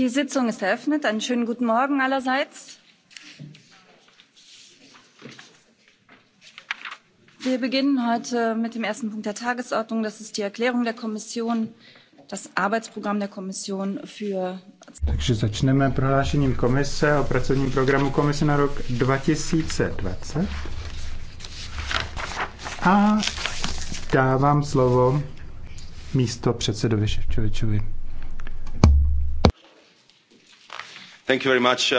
Die Sitzung ist eröffnet. Einen schönen guten Morgen allerseits. Wir beginnen heute mit dem ersten Punkt der Tagesordnung. Das ist die Erklärung der Kommission, das Arbeitsprogramm der Kommission für. Takže začneme prohlášením komise o pracovním programu komise na rok 2020. A dávám slovo místo předsedovi Ševčovičovi.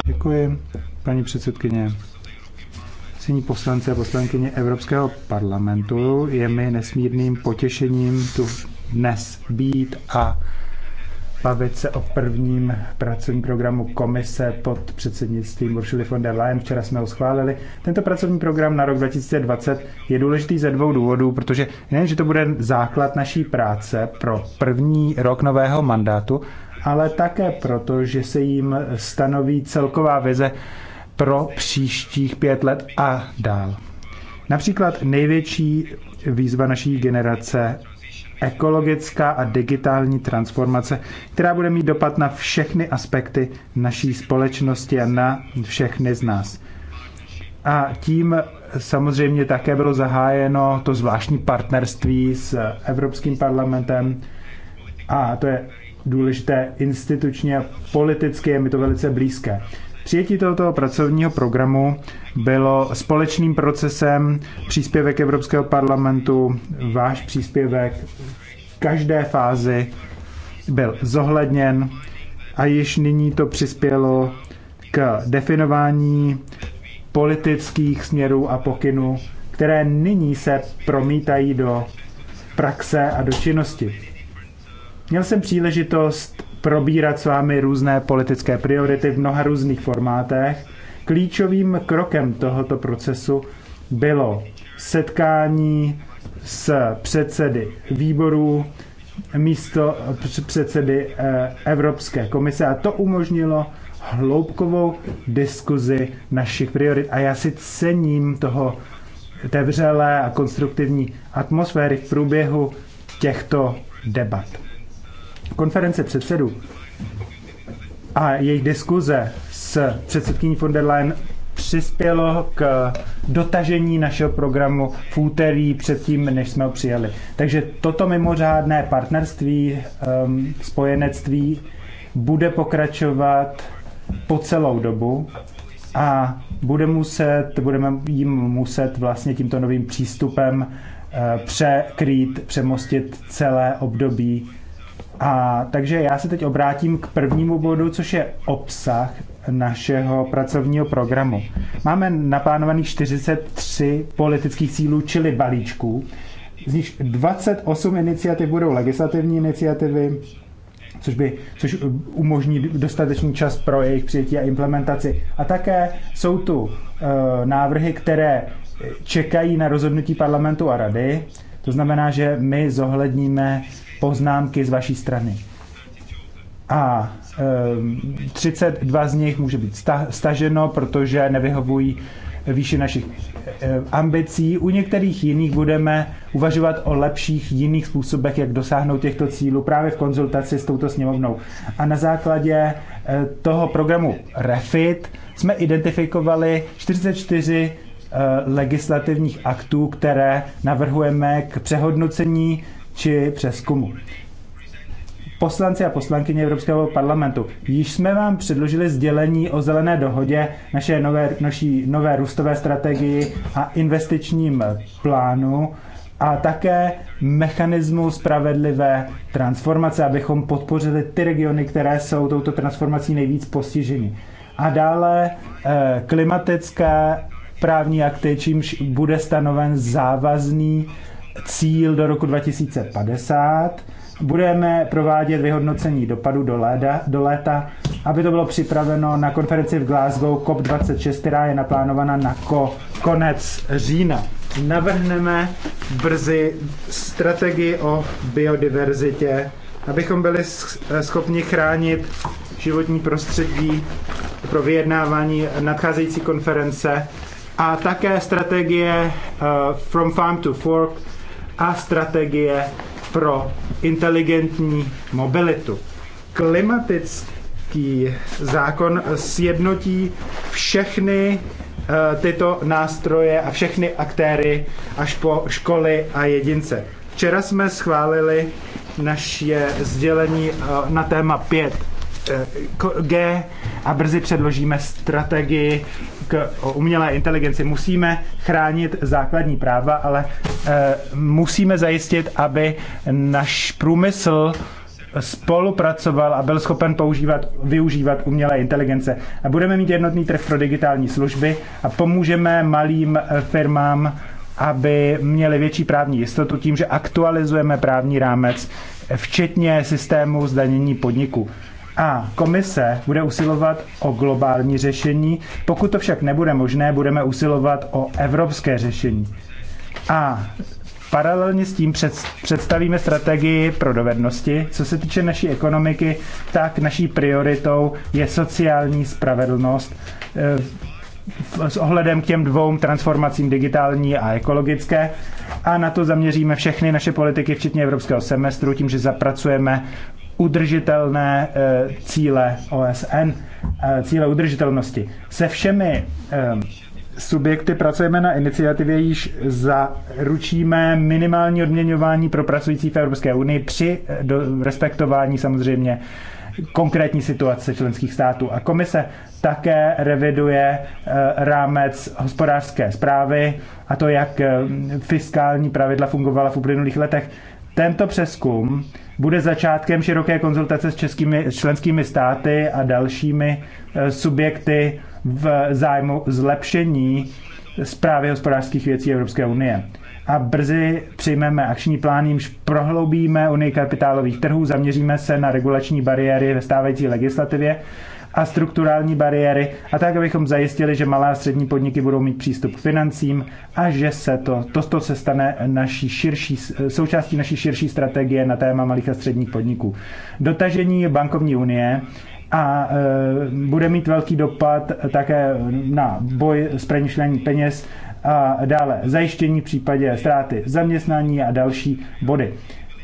Děkuji, paní předsedkyně. Cení poslanci a poslankyně Evropského parlamentu je mi nesmírným potěšením tu dnes být a bavit se o prvním pracovním programu komise pod předsednictvím Ursula von der Leyen. Včera jsme ho schválili. Tento pracovní program na rok 2020 je důležitý ze dvou důvodů, protože nejen, že to bude základ naší práce pro první rok nového mandátu, ale také proto, že se jim stanoví celková vize pro příštích pět let a dál. Například největší výzva naší generace ekologická a digitální transformace, která bude mít dopad na všechny aspekty naší společnosti a na všechny z nás. A tím samozřejmě také bylo zahájeno to zvláštní partnerství s Evropským parlamentem a to je důležité institučně a politicky, je mi to velice blízké. Přijetí tohoto pracovního programu bylo společným procesem příspěvek Evropského parlamentu, váš příspěvek v každé fázi byl zohledněn a již nyní to přispělo k definování politických směrů a pokynů, které nyní se promítají do praxe a do činnosti. Měl jsem příležitost probírat s vámi různé politické priority v mnoha různých formátech. Klíčovým krokem tohoto procesu bylo setkání s předsedy výborů, místo předsedy eh, Evropské komise a to umožnilo hloubkovou diskuzi našich priorit a já si cením toho tevřelé a konstruktivní atmosféry v průběhu těchto debat konference předsedů a jejich diskuze s předsedkyní von der Leyen přispělo k dotažení našeho programu v úterý předtím, než jsme ho přijali. Takže toto mimořádné partnerství, um, spojenectví bude pokračovat po celou dobu a bude muset, budeme jim muset vlastně tímto novým přístupem uh, překrýt, přemostit celé období a takže já se teď obrátím k prvnímu bodu, což je obsah našeho pracovního programu. Máme naplánovaných 43 politických cílů, čili balíčků, z nich 28 iniciativ budou legislativní iniciativy, což, by, což umožní dostatečný čas pro jejich přijetí a implementaci. A také jsou tu uh, návrhy, které čekají na rozhodnutí parlamentu a rady. To znamená, že my zohledníme poznámky z vaší strany. A 32 ehm, z nich může být staženo, protože nevyhovují výši našich ehm, ambicí. U některých jiných budeme uvažovat o lepších jiných způsobech, jak dosáhnout těchto cílů právě v konzultaci s touto sněmovnou. A na základě ehm, toho programu REFIT jsme identifikovali 44 legislativních aktů, které navrhujeme k přehodnocení či přeskumu. Poslanci a poslankyně Evropského parlamentu, již jsme vám předložili sdělení o zelené dohodě, naše nové, naší nové růstové strategii a investičním plánu a také mechanismu spravedlivé transformace, abychom podpořili ty regiony, které jsou touto transformací nejvíc postiženy. A dále eh, klimatické právní akty, čímž bude stanoven závazný cíl do roku 2050. Budeme provádět vyhodnocení dopadu do, léda, do léta, aby to bylo připraveno na konferenci v Glasgow COP26, která je naplánovaná na ko, konec října. Navrhneme brzy strategii o biodiverzitě, abychom byli schopni chránit životní prostředí pro vyjednávání nadcházející konference a také strategie uh, From Farm to Fork, a strategie pro inteligentní mobilitu. Klimatický zákon sjednotí všechny eh, tyto nástroje a všechny aktéry až po školy a jedince. Včera jsme schválili naše sdělení eh, na téma 5 G a brzy předložíme strategii k umělé inteligenci. Musíme chránit základní práva, ale eh, musíme zajistit, aby náš průmysl spolupracoval a byl schopen používat, využívat umělé inteligence. A budeme mít jednotný trh pro digitální služby a pomůžeme malým eh, firmám, aby měli větší právní jistotu tím, že aktualizujeme právní rámec, eh, včetně systému zdanění podniku. A komise bude usilovat o globální řešení, pokud to však nebude možné, budeme usilovat o evropské řešení. A Paralelně s tím před, představíme strategii pro dovednosti. Co se týče naší ekonomiky, tak naší prioritou je sociální spravedlnost eh, s ohledem k těm dvou transformacím digitální a ekologické. A na to zaměříme všechny naše politiky, včetně evropského semestru, tím, že zapracujeme udržitelné eh, cíle OSN, eh, cíle udržitelnosti. Se všemi eh, subjekty pracujeme na iniciativě, již zaručíme minimální odměňování pro pracující v Evropské unii při do, respektování samozřejmě konkrétní situace členských států. A komise také reviduje rámec hospodářské zprávy a to, jak fiskální pravidla fungovala v uplynulých letech. Tento přeskum bude začátkem široké konzultace s českými členskými státy a dalšími eh, subjekty v zájmu zlepšení zprávy hospodářských věcí Evropské unie. A brzy přijmeme akční plán, jimž prohloubíme unii kapitálových trhů, zaměříme se na regulační bariéry ve stávající legislativě a strukturální bariéry a tak, abychom zajistili, že malá a střední podniky budou mít přístup k financím a že se to, to, to se stane naší širší, součástí naší širší strategie na téma malých a středních podniků. Dotažení bankovní unie a e, bude mít velký dopad také na boj s prenišlení peněz a dále zajištění v případě ztráty zaměstnání a další body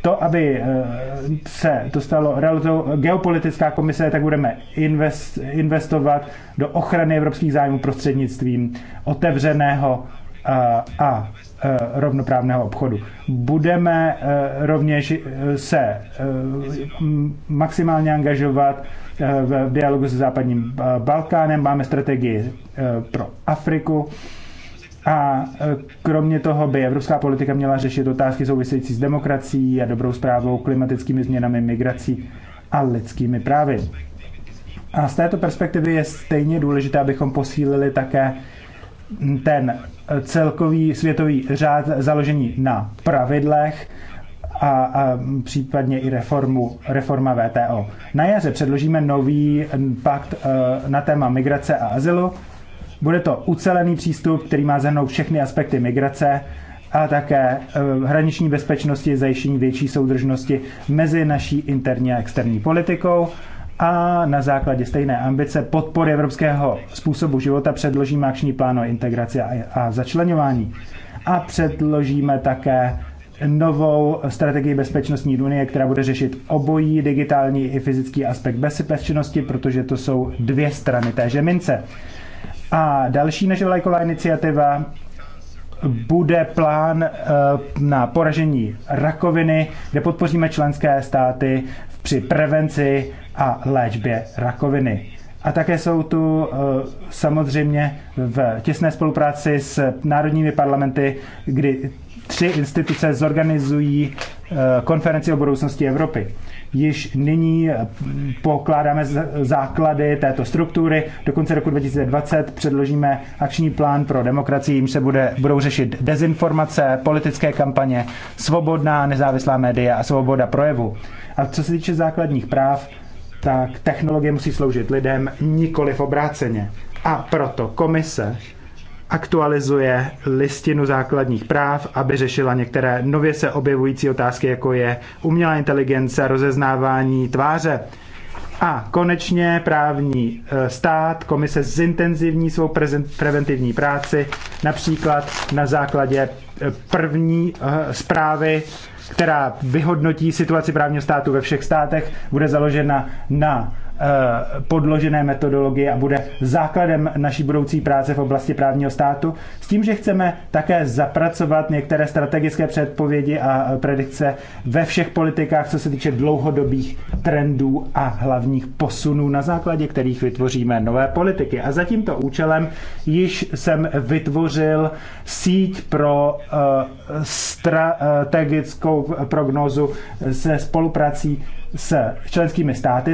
to, aby eh, se to stalo realitou geopolitická komise, tak budeme invest, investovat do ochrany evropských zájmů prostřednictvím otevřeného eh, a, a eh, rovnoprávného obchodu. Budeme rovněž se maximálně angažovat v dialogu se západním Balkánem, máme strategii pro Afriku a e, kromě toho by evropská politika měla řešit otázky související s demokracií a dobrou zprávou, klimatickými změnami, migrací a lidskými právy. A z této perspektivy je stejně důležité, abychom posílili také ten celkový světový řád založený na pravidlech a, a případně i reformu, reforma VTO. Na jaře předložíme nový pakt e, na téma migrace a azylu bude to ucelený přístup, který má zahrnout všechny aspekty migrace a také eh, hraniční bezpečnosti, zajištění větší soudržnosti mezi naší interní a externí politikou a na základě stejné ambice podpory evropského způsobu života předložíme akční plán o integraci a začlenování. A předložíme také novou strategii bezpečnostní unie, která bude řešit obojí digitální i fyzický aspekt bezpečnosti, protože to jsou dvě strany téže mince. A další naše vlajková iniciativa bude plán eh, na poražení rakoviny, kde podpoříme členské státy při prevenci a léčbě rakoviny. A také jsou tu eh, samozřejmě v těsné spolupráci s národními parlamenty, kdy tři instituce zorganizují eh, konferenci o budoucnosti Evropy již nyní pokládáme základy této struktury. Do konce roku 2020 předložíme akční plán pro demokracii, jimž se bude, budou řešit dezinformace, politické kampaně, svobodná nezávislá média a svoboda projevu. A co se týče základních práv, tak technologie musí sloužit lidem nikoli v obráceně. A proto komise aktualizuje listinu základních práv, aby řešila některé nově se objevující otázky, jako je umělá inteligence, rozeznávání tváře. A konečně právní eh, stát, komise zintenzivní svou preventivní práci, například na základě eh, první eh, zprávy, která vyhodnotí situaci právního státu ve všech státech, bude založena na Eh, podložené metodologie a bude základem naší budoucí práce v oblasti právního státu, s tím, že chceme také zapracovat některé strategické předpovědi a predikce ve všech politikách, co se týče dlouhodobých trendů a hlavních posunů, na základě kterých vytvoříme nové politiky. A za tímto účelem již jsem vytvořil síť pro eh, strategickou prognózu se spoluprací s členskými státy,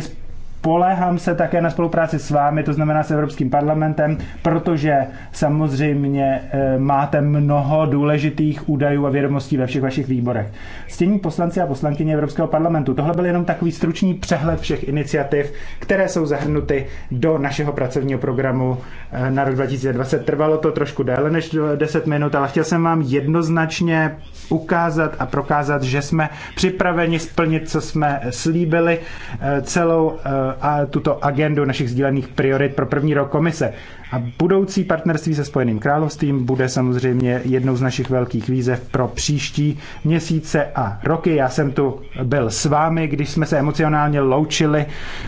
Spolehám se také na spolupráci s vámi, to znamená s Evropským parlamentem, protože samozřejmě eh, máte mnoho důležitých údajů a vědomostí ve všech vašich výborech. Stění poslanci a poslankyně Evropského parlamentu. Tohle byl jenom takový stručný přehled všech iniciativ, které jsou zahrnuty do našeho pracovního programu eh, na rok 2020. Trvalo to trošku déle než 10 minut, ale chtěl jsem vám jednoznačně ukázat a prokázat, že jsme připraveni splnit, co jsme slíbili eh, celou a tuto agendu našich sdílených priorit pro první rok komise. A budoucí partnerství se Spojeným královstvím bude samozřejmě jednou z našich velkých výzev pro příští měsíce a roky. Já jsem tu byl s vámi, když jsme se emocionálně loučili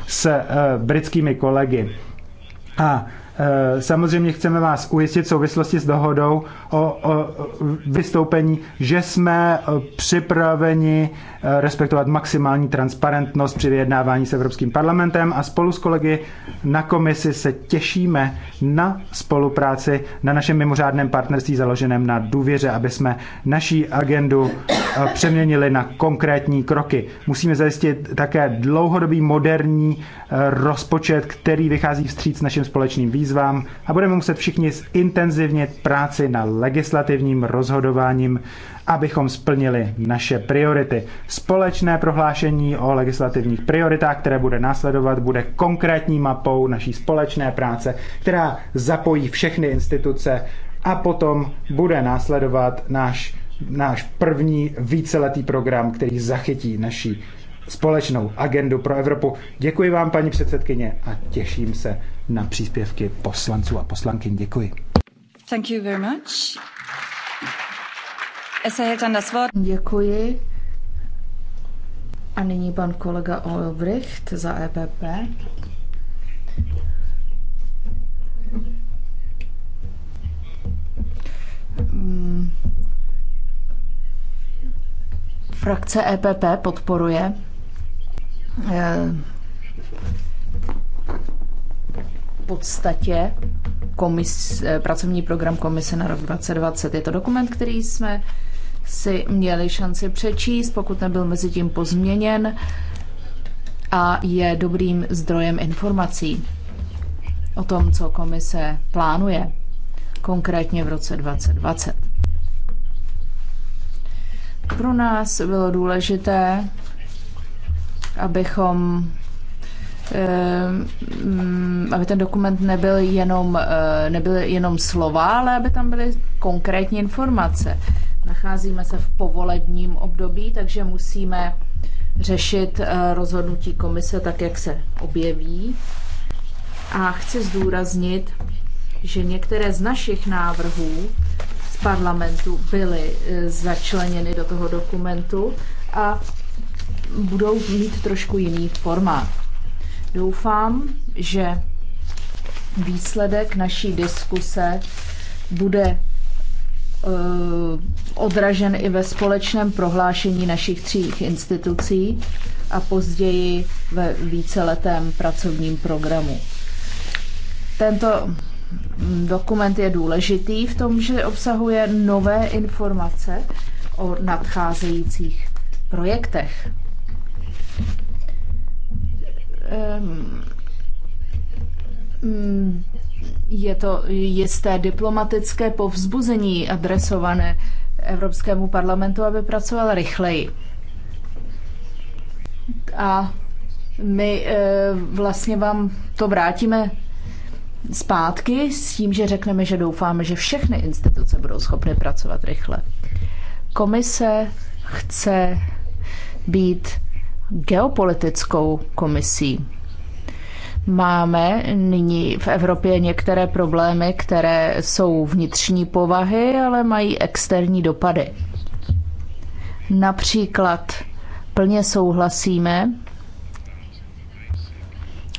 s eh, britskými kolegy. A eh, samozřejmě chceme vás ujistit v souvislosti s dohodou o, o vystoupení, že jsme eh, připraveni Eh, respektovat maximální transparentnost při vyjednávání s Evropským parlamentem a spolu s kolegy na komisi se těšíme na spolupráci na našem mimořádném partnerství založeném na důvěře, aby jsme naší agendu eh, přeměnili na konkrétní kroky. Musíme zajistit také dlouhodobý moderní eh, rozpočet, který vychází vstříc našim společným výzvám a budeme muset všichni zintenzivnit práci na legislativním rozhodováním abychom splnili naše priority. Společné prohlášení o legislativních prioritách, které bude následovat, bude konkrétní mapou naší společné práce, která zapojí všechny instituce a potom bude následovat náš, náš první víceletý program, který zachytí naší společnou agendu pro Evropu. Děkuji vám, paní předsedkyně, a těším se na příspěvky poslanců a poslankyň. Děkuji. Thank you very much. Děkuji. A nyní pan kolega Olbricht za EPP. Hmm. Frakce EPP podporuje eh, v podstatě komis, eh, pracovní program Komise na rok 2020. Je to dokument, který jsme si měli šanci přečíst, pokud nebyl mezi tím pozměněn a je dobrým zdrojem informací o tom, co komise plánuje, konkrétně v roce 2020. Pro nás bylo důležité, abychom eh, aby ten dokument nebyl jenom, eh, nebyl jenom slova, ale aby tam byly konkrétní informace. Nacházíme se v povolebním období, takže musíme řešit eh, rozhodnutí komise tak, jak se objeví. A chci zdůraznit, že některé z našich návrhů z parlamentu byly eh, začleněny do toho dokumentu a budou mít trošku jiný formát. Doufám, že výsledek naší diskuse bude Eh, odražen i ve společném prohlášení našich tří institucí a později ve víceletém pracovním programu. Tento dokument je důležitý v tom, že obsahuje nové informace o nadcházejících projektech. Um, je to jisté diplomatické povzbuzení adresované Evropskému parlamentu, aby pracoval rychleji. A my eh, vlastně vám to vrátíme zpátky s tím, že řekneme, že doufáme, že všechny instituce budou schopny pracovat rychle. Komise chce být geopolitickou komisí. Máme nyní v Evropě některé problémy, které jsou vnitřní povahy, ale mají externí dopady. Například plně souhlasíme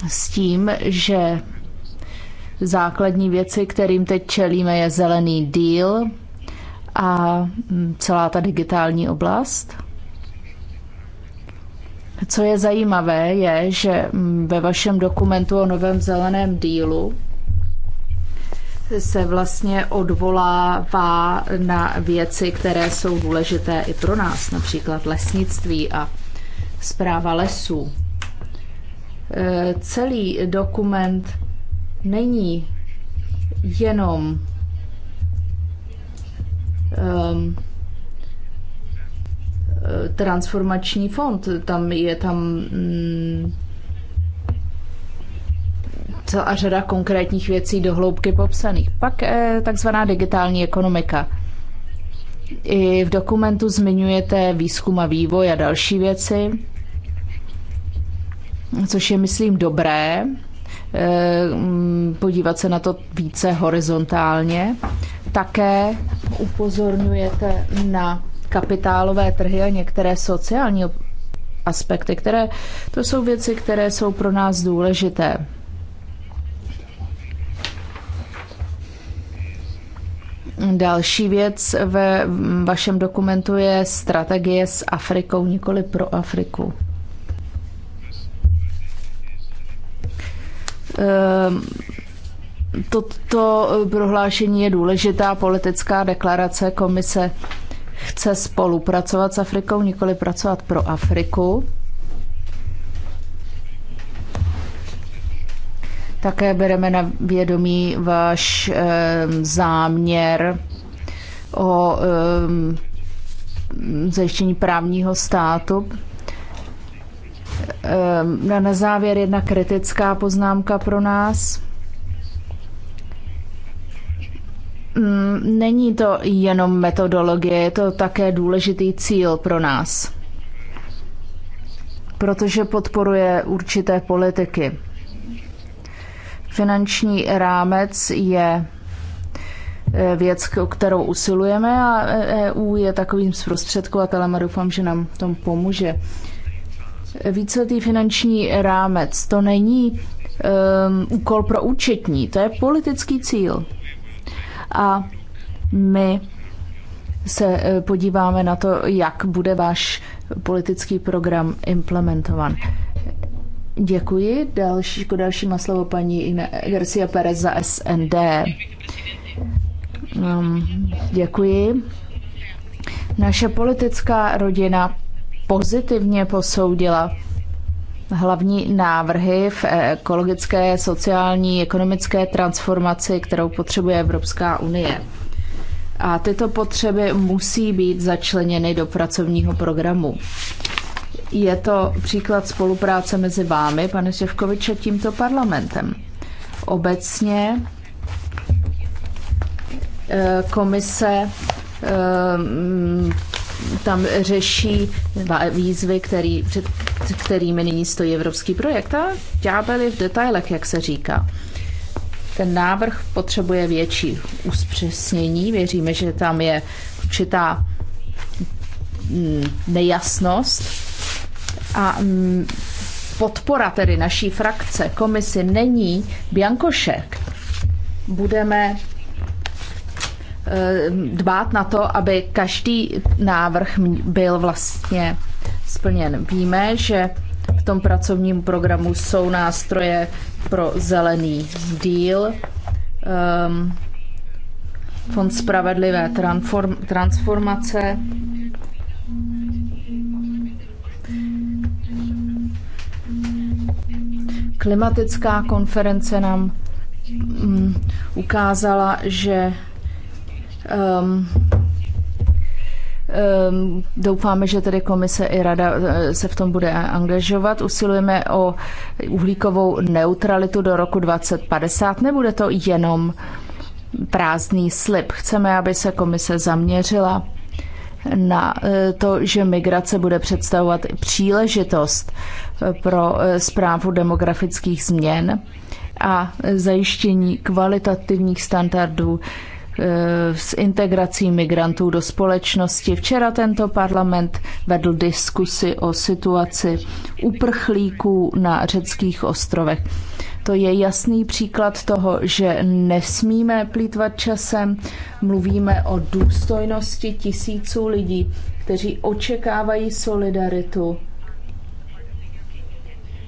s tím, že základní věci, kterým teď čelíme, je zelený díl a celá ta digitální oblast. Co je zajímavé, je, že mm, ve vašem dokumentu o novém zeleném dílu se vlastně odvolává na věci, které jsou důležité i pro nás, například lesnictví a zpráva lesů. E, celý dokument není jenom um, Eh, transformační fond. Tam je tam mm, celá řada konkrétních věcí dohloubky popsaných. Pak eh, takzvaná digitální ekonomika. I v dokumentu zmiňujete výzkum a vývoj a další věci, což je, myslím, dobré eh, mm, podívat se na to více horizontálně. Také upozorňujete na kapitálové trhy a některé sociální aspekty, které to jsou věci, které jsou pro nás důležité. Další věc ve vašem dokumentu je strategie s Afrikou, nikoli pro Afriku. Ehm, toto prohlášení je důležitá politická deklarace komise chce spolupracovat s Afrikou, nikoli pracovat pro Afriku. Také bereme na vědomí váš e, záměr o e, zajištění právního státu. E, na závěr jedna kritická poznámka pro nás. Mm, není to jenom metodologie, je to také důležitý cíl pro nás, protože podporuje určité politiky. Finanční rámec je eh, věc, o kterou usilujeme a EU eh, e je takovým zprostředkovatelem a doufám, že nám tom pomůže. Víceletý finanční rámec, to není um, úkol pro účetní, to je politický cíl a my se e, podíváme na to, jak bude váš politický program implementovan. Děkuji. Další, jako další má slovo paní Garcia Perez za SND. Um, děkuji. Naše politická rodina pozitivně posoudila hlavní návrhy v e, ekologické, sociální, ekonomické transformaci, kterou potřebuje Evropská unie. A tyto potřeby musí být začleněny do pracovního programu. Je to příklad spolupráce mezi vámi, pane Ševkoviče, tímto parlamentem. Obecně e, komise e, tam řeší výzvy, který, před kterými nyní stojí evropský projekt. A ďábel je v detailech, jak se říká. Ten návrh potřebuje větší uspřesnění. Věříme, že tam je určitá mm, nejasnost. A mm, podpora tedy naší frakce komisi není biankošek. Budeme Eh, dbát na to, aby každý návrh byl vlastně splněn. Víme, že v tom pracovním programu jsou nástroje pro zelený díl, um, fond spravedlivé transform, transformace, klimatická konference nám um, ukázala, že Um, Um, doufáme, že tedy komise i rada eh, se v tom bude angažovat. Usilujeme o uhlíkovou neutralitu do roku 2050. Nebude to jenom prázdný slib. Chceme, aby se komise zaměřila na eh, to, že migrace bude představovat příležitost eh, pro zprávu demografických změn a zajištění kvalitativních standardů Eh, s integrací migrantů do společnosti. Včera tento parlament vedl diskusi o situaci uprchlíků na řeckých ostrovech. To je jasný příklad toho, že nesmíme plítvat časem. Mluvíme o důstojnosti tisíců lidí, kteří očekávají solidaritu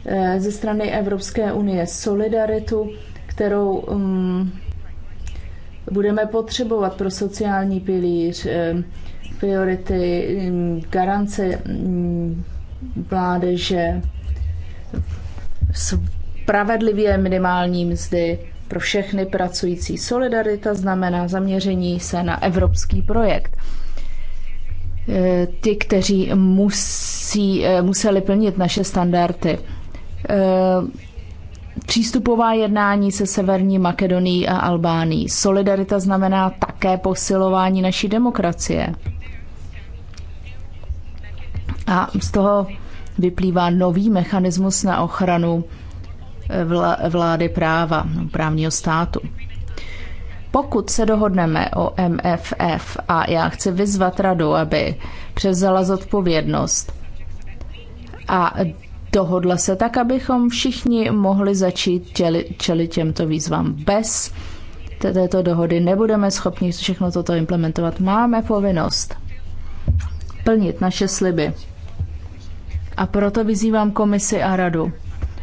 eh, ze strany Evropské unie. Solidaritu, kterou um, budeme potřebovat pro sociální pilíř, eh, priority, mm, garance mm, mládeže, spravedlivě minimální mzdy pro všechny pracující. Solidarita znamená zaměření se na evropský projekt. Eh, Ty, kteří musí, eh, museli plnit naše standardy Přístupová jednání se Severní Makedonií a Albánií. Solidarita znamená také posilování naší demokracie. A z toho vyplývá nový mechanismus na ochranu eh, vlády práva, no, právního státu. Pokud se dohodneme o MFF a já chci vyzvat radu, aby převzala zodpovědnost a dohodla se tak, abychom všichni mohli začít čelit, těmto výzvám. Bez této dohody nebudeme schopni všechno toto implementovat. Máme povinnost plnit naše sliby. A proto vyzývám komisi a radu,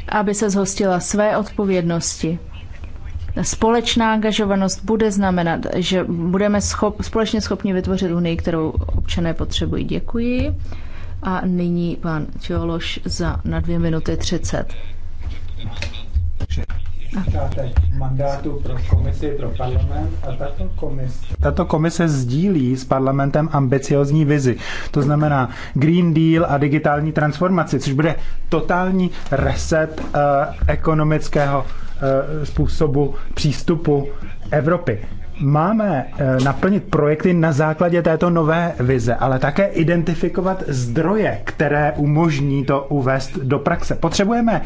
aby se zhostila své odpovědnosti. Společná angažovanost bude znamenat, že budeme schop, společně schopni vytvořit unii, kterou občané potřebují. Děkuji. A nyní pan Čološ za na dvě minuty třicet. mandátu pro komisi pro parlament a tato komise. Tato komise sdílí s parlamentem ambiciozní vizi, to znamená Green Deal a digitální transformaci, což bude totální reset uh, ekonomického uh, způsobu přístupu Evropy máme eh, naplnit projekty na základě této nové vize, ale také identifikovat zdroje, které umožní to uvést do praxe. Potřebujeme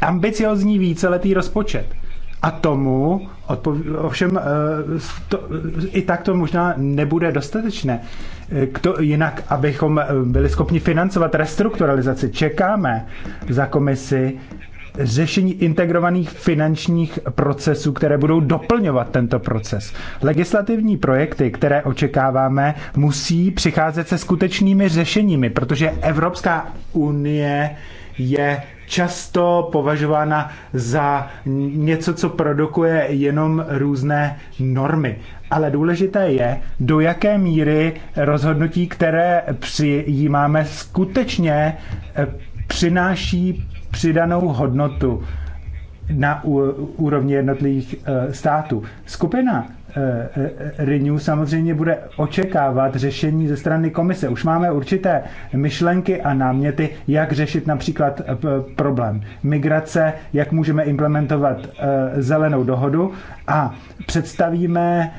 ambiciozní víceletý rozpočet. A tomu, ovšem, eh, to, i tak to možná nebude dostatečné. Eh, Kto, jinak, abychom byli schopni financovat restrukturalizaci, čekáme za komisi řešení integrovaných finančních procesů, které budou doplňovat tento proces. Legislativní projekty, které očekáváme, musí přicházet se skutečnými řešeními, protože Evropská unie je často považována za něco, co produkuje jenom různé normy. Ale důležité je, do jaké míry rozhodnutí, které přijímáme, skutečně eh, přináší přidanou hodnotu na úrovni jednotlivých eh, států. Skupina eh, eh, Renew samozřejmě bude očekávat řešení ze strany komise. Už máme určité myšlenky a náměty, jak řešit například problém migrace, jak můžeme implementovat zelenou dohodu a představíme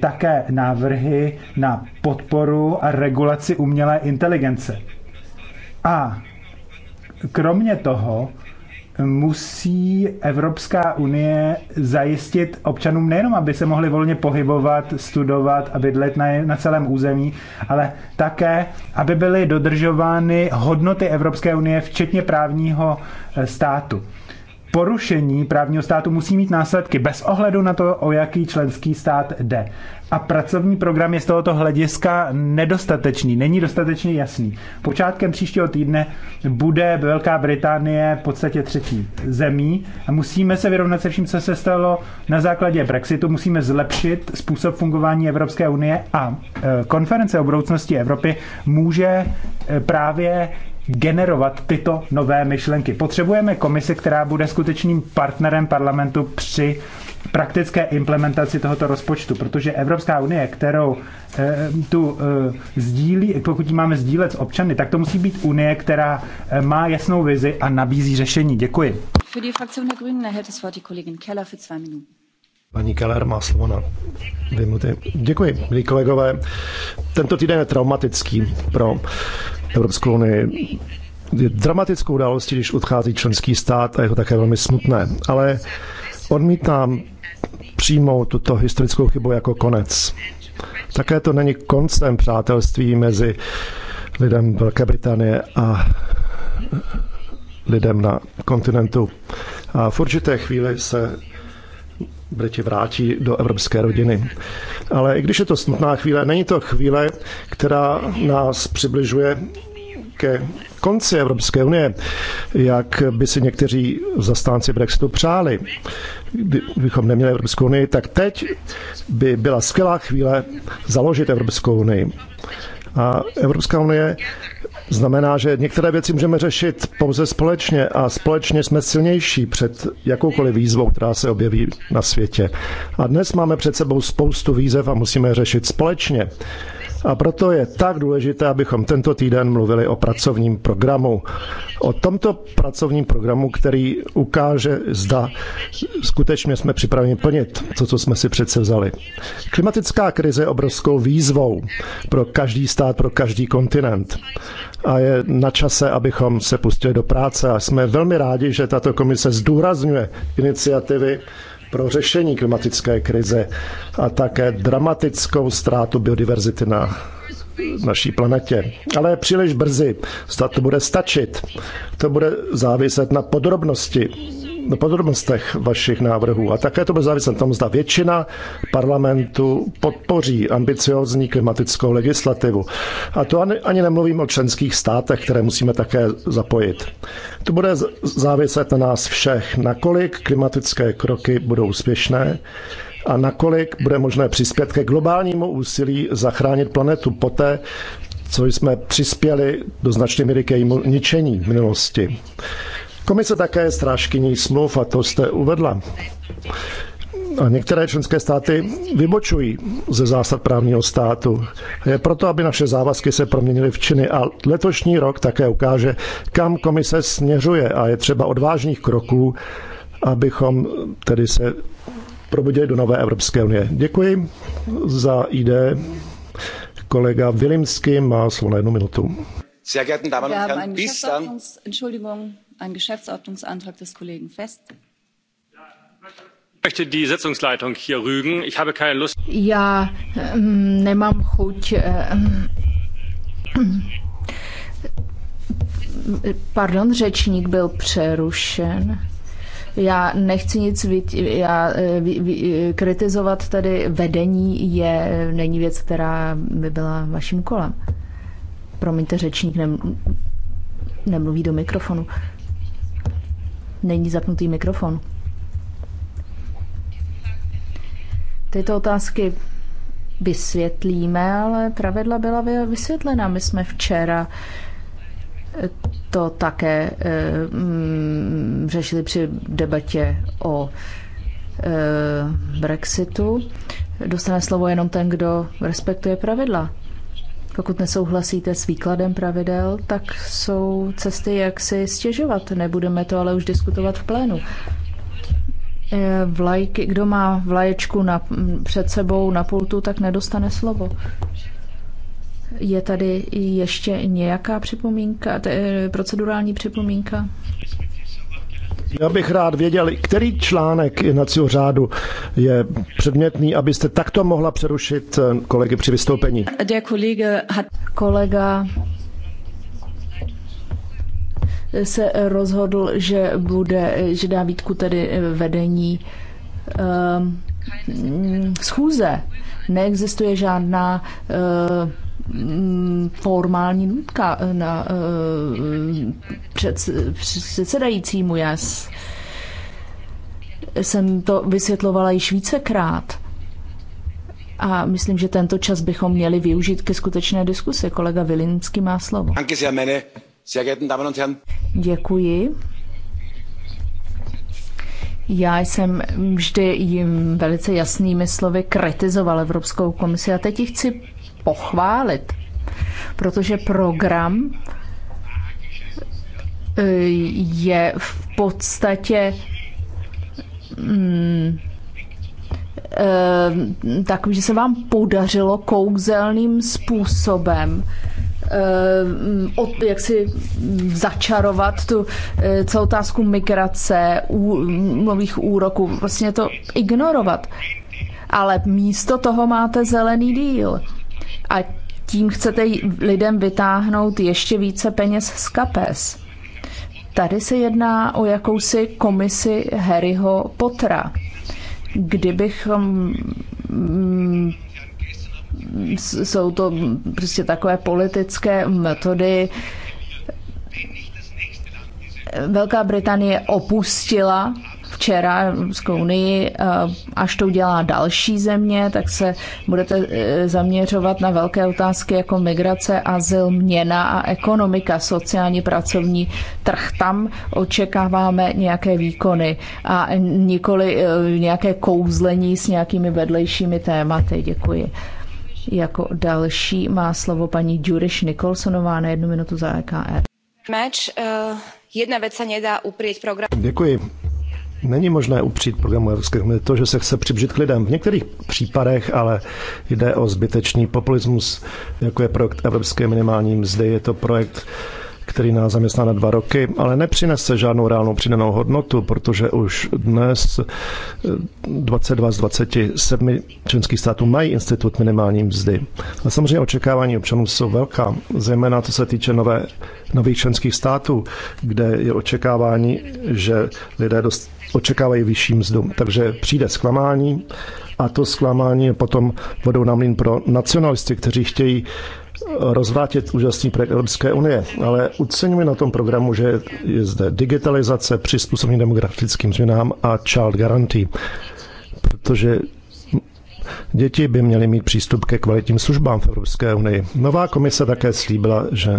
také návrhy na podporu a regulaci umělé inteligence. A Kromě toho musí Evropská unie zajistit občanům nejenom, aby se mohli volně pohybovat, studovat a bydlet na, na celém území, ale také, aby byly dodržovány hodnoty Evropské unie, včetně právního eh, státu porušení právního státu musí mít následky bez ohledu na to, o jaký členský stát jde. A pracovní program je z tohoto hlediska nedostatečný, není dostatečně jasný. Počátkem příštího týdne bude Velká Británie v podstatě třetí zemí a musíme se vyrovnat se vším, co se stalo na základě Brexitu. Musíme zlepšit způsob fungování Evropské unie a e, konference o budoucnosti Evropy může e, právě generovat tyto nové myšlenky. Potřebujeme komisi, která bude skutečným partnerem parlamentu při praktické implementaci tohoto rozpočtu, protože Evropská unie, kterou e, tu e, sdílí, pokud ji máme sdílet s občany, tak to musí být unie, která e, má jasnou vizi a nabízí řešení. Děkuji. Für die Fraktion der Grünen erhält das Wort die Kollegin Keller für zwei Minuten. Paní Keller má slovo na dvě minuty. Děkuji, milí kolegové. Tento týden je traumatický pro Evropskou unii. Je dramatickou událostí, když odchází členský stát a je to také velmi smutné. Ale odmítám přijmout tuto historickou chybu jako konec. Také to není koncem přátelství mezi lidem Velké Británie a lidem na kontinentu. A v určité chvíli se Briti vrátí do evropské rodiny. Ale i když je to smutná chvíle, není to chvíle, která nás přibližuje ke konci Evropské unie, jak by si někteří zastánci Brexitu přáli. Kdybychom neměli Evropskou unii, tak teď by byla skvělá chvíle založit Evropskou unii. A Evropská unie Znamená, že některé věci můžeme řešit pouze společně a společně jsme silnější před jakoukoliv výzvou, která se objeví na světě. A dnes máme před sebou spoustu výzev a musíme řešit společně. A proto je tak důležité, abychom tento týden mluvili o pracovním programu. O tomto pracovním programu, který ukáže, zda skutečně jsme připraveni plnit to, co jsme si přece vzali. Klimatická krize je obrovskou výzvou pro každý stát, pro každý kontinent. A je na čase, abychom se pustili do práce. A jsme velmi rádi, že tato komise zdůrazňuje iniciativy pro řešení klimatické krize a také dramatickou ztrátu biodiverzity na naší planetě. Ale je příliš brzy. Zda to bude stačit. To bude záviset na podrobnosti podrobnostech vašich návrhů. A také to bude záviset na tom, zda většina parlamentu podpoří ambiciozní klimatickou legislativu. A to ani, ani nemluvím o členských státech, které musíme také zapojit. To bude záviset na nás všech, nakolik klimatické kroky budou úspěšné a nakolik bude možné přispět ke globálnímu úsilí zachránit planetu poté, co jsme přispěli do značné míry k jejímu ničení v minulosti. Komise také je strážkyní smluv, a to jste uvedla. A některé členské státy vybočují ze zásad právního státu. Je proto, aby naše závazky se proměnily v činy a letošní rok také ukáže, kam komise směřuje a je třeba odvážných kroků, abychom tedy se probudili do nové Evropské unie. Děkuji za ID. Kolega Vilimský má slovo na jednu minutu. Sehr geehrten Damen und Herren, bis dann einen geschäftsordnungsantrag des kollegen fest. ich ich die sitzungsleitung hier rügen. habe keine lust. ja ähm, nemám chuť äh, ähm, pardon řečník byl přerušen já nechci nic vít, já, äh, vy, vy, äh, kritizovat tady vedení je, není věc, která by byla vaším kolem. Promiňte, řečník nem, nemluví do mikrofonu. Není zapnutý mikrofon. Tyto otázky vysvětlíme, ale pravidla byla vysvětlena. My jsme včera to také eh, mm, řešili při debatě o eh, Brexitu. Dostane slovo jenom ten, kdo respektuje pravidla. Pokud nesouhlasíte s výkladem pravidel, tak jsou cesty, jak si stěžovat. Nebudeme to ale už diskutovat v plénu. Eh, vlajky, kdo má vlaječku na, před sebou na pultu, tak nedostane slovo. Je tady ještě nějaká připomínka, eh, procedurální připomínka? Já bych rád věděl, který článek jednacího řádu je předmětný, abyste takto mohla přerušit eh, kolegy při vystoupení. Kolega se rozhodl, že bude, že dá výtku tedy eh, vedení um, schůze. Neexistuje žádná uh, Mm, formální nutka na eh, před, předsedajícímu. Já jsem to vysvětlovala již vícekrát. A myslím, že tento čas bychom měli využít ke skutečné diskusi. Kolega Vilinský má slovo. Děkuji. Já jsem vždy jim velice jasnými slovy kritizoval Evropskou komisi a teď ji chci pochválit, protože program e, je v podstatě mm, e, takový, že se vám podařilo kouzelným způsobem e, mm, od, jak si začarovat tu celou otázku migrace, ú, nových úroků, vlastně to ignorovat. Ale místo toho máte zelený díl a tím chcete lidem vytáhnout ještě více peněz z kapes. Tady se jedná o jakousi komisi Harryho Pottera. Kdybych mm, jsou to prostě takové politické metody. Velká Británie opustila včera Evropskou unii, eh, až to udělá další země, tak se budete eh, zaměřovat na velké otázky jako migrace, azyl, měna a ekonomika, sociální pracovní trh. Tam očekáváme nějaké výkony a nikoli eh, nějaké kouzlení s nějakými vedlejšími tématy. Děkuji. Jako další má slovo paní Juriš Nikolsonová na jednu minutu za EKR. E. Jedna věc se nedá upřít program. Děkuji. Není možné upřít programu Evropské unie to, že se chce přiblížit k lidem. V některých případech ale jde o zbytečný populismus, jako je projekt Evropské minimální mzdy. Je to projekt, který nás zaměstná na dva roky, ale nepřinese žádnou reálnou přidanou hodnotu, protože už dnes 22 eh, z 27 členských států mají institut minimální mzdy. A samozřejmě očekávání občanů jsou velká, zejména co se týče nové, nových členských států, kde je očekávání, že lidé dost, očekávají vyšší mzdu. Takže přijde zklamání a to zklamání je potom vodou na mlín pro nacionalisty, kteří chtějí eh, rozvrátit úžasný projekt Evropské unie, ale oceňuji na tom programu, že je zde digitalizace, přizpůsobení demografickým změnám a child guarantee, protože Děti by měly mít přístup ke kvalitním službám v Evropské unii. Nová komise také slíbila, že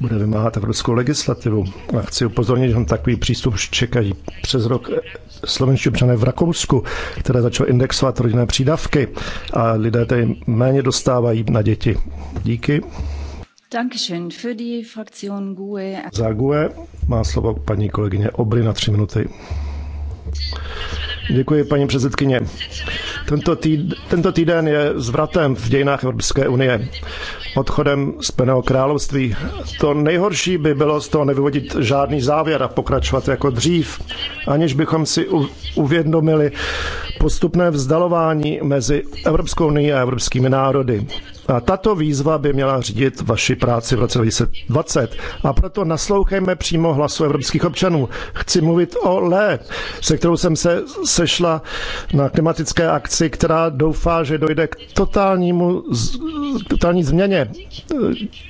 bude vymáhat evropskou legislativu. A chci upozornit, že on takový přístup čekají přes rok slovenští občané v Rakousku, které začalo indexovat rodinné přídavky a lidé tady méně dostávají na děti. Díky. Dankeschön für die Fraktion GUE. Za GUE má slovo paní kolegyně Obry na tři minuty. Děkuji, paní předsedkyně. Tento, týd, tento týden je zvratem v dějinách Evropské unie. Odchodem z Peného království. To nejhorší by bylo z toho nevyvodit žádný závěr a pokračovat jako dřív, aniž bychom si u, uvědomili postupné vzdalování mezi Evropskou unii a evropskými národy. A tato výzva by měla řídit vaši práci v roce 2020. A proto naslouchejme přímo hlasu evropských občanů. Chci mluvit o LE, se kterou jsem se sešla na klimatické akci, která doufá, že dojde k totálnímu, totální změně eh,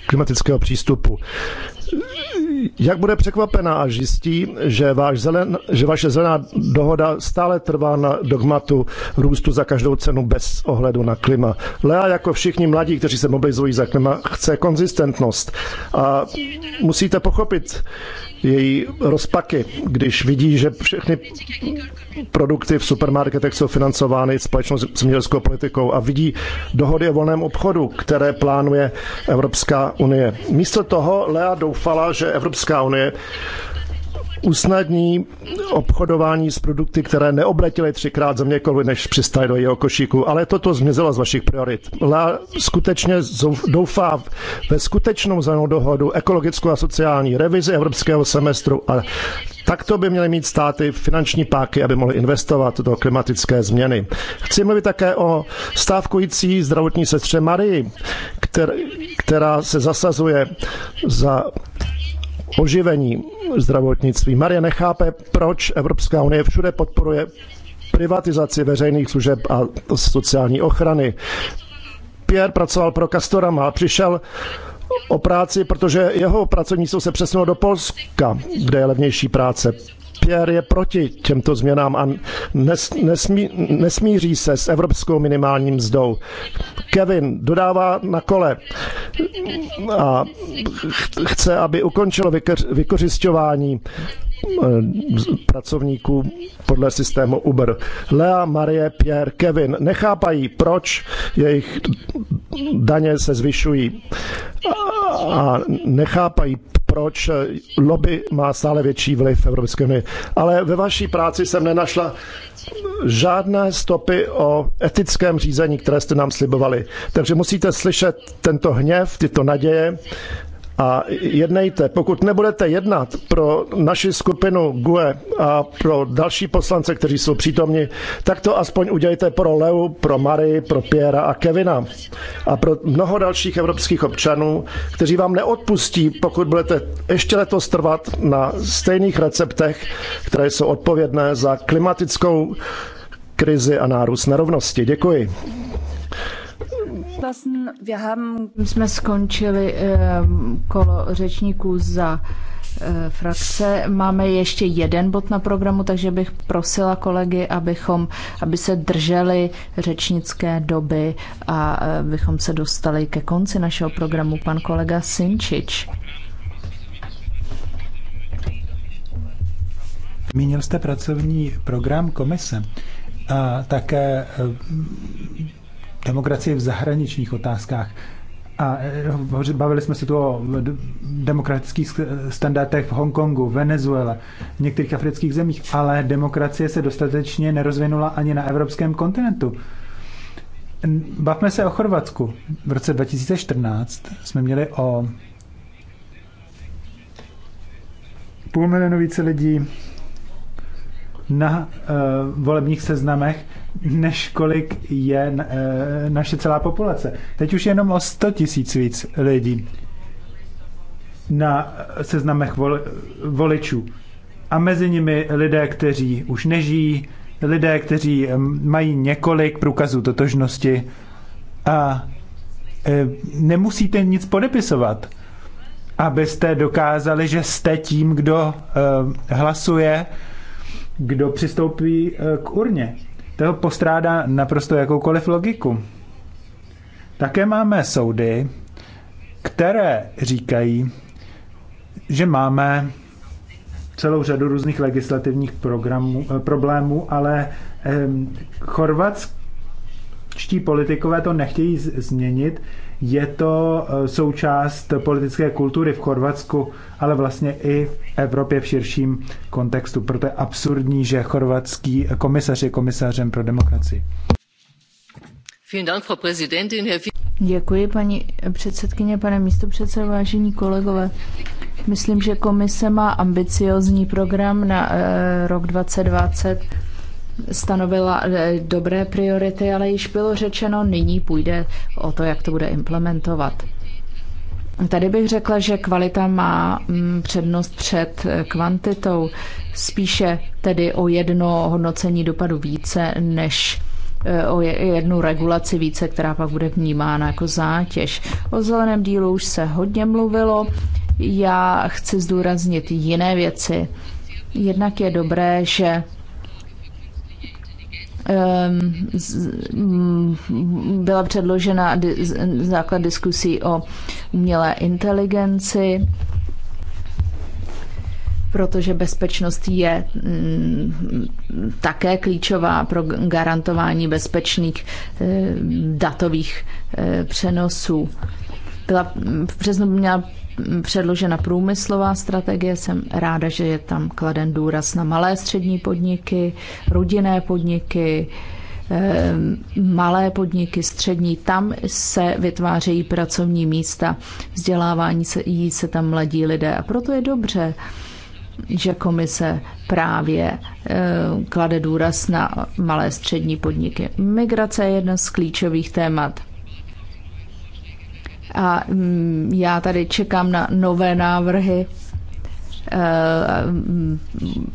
klimatického přístupu. Jak bude překvapená, až zjistí, že, váš zelen, že vaše zelená dohoda stále trvá na dogmatu růstu za každou cenu bez ohledu na klima. Lea, jako všichni mladí, kteří se mobilizují za klima, chce konzistentnost. A musíte pochopit její rozpaky, když vidí, že všechny produkty v supermarketech jsou financovány společnou zemědělskou politikou a vidí dohody o volném obchodu, které plánuje Evropská unie. Místo toho Lea doufala, že Evropská unie usnadní obchodování s produkty, které neobletily třikrát za měkolu, než přistali do jeho košíku. Ale toto zmizelo z vašich priorit. La skutečně doufá ve skutečnou zelenou dohodu, ekologickou a sociální revizi evropského semestru a Takto by měly mít státy finanční páky, aby mohly investovat do klimatické změny. Chci mluvit také o stávkující zdravotní sestře Marii, která se zasazuje za oživení zdravotnictví. Marie nechápe, proč Evropská unie všude podporuje privatizaci veřejných služeb a sociální ochrany. Pierre pracoval pro Castorama a přišel o práci, protože jeho pracovní se přesunulo do Polska, kde je levnější práce. Pierre je proti těmto změnám a nes, nesmí, nesmíří se s evropskou minimálním mzdou. Kevin dodává na kole a chce, aby ukončilo vykořišťování Eh, pracovníků podle systému Uber. Lea, Marie, Pierre, Kevin nechápají, proč jejich daně se zvyšují a nechápají, proč lobby má stále větší vliv v Evropské unii. Ale ve vaší práci jsem nenašla žádné stopy o etickém řízení, které jste nám slibovali. Takže musíte slyšet tento hněv, tyto naděje a jednejte. Pokud nebudete jednat pro naši skupinu GUE a pro další poslance, kteří jsou přítomni, tak to aspoň udělejte pro Leu, pro Mary, pro Piera a Kevina a pro mnoho dalších evropských občanů, kteří vám neodpustí, pokud budete ještě letos trvat na stejných receptech, které jsou odpovědné za klimatickou krizi a nárůst nerovnosti. Děkuji. Jsme skončili ehm, kolo řečníků za eh, frakce. Máme ještě jeden bod na programu, takže bych prosila kolegy, abychom, aby se drželi řečnické doby a abychom eh, se dostali ke konci našeho programu. Pan kolega Sinčič. Zmínil jste pracovní program komise a také eh, Demokracie v zahraničních otázkách. A eh, bavili jsme se tu o demokratických standardech v Hongkongu, Venezuele, v některých afrických zemích, ale demokracie se dostatečně nerozvinula ani na evropském kontinentu. Bavme se o Chorvatsku. V roce 2014 jsme měli o půl milionu více lidí na uh, volebních seznamech, než kolik je uh, naše celá populace. Teď už jenom o 100 tisíc víc lidí na seznamech vol, voličů. A mezi nimi lidé, kteří už nežijí, lidé, kteří mají několik průkazů totožnosti a eh, nemusíte nic podepisovat, abyste dokázali, že jste tím, kdo hlasuje kdo přistoupí eh, k urně. To postrádá naprosto jakoukoliv logiku. Také máme soudy, které říkají, že máme celou řadu různých legislativních programů, eh, problémů, ale eh, chorvatskí politikové to nechtějí změnit, je to eh, součást politické kultury v Chorvatsku, ale vlastně i v Evropě v širším kontextu. Proto je absurdní, že chorvatský komisař je komisařem pro demokracii. Děkuji, paní předsedkyně, pane místopředsedo, vážení kolegové. Myslím, že komise má ambiciozní program na eh, rok 2020 stanovila eh, dobré priority, ale již bylo řečeno, nyní půjde o to, jak to bude implementovat. Tady bych řekla, že kvalita má mm, přednost před eh, kvantitou, spíše tedy o jedno hodnocení dopadu více než eh, o jednu regulaci více, která pak bude vnímána jako zátěž. O zeleném dílu už se hodně mluvilo. Já chci zdůraznit jiné věci. Jednak je dobré, že Ehm, byla předložena základ diskusí o umělé inteligenci, protože bezpečnost je mm, také klíčová pro garantování bezpečných eh, datových eh, přenosů. Byla, v březnu měla předložena průmyslová strategie. Jsem ráda, že je tam kladen důraz na malé střední podniky, rodinné podniky, eh, malé podniky, střední, tam se vytvářejí pracovní místa, vzdělávání se, jí se tam mladí lidé a proto je dobře, že komise právě eh, klade důraz na malé střední podniky. Migrace je jedno z klíčových témat a mm, já tady čekám na nové návrhy, eh, mm,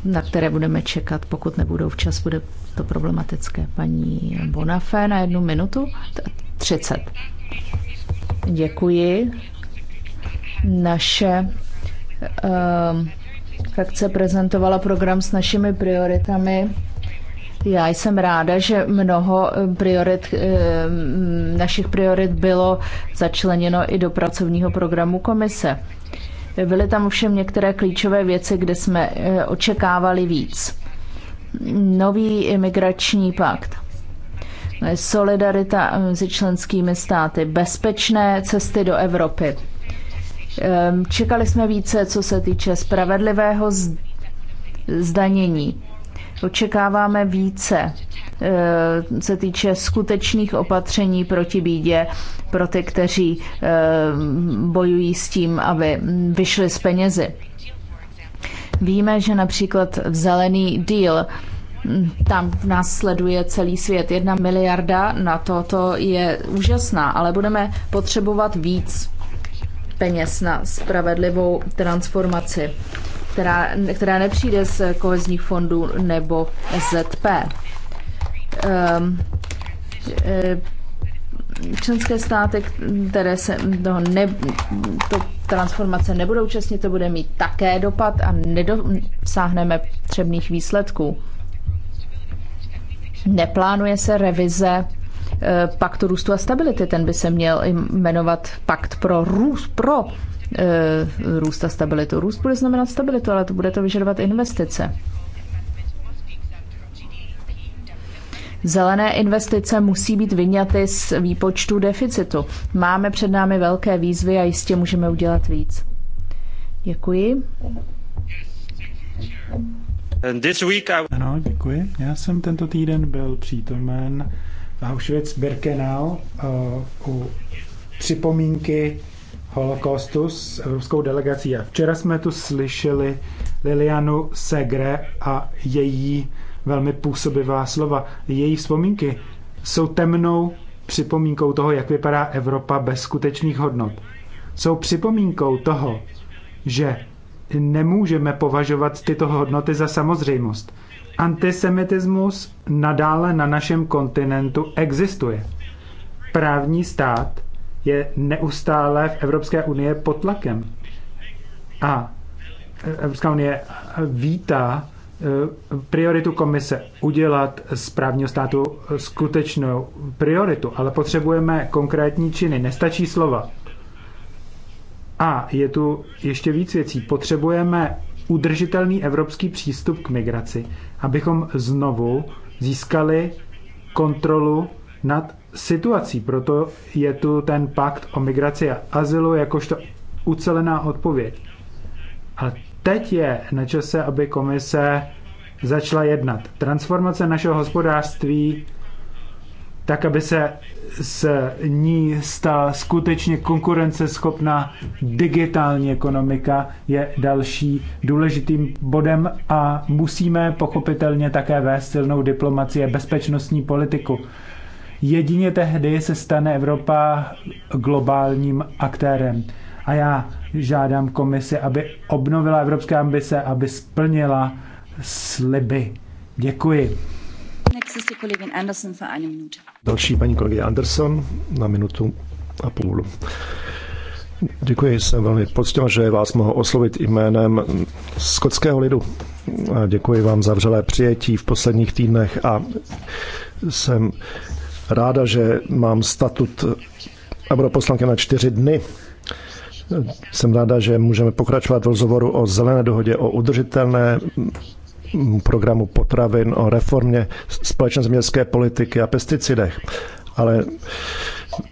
na které budeme čekat, pokud nebudou včas, bude to problematické. Paní Bonafé na jednu minutu? 30. Děkuji. Naše eh, frakce prezentovala program s našimi prioritami já jsem ráda, že mnoho eh, priorit, eh, našich priorit bylo začleněno i do pracovního programu komise. Byly tam ovšem některé klíčové věci, kde jsme eh, očekávali víc. Nový imigrační pakt, solidarita mezi členskými státy, bezpečné cesty do Evropy. Ehm, čekali jsme více, co se týče spravedlivého zdanění Očekáváme více, eh, se týče skutečných opatření proti bídě, pro ty, kteří eh, bojují s tím, aby vyšli z penězi. Víme, že například v zelený díl hm, tam nás sleduje celý svět. Jedna miliarda na to, to je úžasná, ale budeme potřebovat víc peněz na spravedlivou transformaci která, která nepřijde z kohezních fondů nebo SZP. Um, ehm, e, členské státy, které se toho ne, to transformace nebudou účastnit, to bude mít také dopad a nedosáhneme potřebných výsledků. Neplánuje se revize e, paktu růstu a stability, ten by se měl jmenovat pakt pro růst, pro Eh, růst a stabilitu. Růst bude znamenat stabilitu, ale to bude to vyžadovat investice. Zelené investice musí být vyňaty z výpočtu deficitu. Máme před námi velké výzvy a jistě můžeme udělat víc. Děkuji. Ano, děkuji. Já jsem tento týden byl přítomen v Auschwitz-Birkenau eh, u připomínky holokaustu s evropskou delegací. A včera jsme tu slyšeli Lilianu Segre a její velmi působivá slova. Její vzpomínky jsou temnou připomínkou toho, jak vypadá Evropa bez skutečných hodnot. Jsou připomínkou toho, že nemůžeme považovat tyto hodnoty za samozřejmost. Antisemitismus nadále na našem kontinentu existuje. Právní stát je neustále v Evropské unie pod tlakem. A Evropská unie vítá eh, prioritu komise udělat z právního státu skutečnou prioritu, ale potřebujeme konkrétní činy, nestačí slova. A je tu ještě víc věcí. Potřebujeme udržitelný evropský přístup k migraci, abychom znovu získali kontrolu nad situací. Proto je tu ten pakt o migraci a azylu jakožto ucelená odpověď. A teď je na čase, aby komise začala jednat. Transformace našeho hospodářství tak, aby se z ní stala skutečně konkurenceschopná digitální ekonomika, je další důležitým bodem a musíme pochopitelně také vést silnou diplomaci a bezpečnostní politiku. Jedině tehdy se stane Evropa globálním aktérem. A já žádám komisi, aby obnovila evropské ambice, aby splnila sliby. Děkuji. Další paní kolegyně Anderson na minutu a půl. Děkuji, jsem velmi poctěn, že vás mohu oslovit jménem skotského lidu. děkuji vám za vřelé přijetí v posledních týdnech a jsem ráda, že mám statut europoslanky na čtyři dny. Jsem ráda, že můžeme pokračovat v rozhovoru o zelené dohodě, o udržitelné programu potravin, o reformě společné zemědělské politiky a pesticidech. Ale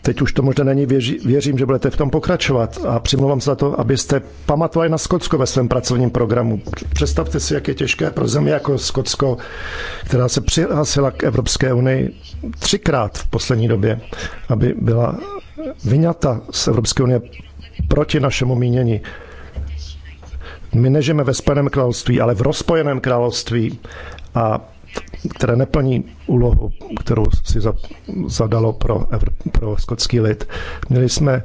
Teď už to možná není, věří, věřím, že budete v tom pokračovat a přimlouvám se za to, abyste pamatovali na Skotsko ve svém pracovním programu. Představte si, jak je těžké pro zemi jako Skotsko, která se přihlásila k Evropské unii třikrát v poslední době, aby byla vyňata z Evropské unie proti našemu mínění. My nežijeme ve Spojeném království, ale v rozpojeném království a které neplní úlohu, kterou si zadalo pro, Evr- pro skotský lid. Měli jsme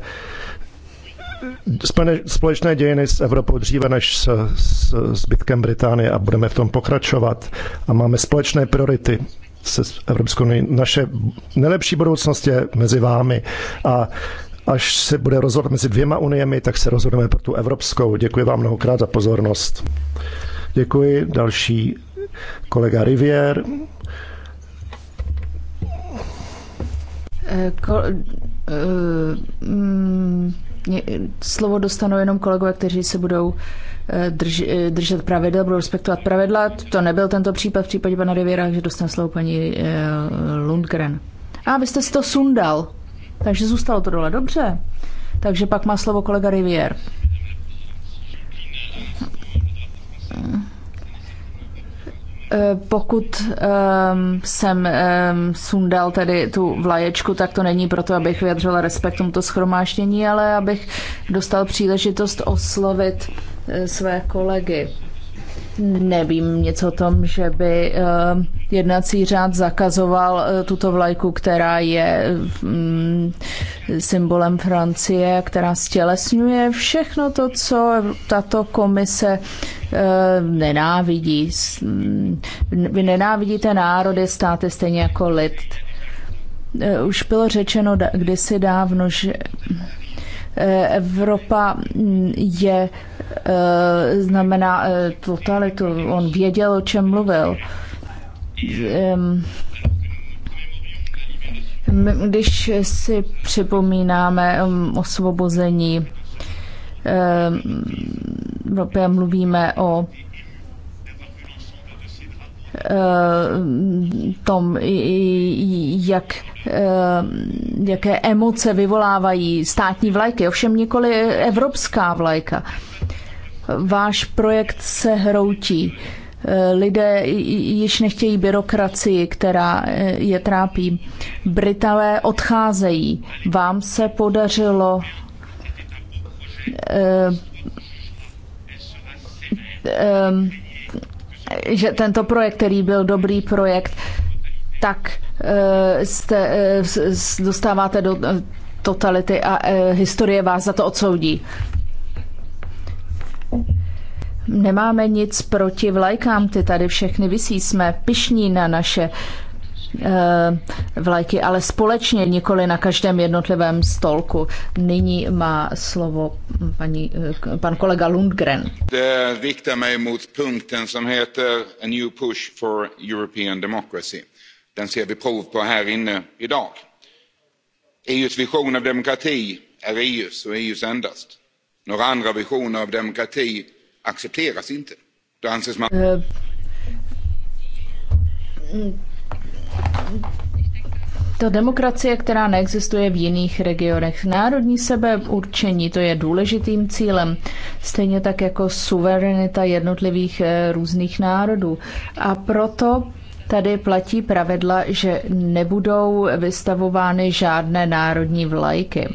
společné dějiny s Evropou dříve než s, s zbytkem Británie a budeme v tom pokračovat a máme společné priority se Evropskou unii. Naše nejlepší budoucnost je mezi vámi a až se bude rozhodnout mezi dvěma uniemi, tak se rozhodneme pro tu evropskou. Děkuji vám mnohokrát za pozornost. Děkuji. Další kolega Rivier. Eh, ko, uh, eh, mě, mm, slovo dostanou jenom kolegové, kteří se budou eh, drž, držet pravidla, budou respektovat pravidla. To nebyl tento případ v případě pana Riviera, že dostane slovo paní uh, Lundgren. A vy jste si to sundal, takže zůstalo to dole. Dobře. Takže pak má slovo kolega Rivier. Uh. Eh, pokud um, jsem um, sundal tedy tu vlaječku, tak to není proto, abych vyjadřila respekt tomuto schromáštění, ale abych dostal příležitost oslovit uh, své kolegy. Nevím nic o tom, že by eh, jednací řád zakazoval eh, tuto vlajku, která je mm, symbolem Francie, která stělesňuje všechno to, co tato komise eh, nenávidí. Mm, vy nenávidíte národy, státy stejně jako lid. Už bylo řečeno kdysi dávno, že Evropa mm, je Eh, znamená eh, totalitu. On věděl, o čem mluvil. Když si připomínáme osvobození mluvíme o Eh, tom, jak, eh, jaké emoce vyvolávají státní vlajky, ovšem nikoli evropská vlajka. Váš projekt se hroutí. Eh, lidé již nechtějí byrokracii, která je trápí. Britové odcházejí. Vám se podařilo eh, eh, že tento projekt, který byl dobrý projekt, tak eh, jste, eh, dostáváte do eh, totality a historie vás za to odsoudí. Nemáme nic proti vlajkám, ty tady všechny vysí, jsme pišní na naše Eh, vlajky, ale společně, nikoli na každém jednotlivém stolku. Nyní má slovo paní, eh, pan kolega Lundgren. mig mot punkten som heter A new push for European democracy. Den ser vi prov på här inne idag. EUs vision av demokrati är EUs och EUs endast. Några andra visioner av demokrati accepteras inte. Det anses man... Uh ta demokracie, která neexistuje v jiných regionech. Národní sebeurčení, to je důležitým cílem, stejně tak jako suverenita jednotlivých eh, různých národů. A proto tady platí pravidla, že nebudou vystavovány žádné národní vlajky.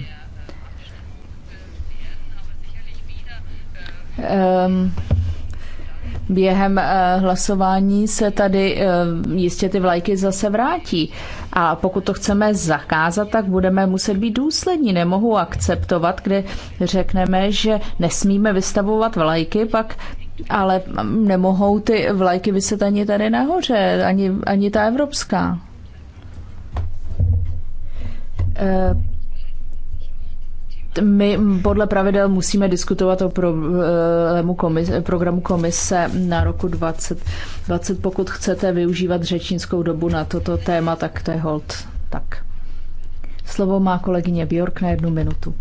Um, během eh, hlasování se tady eh, jistě ty vlajky zase vrátí. A pokud to chceme zakázat, tak budeme muset být důslední. Nemohu akceptovat, kde řekneme, že nesmíme vystavovat vlajky, pak ale mm, nemohou ty vlajky vyset ani tady nahoře, ani, ani ta evropská. Eh, my podle pravidel musíme diskutovat o problému eh, komise, programu komise na roku 2020. Pokud chcete využívat řečnickou dobu na toto téma, tak to je hold. Tak. Slovo má kolegyně Bjork na jednu minutu.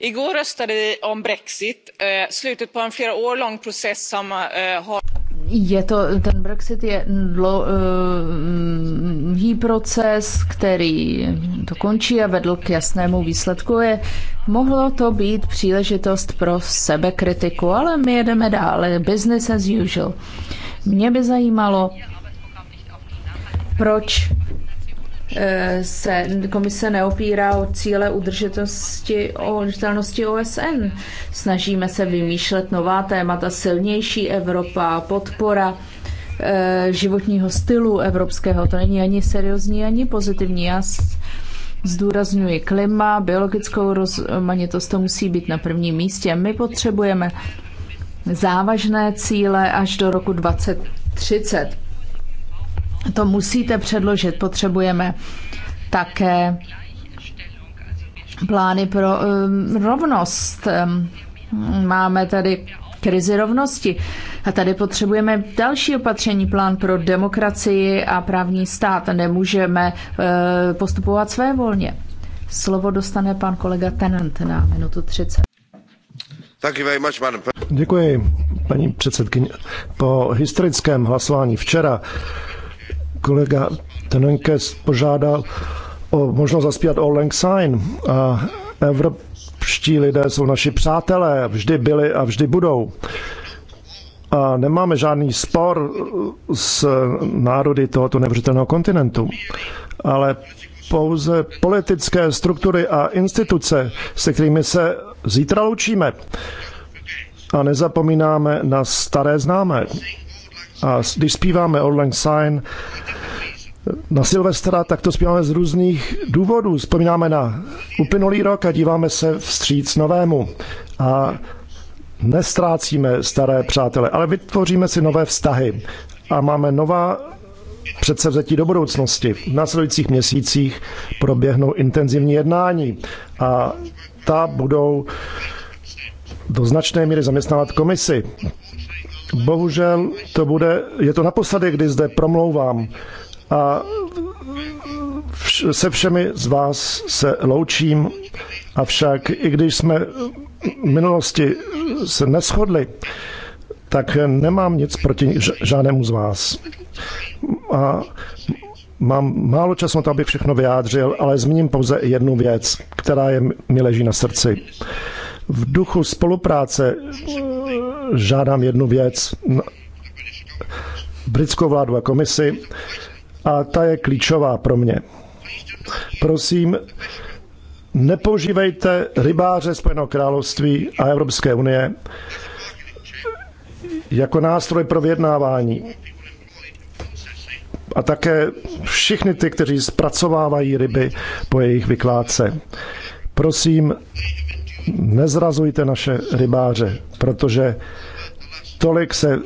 Igår röstade vi om Brexit, eh, slutet på en flera år lång process som eh, har je to, ten Brexit je eh, dlouhý proces, který to končí a vedl k jasnému výsledku. Je, mohlo to být příležitost pro sebekritiku, ale my jedeme dále, business as usual. Mě by zajímalo, proč se komise neopírá o cíle udržitelnosti, o udržitelnosti OSN. Snažíme se vymýšlet nová témata, silnější Evropa, podpora eh, životního stylu evropského. To není ani seriózní, ani pozitivní. Já zdůrazňuji klima, biologickou rozmanitost, to musí být na prvním místě. My potřebujeme závažné cíle až do roku 2030 to musíte předložit. Potřebujeme také plány pro um, rovnost. Um, máme tady krizi rovnosti. A tady potřebujeme další opatření, plán pro demokracii a právní stát. Nemůžeme e, postupovat svévolně. Slovo dostane pan kolega Tenant na minutu 30. Děkuji, paní předsedkyně. Po historickém hlasování včera kolega Tenenkes požádal o možnost zaspívat o Lang Sign a evropští lidé jsou naši přátelé, vždy byli a vždy budou. A nemáme žádný spor s národy tohoto nevřitelného kontinentu. Ale pouze politické struktury a instituce, se kterými se zítra loučíme. A nezapomínáme na staré známé. A když zpíváme Old Lang Syne na Silvestra, tak to zpíváme z různých důvodů. Vzpomínáme na uplynulý rok a díváme se vstříc novému. A nestrácíme staré přátele, ale vytvoříme si nové vztahy a máme nová předsevzetí do budoucnosti. V následujících měsících proběhnou intenzivní jednání a ta budou do značné míry zaměstnávat komisy. Bohužel to bude, je to naposledy, kdy zde promlouvám a vš, se všemi z vás se loučím, avšak i když jsme v minulosti se neschodli, tak nemám nic proti žádnému z vás. A mám málo času na to, abych všechno vyjádřil, ale zmíním pouze jednu věc, která je, mi leží na srdci. V duchu spolupráce žádám jednu věc. Britskou vládu a komisi a ta je klíčová pro mě. Prosím, nepoužívejte rybáře Spojeného království a Evropské unie jako nástroj pro vyjednávání. A také všichni ty, kteří zpracovávají ryby po jejich vykládce. Prosím, nezrazujte naše rybáře, protože tolik se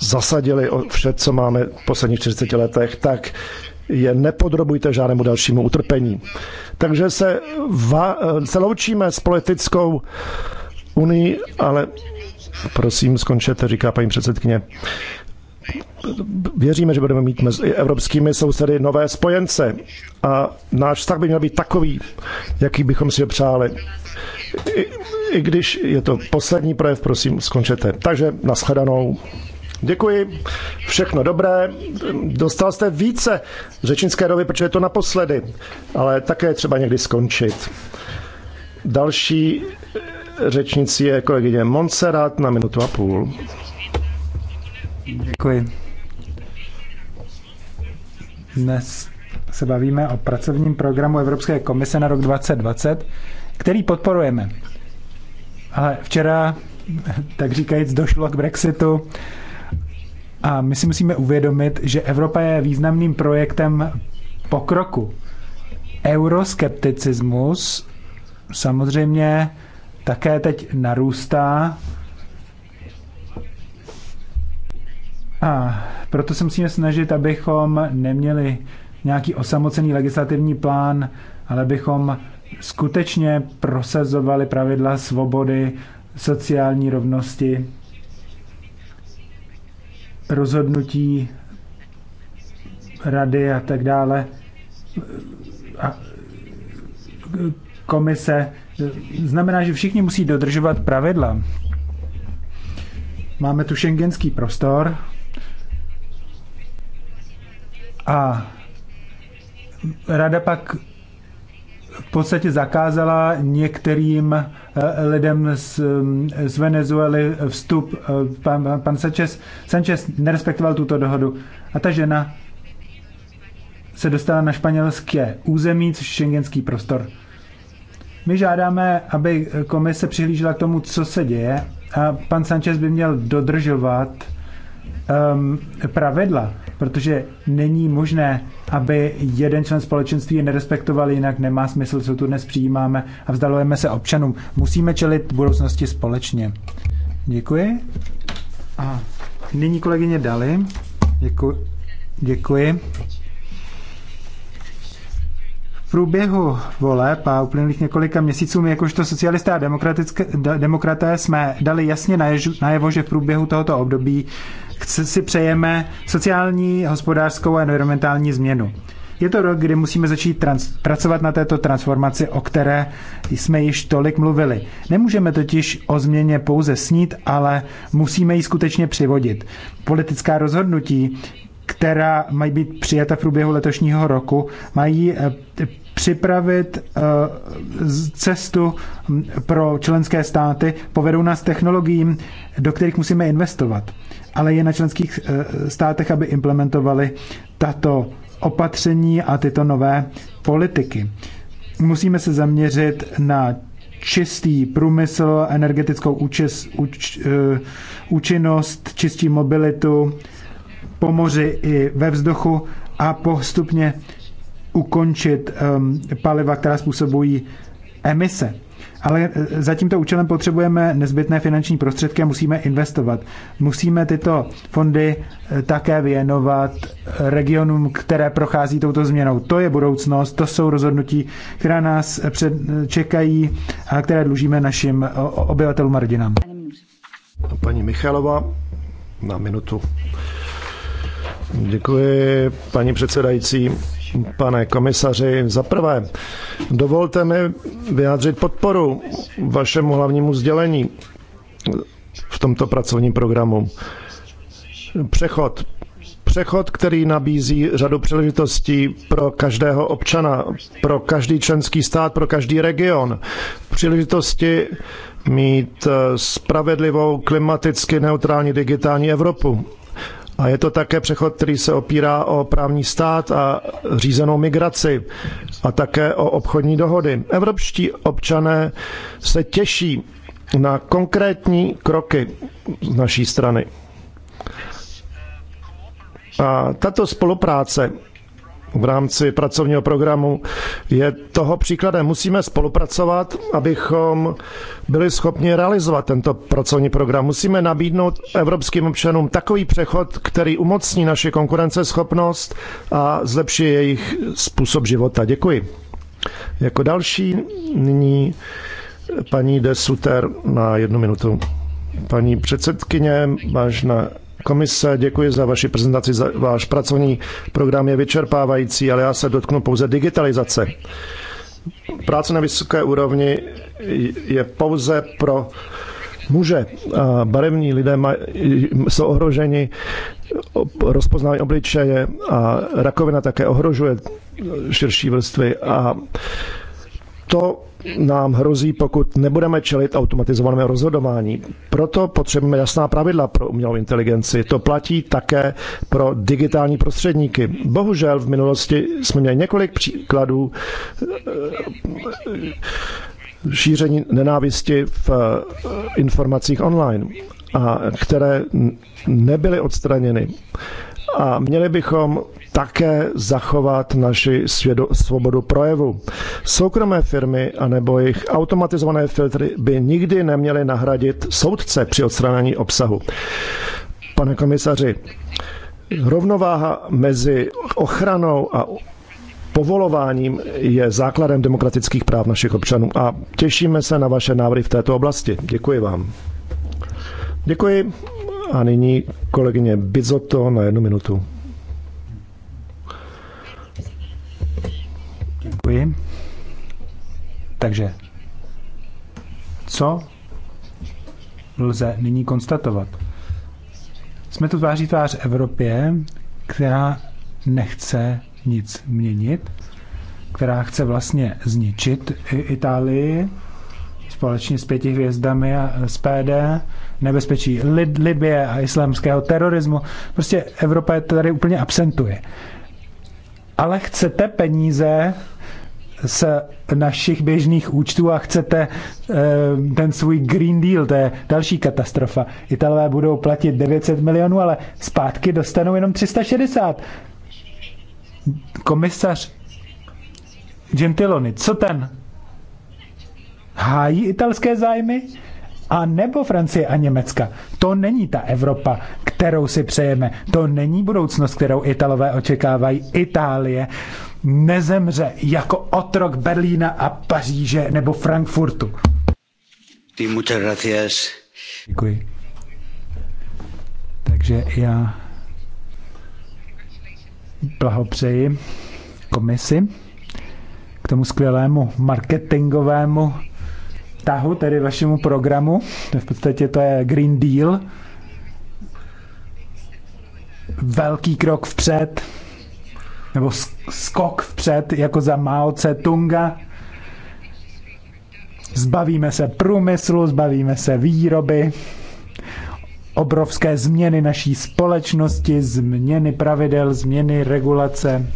zasadili o vše, co máme v posledních 40 letech, tak je nepodrobujte žádnému dalšímu utrpení. Takže se, va, se loučíme s politickou unii, ale prosím, skončete, říká paní předsedkyně věříme, že budeme mít mezi evropskými sousedy nové spojence a náš vztah by měl být takový, jaký bychom si ho přáli. I, I když je to poslední projev, prosím, skončete. Takže nashledanou. Děkuji, všechno dobré. Dostal jste více řečnické doby, protože je to naposledy, ale také třeba někdy skončit. Další řečnici je kolegyně Montserrat na minutu a půl. Děkuji. Dnes se bavíme o pracovním programu Evropské komise na rok 2020, který podporujeme. Ale včera, tak říkajíc, došlo k Brexitu a my si musíme uvědomit, že Evropa je významným projektem pokroku. Euroskepticismus samozřejmě také teď narůstá A proto se musíme snažit, abychom neměli nějaký osamocený legislativní plán, ale bychom skutečně prosazovali pravidla svobody, sociální rovnosti, rozhodnutí rady a tak dále. A komise znamená, že všichni musí dodržovat pravidla. Máme tu šengenský prostor, a rada pak v podstatě zakázala některým eh, lidem z, mm, z Venezuely vstup. Eh, pan, pan Sanchez, Sanchez nerespektoval tuto dohodu a ta žena se dostala na španělské území, což šengenský prostor. My žádáme, aby komise přihlížela k tomu, co se děje a pan Sanchez by měl dodržovat um, pravidla, protože není možné, aby jeden člen společenství je nerespektoval, jinak nemá smysl, co tu dnes přijímáme a vzdalujeme se občanům. Musíme čelit budoucnosti společně. Děkuji. A nyní kolegyně Dali. Děkuji. Děkuji průběhu voleb a uplynulých několika měsíců my jakožto socialisté a demokraté jsme dali jasně najevo, že v průběhu tohoto období si přejeme sociální, hospodářskou a environmentální změnu. Je to rok, kdy musíme začít trans- pracovat na této transformaci, o které jsme již tolik mluvili. Nemůžeme totiž o změně pouze snít, ale musíme ji skutečně přivodit. Politická rozhodnutí, která mají být přijata v průběhu letošního roku, mají eh, připravit eh, cestu pro členské státy, povedou nás technologiím, do kterých musíme investovat. Ale je na členských eh, státech, aby implementovali tato opatření a tyto nové politiky. Musíme se zaměřit na čistý průmysl, energetickou účes, úč, eh, účinnost, čistí mobilitu po moři i ve vzduchu a postupně ukončit ehm, paliva, která způsobují emise. Ale e, za tímto účelem potřebujeme nezbytné finanční prostředky a musíme investovat. Musíme tyto fondy e, také věnovat regionům, které prochází touto změnou. To je budoucnost, to jsou rozhodnutí, která nás e, před, čekají a které dlužíme našim obyvatelům a rodinám. A paní Michalová na minutu. Děkuji, paní předsedající pane komisaři. Za prvé, dovolte mi vyjádřit podporu vašemu hlavnímu sdělení v tomto pracovním programu. Přechod. Přechod, který nabízí řadu příležitostí pro každého občana, pro každý členský stát, pro každý region. Příležitosti mít spravedlivou, klimaticky neutrální digitální Evropu a je to také přechod, který se opírá o právní stát a řízenou migraci a také o obchodní dohody. Evropští občané se těší na konkrétní kroky z naší strany. A tato spolupráce v rámci pracovního programu je toho příkladem. Musíme spolupracovat, abychom byli schopni realizovat tento pracovní program. Musíme nabídnout evropským občanům takový přechod, který umocní naši konkurenceschopnost a zlepší jejich způsob života. Děkuji. Jako další nyní paní Desuter na jednu minutu. Paní předsedkyně, vážná komise, děkuji za vaši prezentaci, za váš pracovní program je vyčerpávající, ale já se dotknu pouze digitalizace. Práce na vysoké úrovni je pouze pro muže barevní lidé jsou ohroženi, rozpoznání obličeje a rakovina také ohrožuje širší vrstvy a to nám hrozí, pokud nebudeme čelit automatizovanému rozhodování. Proto potřebujeme jasná pravidla pro umělou inteligenci. To platí také pro digitální prostředníky. Bohužel v minulosti jsme měli několik příkladů eh, šíření nenávisti v eh, informacích online, a které nebyly odstraněny. A měli bychom také zachovat naši svědo, svobodu projevu. Soukromé firmy anebo jejich automatizované filtry by nikdy neměly nahradit soudce při odstranění obsahu. Pane komisaři, rovnováha mezi ochranou a povolováním je základem demokratických práv našich občanů a těšíme se na vaše návrhy v této oblasti. Děkuji vám. Děkuji. A nyní kolegyně Bizotto na jednu minutu. Děkuji. Takže, co lze nyní konstatovat? Jsme tu tváří tvář Evropě, která nechce nic měnit, která chce vlastně zničit Itálii společně s pěti hvězdami a PD, nebezpečí Lid, Libie a islámského terorismu. Prostě Evropa je tady úplně absentuje. Ale chcete peníze z našich běžných účtů a chcete eh, ten svůj Green Deal, to je další katastrofa. Italové budou platit 900 milionů, ale zpátky dostanou jenom 360. Komisař Gentiloni, co ten? Hájí italské zájmy? A nebo Francie a Německa. To není ta Evropa, kterou si přejeme. To není budoucnost, kterou Italové očekávají. Itálie nezemře jako otrok Berlína a Paříže nebo Frankfurtu. Děkuji. Takže já blahopřeji komisi k tomu skvělému marketingovému tahu, tedy vašemu programu. V podstatě to je Green Deal. Velký krok vpřed, nebo skok vpřed jako za Mao Tse Tunga. Zbavíme se průmyslu, zbavíme se výroby, obrovské změny naší společnosti, změny pravidel, změny regulace.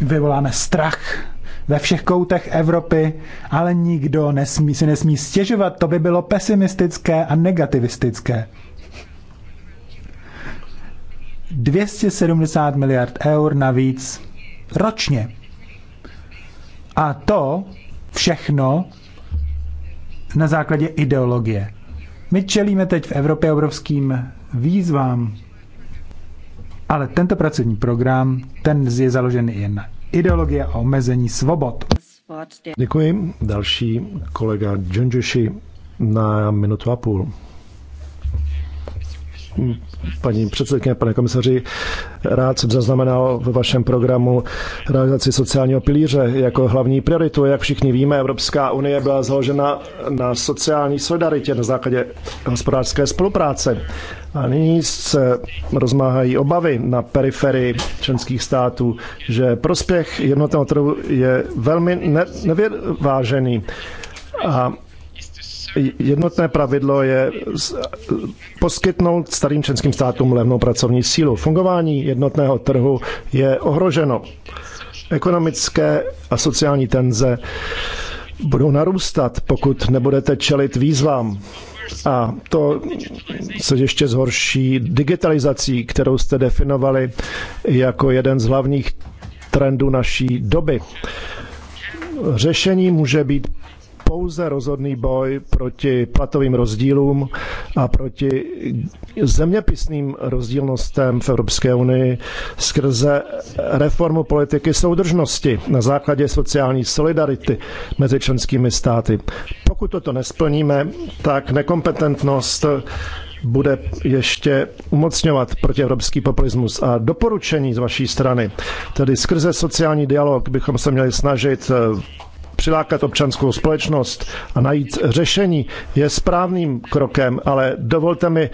Vyvoláme strach ve všech koutech Evropy, ale nikdo nesmí, si nesmí stěžovat, to by bylo pesimistické a negativistické. 270 miliard eur navíc ročně. A to všechno na základě ideologie. My čelíme teď v Evropě obrovským výzvám, ale tento pracovní program, ten je založen jen na ideologie a omezení svobod. Děkuji. Další kolega Džonžuši na minutu a půl paní předsedkyně, pane komisaři, rád jsem zaznamenal ve vašem programu realizaci sociálního pilíře jako hlavní prioritu. Jak všichni víme, Evropská unie byla založena na sociální solidaritě na základě hospodářské spolupráce. A nyní se rozmáhají obavy na periferii členských států, že prospěch jednotného trhu je velmi ne- nevyvážený. A Jednotné pravidlo je poskytnout starým členským státům levnou pracovní sílu. Fungování jednotného trhu je ohroženo. Ekonomické a sociální tenze budou narůstat, pokud nebudete čelit výzvám. A to se ještě zhorší digitalizací, kterou jste definovali jako jeden z hlavních trendů naší doby. Řešení může být pouze rozhodný boj proti platovým rozdílům a proti zeměpisným rozdílnostem v Evropské unii skrze reformu politiky soudržnosti na základě sociální solidarity mezi členskými státy. Pokud toto nesplníme, tak nekompetentnost bude ještě umocňovat protievropský populismus. A doporučení z vaší strany, tedy skrze sociální dialog, bychom se měli snažit přilákat občanskou společnost a najít řešení je správným krokem, ale dovolte mi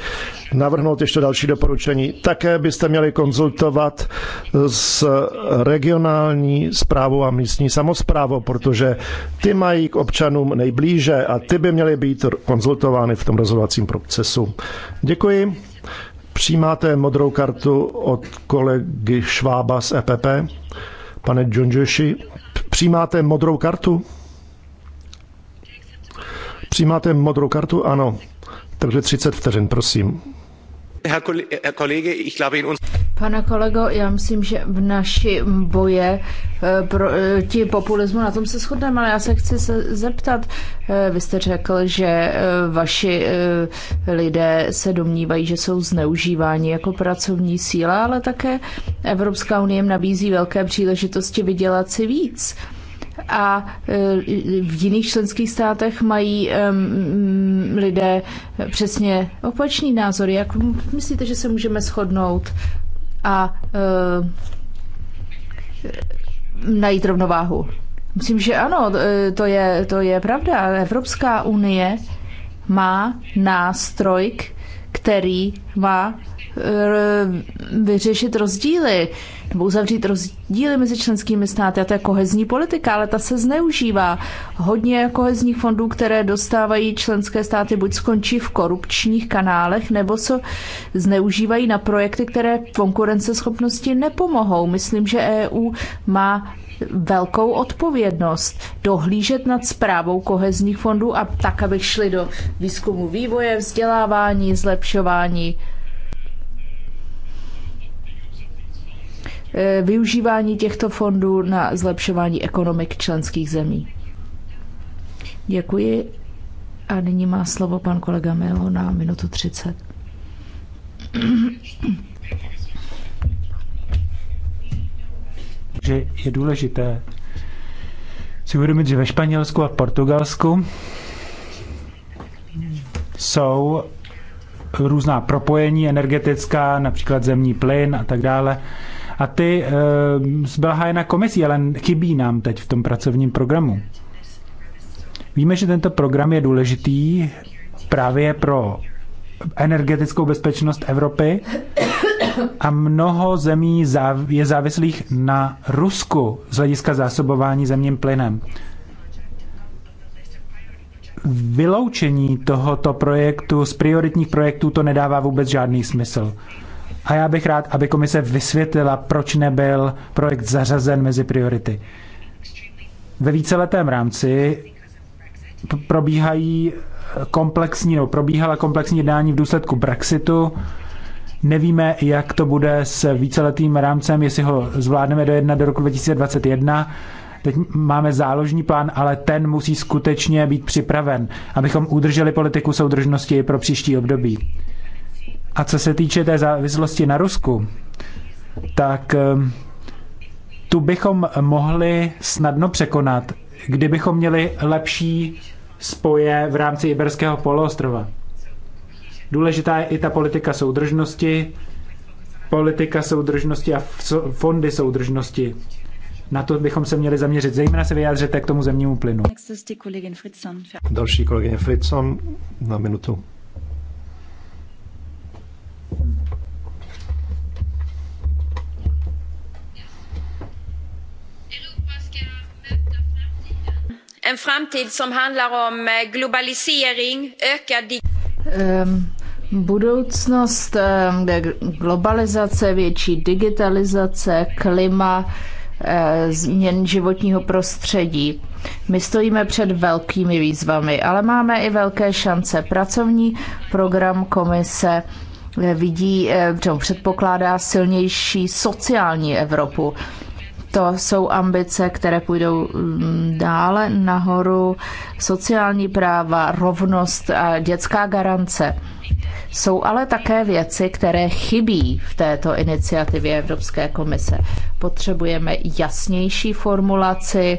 navrhnout ještě další doporučení. Také byste měli konzultovat s regionální zprávou a místní samozprávou, protože ty mají k občanům nejblíže a ty by měly být konzultovány v tom rozhodovacím procesu. Děkuji. Přijímáte modrou kartu od kolegy Švába z EPP. Pane Džonžoši, Přijímáte modrou kartu? Přijímáte modrou kartu? Ano. Takže 30 vteřin, prosím. Pane kolego, já myslím, že v naší boje eh, proti eh, populismu, na tom se shodneme, ale já se chci se zeptat. Eh, vy jste řekl, že vaši lidé se domnívají, že jsou zneužíváni jako pracovní síla, ale také Evropská unie jim nabízí velké příležitosti vydělat si víc a v jiných členských státech mají um, lidé přesně opačný názor. Jak myslíte, že se můžeme shodnout a eh, najít rovnováhu. Myslím, že ano, eh, to je, to je pravda. Evropská unie má nástroj, který má eh, vyřešit rozdíly uzavřít rozdíly mezi členskými státy a to je kohezní politika, ale ta se zneužívá. Hodně jako kohezních fondů, které dostávají členské státy, buď skončí v korupčních kanálech, nebo se zneužívají na projekty, které konkurenceschopnosti nepomohou. Myslím, že EU má velkou odpovědnost dohlížet nad zprávou kohezních fondů a tak, aby šly do výzkumu vývoje, vzdělávání, zlepšování E, využívání těchto fondů na zlepšování ekonomik členských zemí. Děkuji. A nyní má slovo pan kolega Melo na minutu 30. Že je důležité si uvědomit, že ve Španělsku a v Portugalsku jsou různá propojení energetická, například zemní plyn a tak dále a ty eh, byla hájena komisí, ale chybí nám teď v tom pracovním programu. Víme, že tento program je důležitý právě pro energetickou bezpečnost Evropy a mnoho zemí je závislých na Rusku z hlediska zásobování zemním plynem. Vyloučení tohoto projektu z prioritních projektů to nedává vůbec žádný smysl. A já bych rád, aby komise vysvětlila, proč nebyl projekt zařazen mezi priority. Ve víceletém rámci probíhají eh, komplexní, no, probíhala komplexní jednání v důsledku Brexitu. Nevíme, jak to bude s víceletým rámcem, jestli ho zvládneme do jedna do roku 2021. Teď máme záložní plán, ale ten musí skutečně být připraven, abychom udrželi politiku soudržnosti pro příští období. A co se týče té závislosti na Rusku, tak ehm, tu bychom mohli snadno překonat, kdybychom měli lepší spoje v rámci Iberského poloostrova. Důležitá je i ta politika soudržnosti, politika soudržnosti a fondy soudržnosti. Na to bychom se měli zaměřit. Zejména se vyjádřete k tomu zemnímu plynu. Další kolegyně Fritzon na minutu. En framtid som handlar om eh, globalisering, ökad... Ehm, budoucnost, ehm, kde globalizace, větší digitalizace, klima, eh, změn životního prostředí. My stojíme před velkými výzvami, ale máme i velké šance. Pracovní program komise eh, vidí, předpokládá silnější sociální Evropu. To jsou ambice, které půjdou mm, dále nahoru. Sociální práva, rovnost a dětská garance. Jsou ale také věci, které chybí v této iniciativě Evropské komise. Potřebujeme jasnější formulaci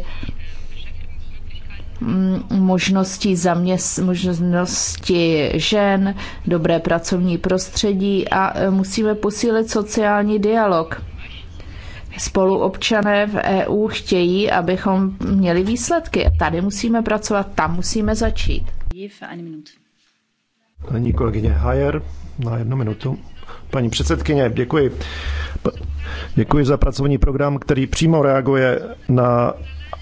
mm, možností zaměst, možnosti žen, dobré pracovní prostředí a e, musíme posílit sociální dialog spoluobčané v EU chtějí, abychom měli výsledky. Tady musíme pracovat, tam musíme začít. Paní kolegyně Hajer, na jednu minutu. Paní předsedkyně, děkuji. Děkuji za pracovní program, který přímo reaguje na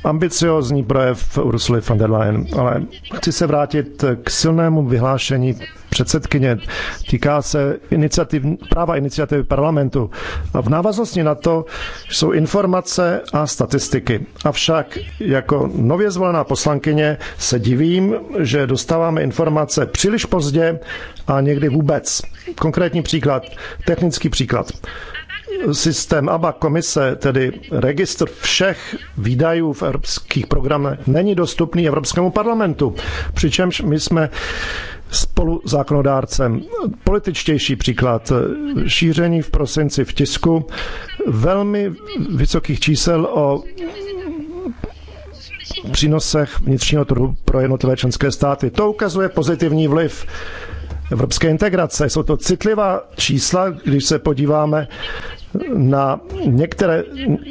ambiciozní projev Ursuly von der Leyen, ale chci se vrátit k silnému vyhlášení předsedkyně. Týká se iniciativ, práva iniciativy parlamentu. A v návaznosti na to jsou informace a statistiky. Avšak jako nově zvolená poslankyně se divím, že dostáváme informace příliš pozdě a někdy vůbec. Konkrétní příklad, technický příklad systém ABA komise, tedy registr všech výdajů v evropských programech, není dostupný Evropskému parlamentu. Přičemž my jsme spolu zákonodárcem. Političtější příklad šíření v prosinci v tisku velmi vysokých čísel o přínosech vnitřního trhu pro jednotlivé členské státy. To ukazuje pozitivní vliv evropské integrace. Jsou to citlivá čísla, když se podíváme na některé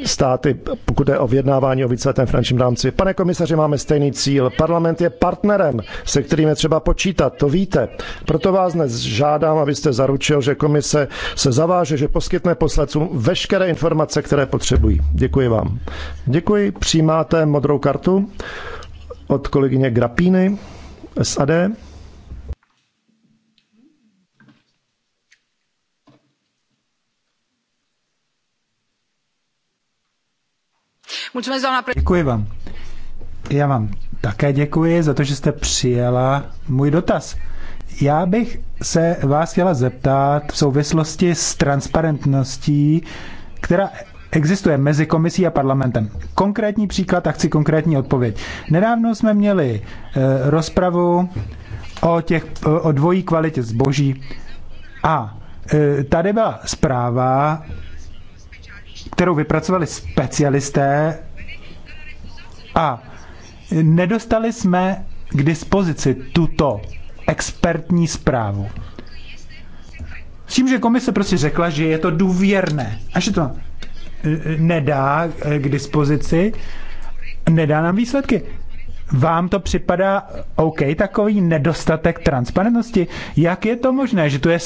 státy, pokud je o vyjednávání o víceletém finančním rámci. Pane komisaři, máme stejný cíl. Parlament je partnerem, se kterým je třeba počítat, to víte. Proto vás dnes žádám, abyste zaručil, že komise se zaváže, že poskytne poslancům veškeré informace, které potřebují. Děkuji vám. Děkuji. Přijímáte modrou kartu od kolegyně Grapíny SAD. Děkuji vám. Já vám také děkuji za to, že jste přijela můj dotaz. Já bych se vás chtěla zeptat v souvislosti s transparentností, která existuje mezi komisí a parlamentem. Konkrétní příklad a chci konkrétní odpověď. Nedávno jsme měli e, rozpravu o, těch, o dvojí kvalitě zboží a e, tady byla zpráva kterou vypracovali specialisté a nedostali jsme k dispozici tuto expertní zprávu. S tím, že komise prostě řekla, že je to důvěrné a že to eh, eh, nedá eh, k dispozici, nedá nám výsledky vám to připadá OK, takový nedostatek transparentnosti? Jak je to možné, že tu je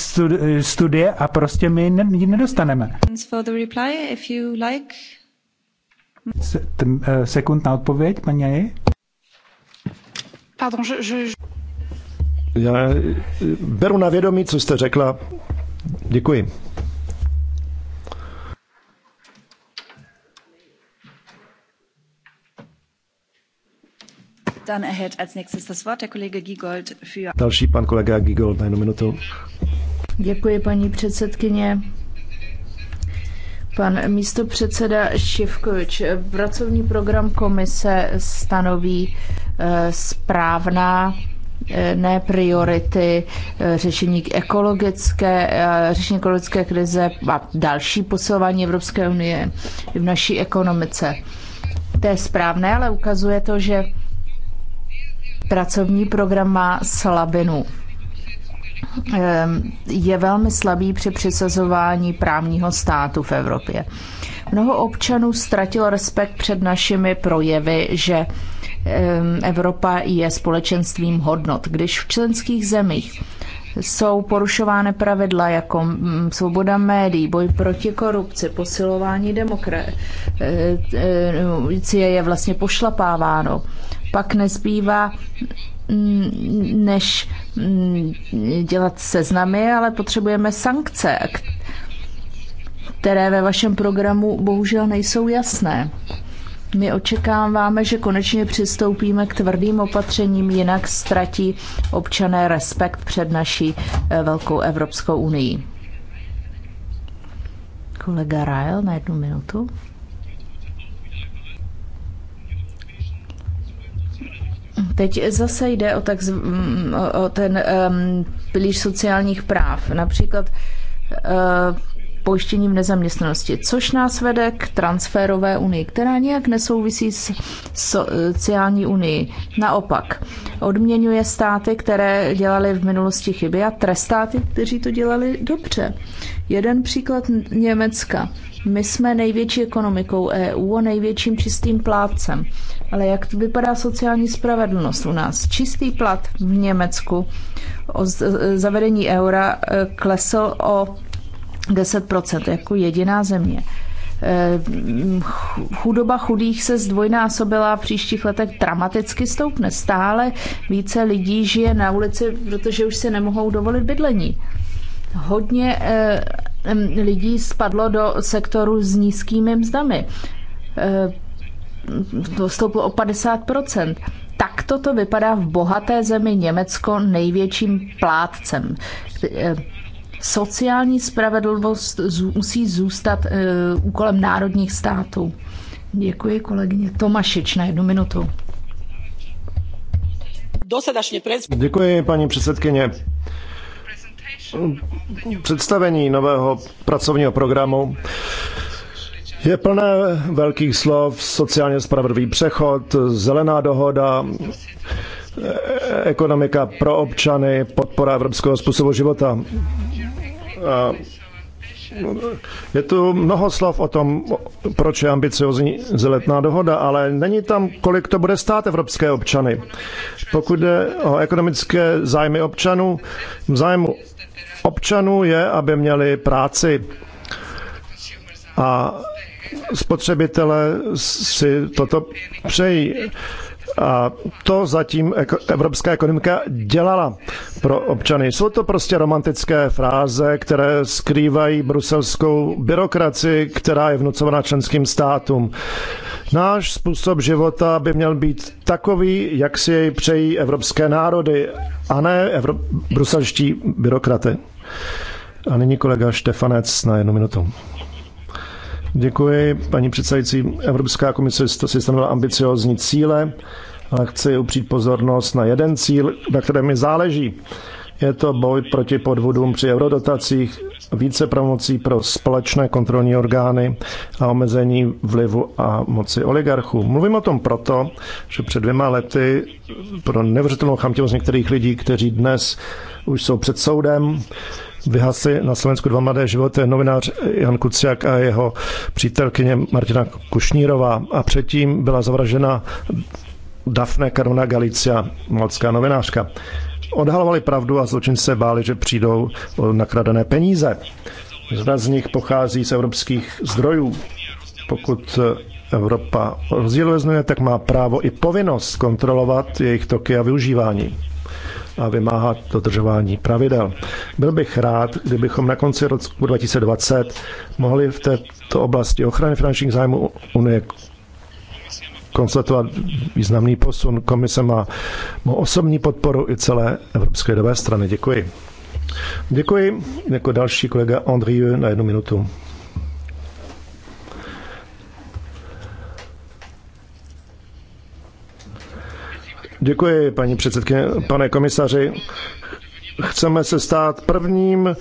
studie a prostě my ji nedostaneme? Eh, sekund na odpověď, paní Aji? Pardon, Já eh, beru na vědomí, co jste řekla. Děkuji. Další pan kolega Gigold, na jednu minutu. Děkuji, paní předsedkyně. Pan místo předseda Šivkovič, pracovní program komise stanoví eh, správná eh, ne priority eh, řešení ekologické, řešení ekologické krize a další posilování Evropské unie v naší ekonomice. To je správné, ale ukazuje to, že pracovní program má slabinu. Ehm, je velmi slabý při přisazování právního státu v Evropě. Mnoho občanů ztratilo respekt před našimi projevy, že ehm, Evropa je společenstvím hodnot. Když v členských zemích jsou porušovány pravidla jako mm, svoboda médií, boj proti korupci, posilování demokracie eh, eh, no, je vlastně pošlapáváno pak nezbývá mm, než mm, dělat seznamy, ale potřebujeme sankce, které ve vašem programu bohužel nejsou jasné. My očekáváme, že konečně přistoupíme k tvrdým opatřením, jinak ztratí občané respekt před naší eh, velkou Evropskou unii. Kolega Ryle na jednu minutu. Teď zase jde o, tak, mm, o ten um, pilíř sociálních práv, například uh, pojištěním nezaměstnanosti, což nás vede k transferové unii, která nějak nesouvisí s sociální unii. Naopak, odměňuje státy, které dělali v minulosti chyby a trestá ty, kteří to dělali dobře. Jeden příklad Německa. My jsme největší ekonomikou EU a největším čistým plátcem. Ale jak vypadá sociální spravedlnost u nás? Čistý plat v Německu o zavedení eura e, klesl o 10% jako jediná země. E, chudoba chudých se zdvojnásobila v příštích letech dramaticky stoupne. Stále více lidí žije na ulici, protože už se nemohou dovolit bydlení. Hodně e, lidí spadlo do sektoru s nízkými mzdami. E, to stouplo o 50 Tak toto vypadá v bohaté zemi Německo největším plátcem. E, sociální spravedlnost musí zůstat e, úkolem národních států. Děkuji kolegyně Tomašič na jednu minutu. Děkuji, paní předsedkyně představení nového pracovního programu je plné velkých slov, sociálně spravedlivý přechod, zelená dohoda, ekonomika pro občany, podpora evropského způsobu života. A je tu mnoho slov o tom, proč je ambiciozní zeletná dohoda, ale není tam, kolik to bude stát evropské občany. Pokud jde o ekonomické zájmy občanů, v zájmu občanů je, aby měli práci. A spotřebitelé si toto přejí. A to zatím evropská ekonomika dělala pro občany. Jsou to prostě romantické fráze, které skrývají bruselskou byrokracii, která je vnucovaná členským státům. Náš způsob života by měl být takový, jak si jej přejí evropské národy, a ne evro- bruselští byrokraty. A nyní kolega Štefanec na jednu minutu. Děkuji, paní předsedající. Evropská komise si stanovila ambiciozní cíle, ale chci upřít pozornost na jeden cíl, na kterém mi záleží. Je to boj proti podvodům při eurodotacích, více promocí pro společné kontrolní orgány a omezení vlivu a moci oligarchů. Mluvím o tom proto, že před dvěma lety pro neuvěřitelnou chamtivost některých lidí, kteří dnes už jsou před soudem. Vyhasy na Slovensku dva mladé životy novinář Jan Kuciak a jeho přítelkyně Martina Kušnírová. A předtím byla zavražena Dafne Karuna Galicia, malcká novinářka. Odhalovali pravdu a zločinci se báli, že přijdou nakradené peníze. Řada z nich pochází z evropských zdrojů. Pokud Evropa rozděluje tak má právo i povinnost kontrolovat jejich toky a využívání a vymáhat dodržování pravidel. Byl bych rád, kdybychom na konci roku 2020 mohli v této oblasti ochrany finančních zájmů Unie konstatovat významný posun. Komise má mou osobní podporu i celé Evropské dové strany. Děkuji. Děkuji. Jako další kolega Andrieu na jednu minutu. Děkuji, paní předsedkyně. Pane komisaři, chceme se stát prvním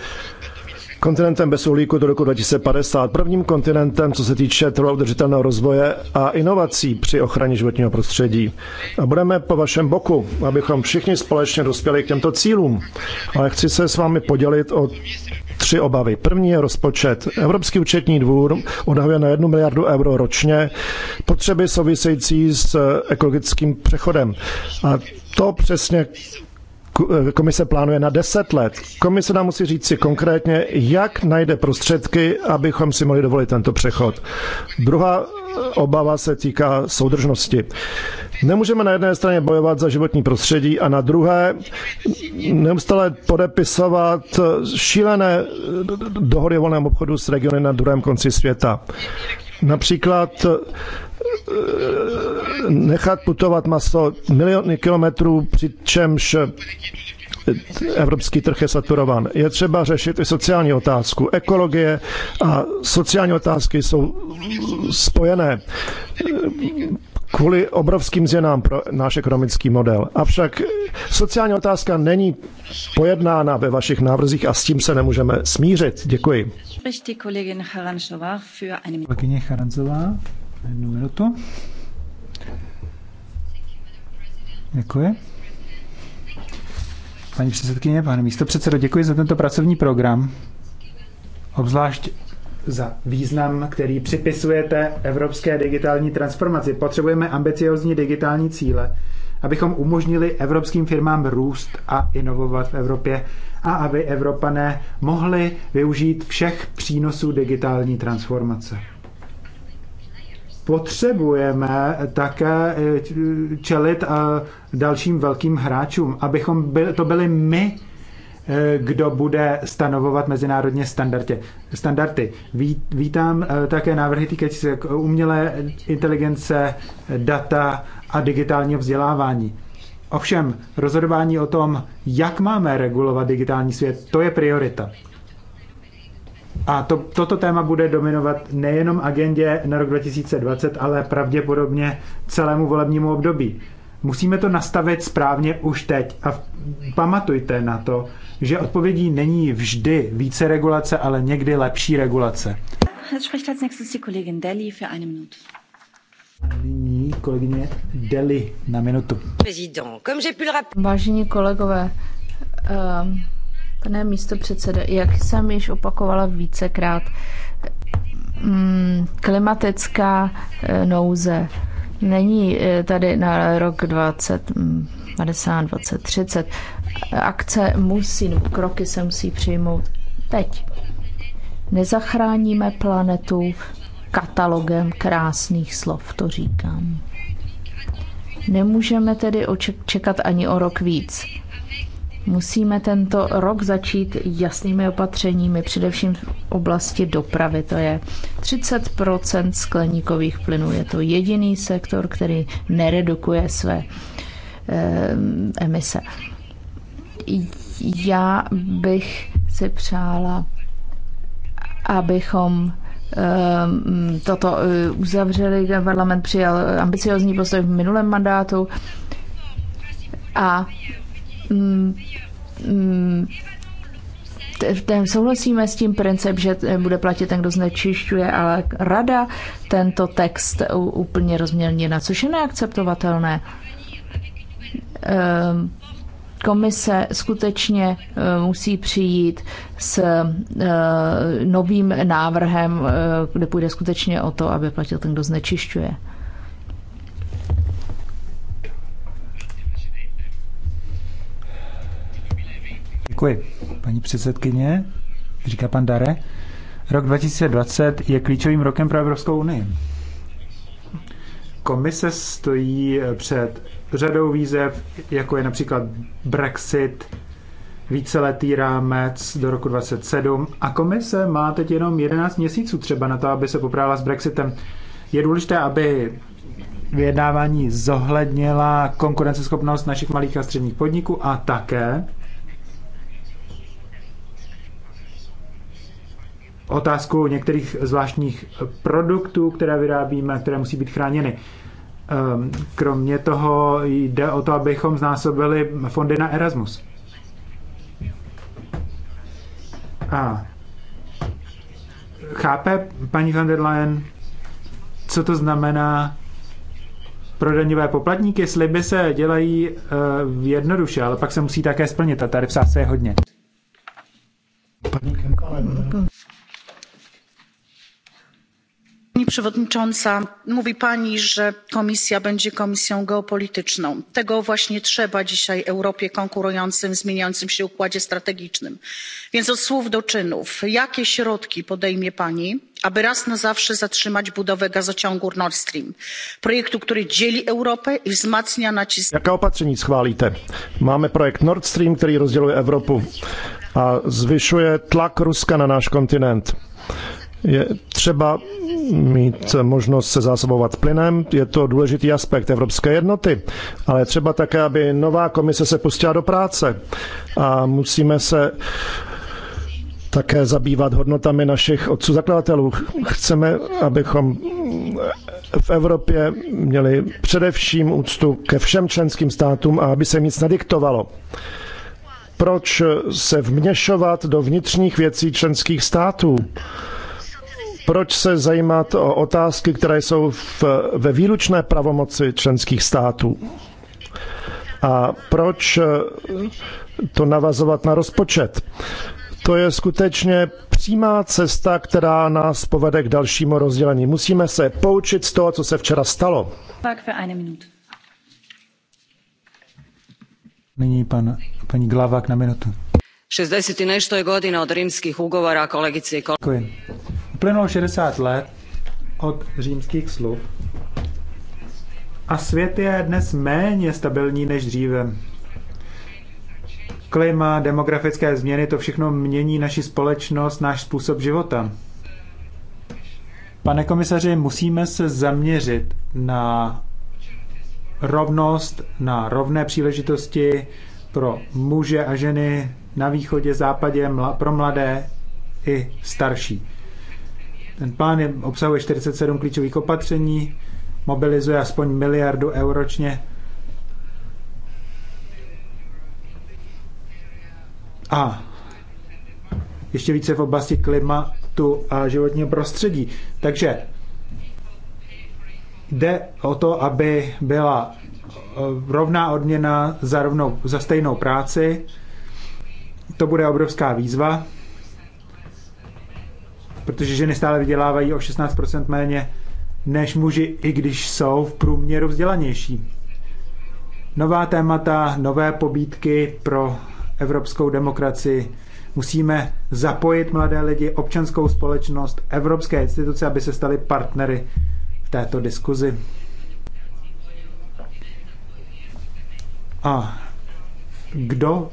kontinentem bez uhlíku do roku 2050, prvním kontinentem, co se týče trvalého udržitelného rozvoje a inovací při ochraně životního prostředí. A budeme po vašem boku, abychom všichni společně dospěli k těmto cílům. Ale chci se s vámi podělit o tři obavy. První je rozpočet. Evropský účetní dvůr odhaduje na jednu miliardu euro ročně potřeby související s ekologickým přechodem. A to přesně Eh, komise plánuje na 10 let. Komise nám musí říct si konkrétně, jak najde prostředky, abychom si mohli dovolit tento přechod. Druhá eh, obava se týká soudržnosti. Nemůžeme na jedné straně bojovat za životní prostředí a na druhé neustále podepisovat eh, šílené dohody o volném obchodu s regiony na druhém konci světa. Například nechat putovat maso miliony kilometrů, přičemž evropský trh je saturovan. Je třeba řešit i sociální otázku. Ekologie a sociální otázky jsou spojené kvůli obrovským změnám pro náš ekonomický model. Avšak sociální otázka není pojednána ve vašich návrzích a s tím se nemůžeme smířit. Děkuji. Kolegyně Charanzová jednu minutu. Děkuji. Paní předsedkyně, pane místo předsedo, děkuji za tento pracovní program. Obzvlášť za význam, který připisujete evropské digitální transformaci. Potřebujeme ambiciozní digitální cíle, abychom umožnili evropským firmám růst a inovovat v Evropě a aby Evropané mohli využít všech přínosů digitální transformace potřebujeme také eh, čelit eh, dalším velkým hráčům, abychom byli, to byli my, eh, kdo bude stanovovat mezinárodně standardě, standardy. vítám také návrhy týkající se umělé inteligence, data a digitálního vzdělávání. Ovšem, rozhodování o tom, jak máme regulovat digitální svět, to je priorita. A to, toto téma bude dominovat nejenom agendě na rok 2020, ale pravděpodobně celému volebnímu období. Musíme to nastavit správně už teď. A pamatujte na to, že odpovědí není vždy více regulace, ale někdy lepší regulace. Nyní kolegyně Deli na minutu. Vážení kolegové, ehm, Pane místo předsedo, jak jsem již opakovala vícekrát, mm, klimatická e, nouze není e, tady na rok 20, 50, 20, 30. Akce musí, nebo kroky se musí přijmout teď. Nezachráníme planetu katalogem krásných slov, to říkám. Nemůžeme tedy očekat ani o rok víc Musíme tento rok začít jasnými opatřeními, především v oblasti dopravy. To je 30 skleníkových plynů. Je to jediný sektor, který neredukuje své eh, emise. Já bych si přála, abychom eh, toto eh, uzavřeli. Parlament přijal ambiciozní postoj v minulém mandátu a Mm, mm, ten souhlasíme s tím princip, že bude platit ten, kdo znečišťuje, ale rada tento text úplně na což je neakceptovatelné. Ehm, komise skutečně eh, musí přijít s eh, novým návrhem, eh, kde půjde skutečně o to, aby platil ten, kdo znečišťuje. Děkuji, paní předsedkyně, říká pan Dare. Rok 2020 je klíčovým rokem pro Evropskou unii. Komise stojí před řadou výzev, jako je například Brexit, víceletý rámec do roku 27 a komise má teď jenom 11 měsíců třeba na to, aby se poprála s Brexitem. Je důležité, aby vyjednávání zohlednila konkurenceschopnost našich malých a středních podniků a také otázku některých zvláštních produktů, které vyrábíme, které musí být chráněny. Ehm, kromě toho jde o to, abychom znásobili fondy na Erasmus. A chápe paní van der Leyen, co to znamená pro daňové poplatníky? Sliby se dělají uh, jednoduše, ale pak se musí také splnit a tady psá se je hodně. Paní pani przewodnicząca! mówi pani że komisja będzie komisją geopolityczną. tego właśnie trzeba dzisiaj europie konkurującej w zmieniającym się układzie strategicznym. więc od słów do czynów jakie środki podejmie pani aby raz na zawsze zatrzymać budowę gazociągu nord stream projektu który dzieli europę i wzmacnia nacisk. jaká opatření schválíte? máme projekt nord stream který rozděluje evropu a zvyšuje tlak ruska na náš kontinent je třeba mít možnost se zásobovat plynem, je to důležitý aspekt evropské jednoty, ale třeba také, aby nová komise se pustila do práce a musíme se také zabývat hodnotami našich otců zakladatelů. Chceme, abychom v Evropě měli především úctu ke všem členským státům a aby se nic nediktovalo. Proč se vměšovat do vnitřních věcí členských států? Proč se zajímat o otázky, které jsou v, ve výlučné pravomoci členských států? A proč eh, to navazovat na rozpočet? To je skutečně přímá cesta, která nás povede k dalšímu rozdělení. Musíme se poučit z toho, co se včera stalo. Tak eine Minute. Nyní pan, paní Glavák na minutu. 60 nešto je godina od rímských ugovora, kolegice i kolegy. Uplynulo 60 let od římských slov a svět je dnes méně stabilní než dříve. Klima, demografické změny, to všechno mění naši společnost, náš způsob života. Pane komisaři, musíme se zaměřit na rovnost, na rovné příležitosti pro muže a ženy na východě, západě, pro mladé i starší. Ten plán je, obsahuje 47 klíčových opatření, mobilizuje aspoň miliardu eur ročně. A ještě více v oblasti klimatu a životního prostředí. Takže jde o to, aby byla eh, rovná odměna za, rovnou, za stejnou práci. To bude obrovská výzva protože ženy stále vydělávají o 16% méně než muži, i když jsou v průměru vzdělanější. Nová témata, nové pobídky pro evropskou demokracii. Musíme zapojit mladé lidi, občanskou společnost, evropské instituce, aby se stali partnery v této diskuzi. A kdo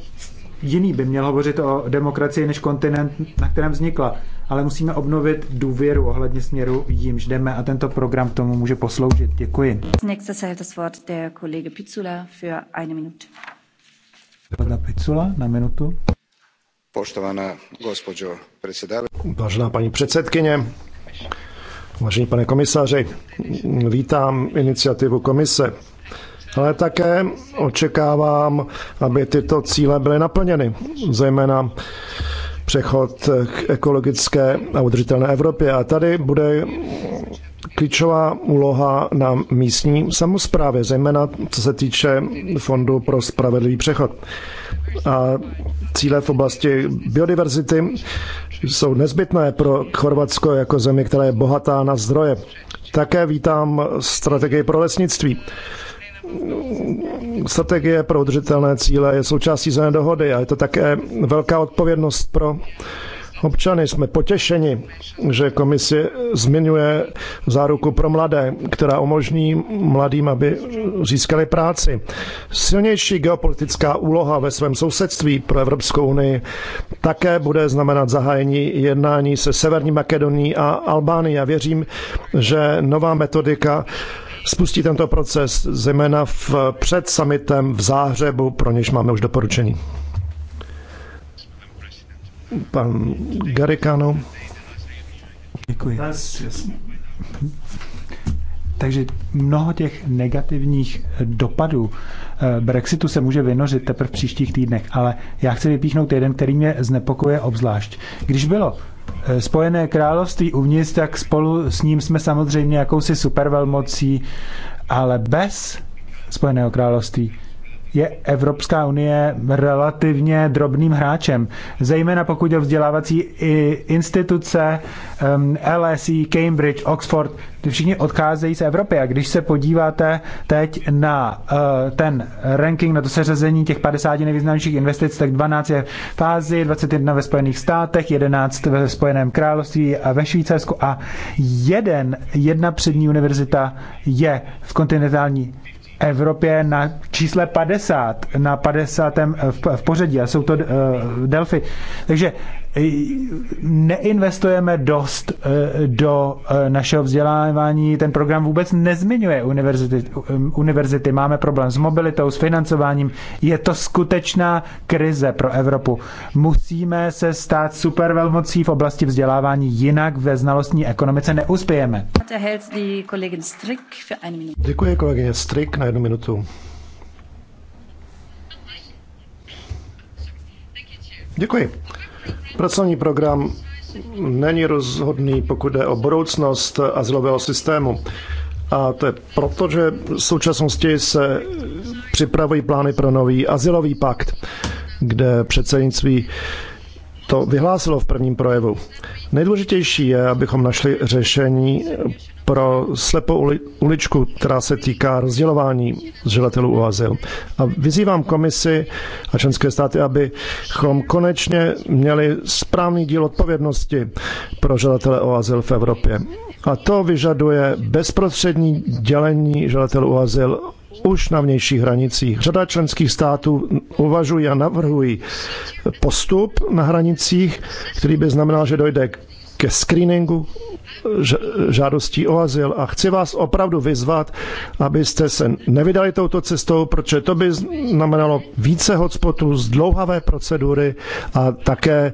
jiný by měl hovořit o demokracii než kontinent, na kterém vznikla? ale musíme obnovit důvěru ohledně směru, jímž jdeme a tento program k tomu může posloužit. Děkuji. Nächstes das Wort der Kollege Pizzula für eine Minute. Kolega Pizzula na minutu. Poštovaná gospođo předsedající. Vážená paní předsedkyně, vážený pane komisaři, vítám iniciativu komise ale také očekávám, aby tyto cíle byly naplněny, zejména přechod k ekologické a udržitelné Evropě. A tady bude klíčová úloha na místní samozprávě, zejména co se týče Fondu pro spravedlivý přechod. A cíle v oblasti biodiverzity jsou nezbytné pro Chorvatsko jako zemi, která je bohatá na zdroje. Také vítám strategii pro lesnictví. Strategie pro udržitelné cíle je součástí zelené dohody a je to také velká odpovědnost pro občany. Jsme potěšeni, že komise zmiňuje záruku pro mladé, která umožní mladým, aby získali práci. Silnější geopolitická úloha ve svém sousedství pro Evropskou unii také bude znamenat zahájení jednání se Severní Makedonií a Albánií. Já věřím, že nová metodika spustí tento proces, zejména v, před summitem v Záhřebu, pro něž máme už doporučení. Pan Garikano. Děkuji. Takže mnoho těch negativních dopadů eh, Brexitu se může vynořit teprve v příštích týdnech, ale já chci vypíchnout jeden, který mě znepokuje obzvlášť. Když bylo Eh, Spojené království uvnitř, tak spolu s ním jsme samozřejmě jakousi supervelmocí, ale bez Spojeného království je Evropská unie relativně drobným hráčem, zejména pokud o vzdělávací instituce LSE, Cambridge, Oxford, ty všichni odcházejí z Evropy. A když se podíváte teď na eh, ten ranking, na to seřazení těch 50 nejvýznamnějších investic, tak 12 je v Ázii, 21 ve Spojených státech, 11 ve Spojeném království a ve Švýcarsku a jeden, jedna přední univerzita je v kontinentální Evropě na čísle 50, na 50. Eh, v, v pořadí a jsou to uh, eh, Delfy. Takže neinvestujeme dost eh, do eh, našeho vzdělávání. Ten program vůbec nezmiňuje univerzity. Um, univerzity. Máme problém s mobilitou, s financováním. Je to skutečná krize pro Evropu. Musíme se stát supervelmocí v oblasti vzdělávání, jinak ve znalostní ekonomice neuspějeme. Děkuji kolegyně Strik na jednu minutu. Děkuji. Pracovní program není rozhodný, pokud jde o budoucnost azylového systému. A to je proto, že v současnosti se připravují plány pro nový azylový pakt, kde předsednictví to vyhlásilo v prvním projevu. Nejdůležitější je, abychom našli řešení pro slepou uličku, která se týká rozdělování žadatelů o azyl. A vyzývám komisi a členské státy, abychom konečně měli správný díl odpovědnosti pro žadatele o azyl v Evropě. A to vyžaduje bezprostřední dělení žadatelů o azyl už na vnějších hranicích. Řada členských států uvažují a navrhují postup na hranicích, který by znamenal, že dojde k ke screeningu žádostí o azyl a chci vás opravdu vyzvat, abyste se nevydali touto cestou, protože to by znamenalo více hotspotů, zdlouhavé procedury a také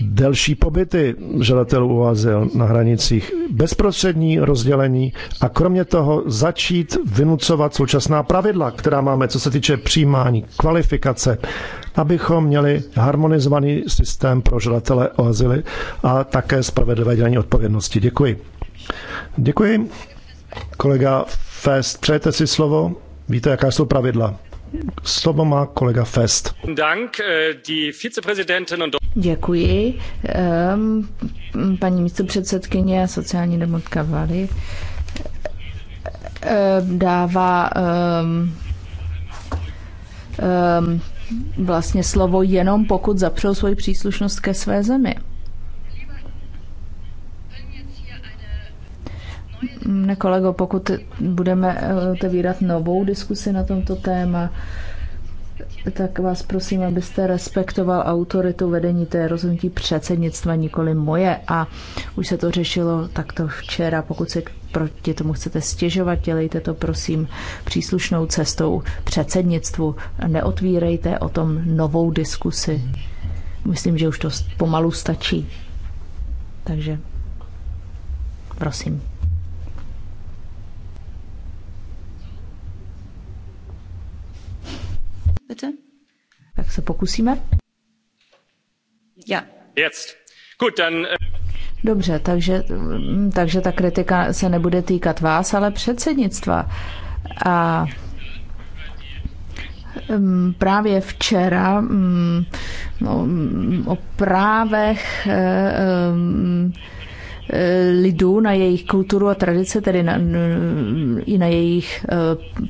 delší pobyty žadatelů o azyl na hranicích, bezprostřední rozdělení a kromě toho začít vynucovat současná pravidla, která máme, co se týče přijímání, kvalifikace, abychom měli harmonizovaný systém pro žadatele o azyly a také spravedlivé dělení odpovědnosti. Děkuji. Děkuji. Kolega Fest, přejete si slovo? Víte, jaká jsou pravidla? Slovo má kolega Fest. Dank, eh, die Děkuji. Paní místopředsedkyně sociální demotka Vali dává vlastně slovo jenom pokud zapřou svoji příslušnost ke své zemi. Kolego, pokud budeme otevírat novou diskusi na tomto téma, tak vás prosím, abyste respektoval autoritu vedení té rozhodnutí předsednictva, nikoli moje. A už se to řešilo takto včera. Pokud se proti tomu chcete stěžovat, dělejte to prosím příslušnou cestou předsednictvu. Neotvírejte o tom novou diskusi. Myslím, že už to pomalu stačí. Takže prosím. Bitte? Tak se pokusíme. Ja. Jetzt. Gut, dann... Äh, Dobře, takže, mm, takže ta kritika se nebude týkat vás, ale předsednictva. A mm, právě včera mm, no, o právech eh, eh, lidů na jejich kulturu a tradice, tedy na, i na jejich eh,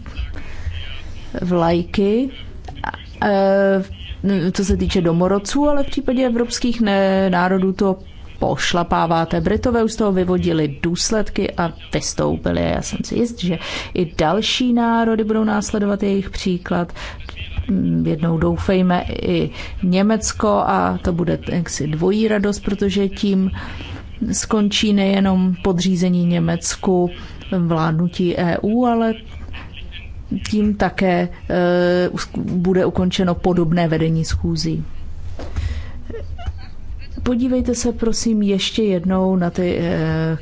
vlajky, Eh, co se týče domorodců, ale v případě evropských národů to pošlapáváte. Britové už z toho vyvodili důsledky a vystoupili. Já jsem si jist, že i další národy budou následovat jejich příklad. Mm, jednou doufejme i Německo a to bude jaksi dvojí radost, protože tím skončí nejenom podřízení Německu vládnutí EU, ale tím také eh, bude ukončeno podobné vedení schůzí. Podívejte se prosím ještě jednou na ty eh,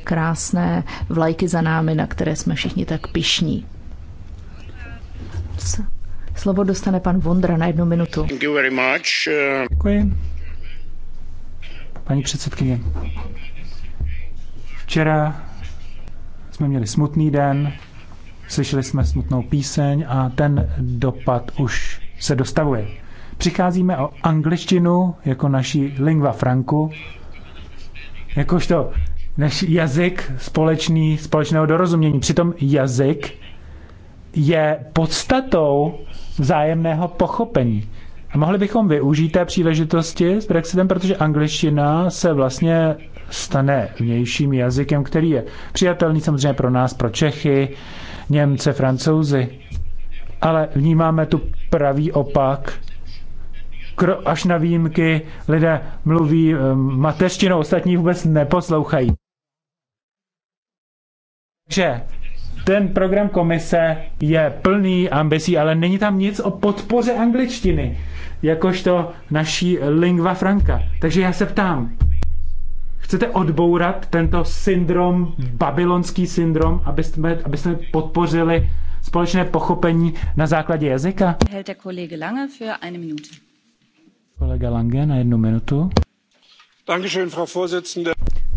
krásné vlajky za námi, na které jsme všichni tak pišní. Slovo dostane pan Vondra na jednu minutu. Eh. Děkuji. Paní předsedkyně, včera jsme měli smutný den, Slyšeli jsme smutnou píseň a ten dopad už se dostavuje. Přicházíme o angličtinu jako naší lingva franku, jakožto naš jazyk společný, společného dorozumění. Přitom jazyk je podstatou vzájemného pochopení. A mohli bychom využít té příležitosti s Brexitem, protože angličtina se vlastně stane vnějším jazykem, který je přijatelný samozřejmě pro nás, pro Čechy, Němce, Francouzi. Ale vnímáme tu pravý opak. Kro, až na výjimky lidé mluví eh, mateřštinou, ostatní vůbec neposlouchají. Takže ten program komise je plný ambicí, ale není tam nic o podpoře angličtiny, jakožto naší lingva franca. Takže já se ptám, Chcete odbourat tento syndrom, babylonský syndrom, abyste abyste podpořili společné pochopení na základě jazyka? Kolega Lange na jednu minutu.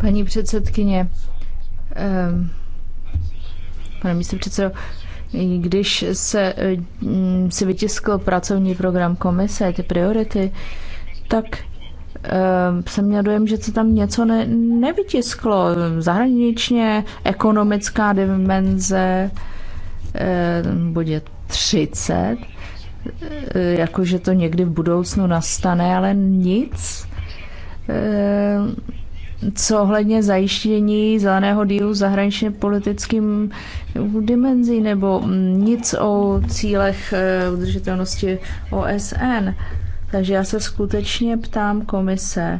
Paní předsedkyně, um, pane místo předsedo, když se ehm, si vytiskl pracovní program komise, ty priority, tak Ehm, jsem měl dojem, že se tam něco ne, nevytisklo. Zahraničně, ekonomická dimenze, ehm, bude 30, ehm, jakože to někdy v budoucnu nastane, ale nic. Co ohledně zajištění zeleného dílu zahraničně politickým dimenzí nebo mm, nic o cílech eh, udržitelnosti OSN. Takže já se skutečně ptám komise,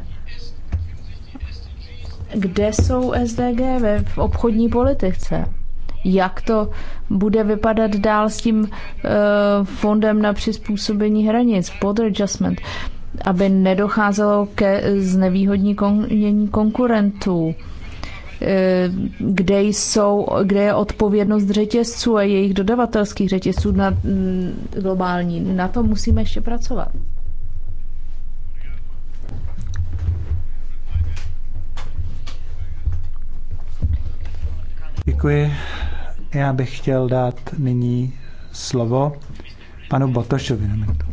kde jsou SDG ve, v obchodní politice? Jak to bude vypadat dál s tím uh, fondem na přizpůsobení hranic, border adjustment, aby nedocházelo ke znevýhodní kon, konkurentů? Eh, kde, jsou, kde je odpovědnost řetězců a jejich dodavatelských řetězců na, mm, globální. Na to musíme ještě pracovat. Děkuji. Já bych chtěl dát nyní slovo panu Botošovi. Na minutu.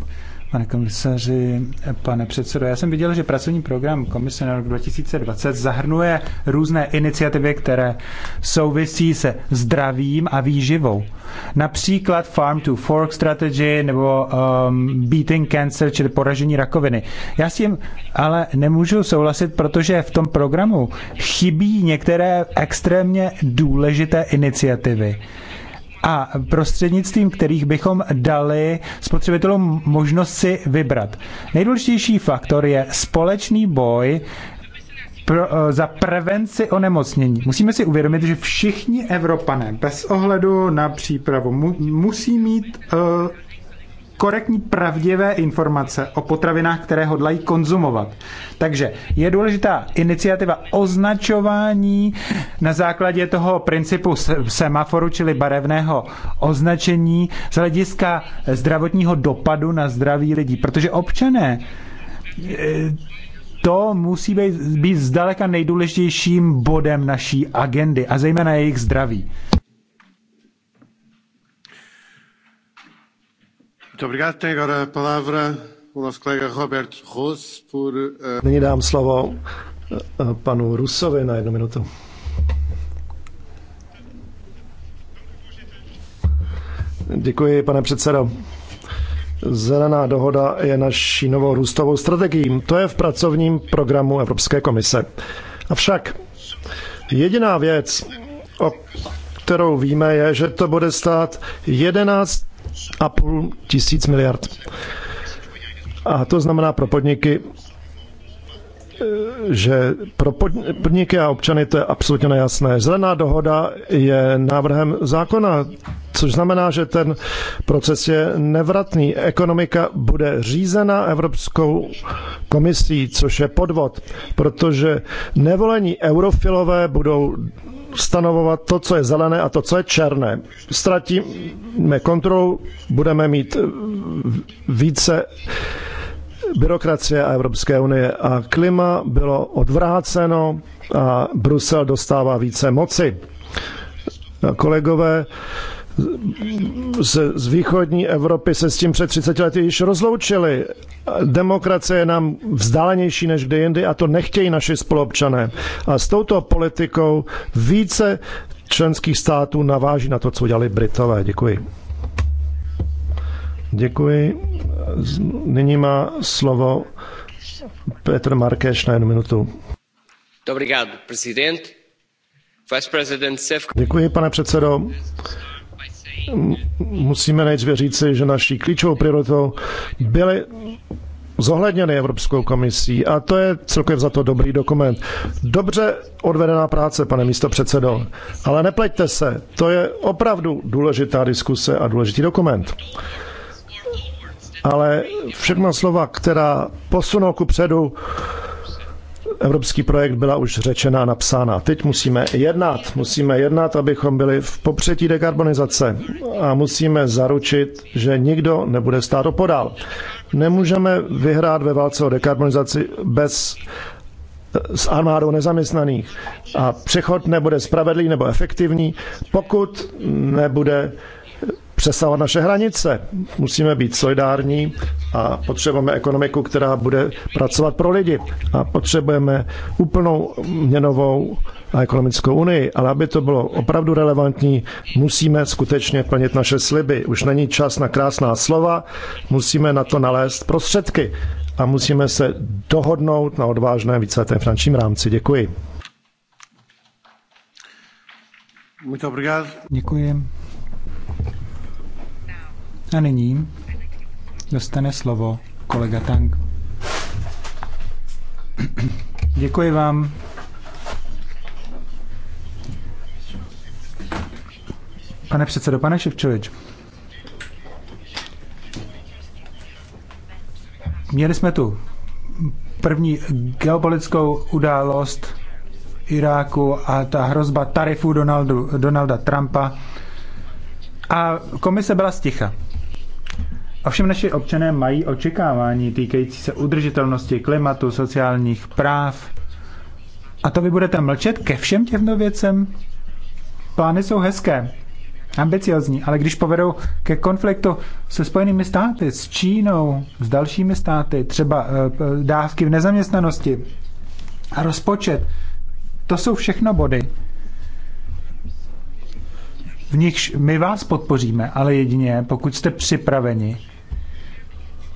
Pane komisaři, pane předsedo, já jsem viděl, že pracovní program Komise na rok 2020 zahrnuje různé iniciativy, které souvisí se zdravím a výživou. Například Farm to Fork Strategy nebo um, Beating Cancer, čili poražení rakoviny. Já s tím ale nemůžu souhlasit, protože v tom programu chybí některé extrémně důležité iniciativy a prostřednictvím kterých bychom dali spotřebitelům možnost si vybrat. Nejdůležitější faktor je společný boj pro, eh, za prevenci onemocnění. Musíme si uvědomit, že všichni Evropané bez ohledu na přípravu mu, musí mít uh, korektní, pravdivé informace o potravinách, které hodlají konzumovat. Takže je důležitá iniciativa označování na základě toho principu semaforu, čili barevného označení z hlediska zdravotního dopadu na zdraví lidí, protože občané e, to musí být, být zdaleka nejdůležitějším bodem naší agendy a zejména jejich zdraví. Eh, Nyní dám slovo eh, panu Rusovi na jednu minutu. Děkuji, pane předsedo. Zelená dohoda je naší novou růstovou strategií. To je v pracovním programu Evropské komise. Avšak jediná věc, o kterou víme, je, že to bude stát 11 a půl tisíc miliard. A to znamená pro podniky, eh, že pro podniky a občany to je absolutně nejasné. Zelená dohoda je návrhem zákona, což znamená, že ten proces je nevratný. Ekonomika bude řízena Evropskou komisí, což je podvod, protože nevolení eurofilové budou stanovovat to, co je zelené a to, co je černé. Ztratíme kontrolu, budeme mít eh, více byrokracie a Evropské unie. A klima bylo odvráceno a Brusel dostává více moci. Kolegové, z, z východní Evropy se s tím před 30 lety již rozloučili. Demokracie je nám vzdálenější než kde jindy a to nechtějí naši spoluobčané. A s touto politikou více členských států naváží na to, co dělali Britové. Děkuji. Děkuji. Nyní má slovo Petr Markeš na jednu minutu. Dobrý den, prezident. Děkuji, pane předsedo musíme nejdříve říci, že naší klíčovou prioritou byly zohledněny Evropskou komisí a to je celkově za to dobrý dokument. Dobře odvedená práce, pane místo předsedo, ale nepleťte se, to je opravdu důležitá diskuse a důležitý dokument. Ale všechna slova, která posunou ku předu evropský projekt byla už řečena a napsána. Teď musíme jednat, musíme jednat, abychom byli v popřetí dekarbonizace a musíme zaručit, že nikdo nebude stát opodál. Nemůžeme vyhrát ve válce o dekarbonizaci bez eh, s armádou nezaměstnaných. A přechod nebude spravedlý nebo efektivní, pokud nebude přesahovat naše hranice. Musíme být solidární a potřebujeme ekonomiku, která bude pracovat pro lidi. A potřebujeme úplnou měnovou a ekonomickou unii. Ale aby to bylo opravdu relevantní, musíme skutečně plnit naše sliby. Už není čas na krásná slova, musíme na to nalézt prostředky a musíme se dohodnout na odvážném víceletém finančním rámci. Děkuji. Děkuji. A nyní dostane slovo kolega Tang. Děkuji vám. Pane předsedo, pane Ševčovič, měli jsme tu první geopolitickou událost Iráku a ta hrozba tarifů Donaldu, Donalda Trumpa. A komise byla sticha. Ovšem naši občané mají očekávání týkající se udržitelnosti klimatu, sociálních práv. A to vy budete mlčet ke všem těmto věcem? Plány jsou hezké, ambiciozní, ale když povedou ke konfliktu se Spojenými státy, s Čínou, s dalšími státy, třeba eh, eh, dávky v nezaměstnanosti a rozpočet, to jsou všechno body, v nichž my vás podpoříme, ale jedině, pokud jste připraveni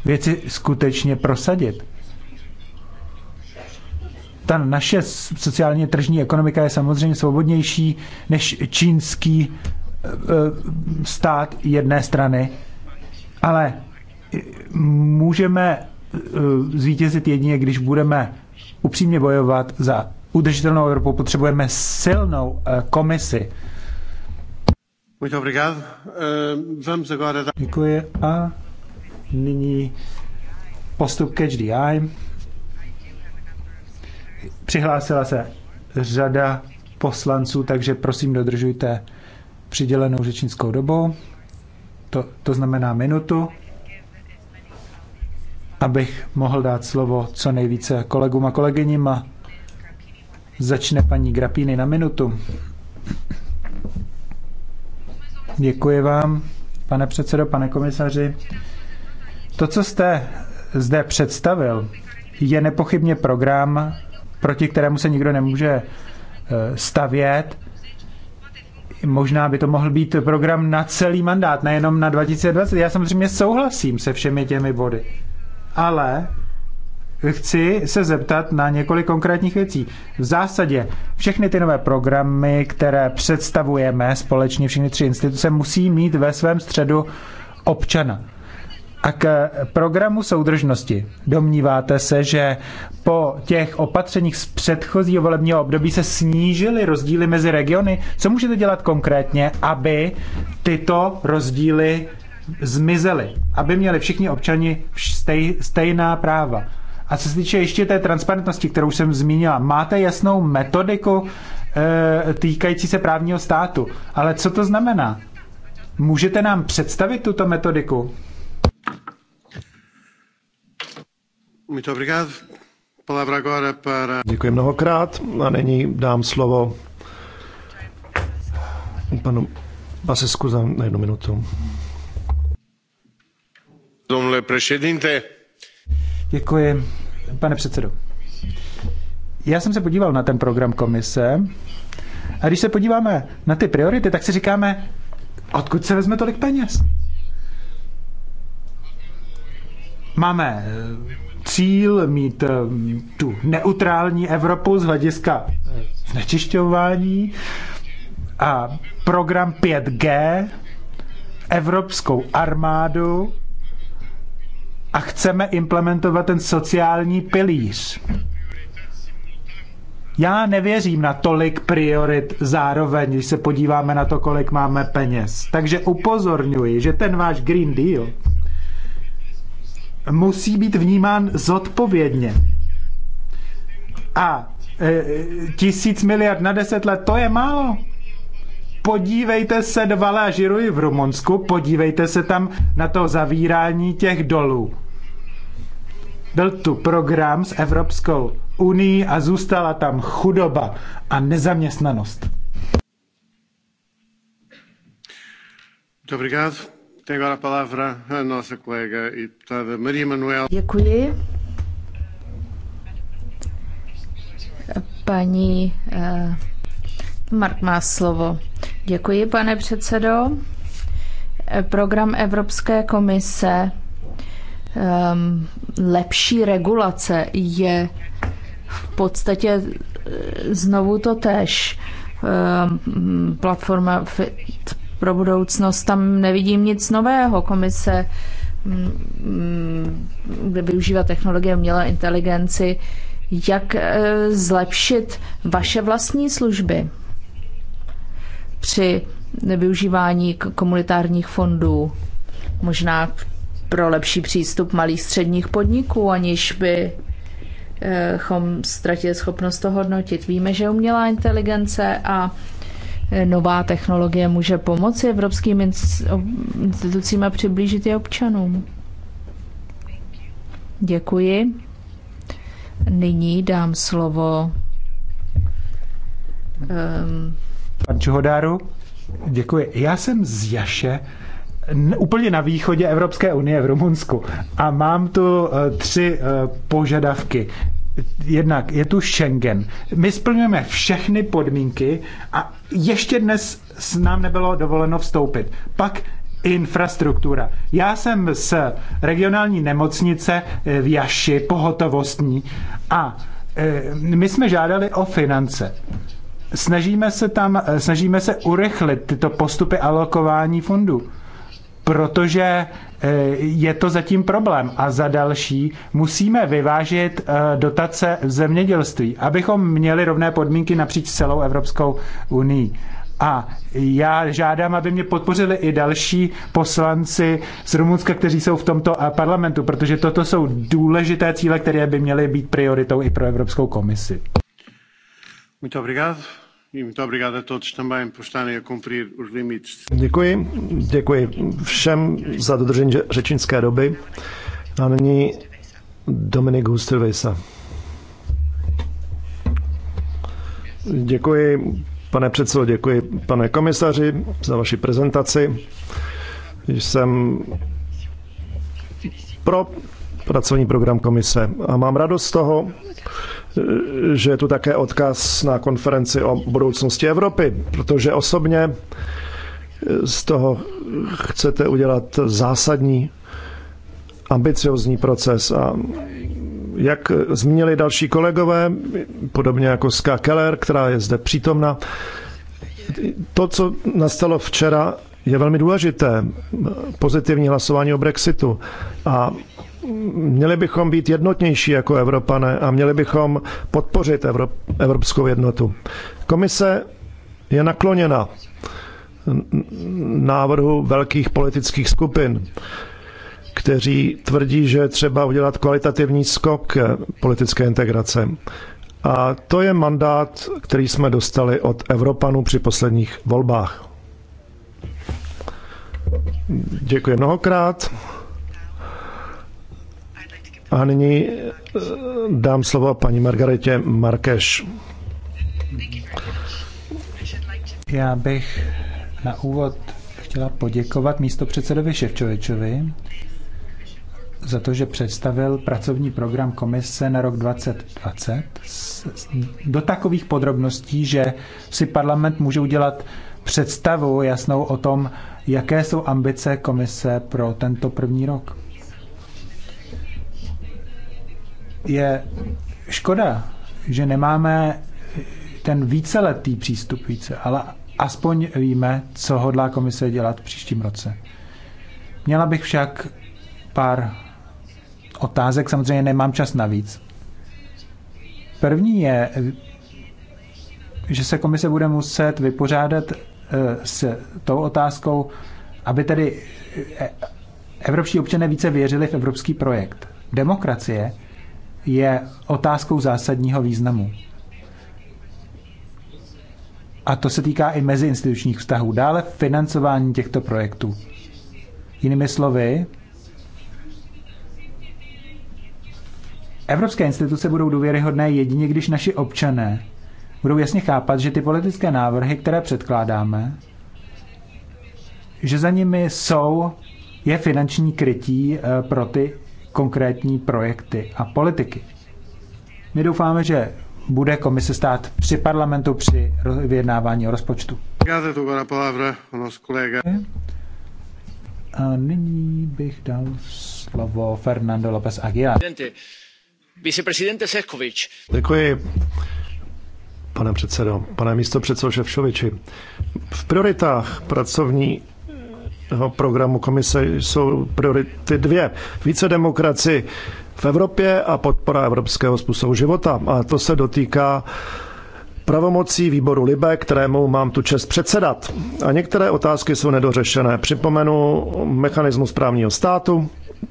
věci skutečně prosadit. Ta naše sociálně tržní ekonomika je samozřejmě svobodnější než čínský eh, eh, stát jedné strany, ale eh, můžeme zvítězit jedině, když budeme upřímně bojovat za udržitelnou Evropu. Potřebujeme silnou komisi. Děkuji a Nyní postup Catch the Eye. Přihlásila se řada poslanců, takže prosím dodržujte přidělenou řečnickou dobu. To, to znamená minutu, abych mohl dát slovo co nejvíce kolegům a kolegyním. A začne paní Grapíny na minutu. Děkuji vám, pane předsedo, pane komisaři. To, co jste zde představil, je nepochybně program, proti kterému se nikdo nemůže eh, stavět. Možná by to mohl být program na celý mandát, nejenom na 2020. Já samozřejmě souhlasím se všemi těmi body. Ale chci se zeptat na několik konkrétních věcí. V zásadě všechny ty nové programy, které představujeme společně, všechny tři instituce, musí mít ve svém středu občana. A k programu soudržnosti. Domníváte se, že po těch opatřeních z předchozího volebního období se snížily rozdíly mezi regiony? Co můžete dělat konkrétně, aby tyto rozdíly zmizely? Aby měli všichni občani stej, stejná práva? A co se týče ještě té transparentnosti, kterou jsem zmínila, máte jasnou metodiku e, týkající se právního státu. Ale co to znamená? Můžete nám představit tuto metodiku? Děkuji mnohokrát a nyní dám slovo panu Basesku za jednu minutu. Děkuji, pane předsedo. Já jsem se podíval na ten program komise a když se podíváme na ty priority, tak si říkáme, odkud se vezme tolik peněz? Máme eh, cíl mít eh, tu neutrální Evropu z hlediska eh, znečišťování a program 5G, evropskou armádu a chceme implementovat ten sociální pilíř. Já nevěřím na tolik priorit zároveň, když se podíváme na to, kolik máme peněz. Takže upozorňuji, že ten váš Green Deal musí být vnímán zodpovědně. A e, tisíc miliard na deset let, to je málo. Podívejte se do Valažiruji v Rumunsku, podívejte se tam na to zavírání těch dolů. Byl tu program s Evropskou unii a zůstala tam chudoba a nezaměstnanost. Dobrigado. Tem agora a palavra a nossa colega e deputada Maria Manuel. Děkuji. Paní uh, Mark má slovo. Děkuji, pane předsedo. Program Evropské komise um, lepší regulace je v podstatě eh, znovu to tež. Um, ehm, platforma Fit pro budoucnost. Tam nevidím nic nového. Komise mm, mm, kde využívá technologie umělé inteligenci, jak eh, zlepšit vaše vlastní služby při využívání komunitárních fondů, možná pro lepší přístup malých středních podniků, aniž by eh, chom ztratili schopnost to hodnotit. Víme, že umělá inteligence a nová technologie může pomoci evropským institucím a přiblížit je občanům. Děkuji. Nyní dám slovo um, Pan Čuhodáru, děkuji. Já jsem z Jaše, úplně na východě Evropské unie v Rumunsku a mám tu eh, tři eh, požadavky jednak je tu Schengen. My splňujeme všechny podmínky a ještě dnes s nám nebylo dovoleno vstoupit. Pak infrastruktura. Já jsem z regionální nemocnice eh, v Jaši, pohotovostní, a eh, my jsme žádali o finance. Snažíme se tam, eh, snažíme se urychlit tyto postupy alokování fondů protože eh, je to zatím problém. A za další musíme vyvážit eh, dotace v zemědělství, abychom měli rovné podmínky napříč celou Evropskou unii. A já žádám, aby mě podpořili i další poslanci z Rumunska, kteří jsou v tomto eh, parlamentu, protože toto jsou důležité cíle, které by měly být prioritou i pro Evropskou komisi. Muito obrigado. Děkuji, děkuji všem za dodržení řečnické doby. A nyní Dominik Hustervejsa. Děkuji, pane předsedo, děkuji, pane komisaři, za vaši prezentaci. Jsem pro pracovní program komise a mám radost z toho, že je tu také odkaz na konferenci o budoucnosti Evropy, protože osobně z toho chcete udělat zásadní ambiciozní proces a jak zmínili další kolegové, podobně jako Ska Keller, která je zde přítomna, to, co nastalo včera, je velmi důležité. Pozitivní hlasování o Brexitu. A měli bychom být jednotnější jako Evropané a měli bychom podpořit Evrop, evropskou jednotu. Komise je nakloněna návrhu velkých politických skupin, kteří tvrdí, že třeba udělat kvalitativní skok politické integrace. A to je mandát, který jsme dostali od Evropanů při posledních volbách. Děkuji mnohokrát. A nyní eh, dám slovo paní Margaretě Markeš. Já bych na úvod chtěla poděkovat místo předsedovi Ševčovičovi za to, že představil pracovní program komise na rok 2020 do takových podrobností, že si parlament může udělat představu jasnou o tom, jaké jsou ambice komise pro tento první rok. je škoda, že nemáme ten víceletý přístup více, ale aspoň víme, co hodlá komise dělat v příštím roce. Měla bych však pár otázek, samozřejmě nemám čas navíc. První je, že se komise bude muset vypořádat eh, s tou otázkou, aby tedy eh, evropští občané více věřili v evropský projekt. Demokracie je otázkou zásadního významu. A to se týká i meziinstitučních vztahů. Dále financování těchto projektů. Jinými slovy, evropské instituce budou důvěryhodné jedině, když naši občané budou jasně chápat, že ty politické návrhy, které předkládáme, že za nimi jsou, je finanční krytí eh, pro ty konkrétní projekty a politiky. My doufáme, že bude komise stát při parlamentu při vyjednávání o rozpočtu. A nyní bych dal slovo Fernando López Aguilar. Viceprezidente Sefcovič. Děkuji, pane předsedo, pane místo předsedo Ševčoviči. V prioritách pracovní programu komise jsou priority dvě. Více demokracie v Evropě a podpora evropského způsobu života. A to se dotýká pravomocí výboru Libe, kterému mám tu čest předsedat. A některé otázky jsou nedořešené. Připomenu mechanismus právního státu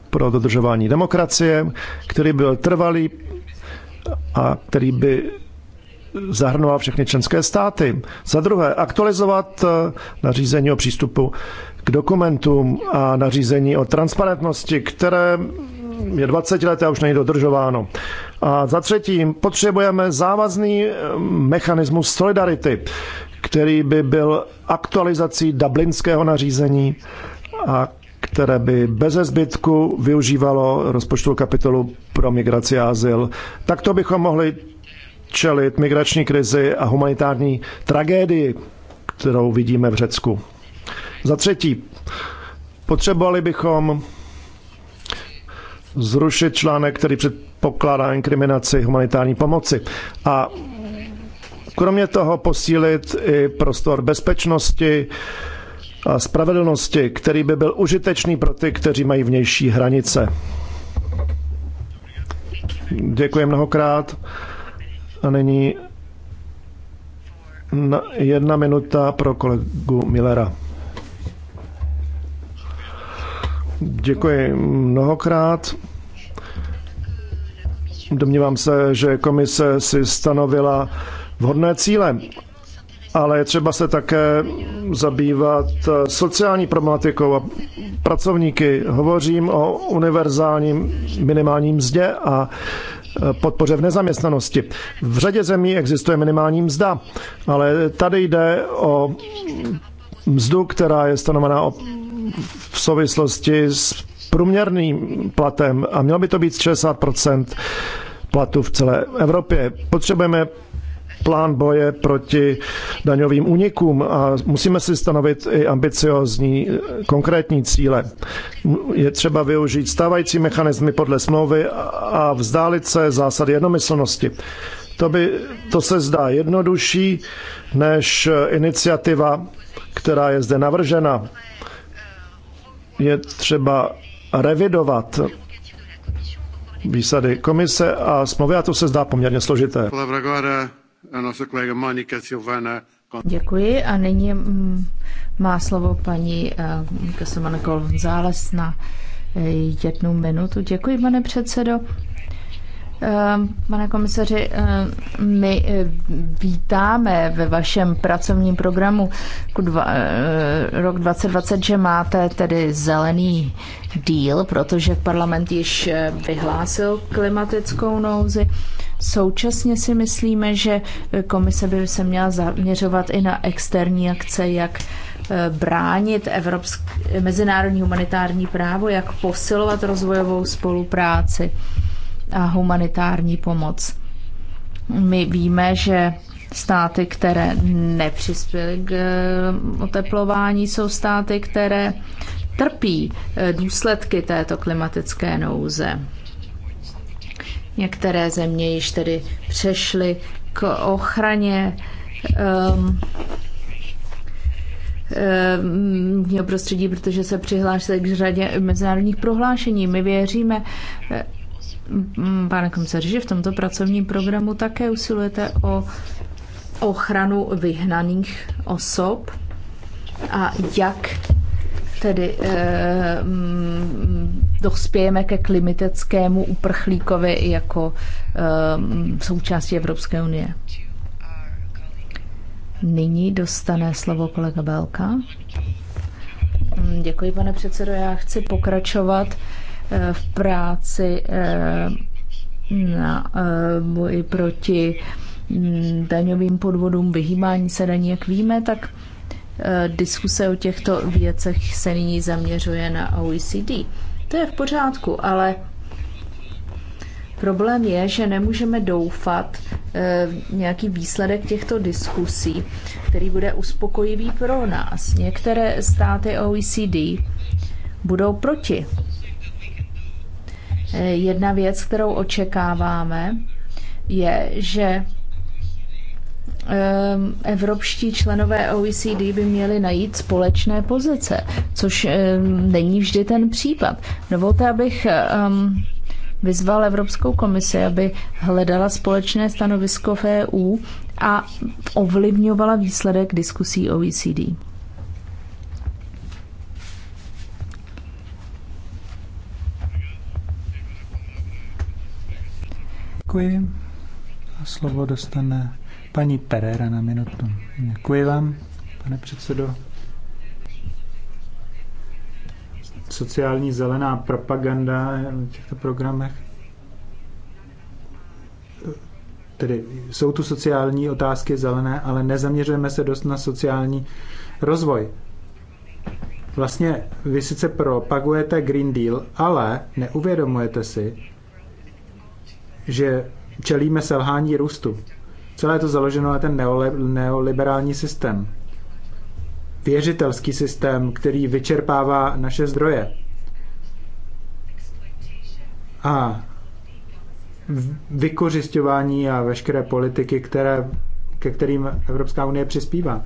pro dodržování demokracie, který byl trvalý a který by zahrnoval všechny členské státy. Za druhé, aktualizovat nařízení o přístupu k dokumentům a nařízení o transparentnosti, které je 20 let a už není dodržováno. A za třetí, potřebujeme závazný eh, mechanismus solidarity, který by byl aktualizací dublinského nařízení a které by bez zbytku využívalo rozpočtovou kapitolu pro migraci a azyl. Takto bychom mohli čelit migrační krizi a humanitární tragédii, kterou vidíme v Řecku. Za třetí, potřebovali bychom zrušit článek, který předpokládá inkriminaci humanitární pomoci. A kromě toho posílit i prostor bezpečnosti a spravedlnosti, který by byl užitečný pro ty, kteří mají vnější hranice. Děkuji mnohokrát. A nyní jedna minuta pro kolegu Millera. Děkuji mnohokrát. Domnívám se, že komise si stanovila vhodné cíle, ale je třeba se také zabývat sociální problematikou a pracovníky. Hovořím o univerzálním minimálním mzdě a podpoře v nezaměstnanosti. V řadě zemí existuje minimální mzda, ale tady jde o mzdu, která je stanovená o v souvislosti s průměrným platem a mělo by to být 60% platu v celé Evropě. Potřebujeme plán boje proti daňovým únikům a musíme si stanovit i ambiciozní konkrétní cíle. Je třeba využít stávající mechanismy podle smlouvy a vzdálit se zásady jednomyslnosti. To, by, to se zdá jednodušší než iniciativa, která je zde navržena je třeba revidovat výsady komise a smlouvy a to se zdá poměrně složité. Děkuji a nyní mm, má slovo paní eh, Kasomana Kolonzáles na eh, jednu minutu. Děkuji, pane předsedo. Ehm, pane komisaři, ehm, my eh, vítáme ve vašem pracovním programu eh, rok 2020, že máte tedy zelený díl, protože parlament již eh, vyhlásil klimatickou nouzi. Současně si myslíme, že komise by se měla zaměřovat i na externí akce, jak bránit evropské, mezinárodní humanitární právo, jak posilovat rozvojovou spolupráci a humanitární pomoc. My víme, že státy, které nepřispěly k eh, oteplování, jsou státy, které trpí eh, důsledky této klimatické nouze. Některé země již tedy přešly k ochraně um, um, prostředí, protože se přihlásili k řadě mezinárodních prohlášení. My věříme eh, Mm, pane komisaři, že v tomto pracovním programu také usilujete o ochranu vyhnaných osob a jak tedy eh, mm, dospějeme ke klimatickému uprchlíkovi jako eh, součástí Evropské unie. Nyní dostane slovo kolega Belka. Děkuji, pane předsedo. Já chci pokračovat eh, v práci eh, na eh, boji proti mm, daňovým podvodům, vyhýbání se daní, jak víme, tak eh, diskuse o těchto věcech se nyní zaměřuje na OECD. To je v pořádku, ale problém je, že nemůžeme doufat v nějaký výsledek těchto diskusí, který bude uspokojivý pro nás. Některé státy OECD budou proti Jedna věc, kterou očekáváme, je, že ehm, evropští členové OECD by měli najít společné pozice, což ehm, není vždy ten případ. Dovolte, abych ehm, vyzval Evropskou komisi, aby hledala společné stanovisko v EU a ovlivňovala výsledek diskusí OECD. Děkuji. A slovo dostane paní Pereira na minutu. Děkuji vám, pane předsedo. Sociální zelená propaganda v těchto programech. Tedy jsou tu sociální otázky zelené, ale nezaměřujeme se dost na sociální rozvoj. Vlastně vy sice propagujete Green Deal, ale neuvědomujete si, že čelíme selhání růstu. Celé je to založeno na ten neoliberální systém. Věřitelský systém, který vyčerpává naše zdroje. A vykořišťování a veškeré politiky, které, ke kterým Evropská unie přispívá.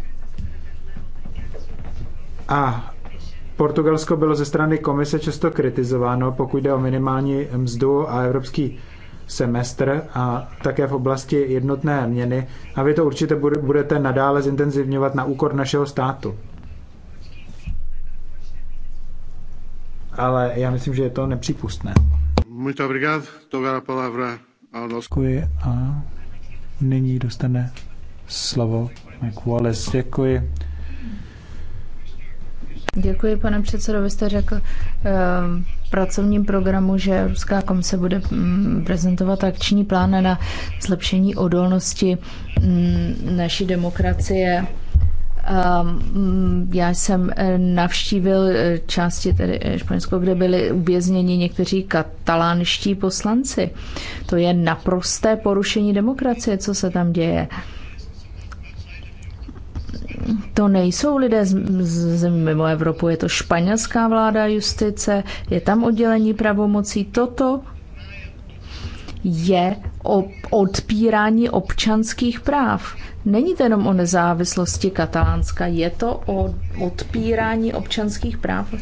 A Portugalsko bylo ze strany komise často kritizováno, pokud jde o minimální mzdu a evropský semestr a také v oblasti jednotné měny a vy to určitě budete nadále zintenzivňovat na úkor našeho státu. Ale já myslím, že je to nepřípustné. Muito obrigado. Toga na palavra Děkuji a nyní dostane slovo Mike Wallace. Děkuji. Děkuji, pane předsedo. Vy jste řekl ehm, v pracovním programu, že Ruská komise bude mm, prezentovat akční plán na zlepšení odolnosti mm, naší demokracie. Ehm, mm, já jsem eh, navštívil eh, části tedy eh, Španělsko, kde byli uvězněni někteří katalánští poslanci. To je naprosté porušení demokracie, co se tam děje. To nejsou lidé z, z, z mimo Evropu, je to španělská vláda justice, je tam oddělení pravomocí. Toto je o odpírání občanských práv. Není to jenom o nezávislosti Katalánska, je to o odpírání občanských práv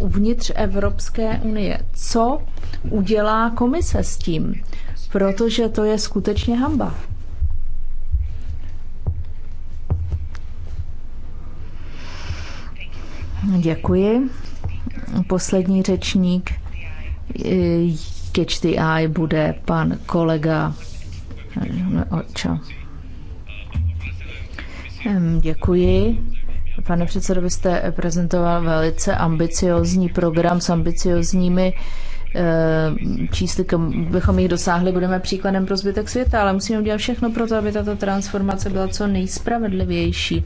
uvnitř Evropské unie. Co udělá komise s tím? Protože to je skutečně hamba. Děkuji. Poslední řečník eh, Catch AI bude pan kolega eh, Oča. Ehm, děkuji. Pane předsedo, vy jste prezentoval velice ambiciozní program s ambiciozními eh, čísly, bychom jich dosáhli, budeme příkladem pro zbytek světa, ale musíme udělat všechno pro to, aby tato transformace byla co nejspravedlivější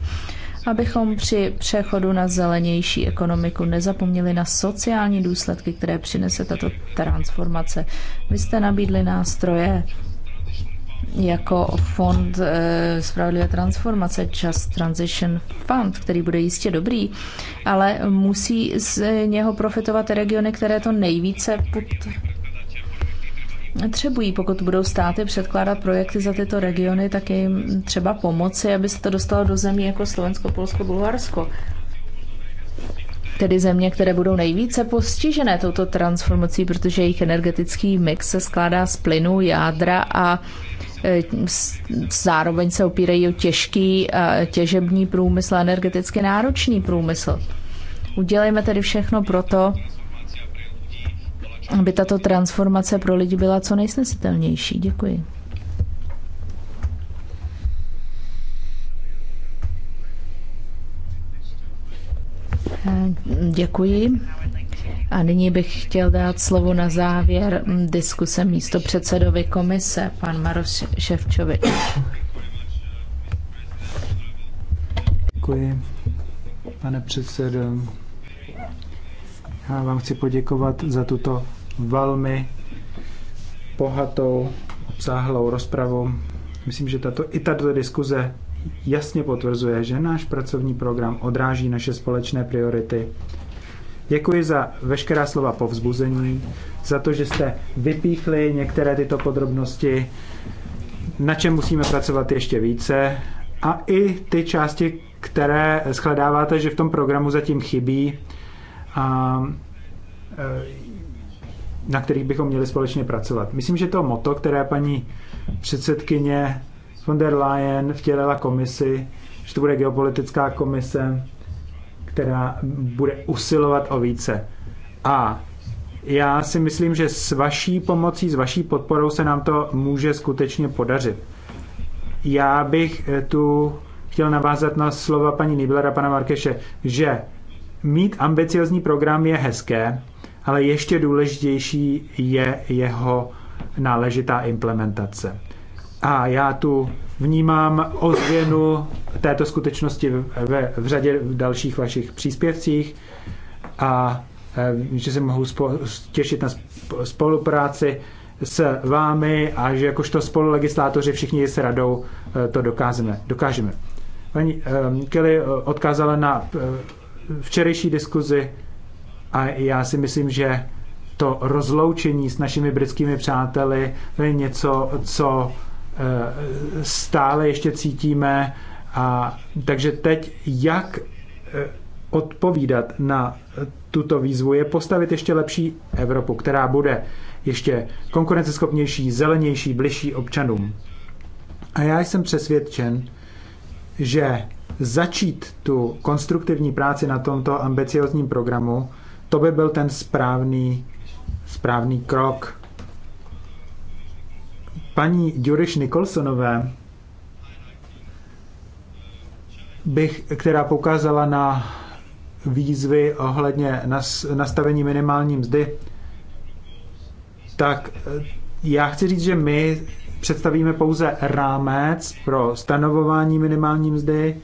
abychom při přechodu na zelenější ekonomiku nezapomněli na sociální důsledky, které přinese tato transformace. Vy jste nabídli nástroje jako fond e, spravedlivé transformace, Just Transition Fund, který bude jistě dobrý, ale musí z něho profitovat regiony, které to nejvíce pod třebují, pokud budou státy předkládat projekty za tyto regiony, tak jim třeba pomoci, aby se to dostalo do zemí jako Slovensko, Polsko, Bulharsko. Tedy země, které budou nejvíce postižené touto transformací, protože jejich energetický mix se skládá z plynu, jádra a e, zároveň se opírají o těžký e, těžební průmysl a energeticky náročný průmysl. Udělejme tedy všechno pro to, aby tato transformace pro lidi byla co nejsnesitelnější. Děkuji. Děkuji. A nyní bych chtěl dát slovo na závěr diskuse místo předsedovi komise, pan Maroš Ševčovič. Děkuji, pane předsedo. Já vám chci poděkovat za tuto velmi bohatou, obsáhlou rozpravu. Myslím, že tato, i tato diskuze jasně potvrzuje, že náš pracovní program odráží naše společné priority. Děkuji za veškerá slova povzbuzení, za to, že jste vypíchli některé tyto podrobnosti, na čem musíme pracovat ještě více a i ty části, které shledáváte, že v tom programu zatím chybí, a e, na kterých bychom měli společně pracovat. Myslím, že to moto, které paní předsedkyně von der Leyen vtělela komisi, že to bude geopolitická komise, která bude usilovat o více. A já si myslím, že s vaší pomocí, s vaší podporou se nám to může skutečně podařit. Já bych e, tu chtěl navázat na slova paní Nibler a pana Markeše, že Mít ambiciozní program je hezké, ale ještě důležitější je jeho náležitá implementace. A já tu vnímám ozvěnu této skutečnosti ve, v řadě dalších vašich příspěvcích a eh, že se mohu spo, těšit na spolupráci s vámi a že jakožto spolulegislátoři všichni s radou eh, to dokážeme. dokážeme. Paní um, Kelly odkázala na včerejší diskuzi a já si myslím, že to rozloučení s našimi britskými přáteli je něco, co eh, stále ještě cítíme. A takže teď, jak eh, odpovídat na tuto výzvu, je postavit ještě lepší Evropu, která bude ještě konkurenceschopnější, zelenější, bližší občanům. A já jsem přesvědčen, že začít tu konstruktivní práci na tomto ambiciozním programu, to by byl ten správný, správný krok. Paní Juriš Nikolsonové, bych, která poukázala na výzvy ohledně nas, nastavení minimální mzdy, tak eh, já chci říct, že my představíme pouze rámec pro stanovování minimální mzdy,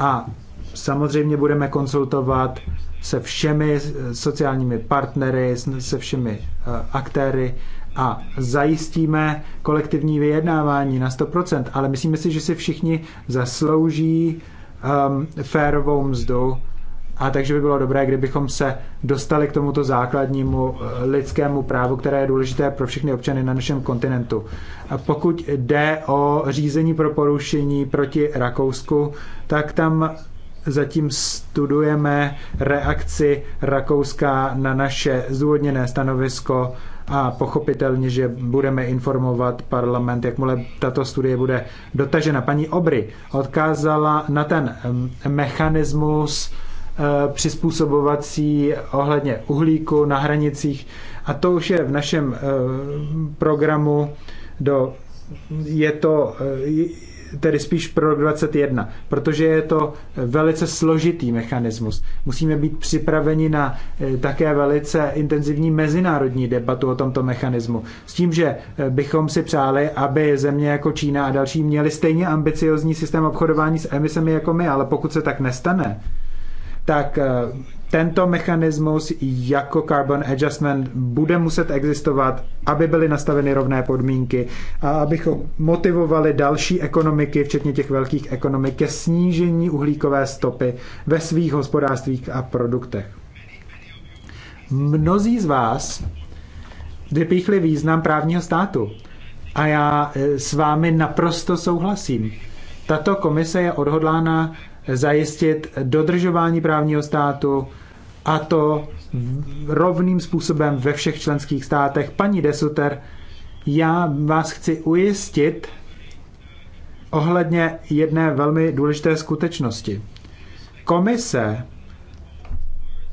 a samozřejmě budeme konsultovat se všemi sociálními partnery, se všemi eh, aktéry a zajistíme kolektivní vyjednávání na 100%, ale myslíme si, že si všichni zaslouží um, férovou mzdu a takže by bylo dobré, kdybychom se dostali k tomuto základnímu eh, lidskému právu, které je důležité pro všechny občany na našem kontinentu. A pokud jde o řízení pro porušení proti Rakousku, tak tam zatím studujeme reakci Rakouska na naše zúvodněné stanovisko a pochopitelně, že budeme informovat parlament, jakmile tato studie bude dotažena. Paní Obry odkázala na ten mm, mechanismus Eh, přizpůsobovací ohledně uhlíku na hranicích. A to už je v našem eh, programu do, je to eh, tedy spíš pro 21, protože je to velice složitý mechanismus. Musíme být připraveni na také velice intenzivní mezinárodní debatu o tomto mechanismu. S tím, že bychom si přáli, aby země jako Čína a další měly stejně ambiciozní systém obchodování s emisemi jako my, ale pokud se tak nestane, tak eh, tento mechanismus jako Carbon Adjustment bude muset existovat, aby byly nastaveny rovné podmínky a abychom motivovali další ekonomiky, včetně těch velkých ekonomik, ke snížení uhlíkové stopy ve svých hospodářstvích a produktech. Mnozí z vás vypíchli význam právního státu a já eh, s vámi naprosto souhlasím. Tato komise je odhodlána zajistit dodržování právního státu a to rovným způsobem ve všech členských státech. Paní Desuter, já vás chci ujistit ohledně jedné velmi důležité skutečnosti. Komise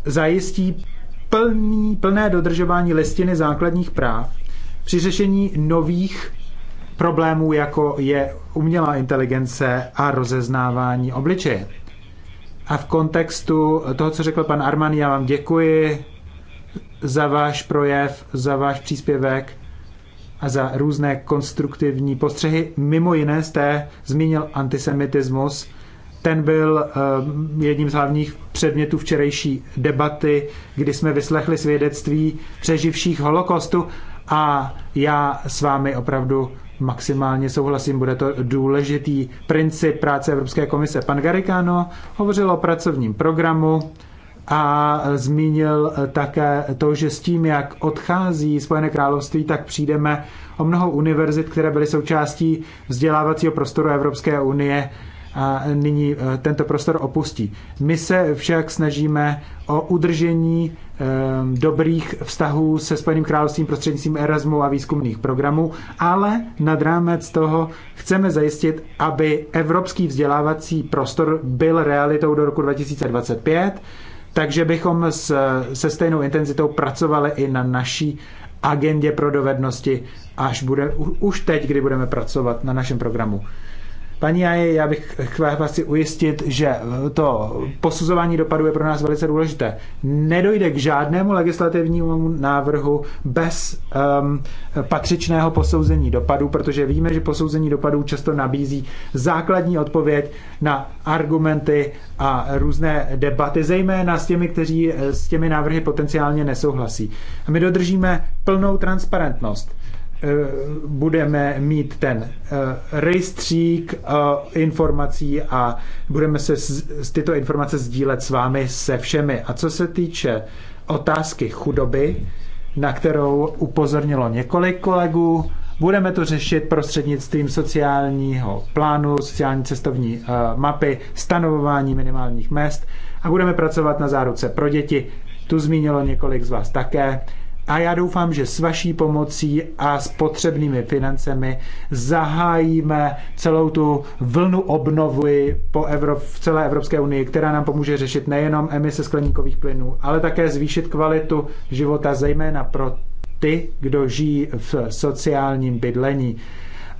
zajistí plný, plné dodržování listiny základních práv při řešení nových problémů, jako je umělá inteligence a rozeznávání obličeje. A v kontextu toho, co řekl pan Arman, já vám děkuji za váš projev, za váš příspěvek a za různé konstruktivní postřehy. Mimo jiné jste zmínil antisemitismus. Ten byl eh, jedním z hlavních předmětů včerejší debaty, kdy jsme vyslechli svědectví přeživších holokostu a já s vámi opravdu maximálně souhlasím, bude to důležitý princip práce Evropské komise. Pan Garikano hovořil o pracovním programu a zmínil také to, že s tím, jak odchází Spojené království, tak přijdeme o mnoho univerzit, které byly součástí vzdělávacího prostoru Evropské unie a nyní eh, tento prostor opustí. My se však snažíme o udržení eh, dobrých vztahů se Spojeným královstvím prostřednictvím Erasmu a výzkumných programů, ale nad rámec toho chceme zajistit, aby evropský vzdělávací prostor byl realitou do roku 2025, takže bychom s, se stejnou intenzitou pracovali i na naší agendě pro dovednosti, až bude, už teď, kdy budeme pracovat na našem programu. Paní Aje, já bych vás chci ujistit, že to posuzování dopadu je pro nás velice důležité. Nedojde k žádnému legislativnímu návrhu bez um, patřičného posouzení dopadu, protože víme, že posouzení dopadů často nabízí základní odpověď na argumenty a různé debaty, zejména s těmi, kteří s těmi návrhy potenciálně nesouhlasí. A my dodržíme plnou transparentnost Eh, budeme mít ten eh, rejstřík eh, informací a budeme se tyto informace sdílet s vámi se všemi. A co se týče otázky chudoby, na kterou upozornilo několik kolegů, budeme to řešit prostřednictvím sociálního plánu, sociální cestovní mapy, stanovování minimálních mest a budeme pracovat na záruce pro děti. Tu zmínilo několik z vás také a já doufám, že s vaší pomocí a s potřebnými financemi zahájíme celou tu vlnu obnovy po Evrop, v celé Evropské unii, která nám pomůže řešit nejenom emise skleníkových plynů, ale také zvýšit kvalitu života, zejména pro ty, kdo žijí v sociálním bydlení.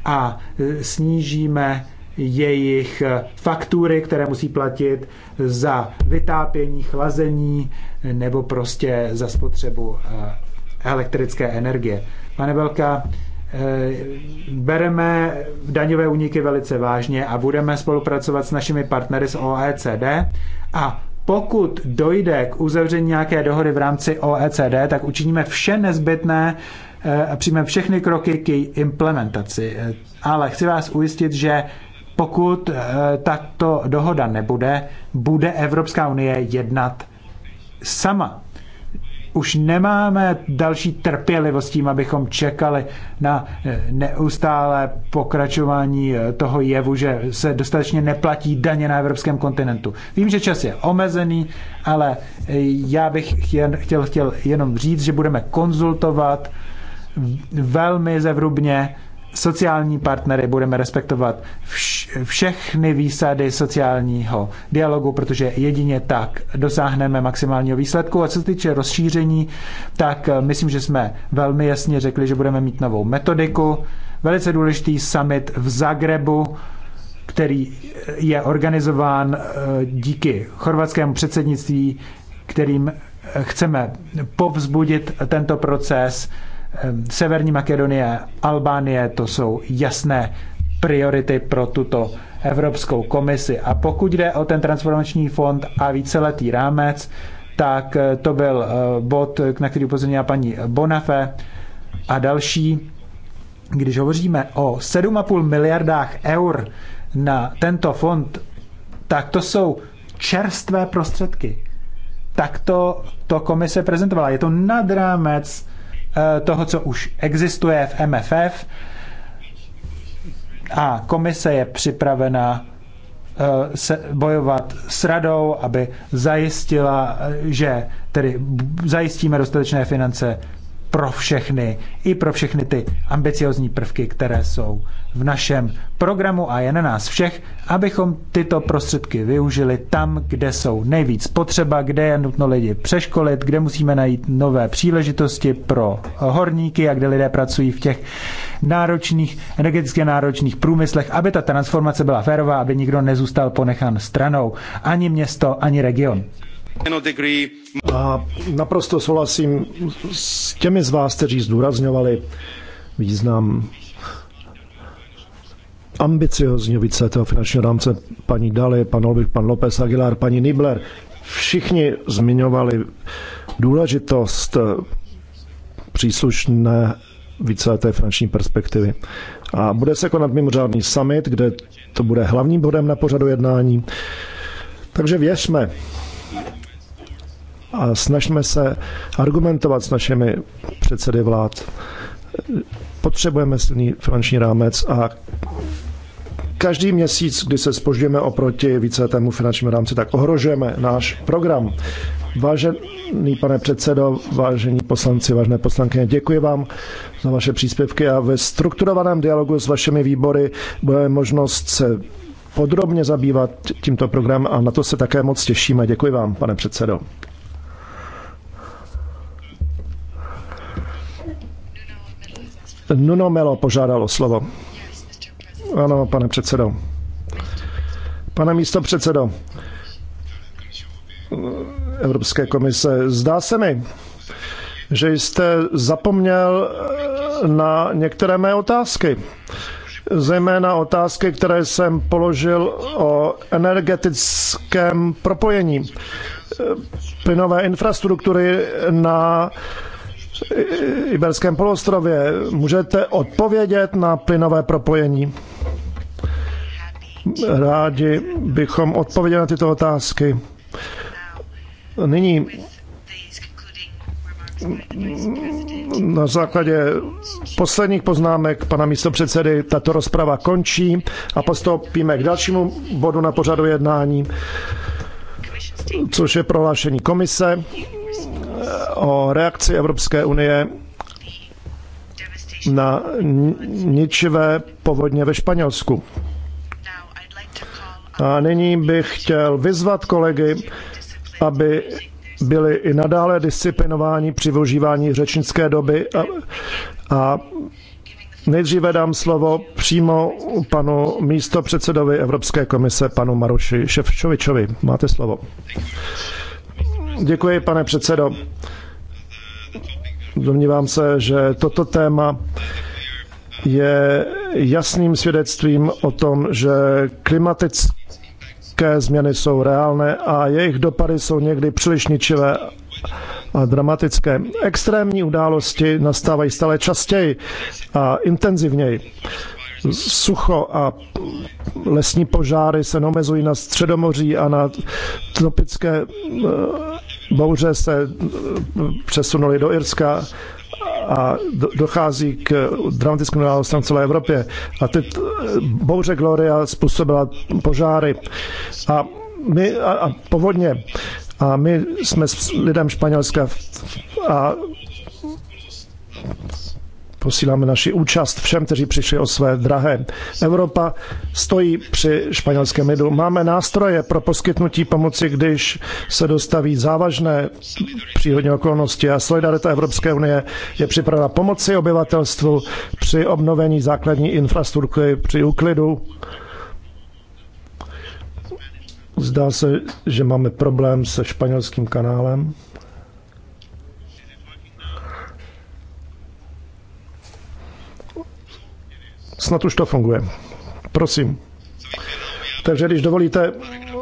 A e, snížíme jejich e, faktury, které musí platit za vytápění, chlazení e, nebo prostě za spotřebu elektrické energie. Pane Belka, eh, bereme daňové úniky velice vážně a budeme spolupracovat s našimi partnery z OECD a pokud dojde k uzavření nějaké dohody v rámci OECD, tak učiníme vše nezbytné eh, a přijme všechny kroky k její implementaci. Eh, ale chci vás ujistit, že pokud tato dohoda nebude, bude Evropská unie jednat sama už nemáme další trpělivost tím, abychom čekali na eh, neustálé pokračování eh, toho jevu, že se dostatečně neplatí daně na evropském kontinentu. Vím, že čas je omezený, ale eh, já bych jen, chtěl, chtěl jenom říct, že budeme konzultovat velmi zevrubně sociální partnery, budeme respektovat vš- všechny výsady sociálního dialogu, protože jedině tak dosáhneme maximálního výsledku. A co se týče rozšíření, tak eh, myslím, že jsme velmi jasně řekli, že budeme mít novou metodiku. Velice důležitý summit v Zagrebu, který eh, je organizován eh, díky chorvatskému předsednictví, kterým chceme povzbudit tento proces Ehm, Severní Makedonie, Albánie, to jsou jasné priority pro tuto Evropskou komisi. A pokud jde o ten transformační fond a víceletý rámec, tak eh, to byl eh, bod, na který upozornila paní Bonafé a další. Když hovoříme o 7,5 miliardách eur na tento fond, tak to jsou čerstvé prostředky. Tak to, to komise prezentovala. Je to nad rámec Eh, toho, co už existuje v MFF a komise je připravena eh, se bojovat s radou, aby zajistila, eh, že tedy zajistíme dostatečné finance pro všechny, i pro všechny ty ambiciozní prvky, které jsou v našem programu a je na nás všech, abychom tyto prostředky využili tam, kde jsou nejvíc potřeba, kde je nutno lidi přeškolit, kde musíme najít nové příležitosti pro horníky a kde lidé pracují v těch náročných, energeticky náročných průmyslech, aby ta transformace byla férová, aby nikdo nezůstal ponechan stranou, ani město, ani region. A naprosto souhlasím s těmi z vás, kteří zdůrazňovali význam ambiciozního víceletého finančního rámce paní Daly, pan Olbich, pan López Aguilar, paní Nibler. Všichni zmiňovali důležitost příslušné víceleté finanční perspektivy. A bude se konat mimořádný summit, kde to bude hlavním bodem na pořadu jednání. Takže věřme, a snažme se argumentovat s našimi předsedy vlád. Potřebujeme silný finanční rámec a každý měsíc, kdy se spožďujeme oproti více tému finančnímu rámci, tak ohrožujeme náš program. Vážený pane předsedo, vážení poslanci, vážné poslankyně, děkuji vám za vaše příspěvky a ve strukturovaném dialogu s vašimi výbory bude možnost se podrobně zabývat tímto programem a na to se také moc těšíme. Děkuji vám, pane předsedo. Nuno Melo požádalo slovo. Ano, pane předsedo. Pane místo předsedo Evropské komise, zdá se mi, že jste zapomněl eh, na některé mé otázky. Zejména otázky, které jsem položil o energetickém propojení eh, plynové infrastruktury na Iberském polostrově. Můžete odpovědět na plynové propojení? Rádi bychom odpověděli na tyto otázky. Nyní na základě posledních poznámek pana místopředsedy tato rozprava končí a postoupíme k dalšímu bodu na pořadu jednání, což je prohlášení komise o reakci Evropské unie na ničivé povodně ve Španělsku. A nyní bych chtěl vyzvat kolegy, aby byli i nadále disciplinováni při využívání řečnické doby a, a nejdříve dám slovo přímo panu místopředsedovi Evropské komise, panu Maruši Ševčovičovi. Máte slovo. Děkuji, pane předsedo. Domnívám se, že toto téma je jasným svědectvím o tom, že klimatické změny jsou reálné a jejich dopady jsou někdy příliš ničivé a dramatické. Extrémní události nastávají stále častěji a intenzivněji. Sucho a lesní požáry se neomezují na Středomoří a na tropické bouře se eh, přesunuly do Irska a dochází k dramatickému událostem v celé Evropě. A ty eh, bouře Gloria způsobila požáry a, my, a, a povodně. A my jsme s lidem Španělska a Posíláme naši účast všem, kteří přišli o své drahé. Evropa stojí při španělském lidu. Máme nástroje pro poskytnutí pomoci, když se dostaví závažné přírodní okolnosti a solidarita Evropské unie je připravena pomoci obyvatelstvu při obnovení základní infrastruktury, při úklidu. Zdá se, že máme problém se španělským kanálem. Snad už to funguje. Prosím. Takže když dovolíte,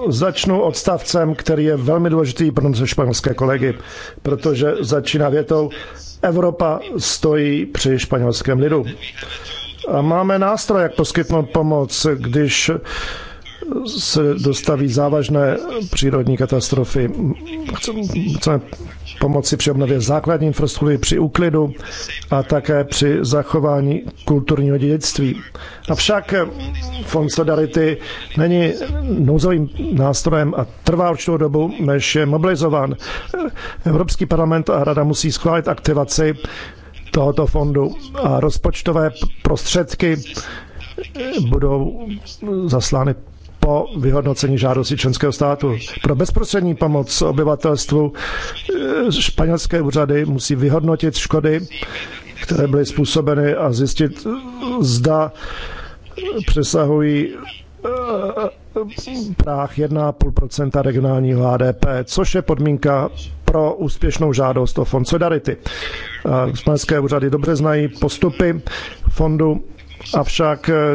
začnu odstavcem, který je velmi důležitý pro naše španělské kolegy, protože začíná větou Evropa stojí při španělském lidu. A máme nástroj, jak poskytnout pomoc, když se dostaví závažné přírodní katastrofy. Chceme pomoci při obnově základní infrastruktury, při úklidu a také při zachování kulturního dědictví. Avšak Fond Solidarity není nouzovým nástrojem a trvá určitou dobu, než je mobilizován. Evropský parlament a rada musí schválit aktivaci tohoto fondu a rozpočtové prostředky budou zaslány po vyhodnocení žádosti členského státu. Pro bezprostřední pomoc obyvatelstvu eh, španělské úřady musí vyhodnotit škody, které byly způsobeny a zjistit, zda přesahují eh, práh 1,5 regionálního HDP, což je podmínka pro úspěšnou žádost o fond Solidarity. Eh, španělské úřady dobře znají postupy fondu Avšak eh,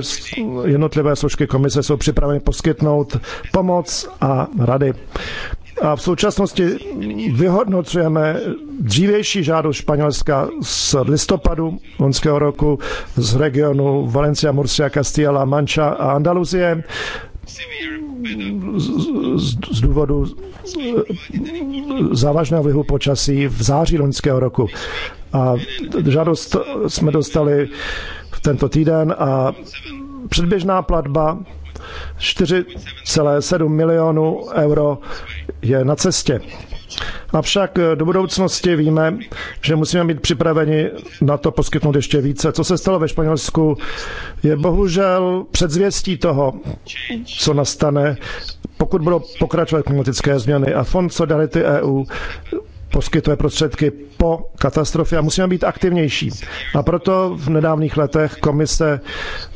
jednotlivé složky komise jsou připraveny poskytnout pomoc a rady. A v současnosti vyhodnocujeme dřívější žádost Španělska z listopadu loňského roku z regionu Valencia, Murcia, Castilla, Mancha a Andaluzie z, z důvodu eh, závažného vlivu počasí v září loňského roku. A žádost jsme dostali tento týden a předběžná platba 4,7 milionů euro je na cestě. Avšak eh, do budoucnosti víme, že musíme být připraveni na to poskytnout ještě více. Co se stalo ve Španělsku, je bohužel předzvěstí toho, co nastane, pokud budou pokračovat klimatické změny. A Fond Solidarity EU poskytuje prostředky po katastrofě a musíme být aktivnější. A proto v nedávných letech komise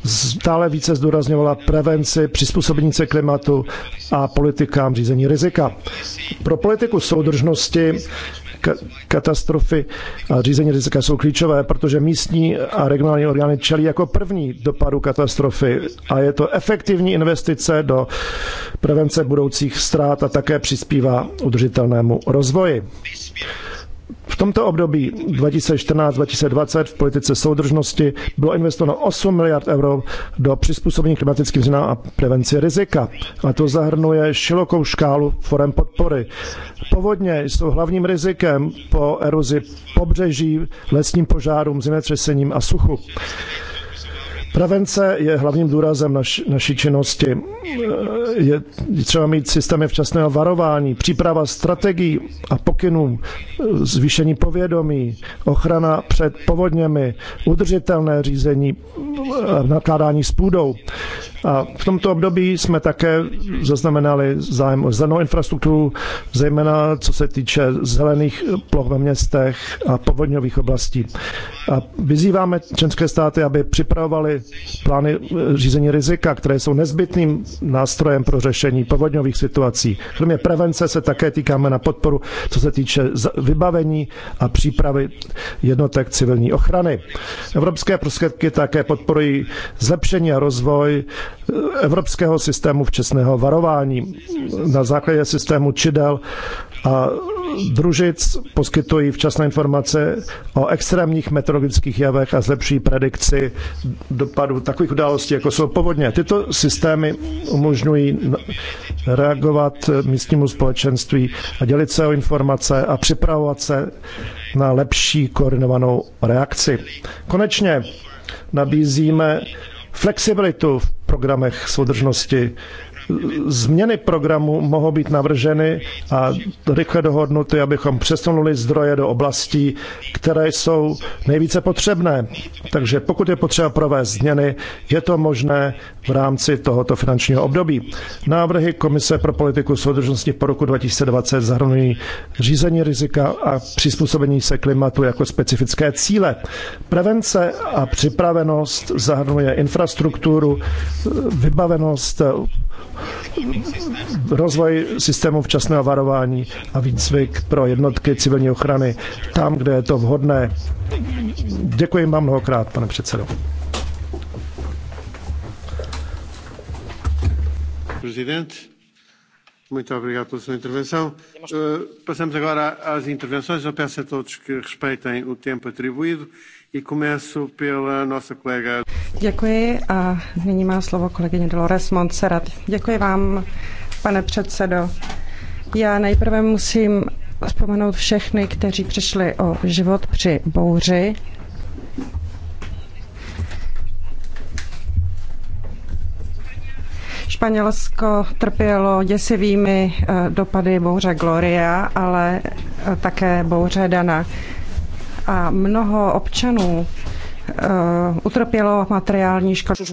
stále více zdůrazňovala prevenci, přizpůsobení se klimatu a politikám řízení rizika. Pro politiku soudržnosti katastrofy a řízení rizika jsou klíčové, protože místní a regionální orgány čelí jako první dopadu katastrofy a je to efektivní investice do prevence budoucích ztrát a také přispívá udržitelnému rozvoji v tomto období 2014-2020 v politice soudržnosti bylo investováno 8 miliard euro do přizpůsobení klimatickým změnám a prevenci rizika. A to zahrnuje širokou škálu forem podpory. Povodně jsou hlavním rizikem po erozi pobřeží, lesním požárům, zemětřesením a suchu. Prevence je hlavním důrazem naš, naší činnosti. Je třeba mít systémy včasného varování, příprava strategií a pokynů, zvýšení povědomí, ochrana před povodněmi, udržitelné řízení, nakládání s půdou. A v tomto období jsme také zaznamenali zájem o zelenou infrastrukturu, zejména co se týče zelených ploch ve městech a povodňových oblastí. A vyzýváme členské státy, aby připravovali plány eh, řízení rizika, které jsou nezbytným nástrojem pro řešení povodňových situací. Kromě prevence se také týkáme na podporu, co se týče vybavení a přípravy jednotek civilní ochrany. Evropské prostředky také podporují zlepšení a rozvoj eh, evropského systému včasného varování na základě systému čidel a družic poskytují včasné informace o extrémních meteorologických javech a zlepší predikci dopadu takových událostí, jako jsou povodně. Tyto systémy umožňují reagovat místnímu společenství a dělit se o informace a připravovat se na lepší koordinovanou reakci. Konečně nabízíme flexibilitu v programech soudržnosti změny programu mohou být navrženy a rychle dohodnuty, abychom přesunuli zdroje do oblastí, které jsou nejvíce potřebné. Takže pokud je potřeba provést změny, je to možné v rámci tohoto finančního období. Návrhy Komise pro politiku soudržnosti po roku 2020 zahrnují řízení rizika a přizpůsobení se klimatu jako specifické cíle. Prevence a připravenost zahrnuje infrastrukturu, vybavenost, rozvoj systému včasného varování a výcvik pro jednotky civilní ochrany tam, kde je to vhodné. Děkuji vám mnohokrát, pane předsedo. Prezident. muito obrigado pela sua intervenção. Uh, passamos agora às intervenções. Eu peço a todos que respeitem o tempo atribuído. Děkuji a nyní má slovo kolegyně Dolores Montserrat. Děkuji vám, pane předsedo. Já nejprve musím vzpomenout všechny, kteří přišli o život při bouři. Španělsko trpělo děsivými eh, dopady bouře Gloria, ale eh, také bouře Dana a mnoho občanů Eh, utrpělo materiální škody.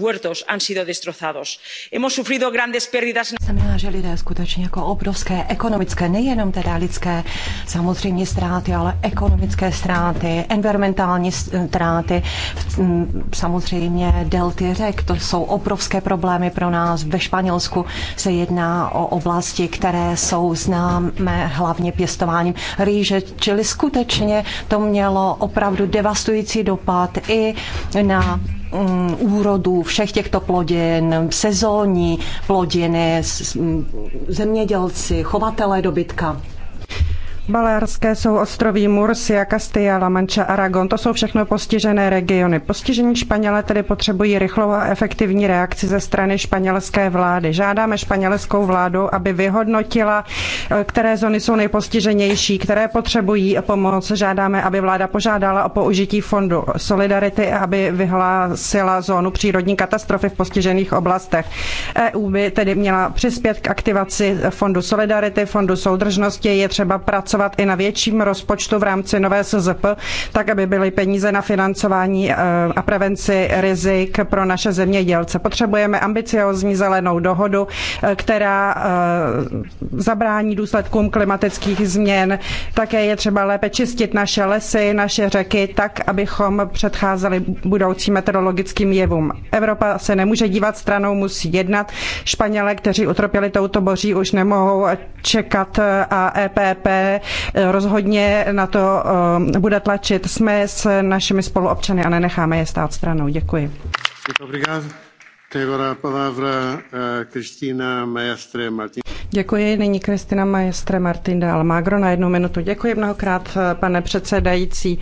Znamená, že lidé skutečně jako obrovské ekonomické, nejenom teda lidské, samozřejmě ztráty, ale ekonomické ztráty, environmentální ztráty, samozřejmě delty řek, to jsou obrovské problémy pro nás. Ve Španělsku se jedná o oblasti, které jsou známé hlavně pěstováním rýže, čili skutečně to mělo opravdu devastující dopad i na mm, úrodu všech těchto plodin, sezónní plodiny, mm, zemědělci, chovatelé dobytka. Balearské jsou ostroví Murcia, Castilla, La Mancha, Aragon. To jsou všechno postižené regiony. Postižení Španělé tedy potřebují rychlou a efektivní reakci ze strany španělské vlády. Žádáme španělskou vládu, aby vyhodnotila, eh, které zóny jsou nejpostiženější, které potřebují pomoc. Žádáme, aby vláda požádala o použití fondu Solidarity a aby vyhlásila zónu přírodní katastrofy v postižených oblastech. EU by tedy měla přispět k aktivaci fondu Solidarity, fondu soudržnosti. Je třeba pracovat pracovat i na větším rozpočtu v rámci nové SZP, tak aby byly peníze na financování eh, a prevenci rizik pro naše zemědělce. Potřebujeme ambiciozní zelenou dohodu, eh, která eh, zabrání důsledkům klimatických změn. Také je třeba lépe čistit naše lesy, naše řeky, tak, abychom předcházeli budoucím meteorologickým jevům. Evropa se nemůže dívat stranou, musí jednat. Španělé, kteří utrpěli touto boří, už nemohou čekat a EPP Eh, rozhodně na to eh, bude tlačit. Jsme s našimi spoluobčany a nenecháme je stát stranou. Děkuji. Eh, Děkuji. Nyní Kristina Maestre Martin de Almagro na jednu minutu. Děkuji mnohokrát, pane předsedající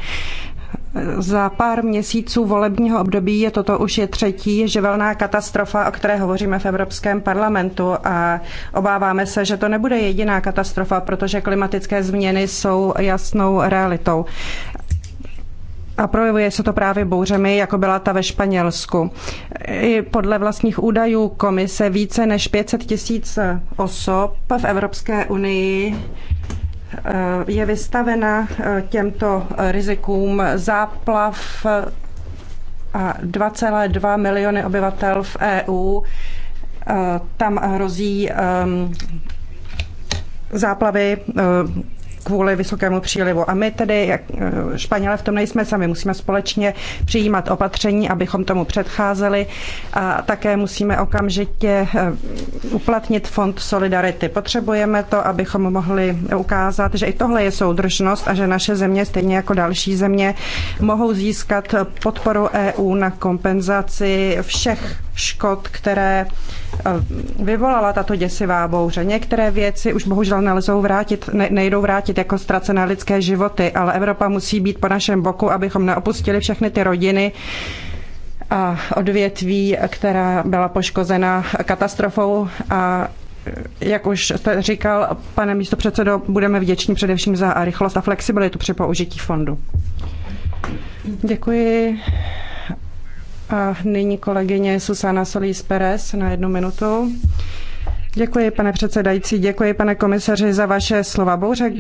za pár měsíců volebního období je toto už je třetí živelná katastrofa, o které hovoříme v Evropském parlamentu a obáváme se, že to nebude jediná katastrofa, protože klimatické změny jsou jasnou realitou. A projevuje se to právě bouřemi, jako byla ta ve Španělsku. I podle vlastních údajů komise více než 500 tisíc osob v Evropské unii Eh, je vystavena eh, těmto eh, rizikům záplav a 2,2 miliony obyvatel v EU. Tam hrozí ehm, záplavy kvůli vysokému přílivu. A my tedy, jak eh, Španělé, v tom nejsme sami. Musíme společně přijímat opatření, abychom tomu předcházeli a také musíme okamžitě eh, uplatnit fond Solidarity. Potřebujeme to, abychom mohli ukázat, že i tohle je soudržnost a že naše země, stejně jako další země, mohou získat podporu EU na kompenzaci všech škod, které eh, vyvolala tato děsivá bouře. Některé věci už bohužel nelezou vrátit, nejdou vrátit jako ztracené lidské životy, ale Evropa musí být po našem boku, abychom neopustili všechny ty rodiny, a odvětví, která byla poškozena katastrofou a eh, jak už jste říkal, pane místopředsedo, budeme vděční především za rychlost a flexibilitu při použití fondu. Děkuji. A nyní kolegyně Susana Solís Perez na jednu minutu. Děkuji, pane předsedající, děkuji, pane komisaři, za vaše slova. Bouře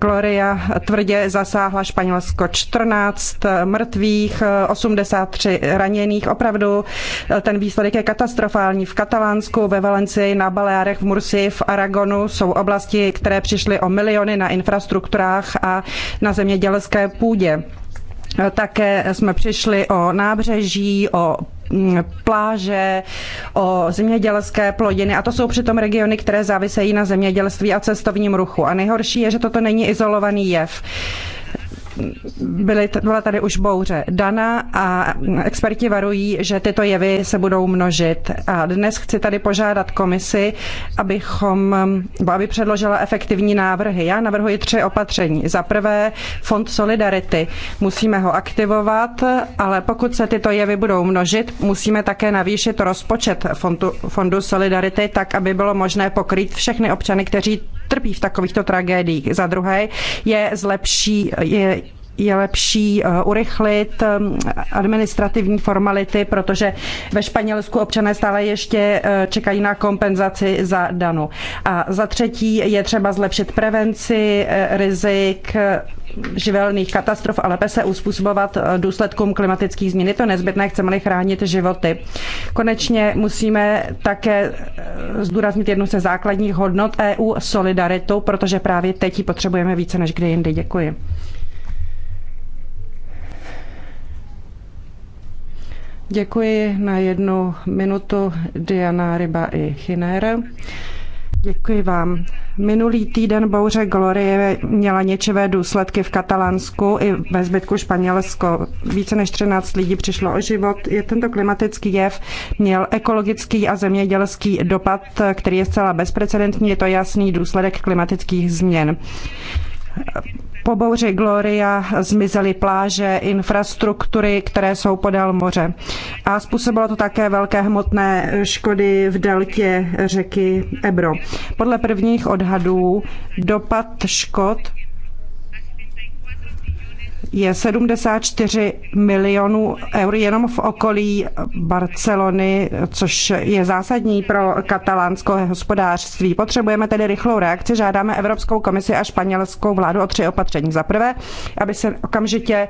Gloria tvrdě zasáhla Španělsko. 14 mrtvých, 83 raněných. Opravdu eh, ten výsledek je katastrofální. V Katalánsku, ve Valencii, na Baleárech, v Murcii, v Aragonu jsou oblasti, které přišly o miliony na infrastrukturách a na zemědělské půdě. Také jsme přišli o nábřeží, o mm, pláže, o zemědělské plodiny a to jsou přitom regiony, které závisejí na zemědělství a cestovním ruchu. A nejhorší je, že toto není izolovaný jev byly, byla tady už bouře Dana a experti varují, že tyto jevy se budou množit. A dnes chci tady požádat komisi, abychom, aby předložila efektivní návrhy. Já navrhuji tři opatření. Za prvé, fond Solidarity. Musíme ho aktivovat, ale pokud se tyto jevy budou množit, musíme také navýšit rozpočet fondu, fondu Solidarity, tak aby bylo možné pokrýt všechny občany, kteří trpí v takovýchto tragédiích. Za druhé je zlepší, je, je lepší eh, urychlit eh, administrativní formality, protože ve Španělsku občané stále ještě eh, čekají na kompenzaci za danu. A za třetí je třeba zlepšit prevenci rizik živelných katastrof a lépe se uspůsobovat eh, důsledkům klimatických změn. Je to nezbytné, chceme-li chránit životy. Konečně musíme také eh, zdůraznit jednu ze základních hodnot EU solidaritu, protože právě teď ji potřebujeme více než kdy jindy. Děkuji. Děkuji na jednu minutu Diana Ryba i Chiner. Děkuji vám. Minulý týden bouře Glorie měla něčivé důsledky v Katalánsku i ve zbytku Španělsko. Více než 13 lidí přišlo o život. Je tento klimatický jev měl ekologický a zemědělský dopad, který je zcela bezprecedentní. Je to jasný důsledek klimatických změn po bouři Gloria zmizely pláže, infrastruktury, které jsou podél moře. A způsobilo to také velké hmotné škody v deltě řeky Ebro. Podle prvních odhadů dopad škod je 74 milionů eur jenom v okolí Barcelony, což je zásadní pro katalánské hospodářství. Potřebujeme tedy rychlou reakci, žádáme Evropskou komisi a španělskou vládu o tři opatření. Za prvé, aby se okamžitě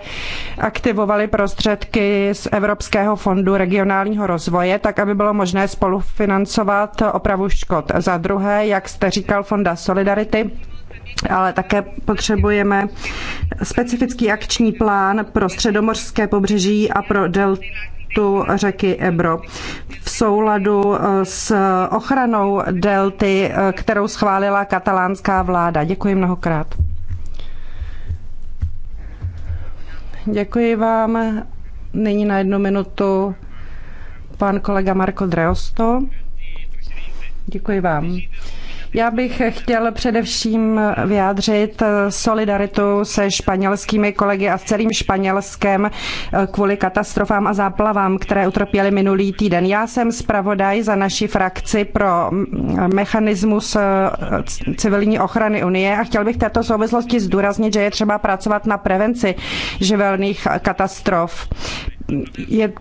aktivovaly prostředky z Evropského fondu regionálního rozvoje, tak aby bylo možné spolufinancovat opravu škod. Za druhé, jak jste říkal, Fonda Solidarity, ale také potřebujeme specifický akční plán pro středomořské pobřeží a pro deltu řeky Ebro v souladu eh, s ochranou delty, eh, kterou schválila katalánská vláda. Děkuji mnohokrát. Děkuji vám. Nyní na jednu minutu pan kolega Marko Dreosto. Děkuji vám. Já bych chtěl především vyjádřit solidaritu se španělskými kolegy a s celým Španělskem kvůli katastrofám a záplavám, které utrpěly minulý týden. Já jsem zpravodaj za naši frakci pro mechanismus civilní ochrany Unie a chtěl bych této souvislosti zdůraznit, že je třeba pracovat na prevenci živelných katastrof je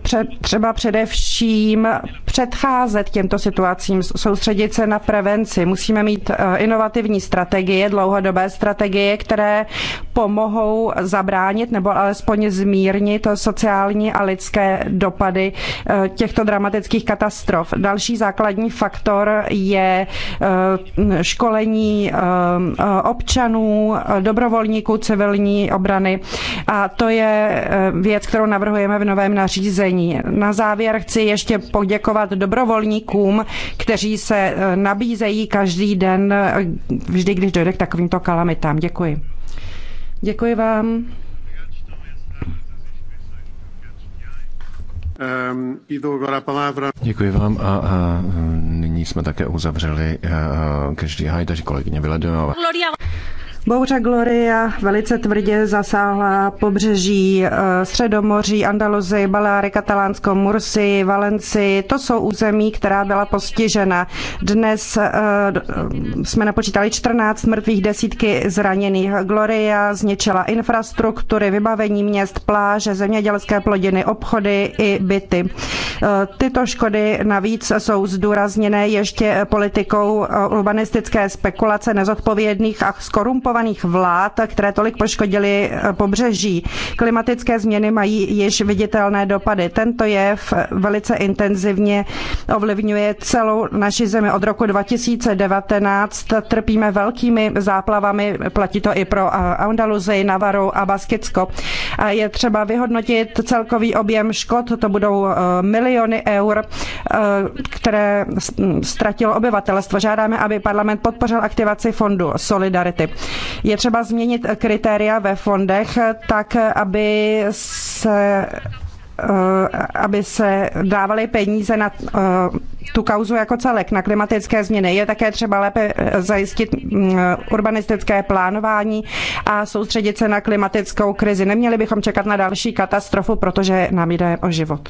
třeba především předcházet těmto situacím, soustředit se na prevenci. Musíme mít eh, inovativní strategie, dlouhodobé strategie, které pomohou zabránit nebo alespoň zmírnit sociální a lidské dopady eh, těchto dramatických katastrof. Další základní faktor je eh, školení občanů, dobrovolníků civilní obrany a to je věc, kterou navrhujeme v novém nařízení. Na závěr chci ještě poděkovat dobrovolníkům, kteří se eh, nabízejí každý den, eh, vždy, když dojde k takovýmto kalamitám. Děkuji. Děkuji vám. Ehm, Děkuji vám a, a nyní jsme také uzavřeli eh, každý haj, kolegyně Viledonová. Bouře Gloria velice tvrdě zasáhla pobřeží eh, Středomoří, Andaluzi, Baláry, Katalánsko, Mursi, Valenci. To jsou území, která byla postižena. Dnes eh, eh, jsme napočítali 14 mrtvých, desítky zraněných. Gloria zničila infrastruktury, vybavení měst, pláže, zemědělské plodiny, obchody i byty. Tyto škody navíc jsou zdůrazněné ještě politikou urbanistické spekulace nezodpovědných a skorumpovaných korumpovaných vlád, které tolik poškodily eh, pobřeží. Klimatické změny mají již viditelné dopady. Tento jev velice intenzivně ovlivňuje celou naši zemi. Od roku 2019 trpíme velkými záplavami, platí to i pro eh, Andaluzii, Navaru a Baskicko. A je třeba vyhodnotit celkový objem škod, to budou eh, miliony eur, které ztratilo obyvatelstvo. Žádáme, aby parlament podpořil aktivaci fondu Solidarity. Je třeba změnit kritéria ve fondech tak, aby se eh, aby se dávaly peníze na eh, tu kauzu jako celek, na klimatické změny. Je také třeba lépe zajistit mm, urbanistické plánování a soustředit se na klimatickou krizi. Neměli bychom čekat na další katastrofu, protože nám jde o život.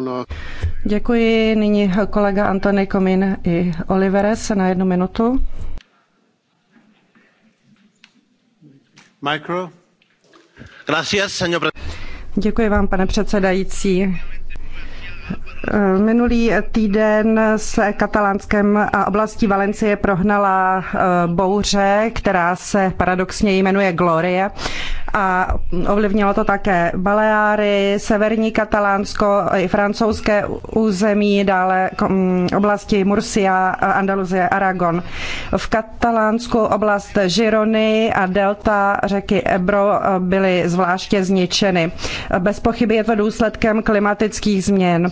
No- Děkuji. Nyní kolega Antony Komín i Oliveres na jednu minutu. Micro. Gracias, señor. Děkuji vám, pane předsedající Minulý týden se katalánském a oblasti Valencie prohnala eh, bouře, která se paradoxně jmenuje Glorie a ovlivnilo to také Baleáry, severní Katalánsko, i francouzské území, dále mm, oblasti Murcia, Andaluzie, Aragon. V Katalánsku oblast Girony a delta řeky Ebro eh, byly zvláště zničeny. Bez pochyby je to důsledkem klimatických změn.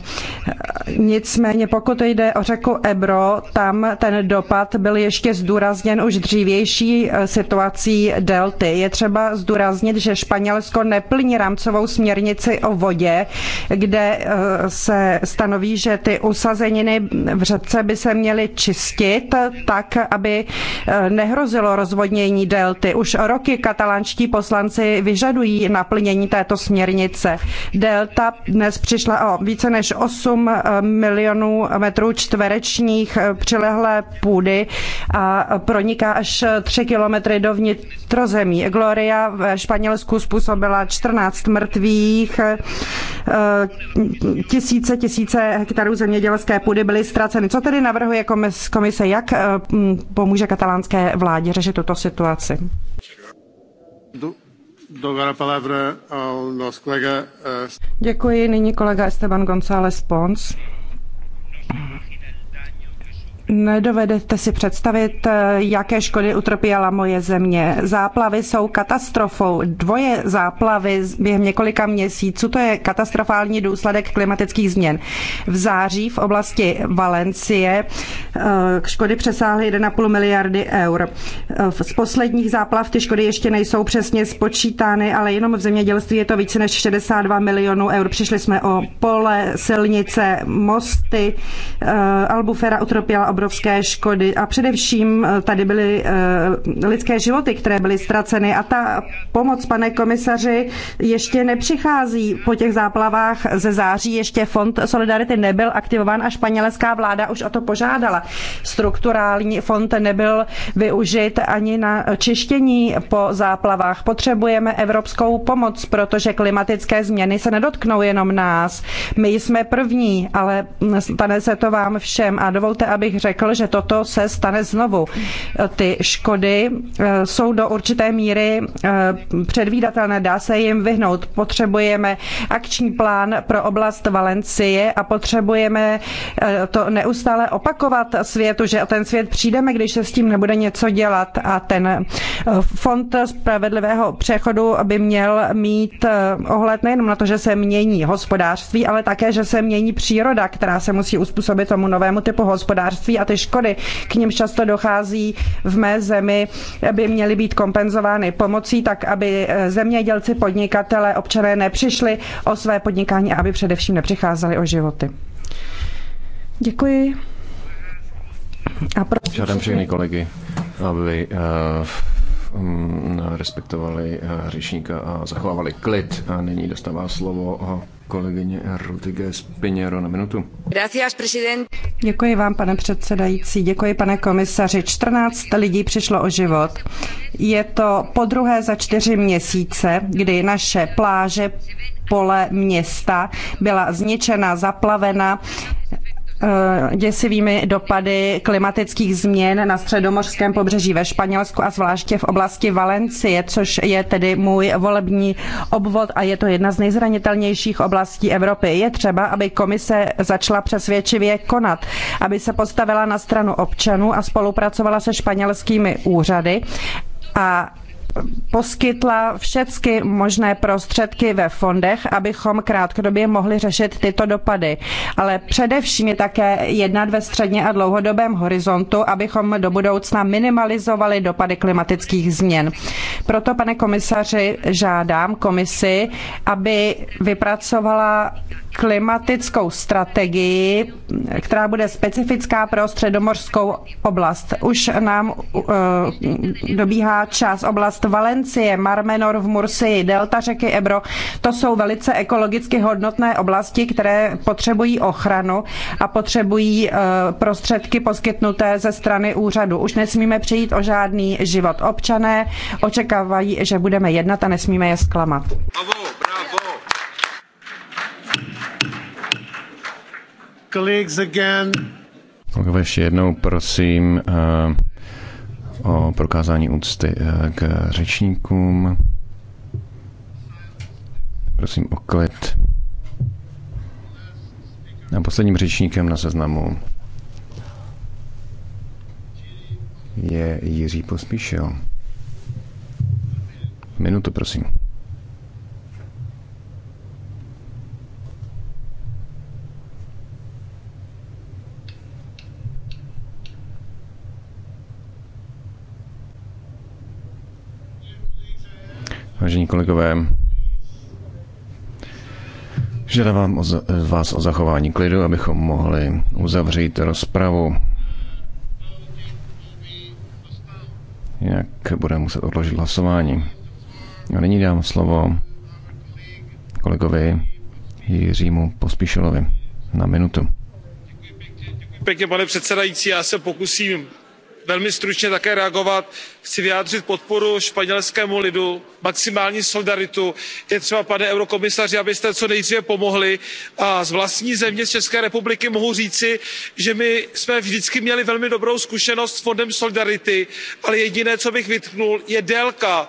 Nicméně pokud jde o řeku Ebro, tam ten dopad byl ještě zdůrazněn už dřívější eh, situací delty. Je třeba zdůraznit, že Španělsko neplní rámcovou směrnici o vodě, kde eh, se stanoví, že ty usazeniny v řece by se měly čistit tak, aby eh, nehrozilo rozvodnění delty. Už roky katalánští poslanci vyžadují naplnění této směrnice. Delta dnes přišla o více než 8 eh, milionů metrů čtverečních eh, přilehlé půdy a proniká až 3 kilometry do vnitrozemí. Gloria ve Španělsku způsobila 14 mrtvých, eh, tisíce, tisíce hektarů zemědělské půdy byly ztraceny. Co tedy navrhuje komise, jak pomůže katalánské vládě řešit tuto situaci? Eh, Děkuji. Nyní kolega Esteban González Pons. Nedovedete si představit, eh, jaké škody utrpěla moje země. Záplavy jsou katastrofou. Dvoje záplavy během několika měsíců, to je katastrofální důsledek klimatických změn. V září v oblasti Valencie eh, škody přesáhly 1,5 miliardy eur. Eh, z posledních záplav ty škody ještě nejsou přesně spočítány, ale jenom v zemědělství je to více než 62 milionů eur. Přišli jsme o pole, silnice, mosty. Albufera utrpěla obrovské škody a především eh, tady byly eh, lidské životy, které byly ztraceny a ta pomoc, pane komisaři, ještě nepřichází po těch záplavách ze září, ještě fond Solidarity nebyl aktivován a španělská vláda už o to požádala. Strukturální fond nebyl využit ani na čištění po záplavách. Potřebujeme evropskou pomoc, protože klimatické změny se nedotknou jenom nás. My jsme první, ale stane se to vám všem a dovolte, abych řekl, že toto se stane znovu. Ty škody eh, jsou do určité míry eh, předvídatelné, dá se jim vyhnout. Potřebujeme akční plán pro oblast Valencie a potřebujeme eh, to neustále opakovat světu, že o ten svět přijdeme, když se s tím nebude něco dělat a ten fond spravedlivého přechodu by měl mít ohled nejenom na to, že se mění hospodářství, ale také, že se mění příroda, která se musí uspůsobit tomu novému typu hospodářství a ty škody, k nim často dochází v mé zemi, by měly být kompenzovány pomocí, tak aby eh, zemědělci, podnikatele, občané nepřišli o své podnikání a aby především nepřicházeli o životy. Děkuji. A pro... Žádám všechny kolegy, aby uh Mm, respektovali eh, řečníka a zachovávali klid. A nyní dostává slovo eh, kolegyně Rodriguez Spiněro na minutu. Děkuji vám, pane předsedající, děkuji, pane komisaři. 14 lidí přišlo o život. Je to po druhé za čtyři měsíce, kdy naše pláže pole města byla zničena, zaplavena Eh, děsivými dopady klimatických změn na středomořském pobřeží ve Španělsku a zvláště v oblasti Valencie, což je tedy můj volební obvod a je to jedna z nejzranitelnějších oblastí Evropy. Je třeba, aby komise začala přesvědčivě konat, aby se postavila na stranu občanů a spolupracovala se španělskými úřady a poskytla všechny možné prostředky ve fondech, abychom krátkodobě mohli řešit tyto dopady. Ale především je také jednat ve středně a dlouhodobém horizontu, abychom do budoucna minimalizovali dopady klimatických změn. Proto, pane komisaři, žádám komisi, aby vypracovala klimatickou strategii, která bude specifická pro středomořskou oblast. Už nám uh, dobíhá čas oblast oblast Valencie, Marmenor v Mursii, delta řeky Ebro, to jsou velice ekologicky hodnotné oblasti, které potřebují ochranu a potřebují eh, prostředky poskytnuté ze strany úřadu. Už nesmíme přijít o žádný život. Občané očekávají, že budeme jednat a nesmíme je zklamat. Kolegové, ještě jednou prosím, eh, o prokázání úcty eh, k řečníkům. Prosím o klid. A posledním řečníkem na seznamu je Jiří Pospíšil. Minutu, prosím. vážení kolegové. Žádám vám o, vás o zachování klidu, abychom mohli uzavřít rozpravu. jak budeme muset odložit hlasování. A nyní dám slovo kolegovi Jiřímu Pospíšelovi na minutu. Pěkně, pane předsedající, já se pokusím velmi stručně také reagovat. chci vyjádřit podporu španělskému lidu maximální solidaritu. je třeba pane komisaři abyste co nejdříve pomohli a z vlastní země z české republiky mohu říci že my jsme vždycky měli velmi dobrou zkušenost s fondem solidarity ale jediné co bych vytknul je délka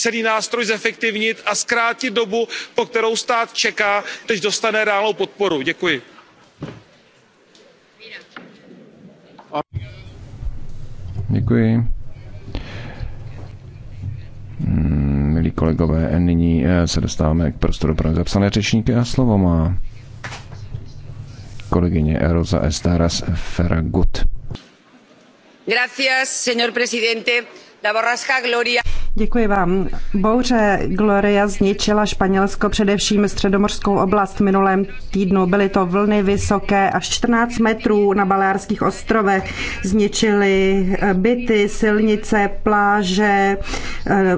celý nástroj zefektivnit a zkrátit dobu po kterou stát čeká než dostane reálnou podporu. děkuji. děkuji. Hmm, milí kolegové, nyní eh, se dostáváme k prostoru pro zapsané řečníky a slovo má kolegyně Eroza Estaras Ferragut. Gracias, señor presidente Děkuji vám. Bouře Gloria zničila Španělsko především středomořskou oblast v minulém týdnu. Byly to vlny vysoké až 14 metrů na Baleárských ostrovech. Zničily eh, byty, silnice, pláže, eh,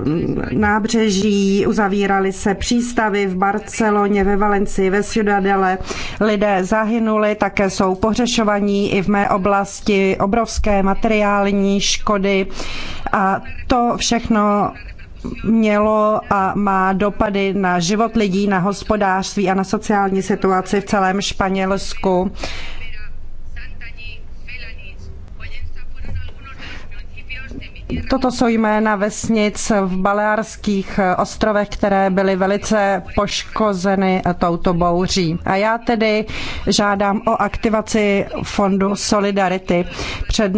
nábřeží, uzavíraly se přístavy v Barceloně, ve Valencii, ve Ciudadele. Lidé zahynuli, také jsou pohřešovaní i v mé oblasti obrovské materiální škody a to všechno mělo a má dopady na život lidí, na hospodářství a na sociální situaci v celém Španělsku. Toto jsou jména vesnic v Balearských ostrovech, které byly velice poškozeny touto bouří. A já tedy žádám o aktivaci fondu Solidarity. Před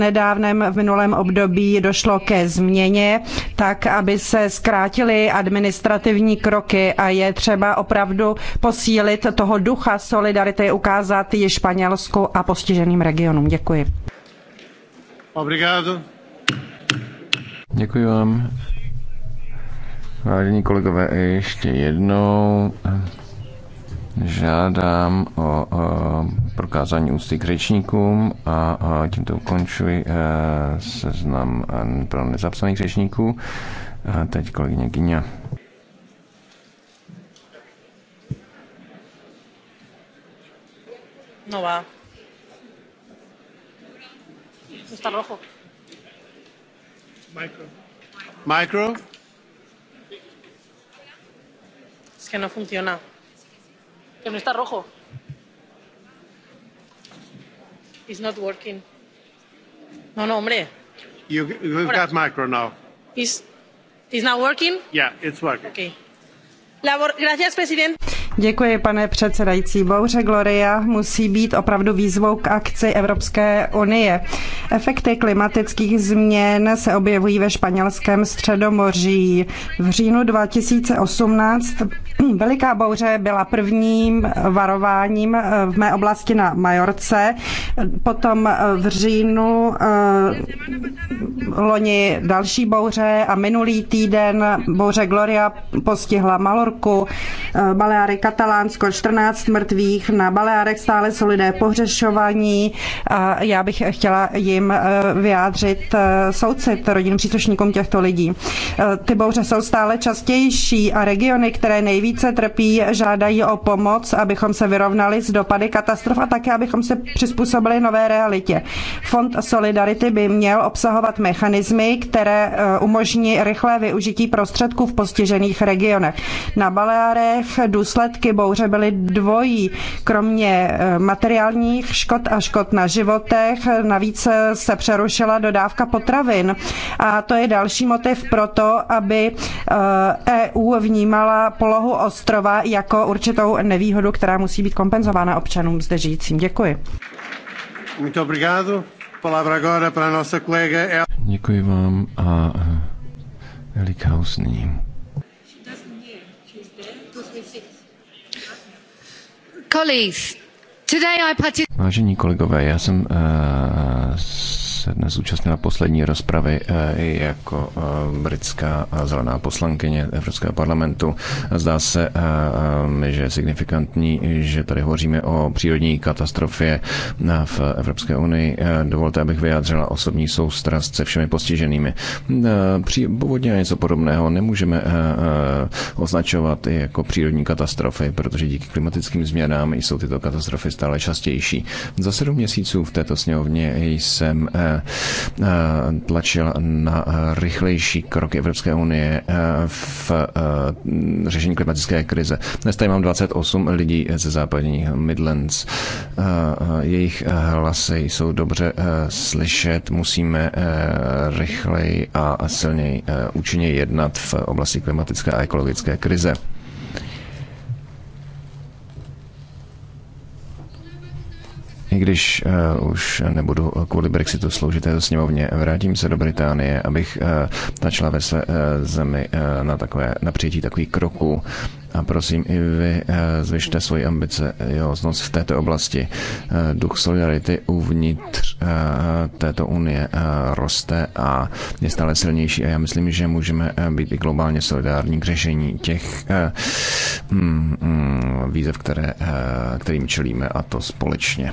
v minulém období došlo ke změně, tak aby se zkrátily administrativní kroky a je třeba opravdu posílit toho ducha solidarity, ukázat ji Španělsku a postiženým regionům. Děkuji. Obrigado. Děkuji vám. Vážení kolegové, ještě jednou žádám o, prokázání úcty k řečníkům a, tímto ukončuji e, seznam e, pro nezapsaných řečníků. A teď kolegyně Gyně. No va. Está rojo. Micro. Micro. Es que no funciona. Que no está rojo. It's not working. No, no, hombre. You, you've Ahora. got micro now. Is, is not working? Yeah, it's working. Okay. Labor, gracias, presidente. Děkuji, pane předsedající. Bouře Gloria musí být opravdu výzvou k akci Evropské unie. Efekty klimatických změn se objevují ve španělském středomoří. V říjnu 2018 Veliká bouře byla prvním varováním eh, v mé oblasti na Majorce, potom eh, v říjnu eh, loni další bouře a minulý týden bouře Gloria postihla Malorku, Baleary Katalánsko, 14 mrtvých, na Baleárech stále jsou lidé pohřešovaní a já bych chtěla jim eh, vyjádřit eh, soucit rodinným příslušníkům těchto lidí. Eh, Ty bouře jsou stále častější a regiony, které nejvíce trpí, žádají o pomoc, abychom se vyrovnali s dopady katastrof a také, abychom se přizpůsobili nové realitě. Fond Solidarity by měl obsahovat mechanismy, které umožní rychlé využití prostředků v postižených regionech. Na Baleárech důsledky důsledky bouře byly dvojí. Kromě eh, materiálních škod a škod na životech, navíc eh, se přerušila dodávka potravin. A to je další motiv pro to, aby EU eh, e vnímala polohu ostrova jako určitou nevýhodu, která musí být kompenzována občanům zde žijícím. Děkuji. Děkuji vám a Elik nyní. Vážení kolegové, já jsem uh, se dnes účastnila poslední rozpravy eh, jako eh, britská zelená poslankyně Evropského parlamentu. Zdá se, eh, že je signifikantní, že tady hovoříme o přírodní katastrofě v Evropské unii. Dovolte, abych vyjádřila osobní soustrast se všemi postiženými. Původně něco podobného nemůžeme označovat jako přírodní katastrofy, protože díky klimatickým změnám jsou tyto katastrofy stále častější. Za sedm měsíců v této sněhovně jsem Eh, tlačil na rychlejší kroky Evropské unie eh, v eh, řešení klimatické krize. Dnes tady mám 28 lidí ze západních Midlands. Jejich hlasy jsou dobře slyšet. Musíme rychleji a silněji účinně jednat v oblasti klimatické a ekologické krize. když uh, už nebudu kvůli Brexitu sloužit této sněmovně, vrátím se do Británie, abych uh, eh, začala ve své uh, zemi uh, na, takové, na přijetí takových kroků. A prosím, i vy uh, zvyšte svoji ambice, jo, znoc v této oblasti. Uh, duch solidarity uvnitř uh, této unie uh, roste a je stále silnější. A já myslím, že můžeme uh, být i globálně solidární k řešení těch uh, mm, mm, výzev, které, uh, kterým čelíme, a to společně.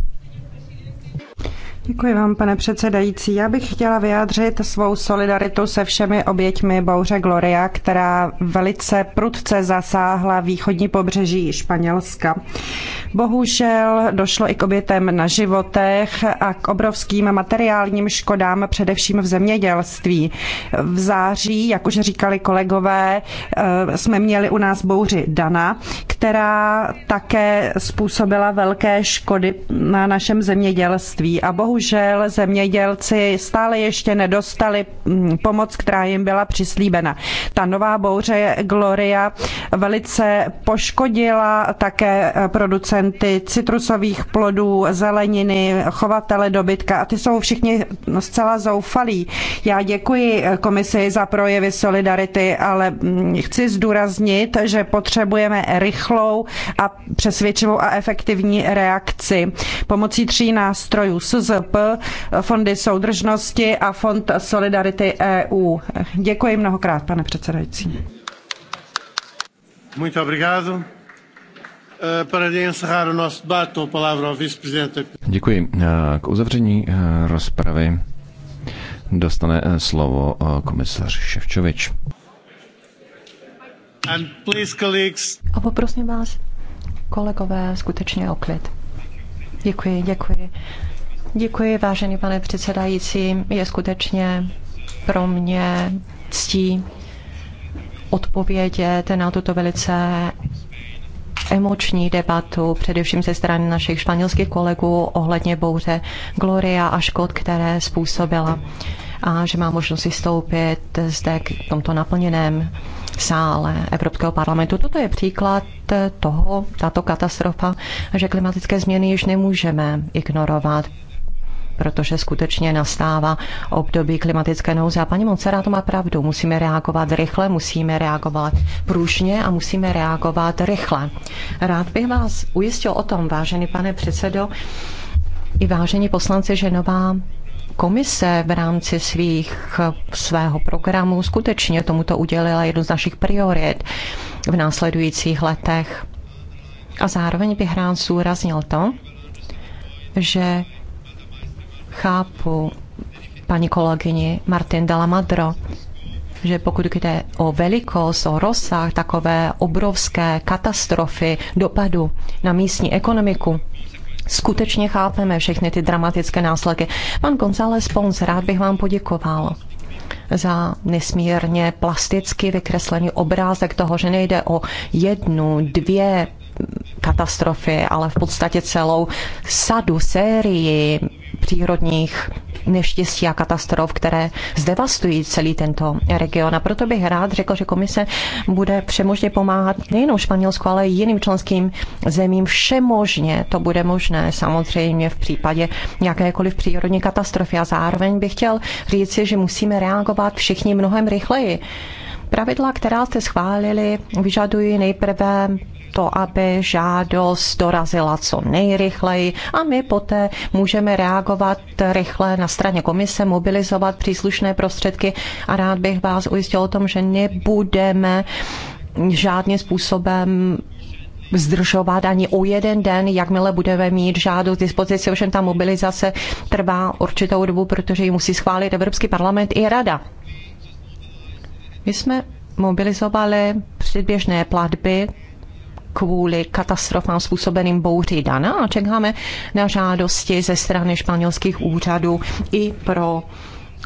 Děkuji vám, pane předsedající. Já bych chtěla vyjádřit svou solidaritu se všemi oběťmi bouře Gloria, která velice prudce zasáhla východní pobřeží Španělska. Bohužel došlo i k obětem na životech a k obrovským materiálním škodám, především v zemědělství. V září, jak už říkali kolegové, eh, jsme měli u nás bouři Dana, která také způsobila velké škody na našem zemědělství. A bohužel bohužel zemědělci stále ještě nedostali mm, pomoc, která jim byla přislíbena. Ta nová bouře Gloria velice poškodila také eh, producenty citrusových plodů, zeleniny, chovatele dobytka a ty jsou všichni zcela zoufalí. Já děkuji eh, komisi za projevy solidarity, ale mm, chci zdůraznit, že potřebujeme rychlou a přesvědčivou a efektivní reakci pomocí tří nástrojů SZ, SZP, fondy soudržnosti a fond Solidarity EU. Děkuji mnohokrát, pane předsedající. Muito obrigado. Eh, děkuji. Eh, k uzavření eh, rozpravy dostane slovo komisař Ševčovič. A poprosím vás, kolegové, skutečně o klid. Děkuji, děkuji. Děkuji, vážený pane předsedající. Je skutečně pro mě ctí odpovědět na tuto velice emoční debatu, především ze strany našich španělských kolegů ohledně bouře Gloria a škod, které způsobila a že má možnost vystoupit zde k tomto naplněném sále Evropského parlamentu. Toto je příklad toho, tato katastrofa, že klimatické změny již nemůžeme ignorovat protože skutečně nastává období klimatické nouze. A paní Moncera to má pravdu. Musíme reagovat rychle, musíme reagovat pružně a musíme reagovat rychle. Rád bych vás ujistil o tom, vážený pane předsedo, i vážení poslanci, že nová komise v rámci svých, svého programu skutečně tomuto udělila jednu z našich priorit v následujících letech. A zároveň bych rád zúraznil to, že chápu paní kolegyni Martin de la Madro, že pokud jde o velikost, o rozsah takové obrovské katastrofy dopadu na místní ekonomiku, skutečně chápeme všechny ty dramatické následky. Pan González Pons, rád bych vám poděkoval za nesmírně plasticky vykreslený obrázek toho, že nejde o jednu, dvě katastrofy, ale v podstatě celou sadu, sérii přírodních neštěstí a katastrof, které zdevastují celý tento region. A proto bych rád řekl, že komise bude přemožně pomáhat nejenom Španělsku, ale i jiným členským zemím všemožně. To bude možné samozřejmě v případě jakékoliv přírodní katastrofy. A zároveň bych chtěl říci, že musíme reagovat všichni mnohem rychleji. Pravidla, která jste schválili, vyžadují nejprve to, aby žádost dorazila co nejrychleji a my poté můžeme reagovat rychle na straně komise, mobilizovat příslušné prostředky a rád bych vás ujistil o tom, že nebudeme žádným způsobem zdržovat ani o jeden den, jakmile budeme mít žádost dispozici. Ovšem ta mobilizace trvá určitou dobu, protože ji musí schválit Evropský parlament i Rada. My jsme mobilizovali předběžné platby kvůli katastrofám způsobeným bouří Dana a čekáme na žádosti ze strany španělských úřadů i pro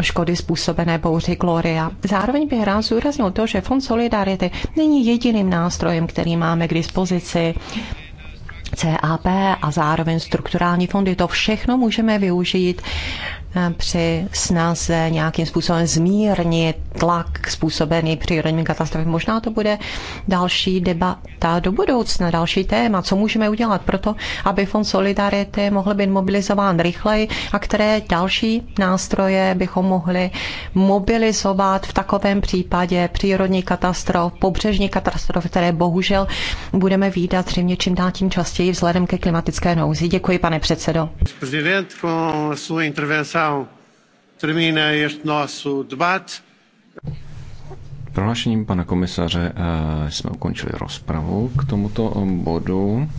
škody způsobené bouři Gloria. Zároveň bych rád zúraznil to, že Fond Solidarity není jediným nástrojem, který máme k dispozici. CAP a zároveň strukturální fondy, to všechno můžeme využít při snaze nějakým způsobem zmírnit tlak způsobený přírodními katastrofy. Možná to bude další debata do budoucna, další téma, co můžeme udělat pro to, aby Fond Solidarity mohl být mobilizován rychleji a které další nástroje bychom mohli mobilizovat v takovém případě přírodní katastrof, pobřežní katastrof, které bohužel budeme výdat zřejmě čím dál tím častěji vzhledem ke klimatické nouzi. Děkuji, pane předsedo. Prezident, então termina este nosso debate. Prohlášením pana komisaře eh, jsme ukončili rozpravu k tomuto eh, bodu.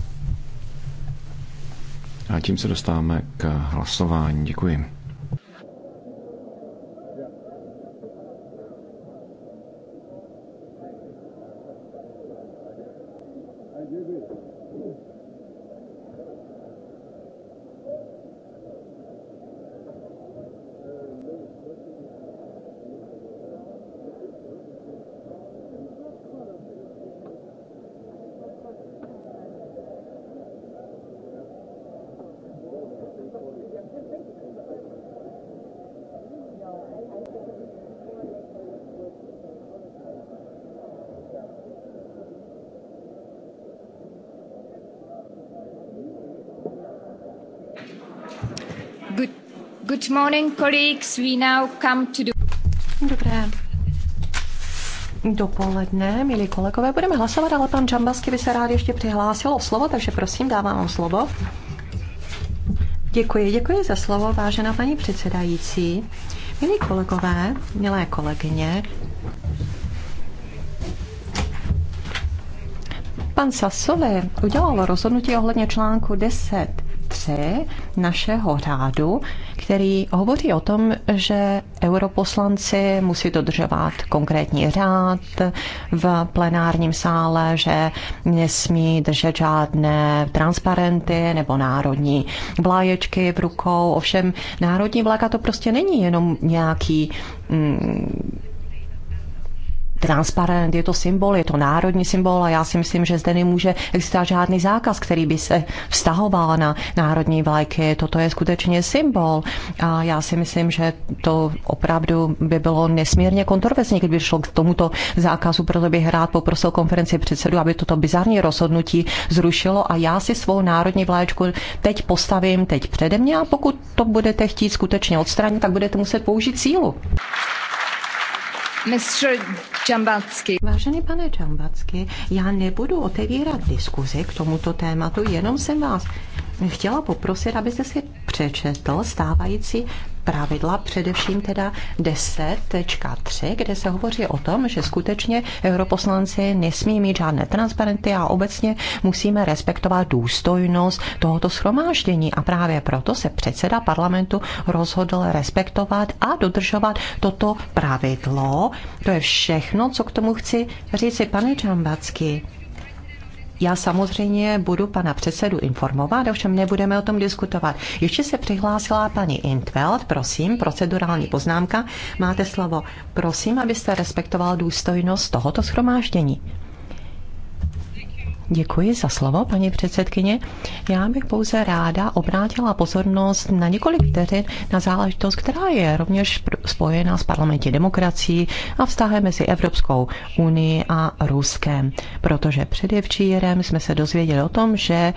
A tím se dostáváme k hlasování. Děkuji. Good morning, colleagues. We now come to Dobré dopoledne, milí kolegové. Budeme hlasovat, ale pan Džambasky by se rád ještě přihlásil o slovo, takže prosím, dávám vám slovo. Děkuji, děkuji za slovo, vážená paní předsedající. Milí kolegové, milé kolegyně, pan Sasoli udělal rozhodnutí ohledně článku 10 3 našeho řádu, který hovoří o tom, že europoslanci musí dodržovat konkrétní řád v plenárním sále, že nesmí držet žádné transparenty nebo národní vláječky v rukou. Ovšem národní vlaka to prostě není jenom nějaký mm, transparent, je to symbol, je to národní symbol a já si myslím, že zde nemůže existovat žádný zákaz, který by se vztahoval na národní vlajky. Toto je skutečně symbol a já si myslím, že to opravdu by bylo nesmírně kontroverzní, kdyby šlo k tomuto zákazu, proto bych rád poprosil konferenci předsedu, aby toto bizarní rozhodnutí zrušilo a já si svou národní vlaječku teď postavím teď přede mě a pokud to budete chtít skutečně odstranit, tak budete muset použít sílu. Mr. Jambatsky. Vážený pane Jambatsky, já nebudu otevírat diskuzi k tomuto tématu, jenom jsem vás chtěla poprosit, abyste si přečetl stávající pravidla, především teda 10.3, kde se hovoří o tom, že skutečně europoslanci nesmí mít žádné transparenty a obecně musíme respektovat důstojnost tohoto schromáždění. A právě proto se předseda parlamentu rozhodl respektovat a dodržovat toto pravidlo. To je všechno, co k tomu chci říci, pane Čambacky. Já samozřejmě budu pana předsedu informovat, ovšem nebudeme o tom diskutovat. Ještě se přihlásila paní Intveld, prosím, procedurální poznámka. Máte slovo. Prosím, abyste respektoval důstojnost tohoto schromáždění. Děkuji za slovo, paní předsedkyně. Já bych pouze ráda obrátila pozornost na několik vteřin na záležitost, která je rovněž spojená s parlamentní demokracií a vztahem mezi Evropskou unii a Ruskem. Protože předevčírem jsme se dozvěděli o tom, že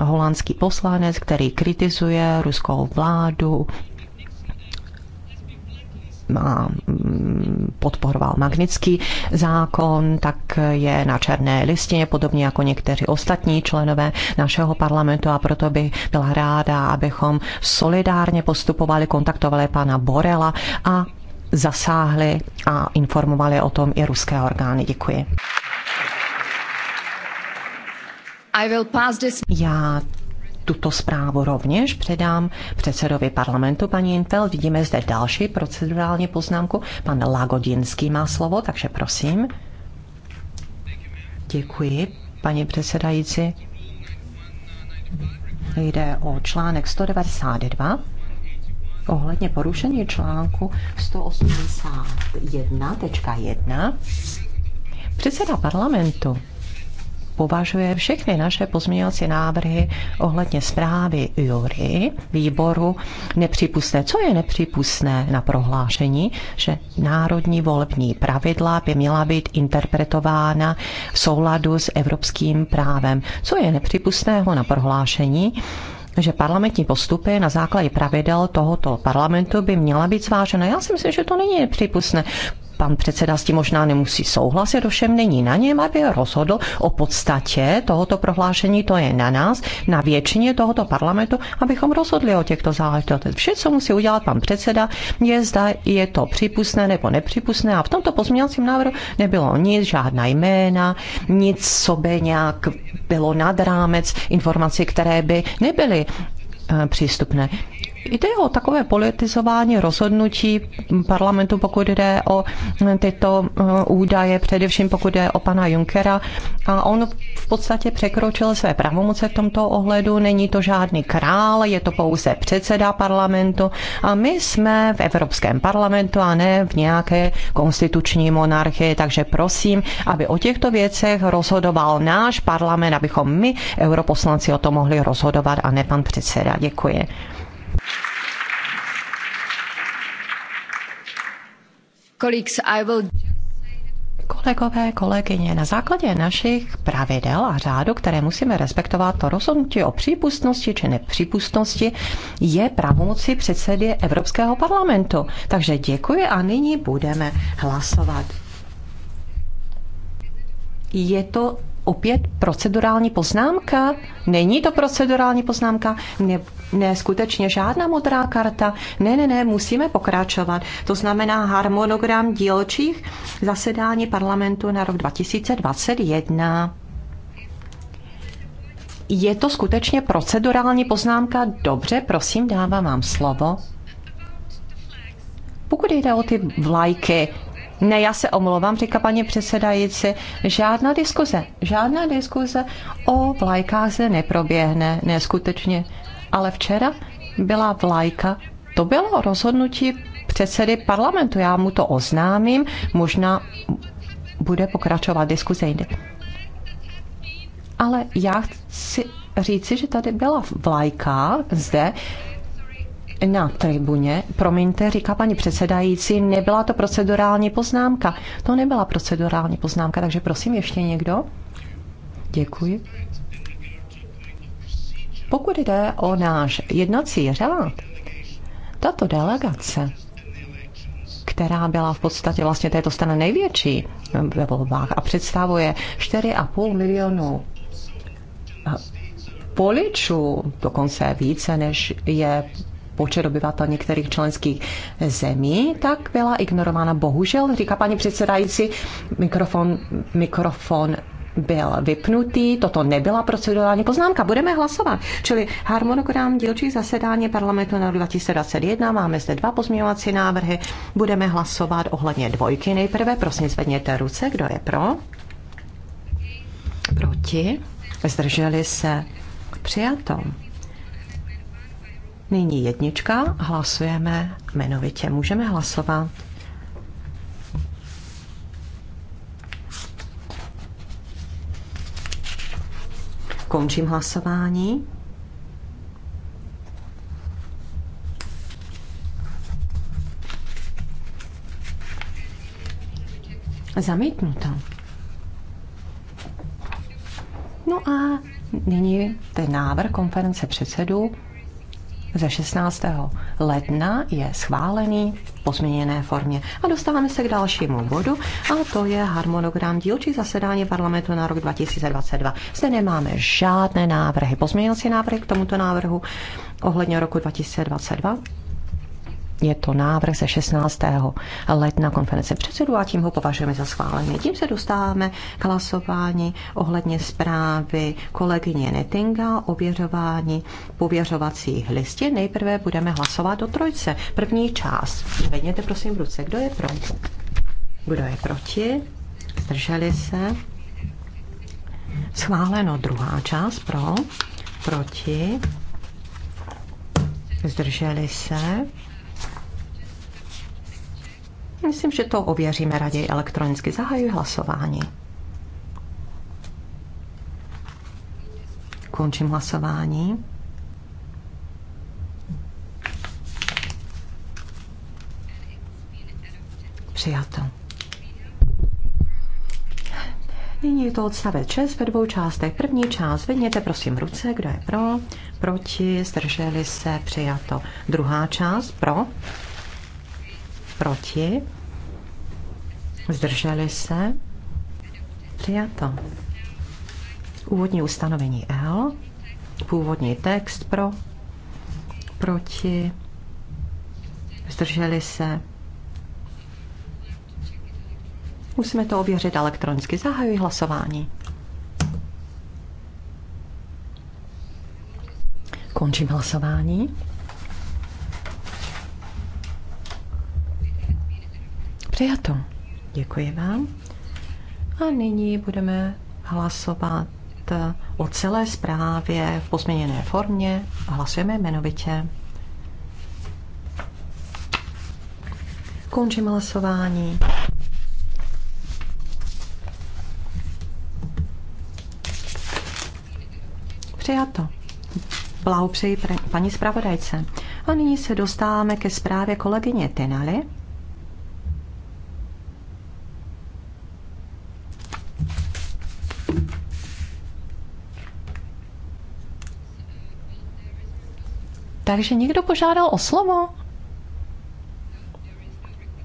holandský poslanec, který kritizuje ruskou vládu, má, mm, podporoval magnický zákon, tak je na černé listině, podobně jako někteří ostatní členové našeho parlamentu a proto by byla ráda, abychom solidárně postupovali, kontaktovali pana Borela a zasáhli a informovali o tom i ruské orgány. Děkuji. I will pass this. Já tuto zprávu rovněž předám předsedovi parlamentu, paní Intel. Vidíme zde další procedurální poznámku. Pan Lagodinský má slovo, takže prosím. Děkuji, paní předsedající. Jde o článek 192 ohledně porušení článku 181.1. Předseda parlamentu považuje všechny naše pozměňovací návrhy ohledně zprávy Jury, výboru, nepřípustné. Co je nepřípustné na prohlášení, že národní volební pravidla by měla být interpretována v souladu s evropským právem? Co je nepřípustného na prohlášení, že parlamentní postupy na základě pravidel tohoto parlamentu by měla být zvážena. Já si myslím, že to není nepřípustné pan předseda s tím možná nemusí souhlasit, ovšem není na něm, aby rozhodl o podstatě tohoto prohlášení, to je na nás, na většině tohoto parlamentu, abychom rozhodli o těchto záležitostech. Vše, co musí udělat pan předseda, je, zda je to přípustné nebo nepřípustné a v tomto pozměňovacím návrhu nebylo nic, žádná jména, nic, co by nějak bylo nad rámec informací, které by nebyly eh, přístupné. Jde o takové politizování rozhodnutí parlamentu, pokud jde o tyto eh, údaje, především pokud jde o pana Junkera. A on v podstatě překročil své pravomoce v tomto ohledu. Není to žádný král, je to pouze předseda parlamentu. A my jsme v Evropském parlamentu a ne v nějaké konstituční monarchii. Takže prosím, aby o těchto věcech rozhodoval náš parlament, abychom my, europoslanci, o tom mohli rozhodovat a ne pan předseda. Děkuji. Kolegové, kolegyně, na základě našich pravidel a řádu, které musíme respektovat, to rozhodnutí o přípustnosti či nepřípustnosti je pravomocí předsedy Evropského parlamentu. Takže děkuji a nyní budeme hlasovat. Je to opět procedurální poznámka? Není to procedurální poznámka? Ne, ne, skutečně žádná modrá karta. Ne, ne, ne, musíme pokračovat. To znamená harmonogram dílčích zasedání parlamentu na rok 2021. Je to skutečně procedurální poznámka? Dobře, prosím, dávám vám slovo. Pokud jde o ty vlajky, ne, já se omlouvám, říká paní předsedající, žádná diskuze, žádná diskuze o vlajkách zde neproběhne, neskutečně. Ale včera byla vlajka, to bylo rozhodnutí předsedy parlamentu, já mu to oznámím, možná bude pokračovat diskuze jinde. Ale já chci říci, že tady byla vlajka zde, na tribuně, promiňte, říká paní předsedající, nebyla to procedurální poznámka. To nebyla procedurální poznámka, takže prosím ještě někdo. Děkuji. Pokud jde o náš jednací řád, tato delegace, která byla v podstatě vlastně této strany největší ve volbách a představuje 4,5 milionu poličů, eh, dokonce více, než je počet obyvatel některých členských zemí, tak byla ignorována. Bohužel, říká paní předsedající, mikrofon, mikrofon byl vypnutý, toto nebyla procedurální poznámka, budeme hlasovat. Čili harmonogram dílčí zasedání parlamentu na 2021, máme zde dva pozměňovací návrhy, budeme hlasovat ohledně dvojky nejprve, prosím zvedněte ruce, kdo je pro? Proti? Zdrželi se? Přijato. Nyní jednička, hlasujeme jmenovitě. Můžeme hlasovat. Končím hlasování. Zamítnuto. No a nyní ten návrh konference předsedů ze 16. ledna je schválený v pozměněné formě. A dostáváme se k dalšímu bodu a to je harmonogram dílčí zasedání parlamentu na rok 2022. Zde nemáme žádné návrhy, pozměňovací návrhy k tomuto návrhu ohledně roku 2022. Je to návrh ze 16. ledna konference předsedů a tím ho považujeme za schválený. Tím se dostáváme k hlasování ohledně zprávy kolegyně Netinga, věřování pověřovacích listin. Nejprve budeme hlasovat o trojce. První část. Vedněte prosím v ruce, kdo je pro. Kdo je proti? Zdrželi se? Schváleno druhá část pro, proti, zdrželi se, Myslím, že to ověříme raději elektronicky. Zahajuji hlasování. Končím hlasování. Přijato. Nyní je to odstavec 6 ve dvou částech. První část, vedněte prosím ruce, kdo je pro, proti, zdrželi se, přijato. Druhá část, pro, proti, Zdrželi se? Přijato. Úvodní ustanovení L. Původní text pro. Proti. Zdrželi se? Musíme to ověřit elektronicky. Zahajuji hlasování. Končím hlasování. Přijato. Děkuji vám. A nyní budeme hlasovat eh, o celé zprávě v pozměněné formě. Hlasujeme jmenovitě. Končím hlasování. Přijato. Blahopřeji paní zpravodajce. A nyní se dostáváme ke zprávě kolegyně Tinaly. Takže někdo požádal o slovo?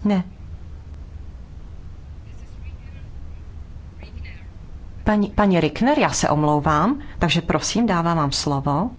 Ne. Paní, paní Rickner, já se omlouvám, takže prosím, dávám vám slovo.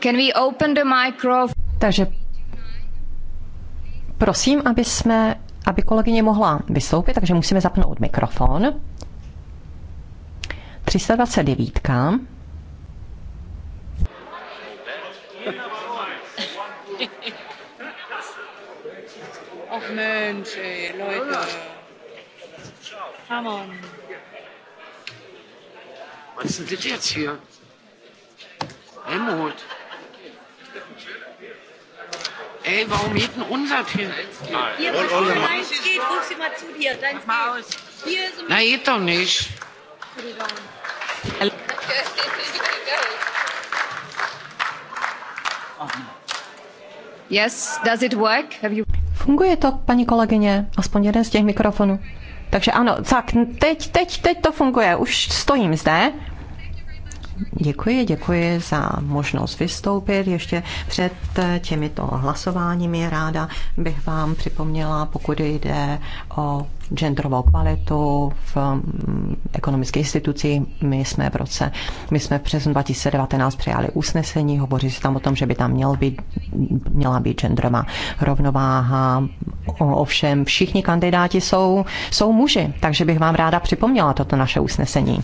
Can we open the Takže prosím, aby jsme, aby kolegyně mohla vystoupit, takže musíme zapnout mikrofon. 329. Ach Mensch, ey, Leute. Come on. Was ist denn das jetzt hier? geholt. Ey, warum geht denn unser Tisch? Hier, was oh, deins geht, ruf sie mal zu dir. Deins mal aus. Hier ist Na, geht doch nicht. Yes, does it work? Have you... Funguje to, paní kolegyně, aspoň jeden z těch mikrofonů. Takže ano, tak teď, teď, teď to funguje. Už stojím zde. Děkuji, děkuji za možnost vystoupit. Ještě před eh, těmito hlasováními ráda bych vám připomněla, pokud jde o genderovou kvalitu v mm, ekonomické instituci. My jsme v roce, my jsme v březnu 2019 přijali usnesení, hovoří se tam o tom, že by tam měl být, měla být genderová rovnováha. Ovšem všichni kandidáti jsou, jsou muži, takže bych vám ráda připomněla toto naše usnesení.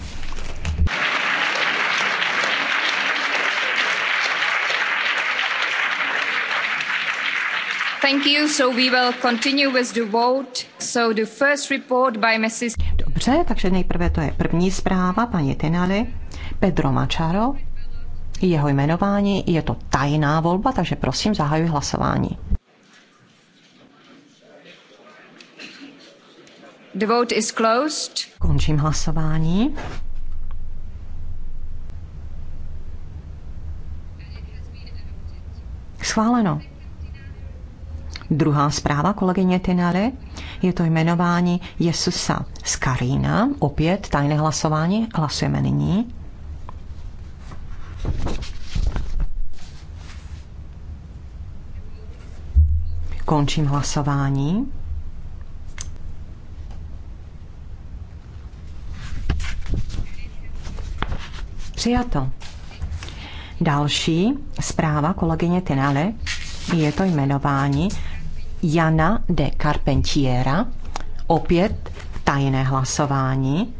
Thank you, so we will continue with the vote. So the first report by Mrs. Dobře, takže nejprve to je první zpráva paní Tinali, Pedro Mačaro, jeho jmenování, je to tajná volba, takže prosím zahajuji hlasování. The vote is closed. Končím hlasování. Schváleno. Druhá zpráva kolegyně Tinary je to jmenování Jesusa z Karína. Opět tajné hlasování. Hlasujeme nyní. Končím hlasování. Přijato. Další zpráva kolegyně Tinale je to jmenování Jana de Carpentiera. Opět tajné hlasování.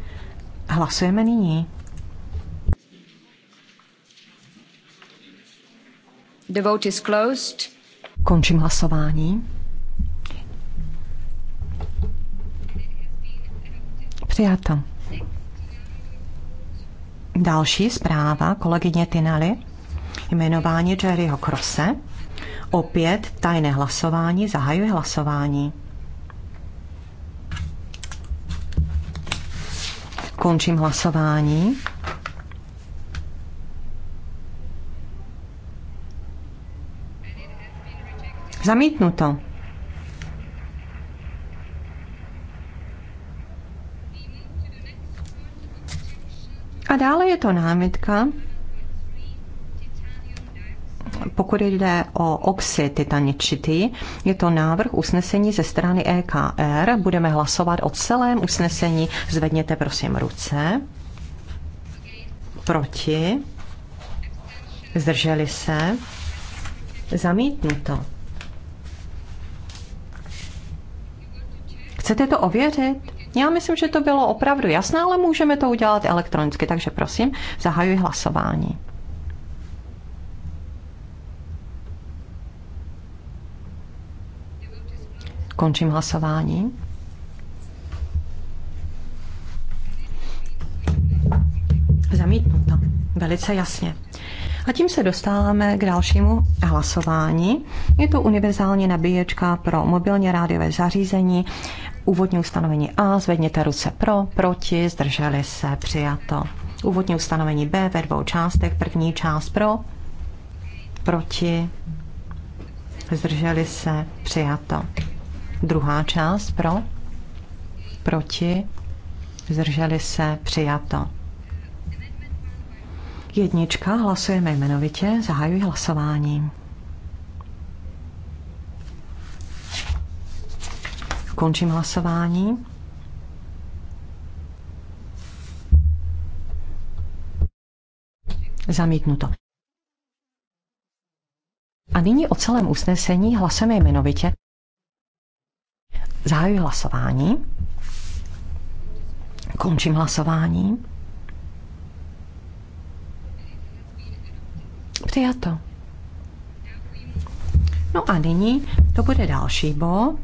Hlasujeme nyní. The vote is closed. Končím hlasování. Přijato. Další zpráva kolegyně Tinali. Jmenování Jerryho Krose Opět tajné hlasování, zahajuje hlasování. Končím hlasování. Zamítnuto. A dále je to námitka pokud jde o oxid titaničitý, je to návrh usnesení ze strany EKR. Budeme hlasovat o celém usnesení. Zvedněte prosím ruce. Proti. Zdrželi se. Zamítnuto. Chcete to ověřit? Já myslím, že to bylo opravdu jasné, ale můžeme to udělat elektronicky, takže prosím, zahajuji hlasování. Končím hlasování. Zamítnuto. Velice jasně. A tím se dostáváme k dalšímu hlasování. Je to univerzální nabíječka pro mobilně rádiové zařízení. Úvodní ustanovení A, zvedněte ruce pro, proti, zdrželi se, přijato. Úvodní ustanovení B ve dvou částech. První část pro, proti, zdrželi se, přijato. Druhá část pro, proti, zdrželi se, přijato. Jednička, hlasujeme jmenovitě, zahajuji hlasování. Končím hlasování. Zamítnuto. A nyní o celém usnesení hlasujeme jmenovitě. Zahajuji hlasování. Končím hlasování. Přijato. No a nyní to bude další bod,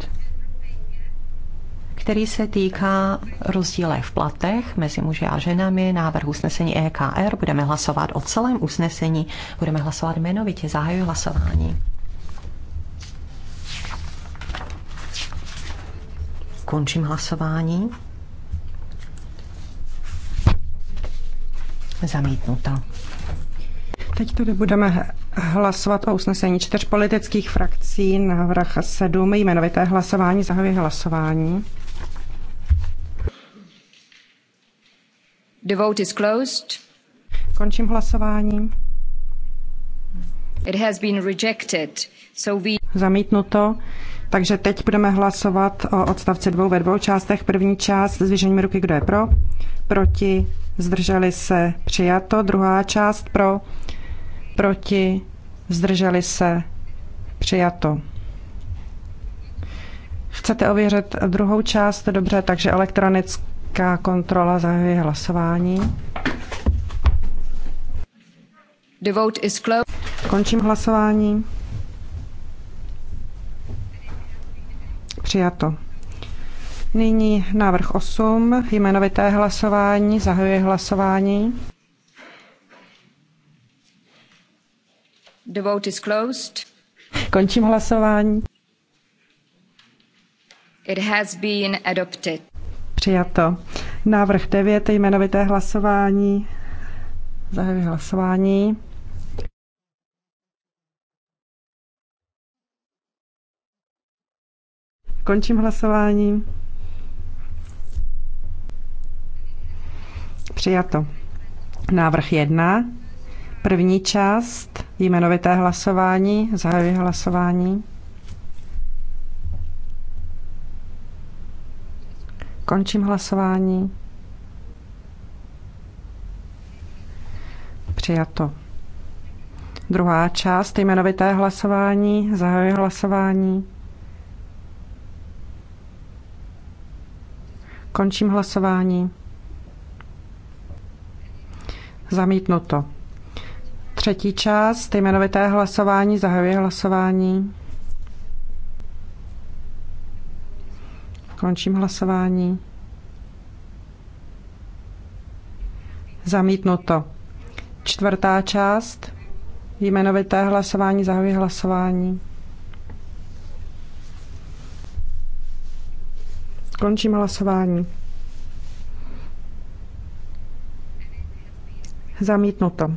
který se týká rozdíle v platech mezi muži a ženami, návrh usnesení EKR. Budeme hlasovat o celém usnesení, budeme hlasovat jmenovitě, zahajuji hlasování. Končím hlasování. Zamítnuto. Teď tedy budeme hlasovat o usnesení čtyř politických frakcí, návrh sedm, jmenovité hlasování, zahajuje hlasování. The vote is closed. Končím hlasování. It has been rejected. So we... Zamítnuto. Takže teď budeme hlasovat o odstavci dvou ve dvou částech. První část zvýšením ruky, kdo je pro, proti, zdrželi se, přijato. Druhá část pro, proti, zdrželi se, přijato. Chcete ověřit druhou část? Dobře, takže elektronická kontrola zahajuje hlasování. The vote is closed. Končím hlasování. Přijato. Nyní návrh 8, jmenovité hlasování, zahajuje hlasování. The vote is closed. Končím hlasování. It has been adopted. Přijato. Návrh 9, jmenovité hlasování. zahajuje hlasování. Končím hlasování. Přijato. Návrh 1. První část jmenovité hlasování. Zahajuji hlasování. Končím hlasování. Přijato. Druhá část jmenovité hlasování. Zahajuji hlasování. Končím hlasování. Zamítnuto. Třetí část, jmenovité hlasování, zahajuje hlasování. Končím hlasování. Zamítnuto. Čtvrtá část, jmenovité hlasování, zahajuje hlasování. Končím hlasování. Zamítnuto.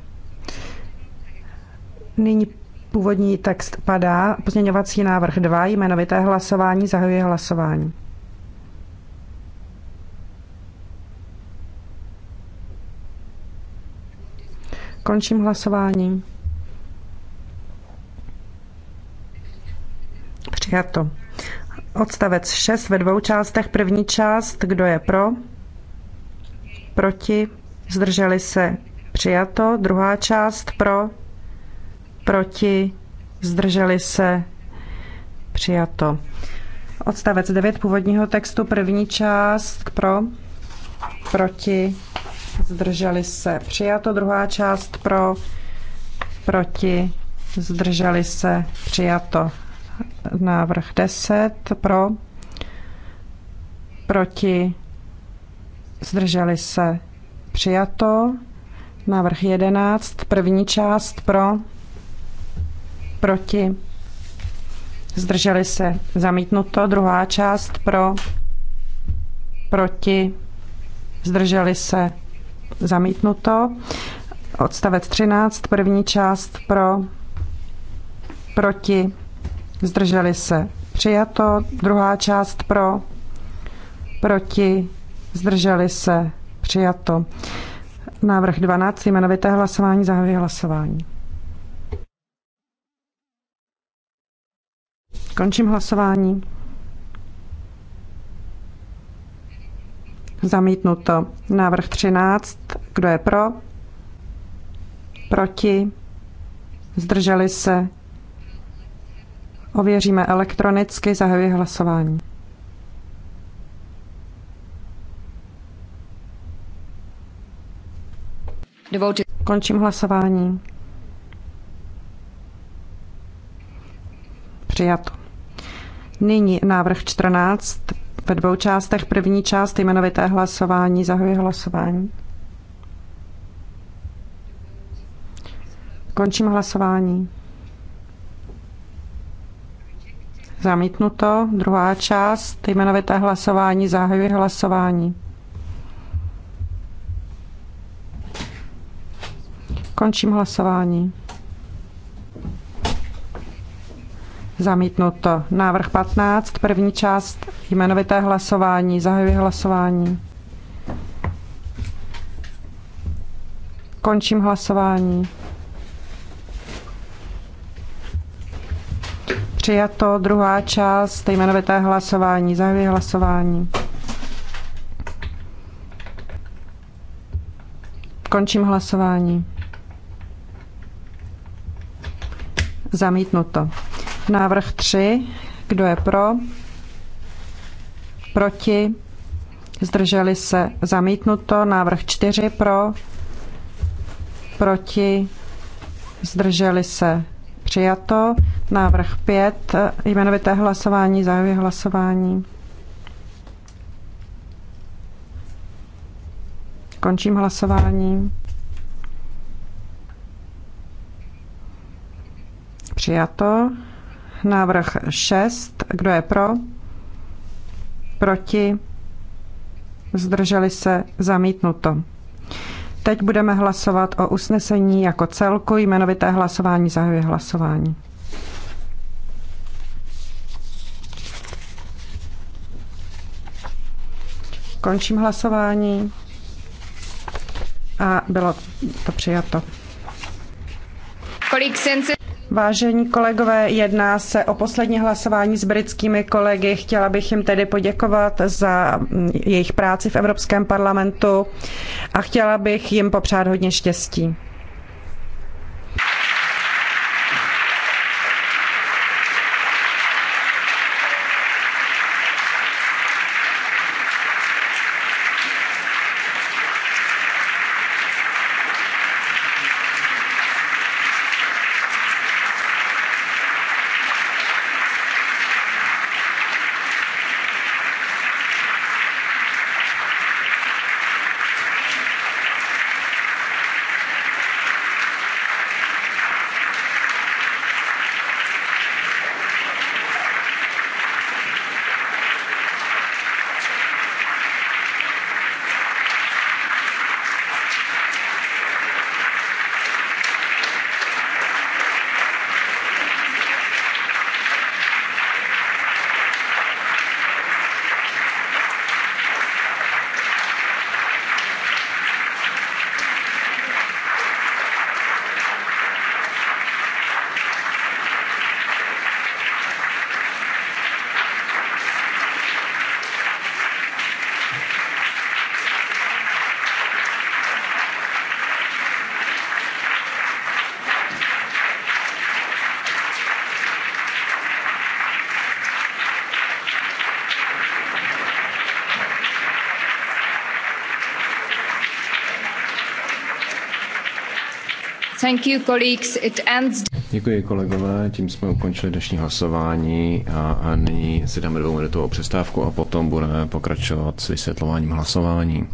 Nyní původní text padá. Pozměňovací návrh 2, jmenovité hlasování, zahajuje hlasování. Končím hlasování. Přijato. Odstavec 6 ve dvou částech. První část, kdo je pro? Proti? Zdrželi se? Přijato. Druhá část pro? Proti? Zdrželi se? Přijato. Odstavec 9 původního textu, první část pro, proti, zdrželi se. Přijato druhá část pro, proti, zdrželi se. Přijato. Návrh 10 pro, proti, zdrželi se, přijato. Návrh 11, první část pro, proti, zdrželi se, zamítnuto. Druhá část pro, proti, zdrželi se, zamítnuto. Odstavec 13, první část pro, proti, zdrželi se. Přijato, druhá část pro, proti, zdrželi se. Přijato. Návrh 12, jmenovité hlasování, zahajuji hlasování. Končím hlasování. Zamítnuto. Návrh 13. Kdo je pro? Proti? Zdrželi se? Ověříme elektronicky, zahajuji hlasování. Končím hlasování. Přijato. Nyní návrh 14 ve dvou částech. První část jmenovité hlasování. Zahajuji hlasování. Končím hlasování. Zamítnuto. Druhá část, jmenovité hlasování, zahajuji hlasování. Končím hlasování. Zamítnuto. Návrh 15, první část, jmenovité hlasování, zahajuji hlasování. Končím hlasování. Přijato druhá část jmenovité hlasování. Zahajuji hlasování. Končím hlasování. Zamítnuto. Návrh 3. Kdo je pro? Proti? Zdrželi se? Zamítnuto. Návrh 4. Pro? Proti? Zdrželi se? Přijato. Návrh 5. Jmenovité hlasování. Zahajuji hlasování. Končím hlasování. Přijato. Návrh 6. Kdo je pro? Proti? Zdrželi se? Zamítnuto. Teď budeme hlasovat o usnesení jako celku. Jmenovité hlasování zahajuje hlasování. Končím hlasování a bylo to přijato. Kolik sense? Vážení kolegové, jedná se o poslední hlasování s britskými kolegy. Chtěla bych jim tedy poděkovat za mm, jejich práci v Evropském parlamentu a chtěla bych jim popřát hodně štěstí. Thank you, colleagues. It ends... Děkuji kolegové, tím jsme ukončili dnešní hlasování a, a nyní si dáme dvou minutovou přestávku a potom budeme pokračovat s vysvětlováním hlasování.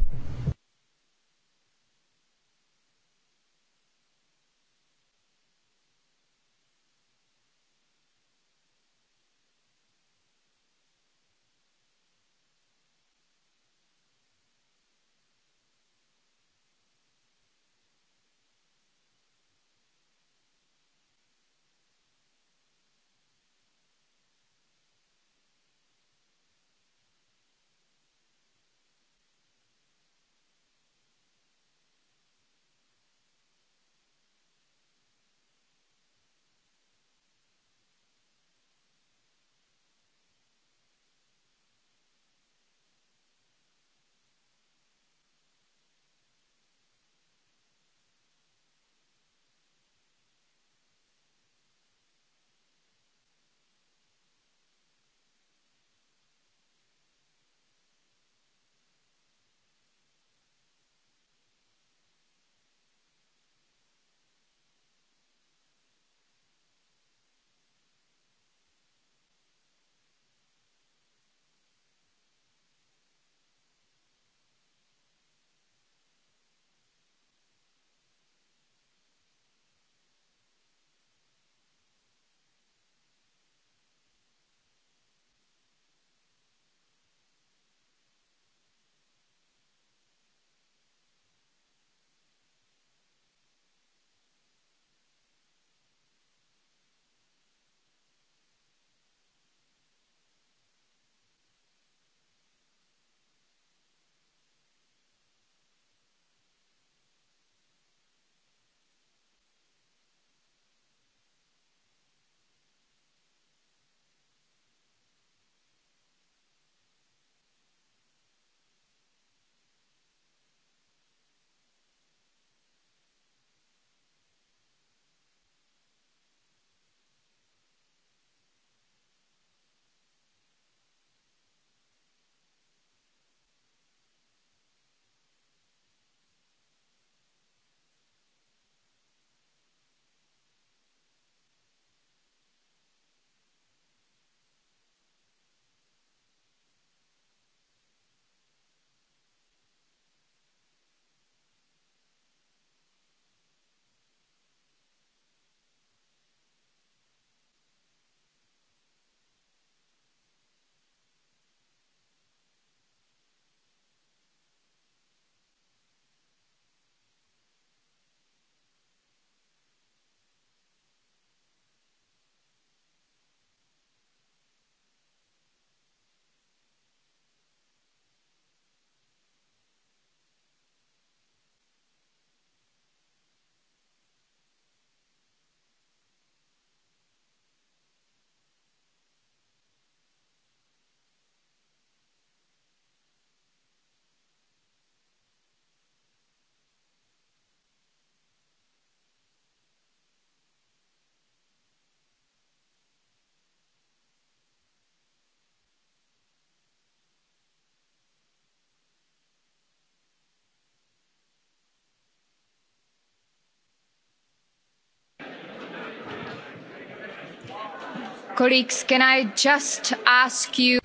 colleagues, can I just ask you...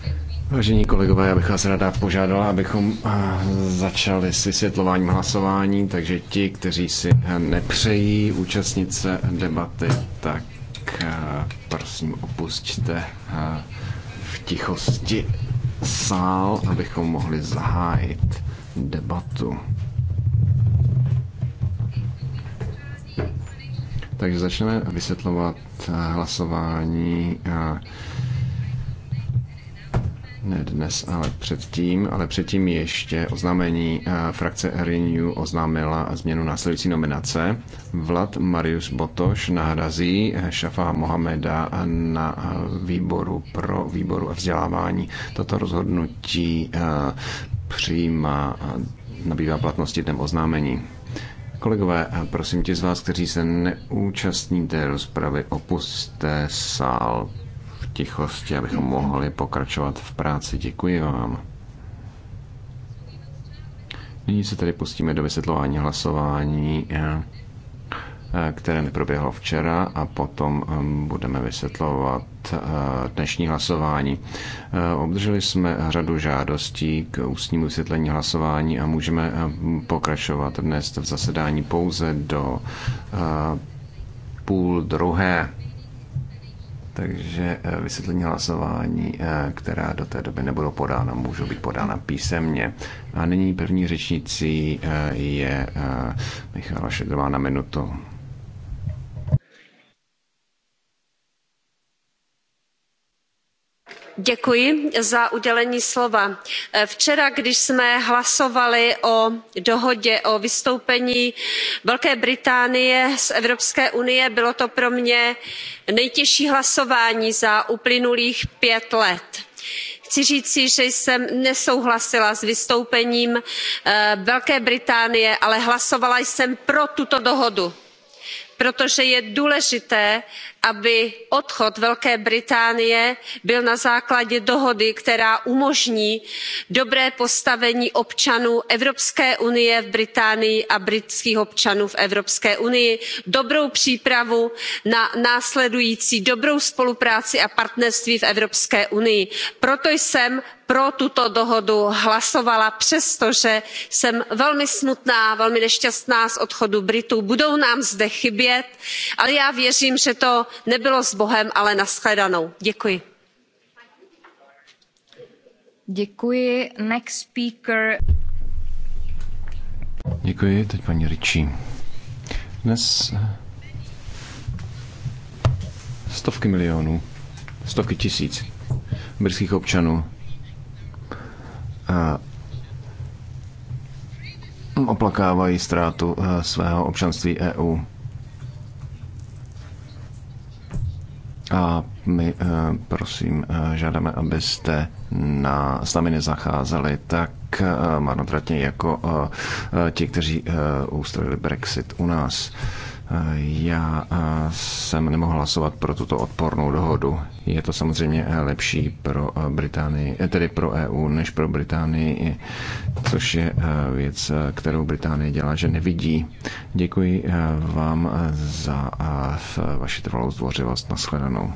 Vážení kolegové, já bych vás ráda požádal, abychom eh, začali s vysvětlováním hlasování, takže ti, kteří si eh, nepřejí účastnit se debaty, tak eh, prosím opusťte v tichosti sál, abychom mohli zahájit debatu. Takže začneme vysvětlovat eh, hlasování eh, ne dnes, ale předtím, ale předtím ještě oznámení eh, frakce Renew oznámila změnu následující nominace. Vlad Marius Botoš nahrazí Šafa Mohameda na výboru pro výboru a vzdělávání. Toto rozhodnutí přijímá nabývá platnosti dnem oznámení. Kolegové, prosím tě z vás, kteří se neúčastní té rozpravy, opuste sál v tichosti, abychom mohli pokračovat v práci. Děkuji vám. Nyní se tedy pustíme do vysvětlování hlasování. Eh, které neproběhlo včera a potom eh, budeme vysvětlovat eh, dnešní hlasování. Obdrželi jsme řadu žádostí k ústnímu vysvětlení hlasování a můžeme pokračovat dnes v zasedání pouze do půl druhé. Takže vysvětlení hlasování, která do té doby nebudou podána, můžou být podána písemně. A nyní první řečnicí je Michal Šedrová na minutu. Děkuji za slova. Eh, včera když jsme hlasovali o dohodě o vystoupení velké británie z evropské unie bylo to pro mě nejtěžší hlasování za uplynulých pět let. chci říci že jsem nesouhlasila s vystoupením eh, velké británie ale hlasovala jsem pro tuto dohodu protože je důležité aby aby odchod velké británie byl na základě dohody která umožní dobré postavení občanů evropské unie v británii a britských občanů v evropské unii dobrou přípravu na následující dobrou spolupráci a partnerství v evropské unii. proto jsem pro tuto dohodu hlasovala přestože jsem velmi smutná velmi nešťastná z odchodu britů budou nám zde chybět ale já věřím že to nebylo sbohem ale nashledanou. děkuji. Děkuji. Next speaker. Děkuji, teď paní Ričí. Dnes eh, stovky milionů, stovky tisíc britských občanů a oplakávají ztrátu eh, svého občanství EU. A my eh, prosím eh, žádáme, abyste na, s námi nezacházeli tak eh, marnotratně jako ti, kteří ustrojili Brexit u nás. Já jsem nemohl hlasovat pro tuto odpornou dohodu. Je to samozřejmě lepší pro Británii, eh, tedy pro EU, než pro Británii, což je věc, kterou Británie dělá, že nevidí. Děkuji vám za vaši trvalou zdvořivost. Naschledanou.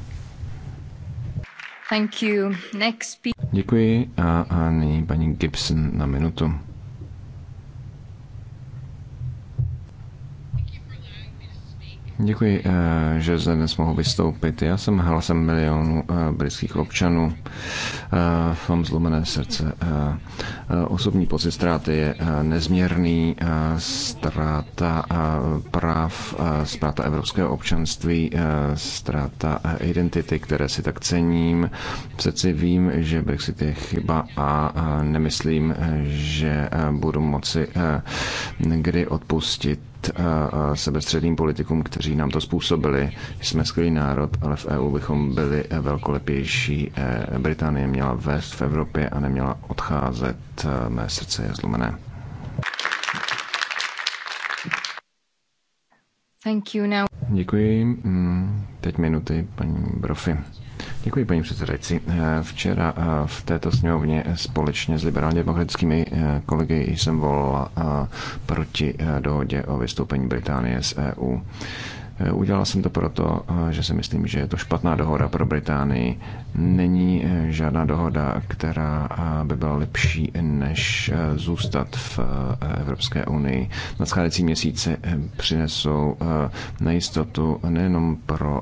Thank you. Next... Děkuji a, a nyní paní Gibson na minutu. Děkuji, eh, že zde dnes mohu vystoupit. Já jsem hlasem milionů eh, britských občanů. Eh, mám zlomené srdce. Osobní pocit ztráty je nezměrný. Ztráta práv, ztráta evropského občanství, ztráta identity, které si tak cením. Přeci vím, že Brexit je chyba a nemyslím, že budu moci kdy odpustit Eh, eh, sebestředným politikům, kteří nám to způsobili. Jsme skvělý národ, ale v EU bychom byli velkolepější. Eh, Británie měla vést v Evropě a neměla odcházet. Mé srdce je zlomené. Thank you now. Děkuji. Mm, Teď minuty, paní Brofi. Děkuji, paní předsedající. Eh, včera eh, v této sněmovně společně s liberálně demokratickými eh, kolegy jsem volala proti dohodě o vystoupení Británie z EU. Eh, udělal jsem to proto, eh, že si myslím, že je to špatná dohoda pro Británii. Není eh, žádná dohoda, která by byla lepší, než zůstat v Evropské unii. Nadcházející měsíce přinesou nejistotu nejenom pro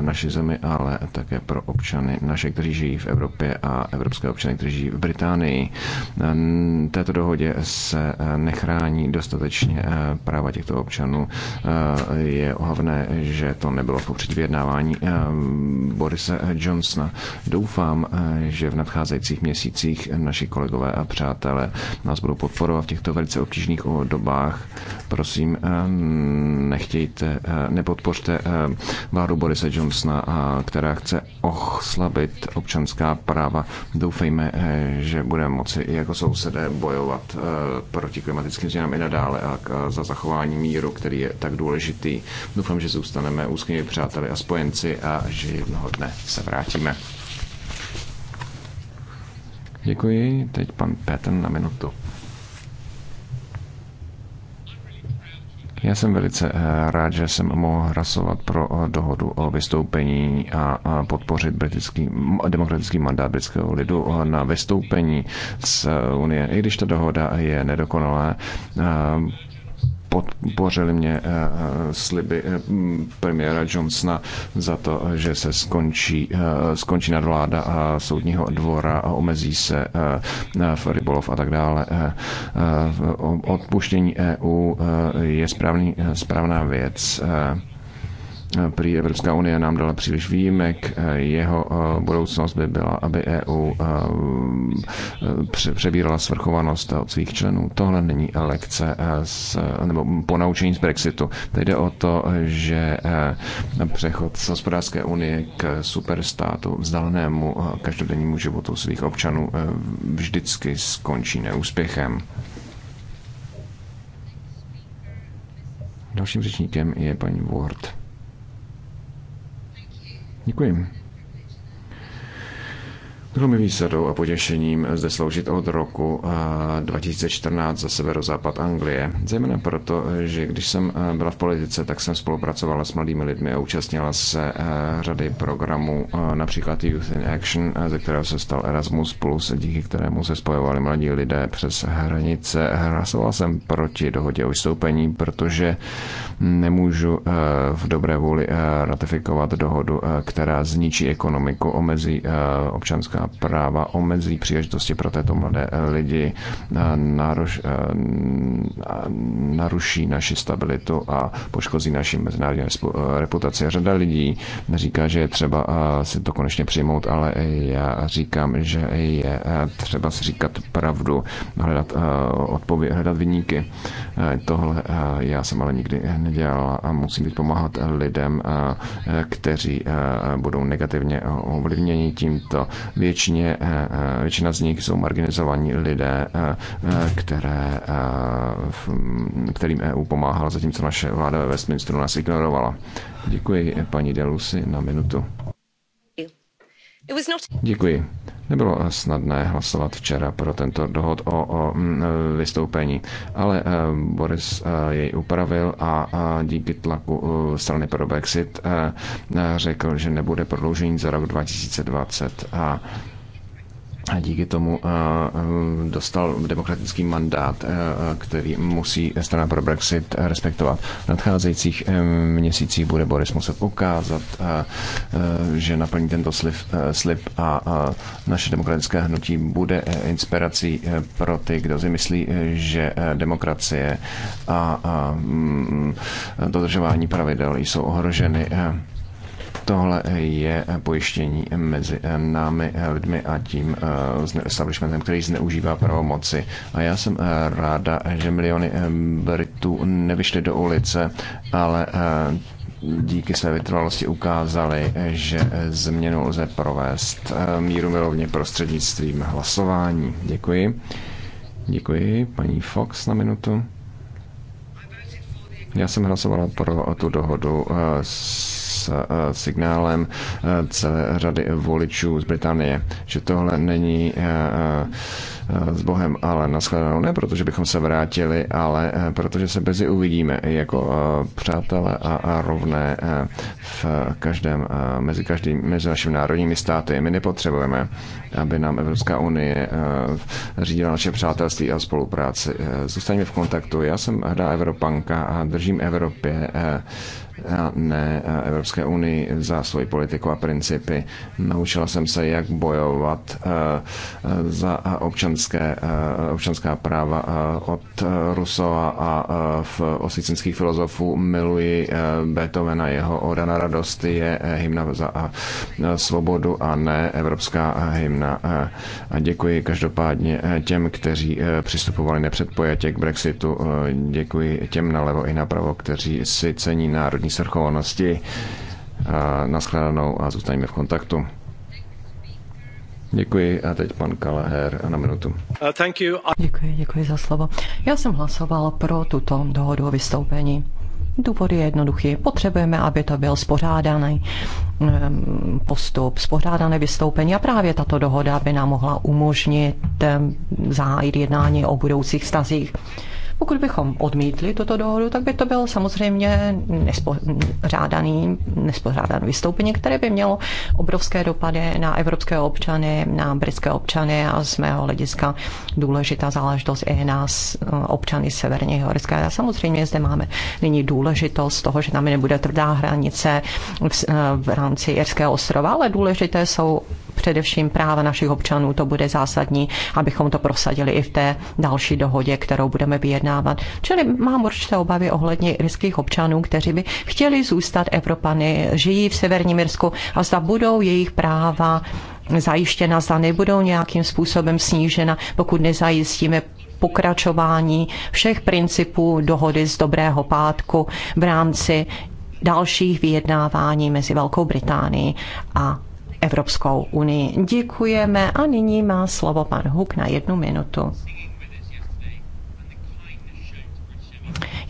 naši zemi, ale také pro občany naše, kteří žijí v Evropě a evropské občany, kteří žijí v Británii. Této dohodě se nechrání dostatečně práva těchto občanů. Je zábavné, že to nebylo v popředí vyjednávání eh, Borise Johnsona. Doufám, eh, že v nadcházejících měsících naši kolegové a přátelé nás budou podporovat v těchto velice obtížných dobách. Prosím, eh, nechtějte, nepodpořte vládu Borise Johnsona, která chce ochlabit občanská práva. Doufejme, že budeme moci i jako sousedé bojovat proti klimatickým změnám i nadále a za zachování míru, který je tak důležitý. Doufám, doufám, že zůstaneme úzkými přáteli a spojenci a že jednoho dne se vrátíme. Děkuji. Teď pan Patton na minutu. Já jsem velice eh, rád, že jsem mohl hlasovat pro eh, dohodu o vystoupení a podpořit britický, demokratický mandát britského lidu eh, na vystoupení z Unie. I když ta dohoda je nedokonalá, podpořili mě eh, eh, sliby eh, premiéra Johnsona za to, že se skončí, skončí nadvláda a soudního dvora a omezí se v rybolov a tak dále. Odpuštění EU je správný, správná věc. Prý Evropská unie nám dala příliš výjimek, eh, jeho eh, budoucnost by byla, aby EU eh, přebírala svrchovanost od svých členů. Tohle není lekce z, nebo ponaučení z Brexitu. Teď jde o to, že přechod z hospodářské unie k superstátu vzdálenému každodennímu životu svých občanů vždycky skončí neúspěchem. Dalším řečníkem je paní Ward. Děkuji. Bylo mi výsadou a potěšením zde sloužit od roku 2014 eh, za severozápad Anglie. Zejména proto, že když jsem eh, byla v politice, tak jsem spolupracovala s mladými lidmi a účastnila se eh, řady programů, například Youth in Action, ze kterého se stal Erasmus+, díky kterému se spojovali mladí lidé přes hranice. Hlasoval jsem proti dohodě o vystoupení, protože nemůžu v dobré vůli ratifikovat dohodu, která zničí ekonomiku, omezí občanská práva omezí příležitosti pro této mladé eh, lidi, eh, naruš, eh, naruší naši stabilitu a poškozí naši mezinárodní reputaci. Řada lidí říká, že je třeba si to konečně přijmout, ale já říkám, že je třeba si říkat pravdu, hledat, odpověď, hledat vyníky. Tohle já jsem ale nikdy nedělal a musím být pomáhat lidem, kteří budou negativně ovlivněni tímto. Většinou většině, eh, eh, většina z nich jsou marginalizovaní lidé, eh, které, kterým EU pomáhala, zatímco naše vláda ve Westminsteru nás ignorovala. Děkuji paní Delusi na minutu. Děkuji. Nebylo snadné hlasovat včera pro tento dohod o, o mm, vystoupení, ale eh, Boris eh, jej upravil a díky tlaku eh, strany pro Brexit řekl, že nebude prodloužení za rok 2020 a a díky tomu eh, eh, dostal demokratický mandát, eh, který musí strana pro Brexit respektovat. V nadcházejících měsících bude Boris muset ukázat, že naplní tento slib, slib a naše demokratické hnutí bude inspirací pro ty, kdo si myslí, že demokracie a mm, dodržování pravidel jsou ohroženy. Tohle je pojištění mezi námi lidmi a tím eh, establishmentem, který zneužívá pravomoci. A já jsem eh, ráda, že miliony eh, Britů nevyšly do ulice, ale díky své vytrvalosti ukázali, že změnu lze provést míru milovně prostřednictvím hlasování. Děkuji. Děkuji, paní Fox na minutu. Já jsem hlasovala pro tu dohodu s Eh, signálem eh, celé řady voličů z Británie, že tohle není eh, s Bohem, ale nashledanou ne, protože bychom se vrátili, ale protože se brzy uvidíme jako přátelé a rovné v každém, mezi, každým, mezi našimi národními státy. My nepotřebujeme, aby nám Evropská unie řídila naše přátelství a spolupráci. Zůstaňme v kontaktu. Já jsem hrdá Evropanka a držím Evropě a ne Evropské unii za svoji politiku a principy. Naučila jsem se, jak bojovat za občanské, občanská práva od Rusova a v osvícenských filozofů. Miluji Beethovena, jeho Oda na radost je hymna za svobodu a ne evropská hymna. A děkuji každopádně těm, kteří přistupovali nepředpojatě k Brexitu. Děkuji těm nalevo i napravo, kteří si cení národní absolutní svrchovanosti. Naschledanou a zůstaňme v kontaktu. Děkuji a teď pan Kaleher na minutu. Uh, děkuji, děkuji za slovo. Já jsem hlasoval pro tuto dohodu o vystoupení. Důvod je jednoduchý. Potřebujeme, aby to byl spořádaný um, postup, spořádané vystoupení a právě tato dohoda by nám mohla umožnit um, zahájit jednání o budoucích stazích. Pokud bychom odmítli tuto dohodu, tak by to byl samozřejmě nespořádaný, nespořádaný vystoupení, které by mělo obrovské dopady na evropské občany, na britské občany a z mého hlediska důležitá záležitost i na eh, občany Severního Horska. A samozřejmě zde máme nyní důležitost toho, že tam nebude tvrdá hranice v, eh, v rámci Jirského ostrova, ale důležité jsou především práva našich občanů, to bude zásadní, abychom to prosadili i v té další dohodě, kterou budeme vyjednávat. Čili mám určité obavy ohledně irských občanů, kteří by chtěli zůstat Evropany, žijí v Severním Irsku a zda budou jejich práva zajištěna, zda nebudou nějakým způsobem snížena, pokud nezajistíme pokračování všech principů dohody z Dobrého pátku v rámci dalších vyjednávání mezi Velkou Británií a Evropskou unii. Děkujeme a nyní má slovo pan Huk na jednu minutu.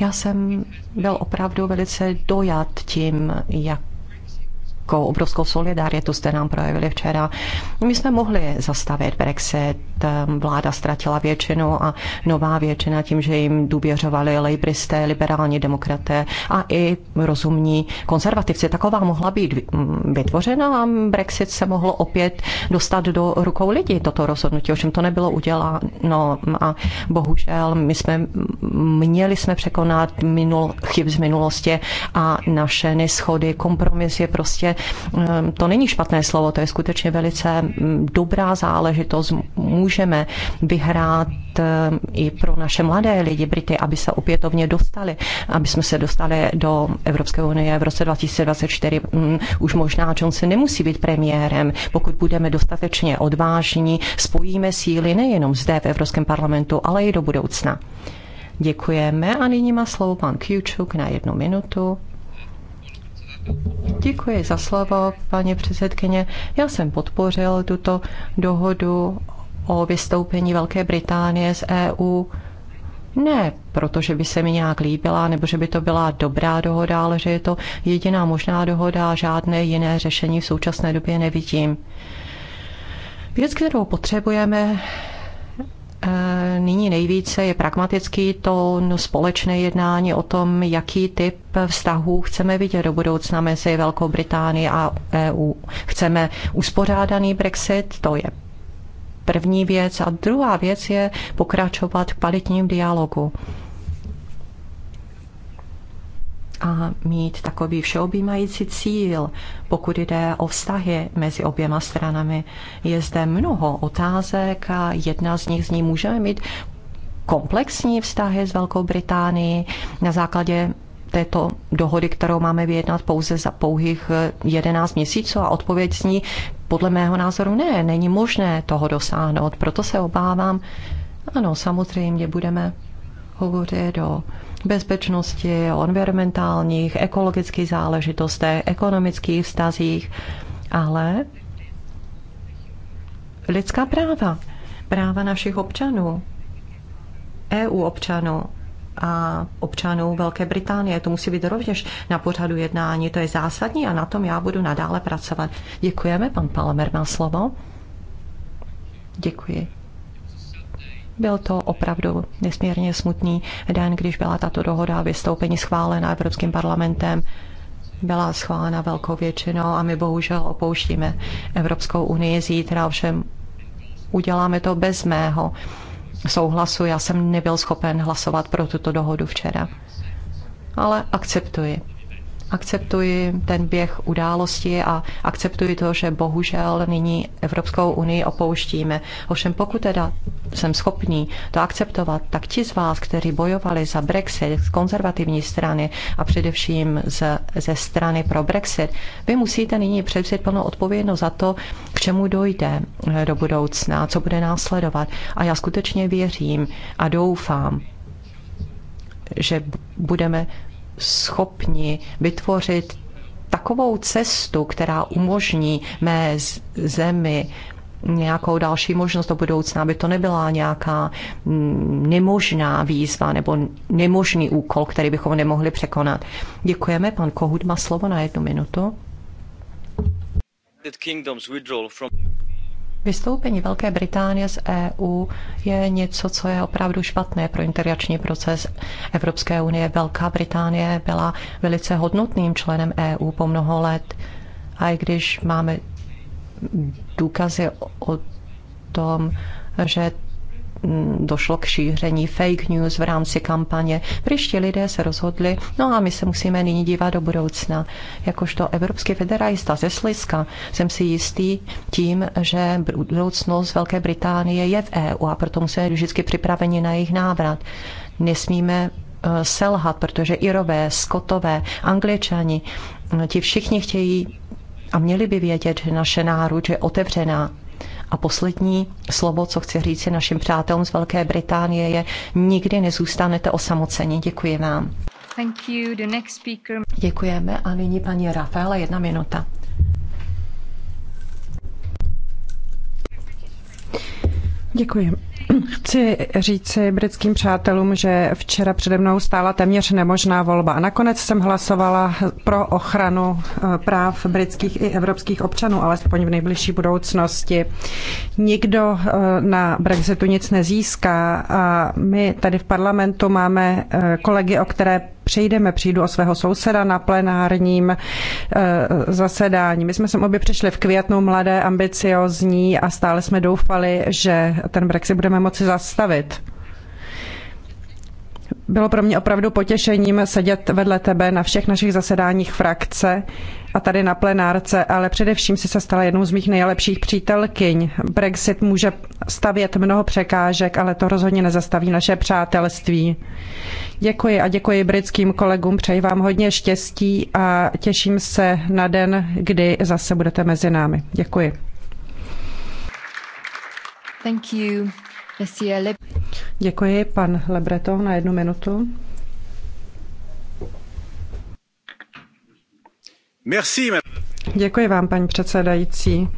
Já jsem byl opravdu velice dojat tím, jak jakou obrovskou solidaritu jste nám projevili včera. My jsme mohli zastavit Brexit, ehm, vláda ztratila většinu a nová většina tím, že jim důvěřovali lejbristé, liberální demokraté a i rozumní konzervativci. Taková mohla být mm, vytvořena a Brexit se mohlo opět dostat do rukou lidí, toto rozhodnutí, ovšem to nebylo uděláno a bohužel my jsme měli jsme překonat minul, chyb z minulosti a naše neschody, kompromis je prostě Eh, to není špatné slovo, to je skutečně velice mm, dobrá záležitost. Můžeme vyhrát eh, i pro naše mladé lidi Brity, aby se opětovně dostali, aby jsme se dostali do Evropské unie v roce 2024. Mm, už možná Johnson nemusí být premiérem, pokud budeme dostatečně odvážní, spojíme síly nejenom zde v Evropském parlamentu, ale i do budoucna. Děkujeme a nyní má slovo pan Kjučuk na jednu minutu. Děkuji za slovo, paní předsedkyně. Já jsem podpořil tuto dohodu o vystoupení Velké Británie z EU. Ne, protože by se mi nějak líbila, nebo že by to byla dobrá dohoda, ale že je to jediná možná dohoda a žádné jiné řešení v současné době nevidím. Věc, kterou potřebujeme, Eh, nyní nejvíce je pragmatický tón, společné jednání o tom, jaký typ vztahů chceme vidět do budoucna mezi Velkou Británií a EU. Chceme uspořádaný Brexit, to je první věc. A druhá věc je pokračovat v kvalitním dialogu a mít takový všeobjímající cíl, pokud jde o vztahy mezi oběma stranami. Je zde mnoho otázek a jedna z nich z ní můžeme mít komplexní vztahy s Velkou Británií na základě této dohody, kterou máme vyjednat pouze za pouhých 11 eh, měsíců a odpověď ní podle mého názoru ne, není možné toho dosáhnout, proto se obávám, ano, samozřejmě budeme hovořit o bezpečnosti, o environmentálních, ekologických záležitostech, ekonomických vztazích, ale lidská práva, práva našich občanů, EU občanů, a občanů Velké Británie. To musí být rovněž na pořadu jednání, to je zásadní a na tom já budu nadále pracovat. Děkujeme, pan Palmer má slovo. Děkuji. Byl to opravdu nesmírně smutný den, když byla tato dohoda vystoupení schválena Evropským parlamentem. Byla schválena velkou většinou a my bohužel opouštíme Evropskou unii zítra, ovšem uděláme to bez mého souhlasu. Já jsem nebyl schopen hlasovat pro tuto dohodu včera. Ale akceptuji akceptuji ten běh události a akceptuji to, že bohužel nyní Evropskou unii opouštíme. Ovšem pokud teda jsem schopný to akceptovat, tak ti z vás, kteří bojovali za Brexit z konzervativní strany a především z, ze strany pro Brexit, vy musíte nyní převzít plnou odpovědnost za to, k čemu dojde eh, do budoucna, co bude následovat. A já skutečně věřím a doufám, že budeme schopni vytvořit takovou cestu, která umožní mé zemi nějakou další možnost do budoucna, aby to nebyla nějaká mm, nemožná výzva nebo nemožný úkol, který bychom nemohli překonat. Děkujeme. Pan Kohut má slovo na jednu minutu. Vystoupení Velké Británie z EU je něco, co je opravdu špatné pro integrační proces Evropské unie. Velká Británie byla velice hodnotným členem EU po mnoho let. A i když máme důkazy o tom, že Mm, došlo k šíření fake news v rámci kampaně. Příští lidé se rozhodli, no a my se musíme nyní dívat do budoucna. Jakožto evropský federalista ze Sliska jsem si jistý tím, že budoucnost Velké Británie je v EU a proto musíme vždycky připraveni na jejich návrat. Nesmíme e, selhat, protože Irové, Skotové, Angličani, ti všichni chtějí a měli by vědět, že naše náruč je otevřená a poslední slovo, co chci říct našim přátelům z Velké Británie, je nikdy nezůstanete osamoceni. Děkuji vám. Thank you. The next speaker... Děkujeme a nyní paní Rafaela, jedna minuta. Děkuji. Chci říci britským přátelům, že včera přede mnou stála téměř nemožná volba a nakonec jsem hlasovala pro ochranu eh, práv britských i evropských občanů, alespoň v nejbližší budoucnosti. Nikdo eh, na Brexitu nic nezíská a my tady v parlamentu máme eh, kolegy, o které přejdeme, přijdu o svého souseda na plenárním eh, zasedání. My jsme sem obě přišli v květnu mladé, ambiciozní a stále jsme doufali, že ten Brexit budeme moci zastavit. Bylo pro mě opravdu potěšením sedět vedle tebe na všech našich zasedáních frakce a tady na plenárce, ale především si se stala jednou z mých nejlepších přítelkyň. Brexit může stavět mnoho překážek, ale to rozhodně nezastaví naše přátelství. Děkuji a děkuji britským kolegům, přeji vám hodně štěstí a těším se na den, kdy zase budete mezi námi. Děkuji. Thank you. Děkuji, pan Lebreto, na jednu minutu. Děkuji vám, paní předsedající.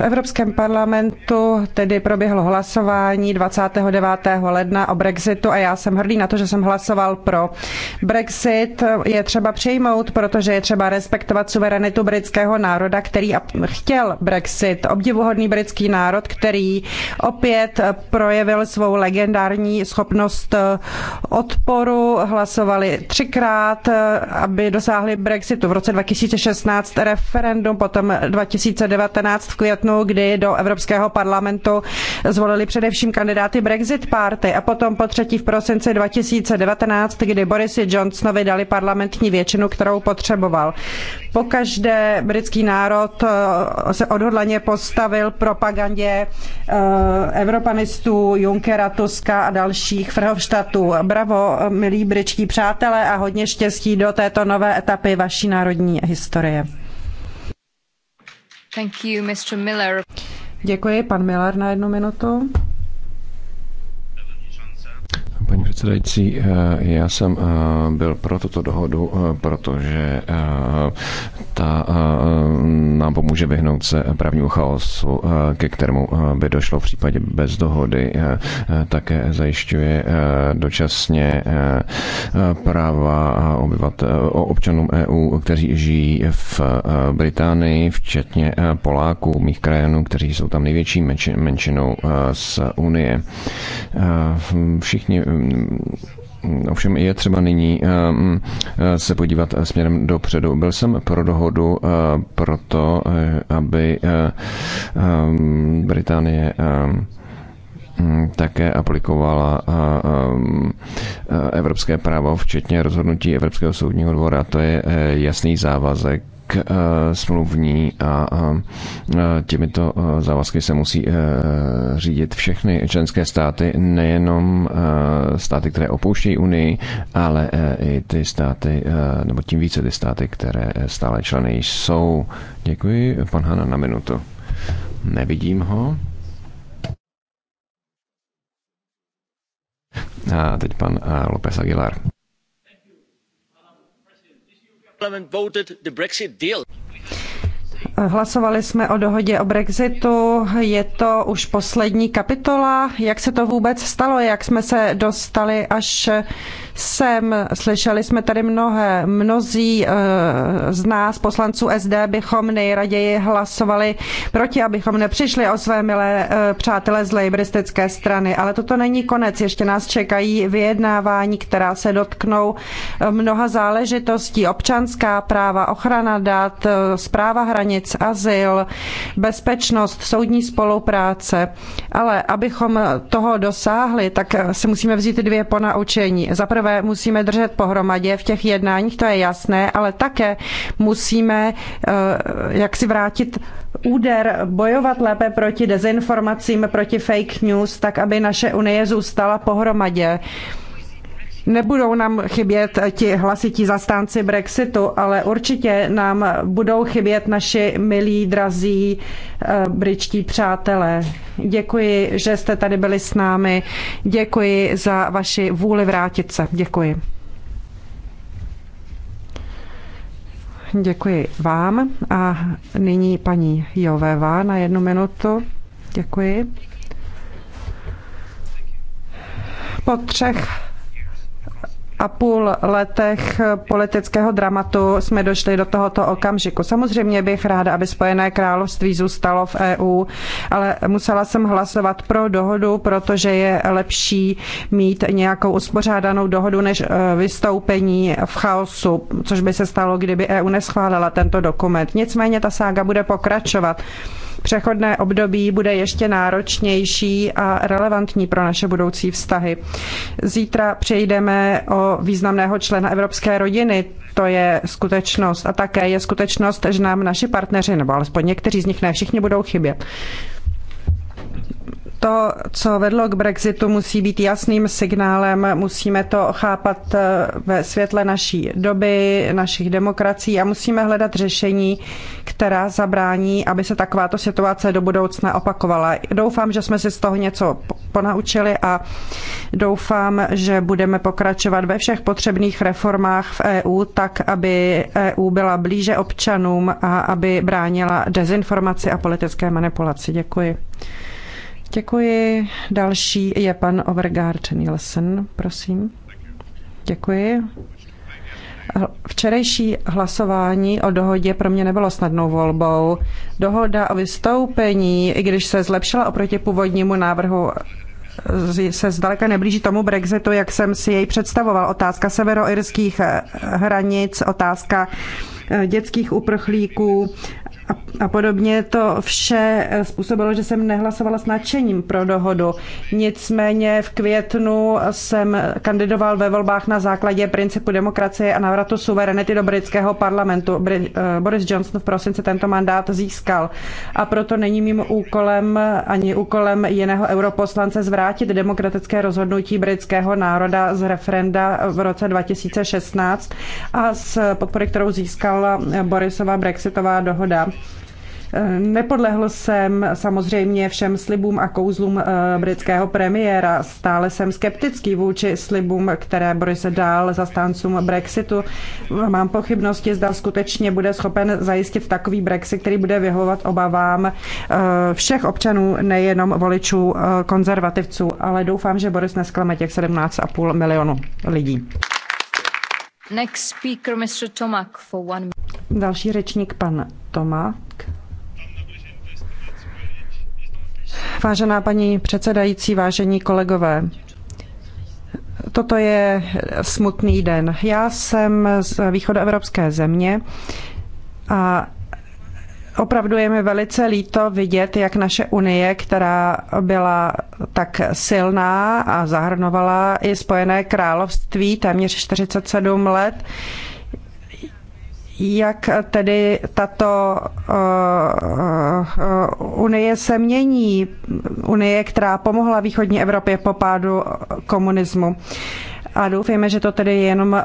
Evropském parlamentu tedy proběhlo hlasování 29. ledna o Brexitu a já jsem hrdý na to, že jsem hlasoval pro. Brexit je třeba přijmout, protože je třeba respektovat suverenitu britského národa, který chtěl Brexit. Obdivuhodný britský národ, který opět projevil svou legendární schopnost odporu. Hlasovali třikrát, aby dosáhli Brexitu. V roce 2016 referendum, potom 2019 v květnu květnu, kdy do Evropského parlamentu zvolili především kandidáty Brexit Party a potom po třetí v prosinci 2019, kdy Borisi Johnsonovi dali parlamentní většinu, kterou potřeboval. Pokaždé britský národ eh, se odhodlaně postavil propagandě eh, evropanistů Junckera, Tuska a dalších Frhovštatů. Bravo, milí britští přátelé a hodně štěstí do této nové etapy vaší národní historie. Thank you, Mr. Miller. Děkuji, pan Miller, na jednu minutu. předsedající. Eh, já jsem eh, byl pro tuto dohodu, eh, protože ta nám pomůže vyhnout se právnímu chaosu, ke kterému by došlo v případě bez dohody. Také zajišťuje dočasně práva občanům EU, kteří žijí v Británii, včetně Poláků, mých krajanů, kteří jsou tam největší menšinou z Unie. Všichni Mm, ovšem je třeba nyní eh, mm, eh, se podívat eh, směrem dopředu. Byl jsem pro dohodu proto, aby Británie mm, také aplikovala evropské právo, včetně rozhodnutí Evropského soudního dvora. To je jasný závazek Eh, smluvní a eh, těmito eh, závazky se musí řídit všechny členské státy, nejenom státy, které opouštějí Unii, ale i ty státy, nebo tím více ty státy, které stále členy jsou. Děkuji, pan Hana, na minutu. Nevidím ho. A teď pan López Aguilar. Hlasovali jsme o dohodě o Brexitu. Je to už poslední kapitola. Jak se to vůbec stalo? Jak jsme se dostali až jsem, Slyšeli jsme tady mnohé. Mnozí eh, z nás, poslanců SD, bychom nejraději hlasovali proti, abychom nepřišli o své milé eh, přátele z lejbristické strany. Ale toto není konec. Ještě nás čekají vyjednávání, která se dotknou eh, mnoha záležitostí. Občanská práva, ochrana dat, zpráva hranic, azyl, bezpečnost, soudní spolupráce. Ale abychom toho dosáhli, tak si musíme vzít dvě ponaučení. Za prvé musíme, musíme držet pohromadě v těch jednáních, to je jasné, ale také musíme eh, jak si vrátit úder, bojovat lépe proti dezinformacím, proti fake news, tak aby naše unie zůstala pohromadě. Nebudou nám chybět ti hlasití zastánci Brexitu, ale určitě nám budou chybět naši milí, drazí eh, britští přátelé. Děkuji, že jste tady byli s námi. Děkuji za vaši vůli vrátit se. Děkuji. Děkuji vám. A nyní paní Joveva na jednu minutu. Děkuji. Po třech a půl letech politického dramatu jsme došli do tohoto okamžiku. Samozřejmě bych ráda, aby Spojené království zůstalo v EU, ale musela jsem hlasovat pro dohodu, protože je lepší mít nějakou uspořádanou dohodu než eh, vystoupení v chaosu, což by se stalo, kdyby EU neschválila tento dokument. Nicméně ta sága bude pokračovat přechodné období bude ještě náročnější a relevantní pro naše budoucí vztahy. Zítra přejdeme o významného člena evropské rodiny. To je skutečnost a také je skutečnost, že nám naši partneři, nebo alespoň někteří z nich, ne všichni budou chybět to, co vedlo k Brexitu, musí být jasným signálem. Musíme to chápat eh, ve světle naší doby, našich demokracií a musíme hledat řešení, která zabrání, aby se takováto situace do budoucna opakovala. Doufám, že jsme si z toho něco ponaučili a doufám, že budeme pokračovat ve všech potřebných reformách v EU, tak aby EU byla blíže občanům a aby bránila dezinformaci a politické manipulaci. Děkuji. Děkuji. Další je pan Overgaard Nielsen, prosím. Děkuji. Včerejší hlasování o dohodě pro mě nebylo snadnou volbou. Dohoda o vystoupení, i když se zlepšila oproti původnímu návrhu, se zdaleka neblíží tomu Brexitu, jak jsem si jej představoval. Otázka severoirských hranic, otázka eh, dětských uprchlíků, a podobně to vše způsobilo, že jsem nehlasovala s nadšením pro dohodu. Nicméně v květnu jsem kandidoval ve volbách na základě principu demokracie a návratu suverenity do britského parlamentu. Eh, Boris Johnson v prosinci tento mandát získal a proto není mým úkolem ani úkolem jiného europoslance zvrátit demokratické rozhodnutí britského národa z referenda v roce 2016 a s podpory, kterou získala Borisova brexitová dohoda. Nepodlehl jsem samozřejmě všem slibům a kouzlům eh, britského premiéra. Stále jsem skeptický vůči slibům, které Boris za zastáncům Brexitu. Mám pochybnosti, zda skutečně bude schopen zajistit takový Brexit, který bude vyhovovat obavám eh, všech občanů, nejenom voličů eh, konzervativců. Ale doufám, že Boris nesklame těch 17,5 milionů lidí. Next speaker, Mr. Tomak, for one... Další řečník, pan Tomák. Vážená paní předsedající, vážení kolegové, toto je smutný den. Já jsem z východoevropské země a opravdu je mi velice líto vidět, jak naše unie, která byla tak silná a zahrnovala i Spojené království téměř 47 let, jak tedy tato eh, eh, unie se mění, unie, která pomohla východní Evropě po pádu komunismu. A doufejme, že to tedy je jenom eh,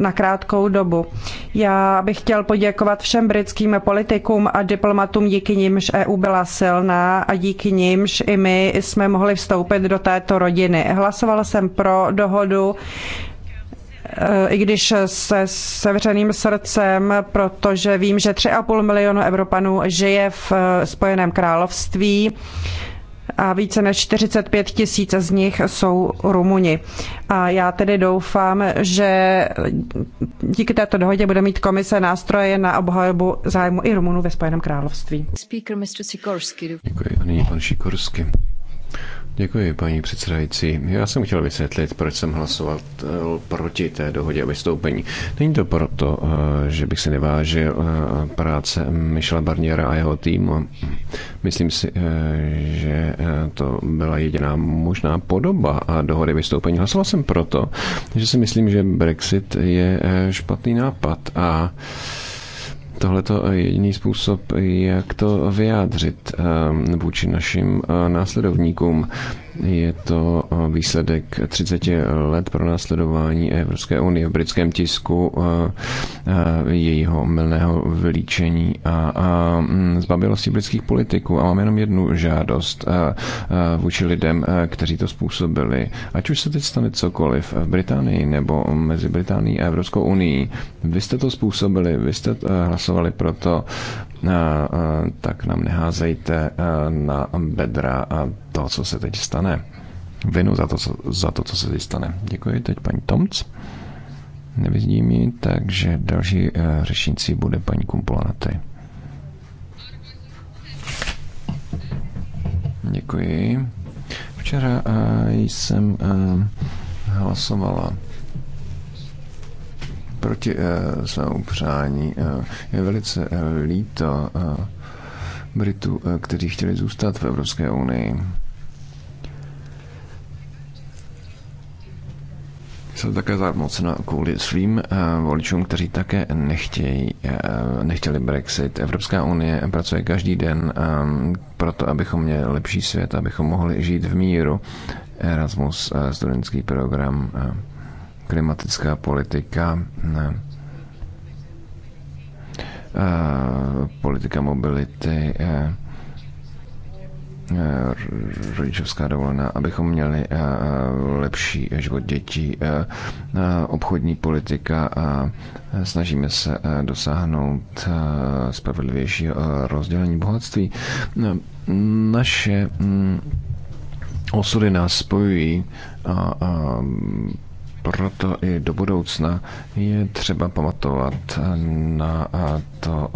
na krátkou dobu. Já bych chtěl poděkovat všem britským politikům a diplomatům, díky nimž EU byla silná a díky nimž i my jsme mohli vstoupit do této rodiny. Hlasovala jsem pro dohodu, Eh, i když se sevřeným srdcem, protože vím, že 3,5 milionu Evropanů žije v eh, Spojeném království a více než 45 tisíc z nich jsou Rumuni. A já tedy doufám, že díky této dohodě bude mít komise nástroje na obhajobu zájmu i Rumunů ve Spojeném království. Děkuji. pan Děkuji, paní předsedající. Já jsem chtěl vysvětlit, proč jsem hlasoval eh, proti té dohodě o vystoupení. Není to proto, eh, že bych si nevážil eh, práce Michela Barniera a jeho týmu. Myslím si, že to byla jediná možná podoba a dohody vystoupení. Hlasoval jsem proto, že si myslím, že Brexit je špatný nápad a Tohle je jediný způsob, jak to vyjádřit eh, vůči našim eh, následovníkům. Je to eh, výsledek 30 let pro následování Evropské unie v britském tisku, eh, eh, jejího milného vylíčení a, a mm, zbabilosti britských politiků. A mám jenom jednu žádost vůči lidem, kteří to způsobili. Ať už se teď stane cokoliv v Británii nebo mezi Británií a Evropskou unii, vy jste to způsobili, vy jste hlasovali pro to, tak nám neházejte na bedra a to, co se teď stane. Vinu za to, co, za to, co se teď stane. Děkuji, teď paní Tomc. Nevidím ji, takže další uh, eh, řešící bude paní Kumpulanatry. Děkuji. Včera uh, jsem uh, hlasovala proti uh, svému přání. Uh, je velice uh, líto uh, Britů, uh, kteří chtěli zůstat v Evropské unii jsem také zarmocena kvůli svým eh, voličům, kteří také nechtějí, eh, nechtěli Brexit. Evropská unie pracuje každý den eh, proto, abychom měli lepší svět, abychom mohli žít v míru. Erasmus, studentský program, klimatická politika, politika mobility, Eh, rodičovská dovolená, abychom měli eh, eh, lepší život dětí, obchodní politika a snažíme se dosáhnout spravedlivějšího rozdělení bohatství. No, naše mm, osudy nás spojují a, a proto i do budoucna je třeba pamatovat na to,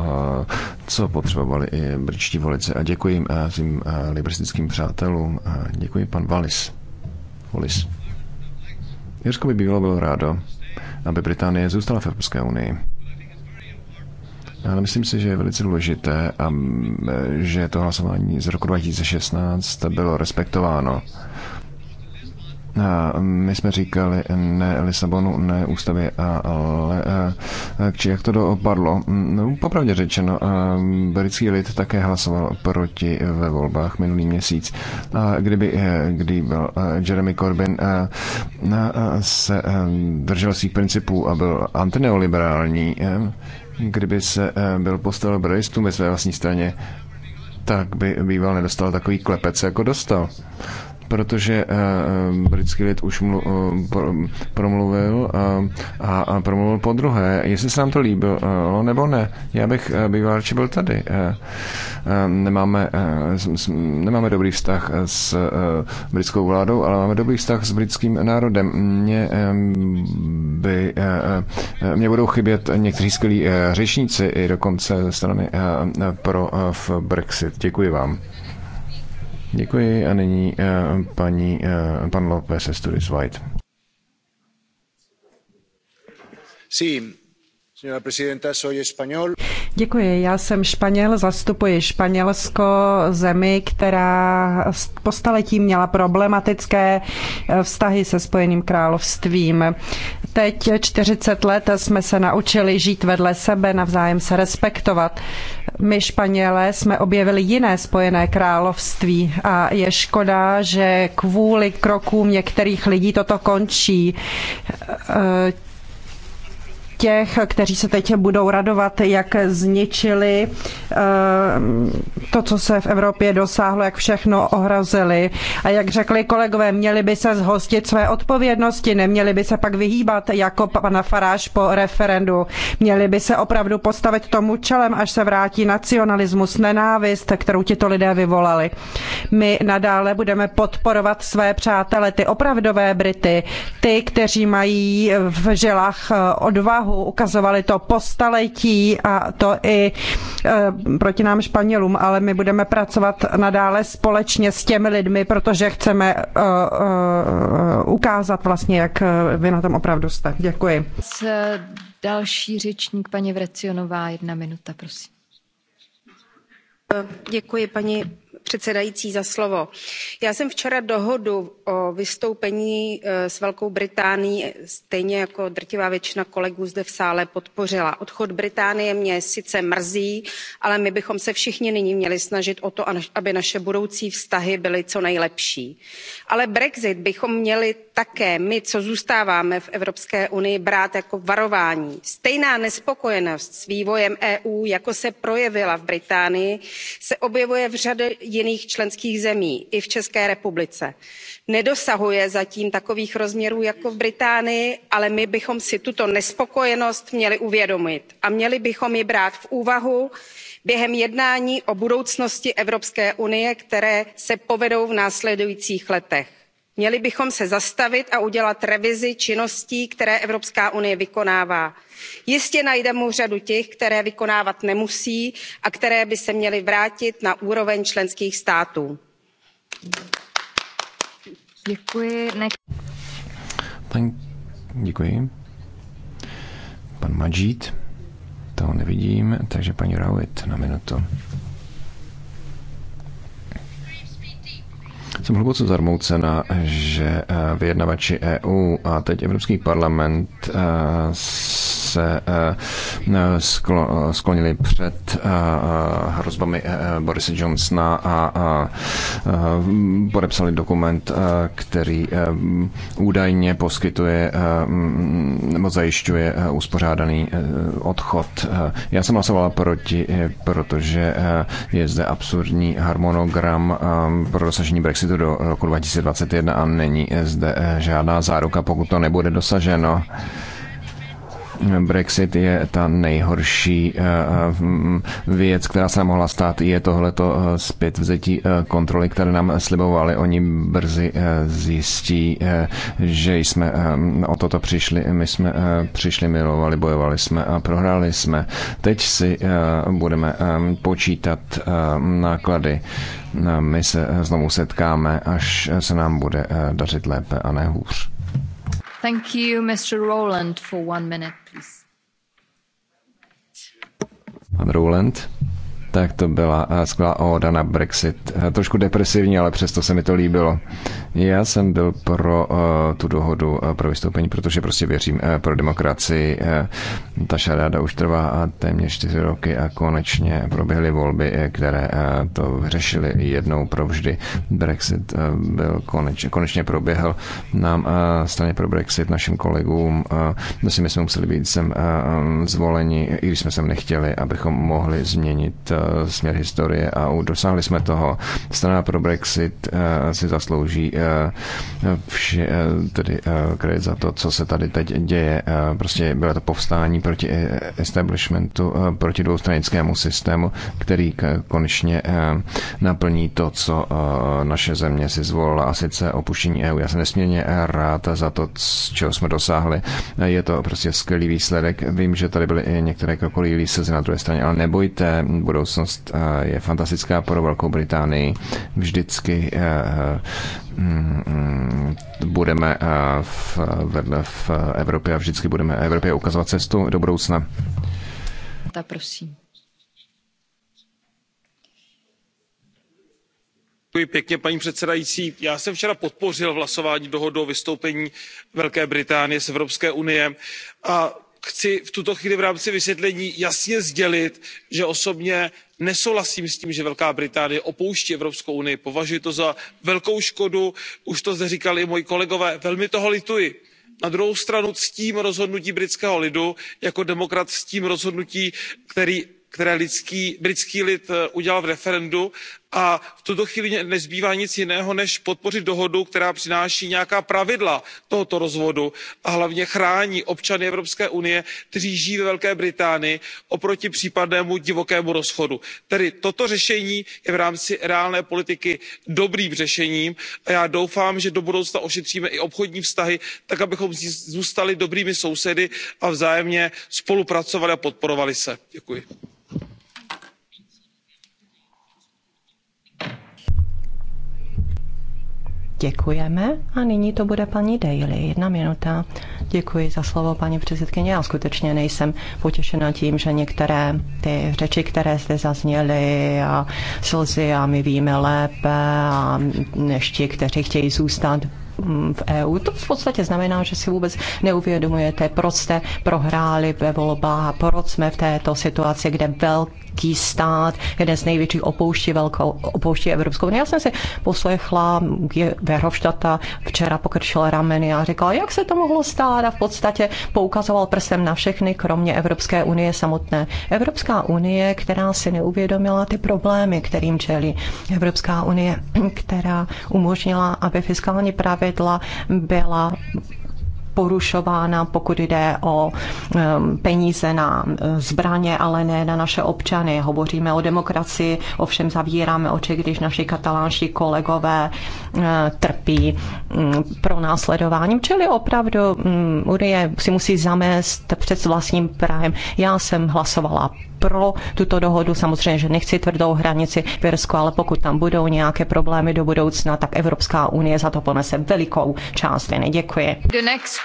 eh, co potřebovali i britští volici. A děkuji eh, svým eh, liberistickým přátelům. Děkuji pan Wallis. Wallis. Jirsko by bývalo bylo rádo, aby Británie zůstala v Evropské unii. Ale myslím si, že je velice důležité, že to hlasování z roku 2016 bylo respektováno. My jsme říkali ne Lisabonu, ne ústavě, ale či jak to dopadlo. No, popravdě řečeno, britský lid také hlasoval proti ve volbách minulý měsíc. A kdyby, eh, kdy byl eh, Jeremy Corbyn eh, se držel svých principů a byl antineoliberální, kdyby se byl postavil bristům ve své vlastní straně, tak by býval nedostal takový klepec, jako dostal protože eh, eh, britský lid už mlu, eh, promluvil a, a promluvil po druhé, jestli se nám to líbilo nebo ne. Já bych býval, či byl tady. Nemáme, nemáme dobrý vztah s britskou vládou, ale máme dobrý vztah s britským národem. Mě, by, mě budou chybět někteří skvělí řečníci i dokonce ze strany pro v Brexit. Děkuji vám. Děkuji a nyní eh, paní, eh, pan se Studis White. Sí, Děkuji, já jsem Španěl, zastupuji Španělsko, zemi, která po staletí měla problematické eh, vztahy se Spojeným královstvím. Teď 40 let jsme se naučili žít vedle sebe, navzájem se respektovat. My Španělé jsme objevili jiné spojené království a je škoda, že kvůli krokům některých lidí toto končí. Eh, těch, kteří se teď budou radovat, jak zničili eh, to, co se v Evropě dosáhlo, jak všechno ohrozili. A jak řekli kolegové, měli by se zhostit své odpovědnosti, neměli by se pak vyhýbat jako pana Faráš po referendu. Měli by se opravdu postavit tomu čelem, až se vrátí nacionalismus, nenávist, kterou tito lidé vyvolali. My nadále budeme podporovat své přátele, ty opravdové Brity, ty, kteří mají v žilách eh, odvahu odvahu, ukazovali to po staletí a to i e, proti nám Španělům, ale my budeme pracovat nadále společně s těmi lidmi, protože chceme e, e, ukázat vlastně, jak vy na tom opravdu jste. Děkuji. S další řečník, paní Vrecionová, jedna minuta, prosím. Děkuji, paní předsedající já jsem včera dohodu o vystoupení eh, s velkou británií stejně jako drtivá většina kolegů zde v sále podpořila. odchod británie mě sice mrzí ale my bychom se všichni nyní měli snažit o to aby naše budoucí vztahy byly co nejlepší. ale brexit bychom měli také my co zůstáváme v evropské unii brát jako varování. stejná nespokojenost s vývojem eu jako se projevila v británii se objevuje v řadě jiných členských zemí i v české republice. nedosahuje zatím takových rozměrů jako v británii ale my bychom si tuto nespokojenost měli uvědomit a měli bychom ji brát v úvahu během jednání o budoucnosti evropské unie která se povedou v následujících letech měli bychom se zastavit a udělat revizi činností které evropská unie vykonává. jistě najdeme řadu těch které vykonávat nemusí a které by se měly vrátit na úroveň členských států. Pan toho takže na minutu. Jsem hluboce zarmoucena, že eh, vyjednavači EU a teď Evropský parlament eh, se eh, sklonili před hrozbami Borise Johnsona a podepsali dokument, který údajně poskytuje mm, nebo zajišťuje uspořádaný odchod. Já jsem hlasovala proti, protože je zde absurdní harmonogram pro dosažení Brexitu do roku 2021 a není zde eh, žádná záruka, pokud to nebude dosaženo. Brexit je ta nejhorší eh, eh, věc, která se nám mohla stát. Je tohleto eh, zpět vzetí kontroly, které nám slibovali. Oni brzy zjistí, že jsme o toto přišli. My jsme přišli, milovali, bojovali jsme a prohráli jsme. Teď si budeme počítat náklady. My se znovu setkáme, až se nám bude dařit lépe a ne hůř. Thank you, Mr. Roland, for one minute, please. Pan tak to byla eh, skvělá óda na Brexit. Eh, trošku depresivní, ale přesto se mi to líbilo. Já jsem byl pro eh, tu dohodu pro vystoupení, protože prostě věřím pro demokracii. Ta šaráda už trvá téměř čtyři roky a konečně proběhly volby, které to vyřešily jednou provždy. Brexit byl koneč, konečně proběhl nám straně pro Brexit, našim kolegům. Myslím, my jsme museli být sem zvoleni, i když jsme sem nechtěli, abychom mohli změnit Eh, směr historie a dosáhli jsme toho. Strana pro Brexit eh, si zaslouží eh, vše, tedy kredit za to, co se tady teď děje. Prostě bylo to povstání proti establishmentu, proti dvoustranickému systému, který konečně naplní to, co naše země si zvolila, a sice opuštění EU. Já jsem nesmírně rád za to, z čeho jsme dosáhli. Je to prostě skvělý výsledek. Vím, že tady byly i některé krokolílí se na druhé straně, ale nebojte, budou budoucnost eh, je fantastická pro Velkou Británii. Vždycky eh, eh, mm, budeme v, vedle v Evropě a vždycky budeme Evropě ukazovat cestu do budoucna. Ta prosím. Pěkně, paní předsedající já jsem včera podpořil v hlasování dohodu o vystoupení velké británie z evropské unie a chci v tuto chvíli v rámci vysvětlení jasně sdělit že osobně nesouhlasím s tím že velká británie opouští evropskou unii považuji to za velkou škodu už to zde říkali i moji kolegové velmi toho lituji. na druhou stranu ctím rozhodnutí britského lidu jako demokrat ctím rozhodnutí které britský lid eh, udělal v referendu a v tuto chvíli mně nezbývá nic jiného než podpořit dohodu která přináší nějaká pravidla tohoto rozvodu a hlavně chrání občany evropské unie kteří žijí ve velké británii oproti případnému divokému rozchodu. tedy toto řešení je v rámci reálné politiky dobrým řešením a já doufám že do budoucna ošetříme i obchodní vztahy tak abychom zůstali dobrými sousedy a vzájemně spolupracovali a podporovali se. děkuji. Děkujeme a nyní to bude paní Daly. Jedna minuta. Děkuji za slovo, paní předsedkyně. Já skutečně nejsem potěšena tím, že některé ty řeči, které zde zazněly a slzy a my víme lépe a než ti, kteří chtějí zůstat mm, v EU. To v podstatě znamená, že si vůbec neuvědomujete, proč jste prohráli ve volbách, proč jsme v této situaci, kde velký křehký stát, jeden z největších opouští, velkou, opouští Evropskou unii. Já jsem si poslechla Verhofstadta včera pokrčila rameny a říkala, jak se to mohlo stát a v podstatě poukazoval prstem na všechny, kromě Evropské unie samotné. Evropská unie, která si neuvědomila ty problémy, kterým čelí. Evropská unie, která umožnila, aby fiskální pravidla byla porušována, pokud jde o um, peníze na uh, zbraně, ale ne na naše občany. Hovoříme o demokracii, ovšem zavíráme oči, když naši katalánští kolegové uh, trpí um, pro následováním. Čili opravdu um, Unie si musí zamést před vlastním Prahem. Já jsem hlasovala pro tuto dohodu. Samozřejmě, že nechci tvrdou hranici v Irsku, ale pokud tam budou nějaké problémy do budoucna, tak Evropská unie za to ponese velikou část viny. Děkuji.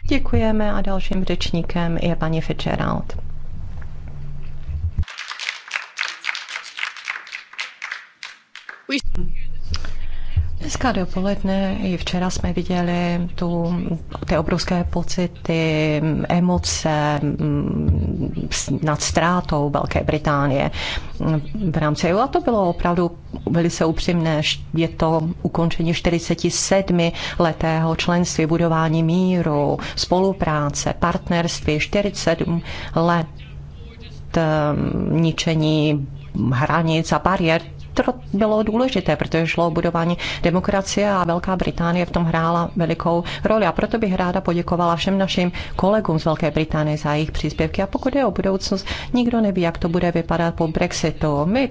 Děkujeme a dalším řečníkem je paní Fitzgerald. We... Dneska dopoledne i včera jsme viděli tu, ty obrovské pocity, emoce mm, nad ztrátou Velké Británie mm, v rámci EU. A to bylo opravdu velice upřímné. Je to ukončení 47 letého členství, budování míru, spolupráce, partnerství, 47 let mm, ničení hranic a bariér to bylo důležité, protože šlo o budování demokracie a Velká Británie v tom hrála velikou roli. A proto bych ráda poděkovala všem našim kolegům z Velké Británie za jejich příspěvky. A pokud je o budoucnost, nikdo neví, jak to bude vypadat po Brexitu. My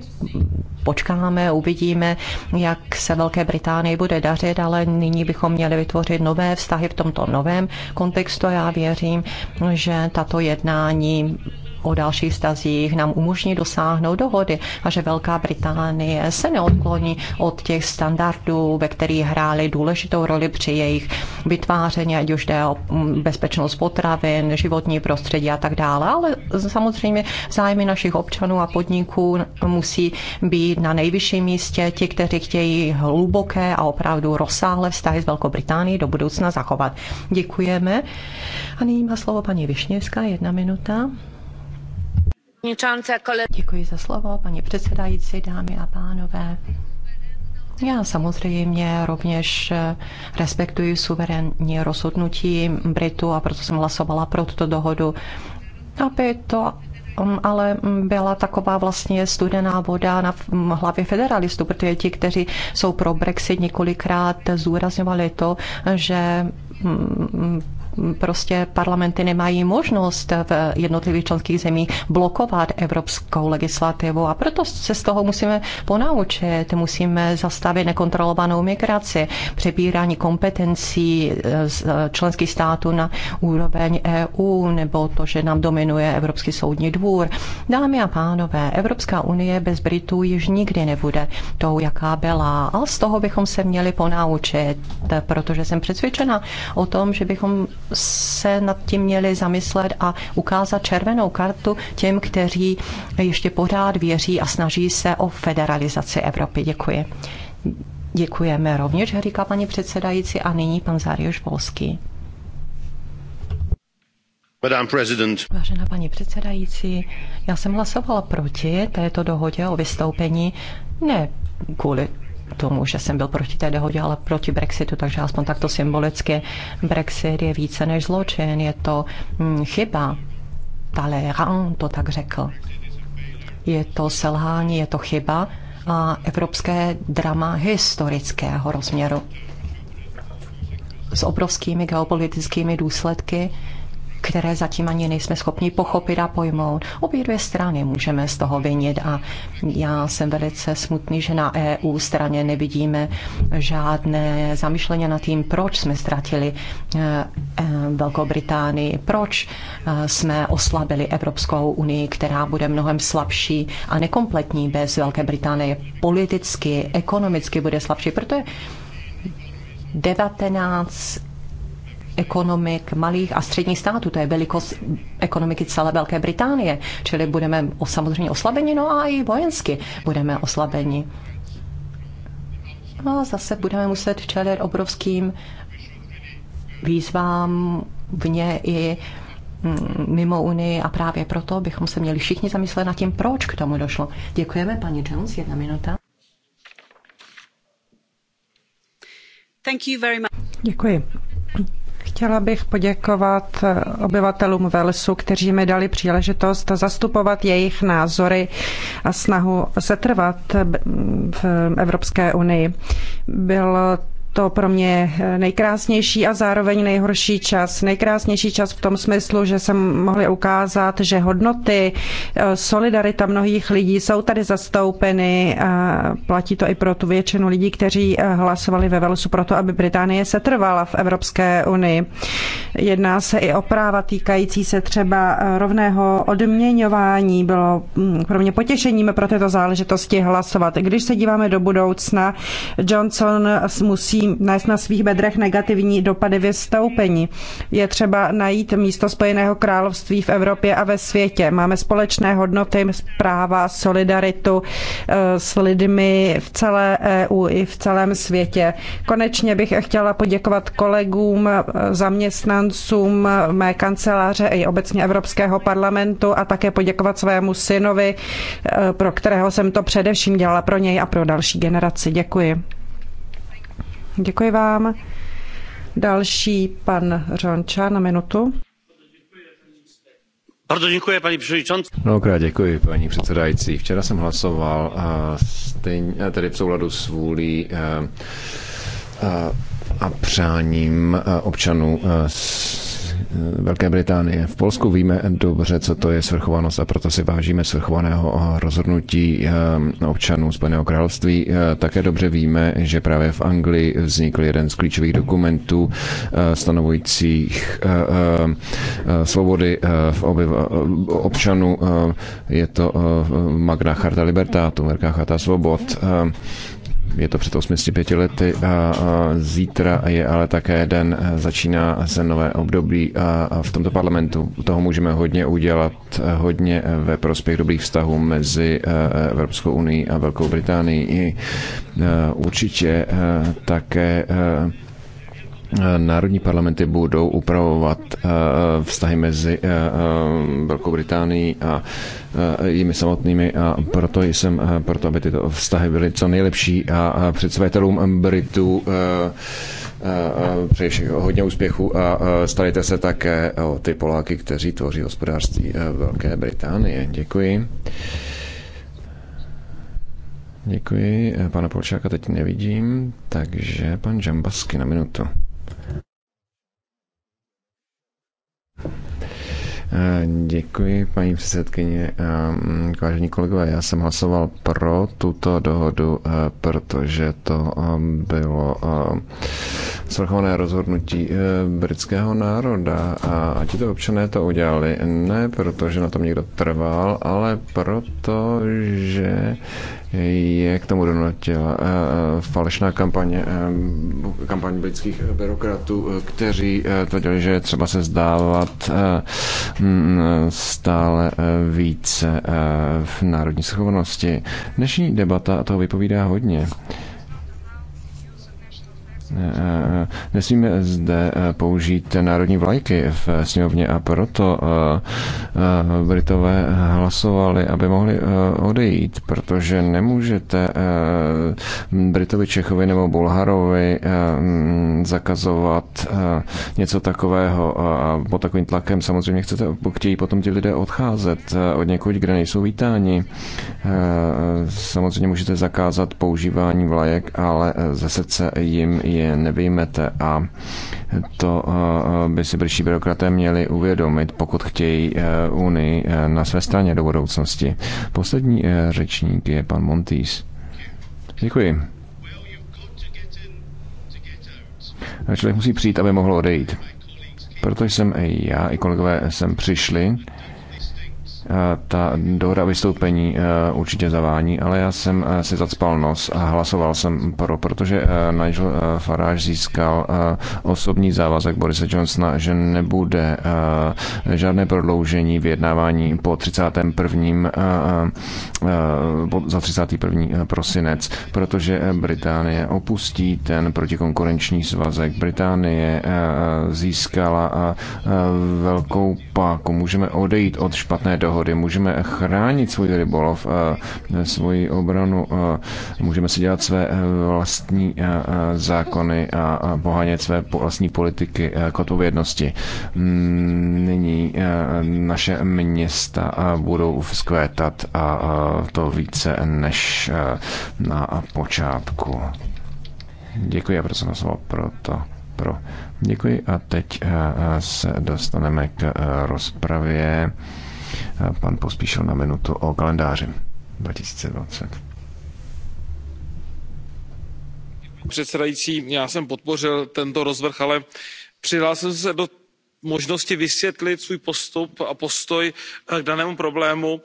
počkáme, uvidíme, jak se Velké Británii bude dařit, ale nyní bychom měli vytvořit nové vztahy v tomto novém kontextu. Já věřím, že tato jednání o dalších stazích nám umožní dosáhnout dohody a že Velká Británie se neodkloní od těch standardů, ve kterých hrály důležitou roli při jejich vytváření, ať už jde o mm, bezpečnost potravin, životní prostředí a tak dále. Ale samozřejmě zájmy našich občanů a podniků musí být na nejvyšším místě ti, kteří chtějí hluboké a opravdu rozsáhlé vztahy s Velkou Británií do budoucna zachovat. Děkujeme. A nyní má slovo paní Višněvská, jedna minuta. Děkuji za slovo, paní předsedající, dámy a pánové. Já samozřejmě rovněž eh, respektuji suverénní rozhodnutí Britů a proto jsem hlasovala pro tuto dohodu, aby to mm, ale mm, byla taková vlastně studená voda na mm, hlavě federalistů, protože ti, kteří jsou pro Brexit, několikrát zúrazňovali to, že prostě parlamenty nemají možnost v jednotlivých členských zemích blokovat evropskou legislativu a proto se z toho musíme ponaučit. Musíme zastavit nekontrolovanou migraci, přebírání kompetencí eh, z eh, členských států na úroveň EU nebo to, že nám dominuje Evropský soudní dvůr. Dámy a pánové, Evropská unie bez Britů již nikdy nebude tou, jaká byla. A z toho bychom se měli ponaučit, protože jsem přesvědčena o tom, že bychom se nad tím měli zamyslet a ukázat červenou kartu těm, kteří ještě pořád věří a snaží se o federalizaci Evropy. Děkuji. Děkujeme rovněž, říká paní předsedající, a nyní pan Záriuš Volský. Vážená paní předsedající, já jsem hlasovala proti této dohodě o vystoupení, ne kvůli tomu, že jsem byl proti té dohodě, ale proti Brexitu, takže aspoň takto symbolicky. Brexit je více než zločin, je to hm, chyba. Talleyrand to tak řekl. Je to selhání, je to chyba a evropské drama historického rozměru s obrovskými geopolitickými důsledky, které zatím ani nejsme schopni pochopit a pojmout. Obě dvě strany můžeme z toho vinit a já jsem velice smutný, že na EU straně nevidíme žádné zamyšlení nad tím, proč jsme ztratili eh, eh, Velkou Británii, proč eh, jsme oslabili Evropskou unii, která bude mnohem slabší a nekompletní bez Velké Británie. Politicky, ekonomicky bude slabší, protože 19 ekonomik malých a středních států. To je velikost ekonomiky celé Velké Británie. Čili budeme samozřejmě oslabeni, no a i vojensky budeme oslabeni. No a zase budeme muset čelit obrovským výzvám vně i mm, mimo Unii a právě proto bychom se měli všichni zamyslet nad tím, proč k tomu došlo. Děkujeme, paní Jones, jedna minuta. Thank you very much. Děkuji. Chtěla bych poděkovat eh, obyvatelům Velsu, kteří mi dali příležitost zastupovat jejich názory a snahu setrvat eh, v Evropské unii. Bylo to pro mě eh, nejkrásnější a zároveň nejhorší čas. Nejkrásnější čas v tom smyslu, že jsem mohli ukázat, že hodnoty, eh, solidarita mnohých lidí jsou tady zastoupeny. A platí to i pro tu většinu lidí, kteří eh, hlasovali ve Velsu pro to, aby Británie se trvala v Evropské unii. Jedná se i o práva týkající se třeba rovného odměňování. Bylo mm, pro mě potěšením pro této záležitosti hlasovat. Když se díváme do budoucna, Johnson musí nést na svých bedrech negativní dopady vystoupení. Je třeba najít místo Spojeného království v Evropě a ve světě. Máme společné hodnoty, práva, solidaritu eh, s lidmi v celé EU i v celém světě. Konečně bych chtěla poděkovat kolegům, eh, zaměstnancům mé kanceláře i obecně Evropského parlamentu a také poděkovat svému synovi, eh, pro kterého jsem to především dělala pro něj a pro další generaci. Děkuji. Děkuji vám. Další pan Řonča na minutu. Bardzo děkuji, paní předsedající. Mnohokrát děkuji, paní předsedající. Včera jsem hlasoval uh, stejně, tedy v souladu s vůlí a, a, a přáním občanů Eh, Velké Británie. V Polsku víme dobře, co to je svrchovanost a proto si vážíme svrchovaného rozhodnutí eh, občanů Spojeného království. Eh, také dobře víme, že právě v Anglii vznikl jeden z klíčových dokumentů stanovujících svobody občanů. Je to Magna Charta Libertátu, Velká charta svobod je to před 85 lety a zítra je ale také den, začíná se nové období a v tomto parlamentu toho můžeme hodně udělat, hodně ve prospěch dobrých vztahů mezi Evropskou unii a Velkou Británií. Určitě také národní parlamenty budou upravovat eh, vztahy mezi eh, eh, Velkou Británií a jimi samotnými a proto jsem proto, aby tyto vztahy byly co nejlepší a představitelům Britů přeji hodně úspěchu a starejte se také o ty Poláky, kteří tvoří hospodářství Velké Británie. Děkuji. Děkuji. Pana Polčáka teď nevidím, takže pan Žambasky na minutu. Děkuji, paní předsedkyně. Mm, vážení kolegové, já jsem hlasoval pro tuto dohodu, protože to bylo svrchované rozhodnutí e, britského národa a ti to občané to udělali ne protože na tom někdo trval, ale protože je k tomu donutila eh, eh, falešná kampaně, eh, kampaň britských byrokratů, kteří tvrdili, že je třeba se zdávat stále více v národní schovanosti. Dnešní debata toho vypovídá hodně. Eh, eh, nesmíme zde eh, použít národní vlajky v sněmovně a proto Britové hlasovali, aby mohli odejít, protože nemůžete Britovi, Čechovi nebo Bulharovi mm, zakazovat něco takového a pod takovým tlakem samozřejmě chcete, chtějí potom ti lidé odcházet od někud, kde nejsou vítáni. Samozřejmě můžete zakázat používání vlajek, ale ze srdce jim je je nevyjmete a to eh, by si brští byrokraté měli uvědomit, pokud chtějí eh, Unii eh, na své straně do budoucnosti. Poslední řečník je pan Montis. Děkuji. Člověk musí přijít, aby mohl odejít. Protože jsem já i kolegové jsem přišli ta dohoda vystoupení eh, určitě zavání, ale já jsem eh, si zacpal nos a hlasoval jsem pro, protože eh, Nigel Farage získal osobní závazek Borise Johnsona, že nebude žádné prodloužení vyjednávání po 31. za 31. prosinec, protože Británie opustí ten protikonkurenční svazek. Británie získala velkou páku. Můžeme odejít od špatné dohody dohody, můžeme chránit svůj rybolov, eh, svoji obranu, eh, můžeme si dělat své eh, vlastní zákony a pohánět své vlastní politiky k odpovědnosti. Mm, nyní naše města budou vzkvétat a to více než na počátku. Děkuji a prosím vás pro to. Pro. Děkuji a teď se dostaneme k rozpravě pan Pospíšil na minutu o kalendáři 2020 předsedající já jsem podpořil tento rozvrh ale přihlásil jsem se do možnosti vysvětlit svůj postup a postoj k danému problému.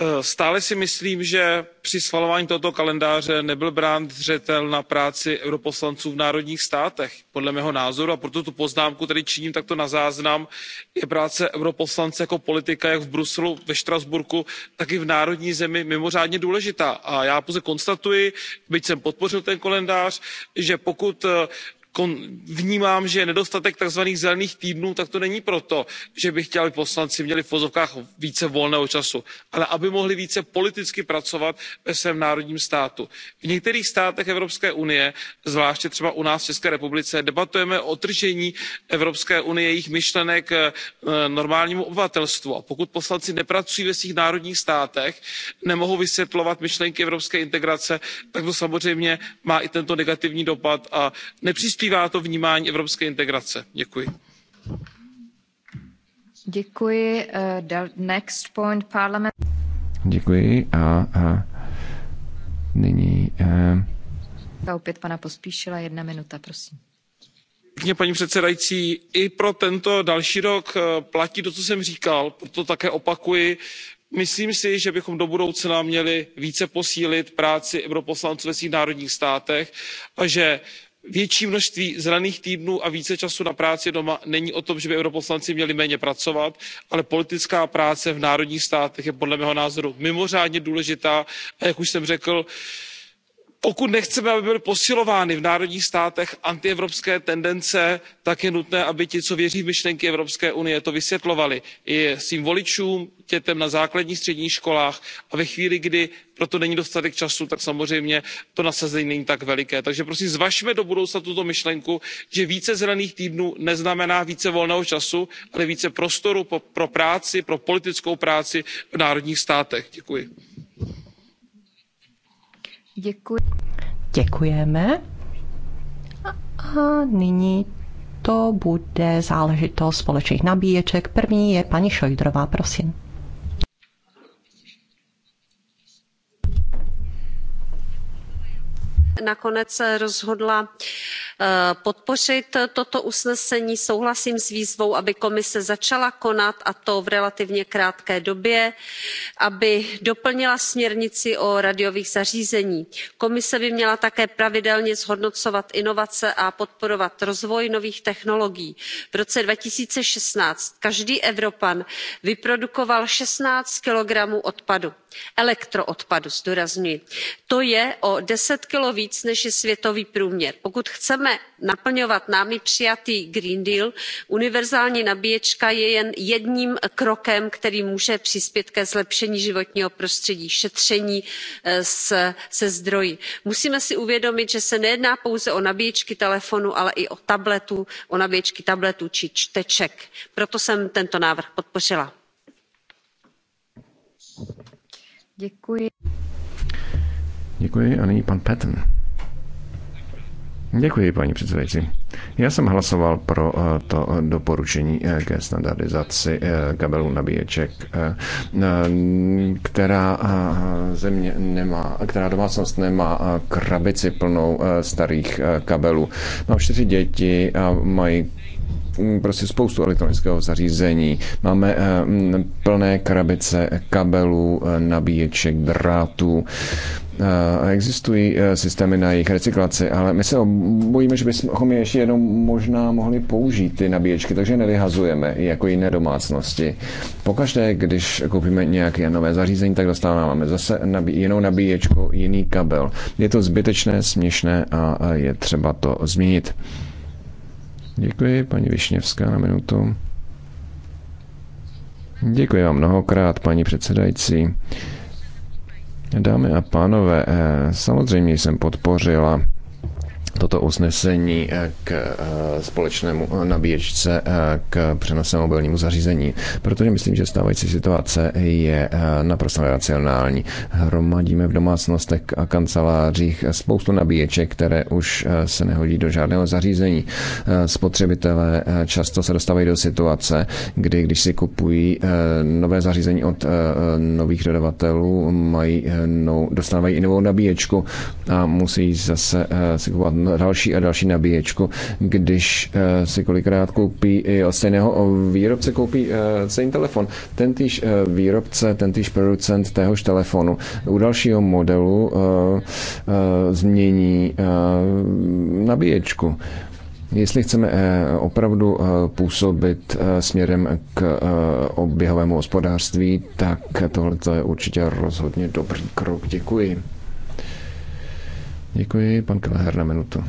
Eh, stále si myslím že při schvalování tohoto kalendáře nebyl brán zřetel na práci poslanců ep v národních státech. podle mého názoru a proto tu poznámku tady činím takto na záznam je práce poslance ep jako politika jak v bruselu ve štrasburku tak i v národní zemi mimořádně důležitá a já pouze konstatuji byť jsem podpořil ten kalendář že pokud eh, vnímám že nedostatek takzvaných zelených týdnů tak to není proto že by chtěl aby poslanci měli v uvozovkách více volného času ale aby mohli více politicky pracovat ve svém národním státu. v některých státech evropské unie zvláště třeba u nás v české republice debatujeme o odtržení evropské unie jejích myšlenek eh, normálnímu obyvatelstvu a pokud poslanci nepracují ve svých národních státech nemohou vysvětlovat myšlenky evropské integrace tak to samozřejmě má i tento negativní dopad a nepřispívá posílá to vnímání evropské integrace. děkuji. Děkuji. Uh, next point, parliament. Děkuji a, a nyní... Uh... opět pana Pospíšila, jedna minuta, prosím. Paní předsedající, i pro tento další rok eh, platí to, co jsem říkal, proto také opakuji, myslím si že bychom do budoucna měli více posílit práci europoslanců ve svých národních státech a že větší množství zraných týdnů a více času na práci doma není o tom že by poslanci ep měli méně pracovat ale politická práce v národních státech je podle mého názoru mimořádně důležitá a jak už jsem řekl pokud nechceme aby byly posilovány v národních státech antievropské tendence tak je nutné aby ti co věří v myšlenky evropské unie to vysvětlovali i svým voličům dětem na základních středních školách a ve chvíli kdy pro to není dostatek času tak samozřejmě to nasazení není tak veliké. takže prosím zvažme do budoucna tuto myšlenku že více zelených týdnů neznamená více volného času ale více prostoru pro práci pro politickou práci v národních státech. Děkuji. Děkujeme. A nyní to bude záležitost společných nabíječek. První je paní Šojdrová, prosím. nakonec rozhodla eh, podpořit toto usnesení souhlasím s výzvou aby komise začala konat a to v relativně krátké době aby doplnila směrnici o rádiových zařízeních. komise by měla také pravidelně zhodnocovat inovace a podporovat rozvoj nových technologií. v roce two thousand and sixteen každý evropan vyprodukoval sixteen kilogramů odpadu elektroodpadu zdůrazňuji to je o ten kilo víc než je světový průměr. pokud chceme naplňovat námi přijatý green deal univerzální nabíječka je jen jedním krokem který může přispět ke zlepšení životního prostředí šetření eh, se zdroji. musíme si uvědomit že se nejedná pouze o nabíječky telefonů ale i o tabletů o nabíječky tabletů či čteček. proto jsem tento návrh podpořila. Děkuji. Děkuji a nyní pan Patton. Děkuji, paní předsedající. Já jsem hlasoval pro eh, to eh, doporučení eh, ke standardizaci kabelů nabíječek, která země nemá, která domácnost nemá krabici plnou starých kabelů. Mám čtyři děti a mají mm, prostě spoustu elektronického zařízení. Máme plné krabice kabelů, nabíječek, drátů. Eh, existují eh, systémy na jejich recyklaci, ale my se bojíme, že bychom je ještě jenom možná mohli použít ty nabíječky, takže nevyhazujeme jako jiné domácnosti. Pokaždé, když koupíme nějaké nové zařízení, tak dostáváme zase jinou nabíječku, jiný kabel. Je to zbytečné, směšné a je třeba to změnit. Děkuji, paní Višněvská, na minutu. Děkuji vám mnohokrát, paní předsedající. Dámy a pánové, eh, samozřejmě jsem podpořila toto usnesení eh, k eh, společnému eh, nabíječce k přenosu mobilnímu zařízení, protože myslím, že stávající situace je naprosto racionální. Hromadíme v domácnostech a kancelářích spoustu nabíječek, které už se nehodí do žádného zařízení. Spotřebitelé často se dostávají do situace, kdy když si kupují nové zařízení od nových dodavatelů, mají, no, dostávají i novou nabíječku a musí zase si kupovat další a další nabíječku, když eh, si kolikrát koupí i od stejného eh, výrobce koupí eh, stejný telefon. ten uh, výrobce, ten týž producent téhož telefonu u dalšího modelu změní nabíječku. Jestli chceme opravdu působit směrem k oběhovému hospodářství, tak tohle je určitě rozhodně dobrý krok. Děkuji. Děkuji, pan Kelleher na minutu.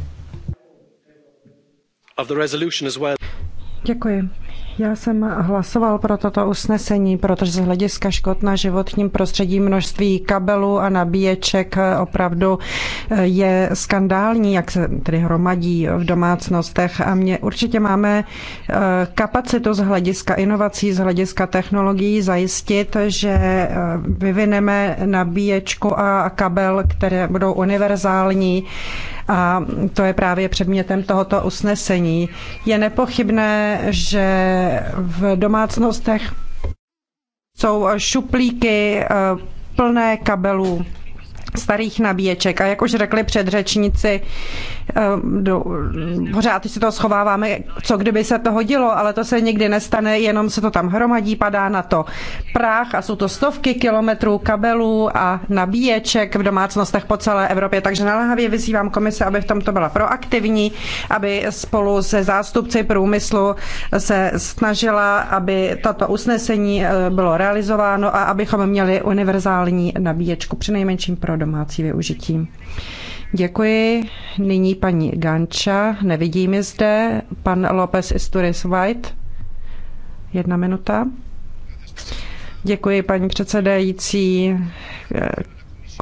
Děkuji. Já jsem hlasoval pro toto usnesení, protože z hlediska škod na životním prostředí množství kabelů a nabíječek opravdu eh, je skandální, jak se tedy hromadí v domácnostech a mě určitě máme eh, kapacitu z hlediska inovací, z hlediska technologií zajistit, že eh, vyvineme nabíječku a kabel, které budou univerzální a to je právě předmětem tohoto usnesení. Je nepochybné, že v domácnostech jsou šuplíky eh, plné kabelů starých nabíječek. A jak už řekli předřečníci, Eh, do, pořád si to schováváme, co kdyby se to hodilo, ale to se nikdy nestane, jenom se to tam hromadí, padá na to prach a jsou to stovky kilometrů kabelů a nabíječek v domácnostech po celé Evropě. Takže naléhavě vyzývám komise, aby v tomto byla proaktivní, aby spolu se zástupci průmyslu se snažila, aby tato usnesení eh, bylo realizováno a abychom měli univerzální nabíječku, přinejmenším pro domácí využití. Děkuji. Nyní paní Ganča, nevidím je zde. Pan López Isturis White. Jedna minuta. Děkuji, paní předsedající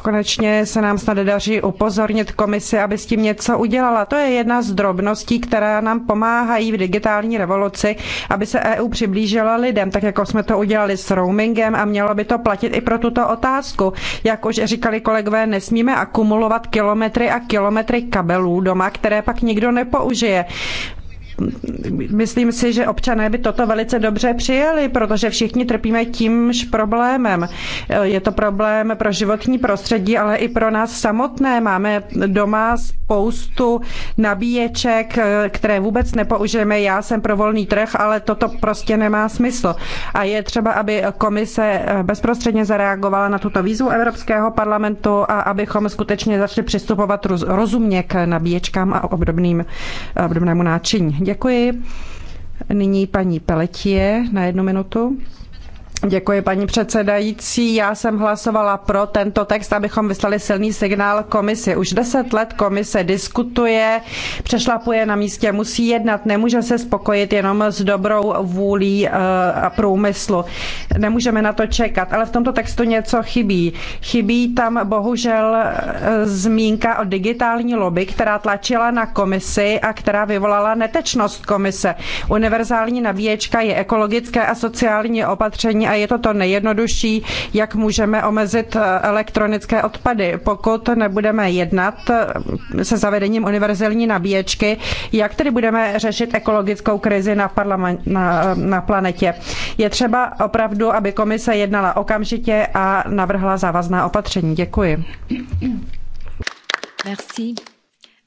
konečně se nám snad daří upozornit komisi, aby s tím něco udělala. To je jedna z drobností, která nám pomáhají v digitální revoluci, aby se EU přiblížila lidem, tak jako jsme to udělali s roamingem a mělo by to platit i pro tuto otázku. Jak už říkali kolegové, nesmíme akumulovat kilometry a kilometry kabelů doma, které pak nikdo nepoužije myslím si, že občané by toto velice dobře přijali, protože všichni trpíme tímž problémem. Je to problém pro životní prostředí, ale i pro nás samotné. Máme doma spoustu nabíječek, které vůbec nepoužijeme. Já jsem pro volný trh, ale toto prostě nemá smysl. A je třeba, aby komise bezprostředně zareagovala na tuto výzvu Evropského parlamentu a abychom skutečně začali přistupovat rozumně k nabíječkám a obdobným, obdobnému náčiní. Děkuji. Nyní paní Peletie na jednu minutu. Děkuji, paní předsedající. Já jsem hlasovala pro tento text, abychom vyslali silný signál komisi. Už deset let komise diskutuje, přešlapuje na místě, musí jednat, nemůže se spokojit jenom s dobrou vůlí eh, a průmyslu. Nemůžeme na to čekat, ale v tomto textu něco chybí. Chybí tam bohužel eh, zmínka o digitální lobby, která tlačila na komisi a která vyvolala netečnost komise. Univerzální nabíječka je ekologické a sociální opatření a je to to nejjednodušší, jak můžeme omezit eh, elektronické odpady. Pokud nebudeme jednat eh, se zavedením univerzální nabíječky, jak tedy budeme řešit ekologickou krizi na, na, eh, na planetě. Je třeba opravdu, aby komise jednala okamžitě a navrhla závazná opatření. Děkuji. Merci.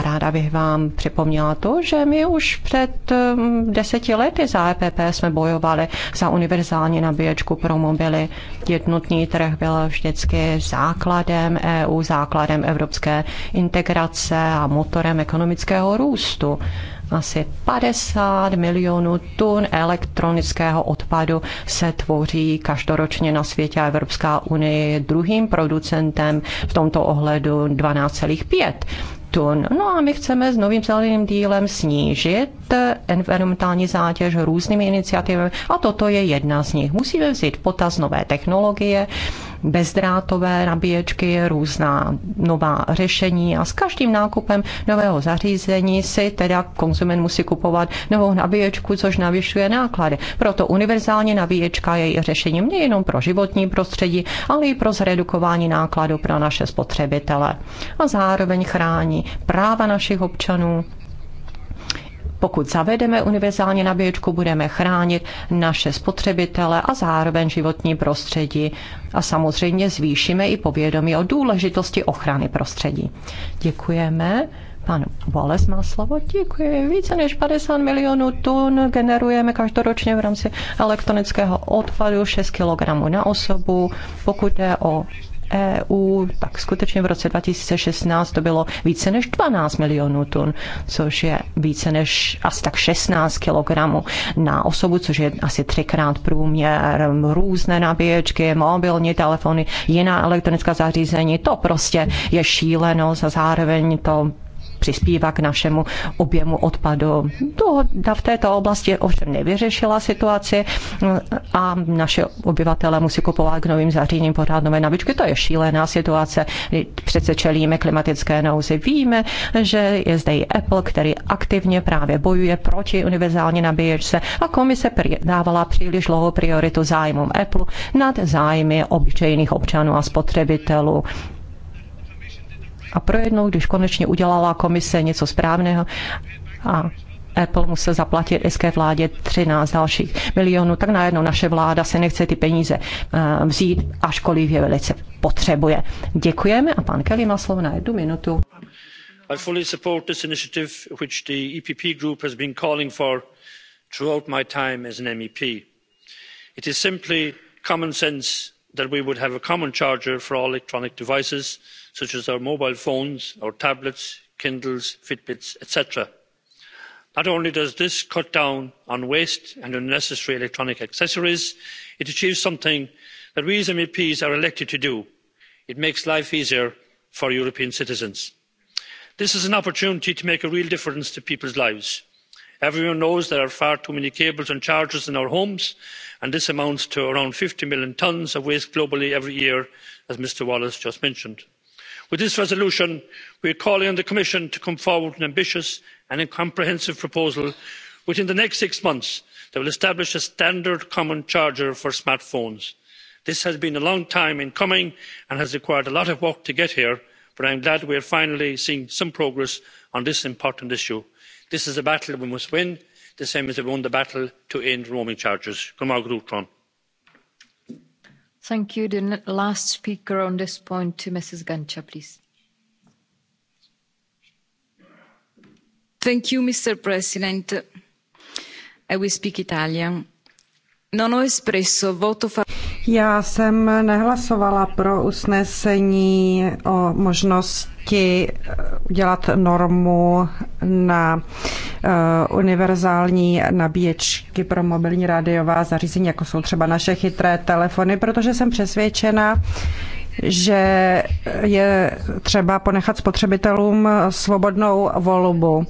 Ráda bych vám připomněla to, že my už před um, deseti lety za EPP jsme bojovali za univerzální nabíječku pro mobily. Jednotný trh byl vždycky základem EU, základem evropské integrace a motorem ekonomického růstu asi 50 milionů tun elektronického odpadu se tvoří každoročně na světě a Evropská unie je druhým producentem v tomto ohledu 12,5 tun. No a my chceme s novým zeleným dílem snížit environmentální zátěž různými iniciativami a toto je jedna z nich. Musíme vzít potaz nové technologie, bezdrátové nabíječky, různá nová řešení a s každým nákupem nového zařízení si teda konzument musí kupovat novou nabíječku, což navyšuje náklady. Proto univerzální nabíječka je i řešením nejenom pro životní prostředí, ale i pro zredukování nákladů pro naše spotřebitele. A zároveň chrání práva našich občanů pokud zavedeme univerzální nabíječku, budeme chránit naše spotřebitele a zároveň životní prostředí a samozřejmě zvýšíme i povědomí o důležitosti ochrany prostředí. Děkujeme. Pan Boles má slovo, děkuji. Více než 50 milionů tun generujeme každoročně v rámci elektronického odpadu 6 kg na osobu. Pokud jde o EU, tak skutečně v roce 2016 to bylo více než 12 milionů tun, což je více než asi tak 16 kilogramů na osobu, což je asi třikrát průměr, různé nabíječky, mobilní telefony, jiná elektronická zařízení, to prostě je šílenost a zároveň to přispívá k našemu objemu odpadu. To v této oblasti ovšem nevyřešila situaci a naše obyvatele musí kupovat k novým zařízením pořád nové nabičky. To je šílená situace. Přece čelíme klimatické nouzi. Víme, že je zde i Apple, který aktivně právě bojuje proti univerzální nabíječce a komise dávala příliš dlouho prioritu zájmům Apple nad zájmy obyčejných občanů a spotřebitelů. A pro jednou, když konečně udělala komise něco správného a Apple musel zaplatit irské vládě 13 dalších milionů, tak najednou naše vláda se nechce ty peníze eh, vzít, ažkoliv je velice potřebuje. Děkujeme a pan Kelly má slovo na jednu minutu. I fully support this initiative, which the EPP group has been calling for throughout my time as an MEP. It is simply common sense that we would have a common charger for all electronic devices such as our mobile phones our tablets kindles fitbits etc. not only does this cut down on waste and unnecessary electronic accessories it achieves something that we as meps are elected to do it makes life easier for european citizens. this is an opportunity to make a real difference to people's lives. everyone knows there are far too many cables and chargers in our homes and this amounts to around fifty million tonnes of waste globally every year as mr wallace just mentioned with this resolution we are calling on the commission to come forward with an ambitious and comprehensive proposal within the next six months that will establish a standard common charger for smartphones. this has been a long time in coming and has required a lot of work to get here but i am glad we are finally seeing some progress on this important issue. this is a battle we must win the same as we won the battle to end roaming charges. Thank you. The last speaker on this point, Mrs. Gancha, please. Thank you, Mr. President. I will speak Italian No, no, Já jsem nehlasovala pro usnesení o možnosti eh, udělat normu na eh, univerzální nabíječky pro mobilní rádiová zařízení, jako jsou třeba naše chytré telefony, protože jsem přesvědčena, že je třeba ponechat spotřebitelům svobodnou volbu.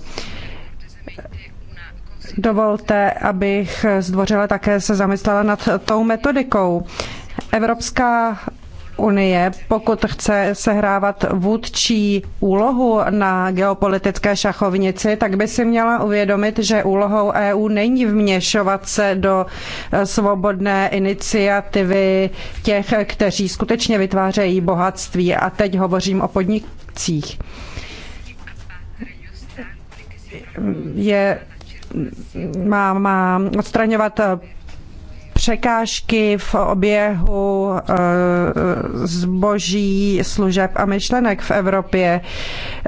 Dovolte, abych zdvořile také se zamyslela nad tou metodikou. Evropská unie, pokud chce sehrávat vůdčí úlohu na geopolitické šachovnici, tak by si měla uvědomit, že úlohou EU není vměšovat se do svobodné iniciativy těch, kteří skutečně vytvářejí bohatství. A teď hovořím o podnicích. Je má, má odstraňovat eh, překážky v oběhu eh, zboží, služeb a myšlenek v Evropě.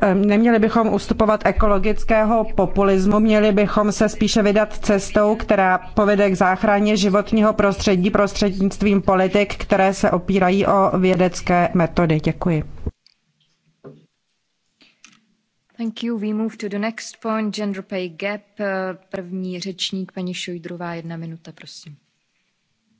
Eh, neměli bychom ustupovat ekologického populismu, měli bychom se spíše vydat cestou, která povede k záchraně životního prostředí prostřednictvím politik, které se opírají o vědecké metody. Děkuji. Thank you. We move to the next point, gender pay gap. Eh, první řečník, paní Šojdrová, jedna minuta, prosím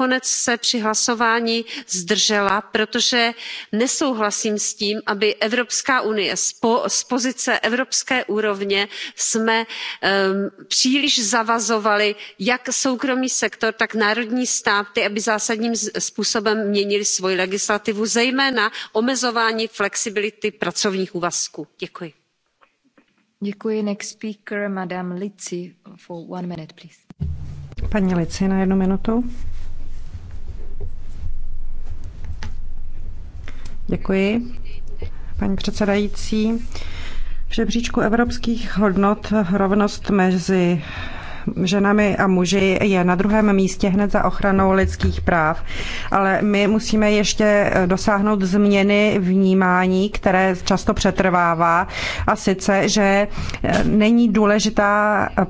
nakonec se při hlasování zdržela protože nesouhlasím s tím aby evropská unie z pozice evropské úrovně jsme příliš zavazovali jak soukromý sektor tak národní státy aby zásadním způsobem měnily svoji legislativu zejména omezování flexibility pracovních úvazků. děkuji. Děkuji. speaker, for one minute, please. Paní Lici na jednu minutu. Děkuji, paní předsedající. V žebříčku evropských hodnot rovnost mezi ženami a muži je na druhém místě hned za ochranou lidských práv. Ale my musíme ještě eh, dosáhnout změny vnímání, které často přetrvává, a sice, že eh, není důležitá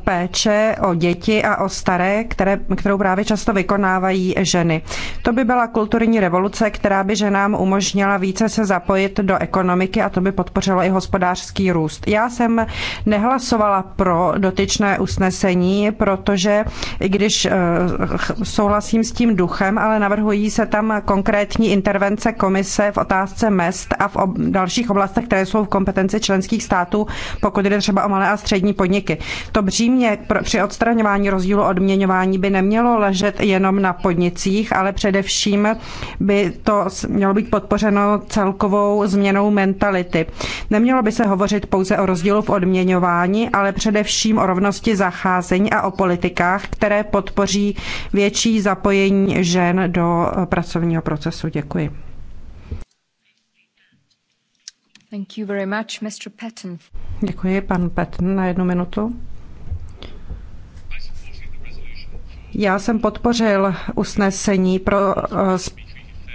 péče o děti a o staré, které, kterou právě často vykonávají ženy. To by byla kulturní revoluce, která by ženám umožnila více se zapojit do ekonomiky a to by podpořilo i hospodářský růst. Já jsem nehlasovala pro dotyčné usnesení, změní, protože i když eh, souhlasím s tím duchem, ale navrhují se tam konkrétní intervence komise v otázce mest a v dalších oblastech, které jsou v kompetenci členských států, pokud jde třeba o malé a střední podniky. To břímě při odstraňování rozdílu odměňování by nemělo ležet jenom na podnicích, ale především by to mělo být podpořeno celkovou změnou mentality. Nemělo by se hovořit pouze o rozdílu v odměňování, ale především o rovnosti zacházení a o politikách, které podpoří větší zapojení žen do pracovního procesu. Děkuji. Thank you very much, Mr. Patton. Děkuji, pan Patton, na jednu minutu. Já jsem podpořil usnesení pro eh,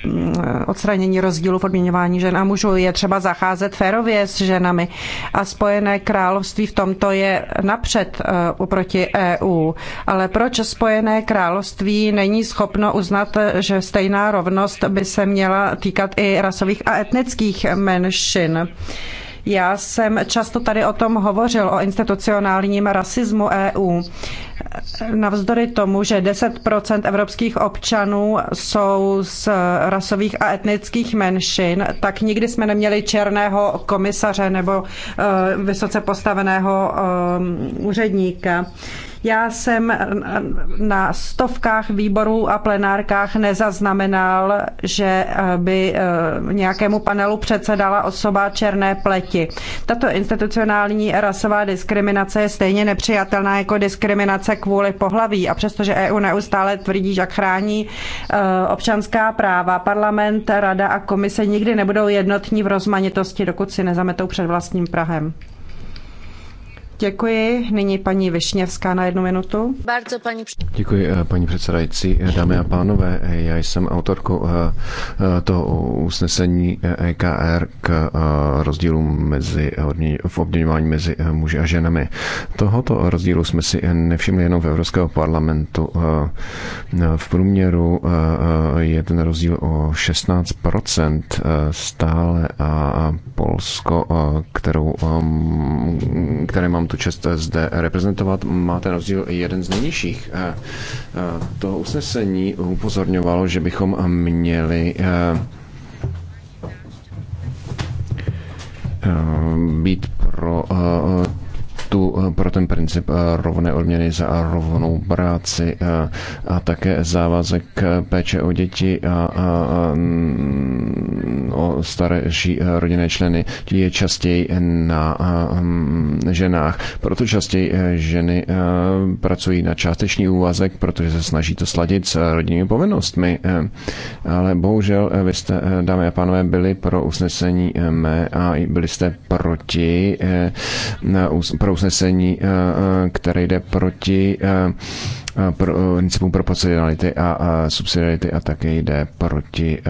Eh, odstranění rozdílu v odměňování žen a mužů. Je třeba zacházet férově s ženami a Spojené království v tomto je napřed oproti eh, EU. Ale proč Spojené království není schopno uznat, že stejná rovnost by se měla týkat i rasových a etnických menšin? Já jsem často tady o tom hovořil, o institucionálním rasismu EU. Navzdory tomu, že 10% evropských občanů jsou z rasových a etnických menšin, tak nikdy jsme neměli černého komisaře nebo eh, vysoce postaveného eh, úředníka. Uh, já jsem eh, eh, na stovkách výborů a plenárkách nezaznamenal, že eh, by nějakému panelu předsedala osoba černé pleti. Tato institucionální rasová diskriminace je stejně nepřijatelná jako diskriminace kvůli pohlaví. A přestože EU neustále tvrdí, že chrání občanská práva, parlament, rada a komise nikdy nebudou jednotní v rozmanitosti, dokud si nezametou před vlastním Prahem. Děkuji. Nyní paní Višněvská na jednu minutu. Bardzo paní... Děkuji, eh, paní předsedající. Eh, dámy a pánové, eh, já jsem autorkou toho usnesení EKR e k rozdílům mezi, v obměňování mezi muži a ženami. Tohoto rozdílu jsme si nevšimli jenom v Evropského parlamentu. V průměru je ten rozdíl o 16% stále a Polsko, kterou, které mám tu čest zde reprezentovat, má ten rozdíl jeden z nejnižších. To usnesení upozorňovalo, že bychom měli být pro tu eh, pro ten princip eh, rovné odměny za rovnou práci eh, a také závazek péče o děti a, mm, o starší rodinné členy je častěji na mm, ženách. Proto častěji ženy pracují na částečný úvazek, protože se snaží to sladit s rodinnými povinnostmi. Ale bohužel vy jste, dámy a pánové, byli pro usnesení mé a byli jste proti pro usnesení usnesení, eh, eh, které jde proti eh, principům proporcionality a subsidiarity a také jde proti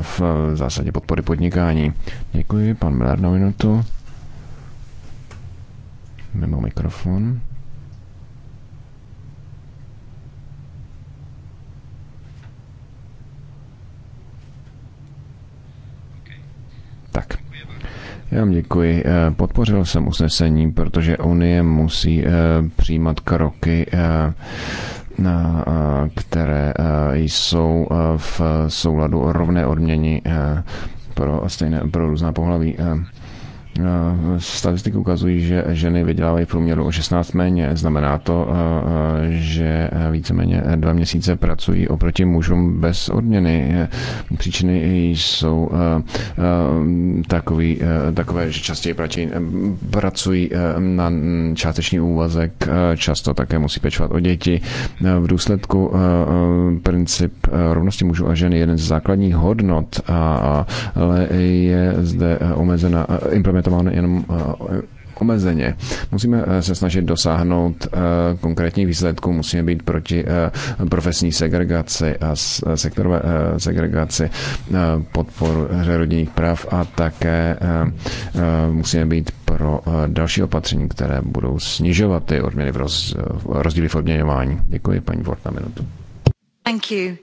v zásadě podpory podnikání. Děkuji, pan Miller na minutu. Mimo mikrofon. Já vám děkuji. Eh, podpořil jsem usnesení, protože Unie musí eh, přijímat kroky eh, které jsou v souladu rovné odměny pro, stejné, pro různá pohlaví. Eh, statistiky ukazují, že ženy vydělávají v průměru o 16 méně. Znamená to, eh, eh, že víceméně dva měsíce pracují oproti mužům bez odměny. Příčiny jsou takový, takové, že častěji pracují na částečný úvazek, často také musí pečovat o děti. V důsledku princip rovnosti mužů a ženy je jeden z základních hodnot, ale je zde omezena implementace limitovány jenom eh, omezeně. Musíme eh, se snažit dosáhnout eh, konkrétních výsledků, musíme být proti profesní segregaci a sektorové segregaci, podporu rodinných práv a také musíme být pro další opatření, které budou snižovat ty odměny v roz, rozdíly v odměňování. Děkuji, paní Vort, na minutu. Thank you.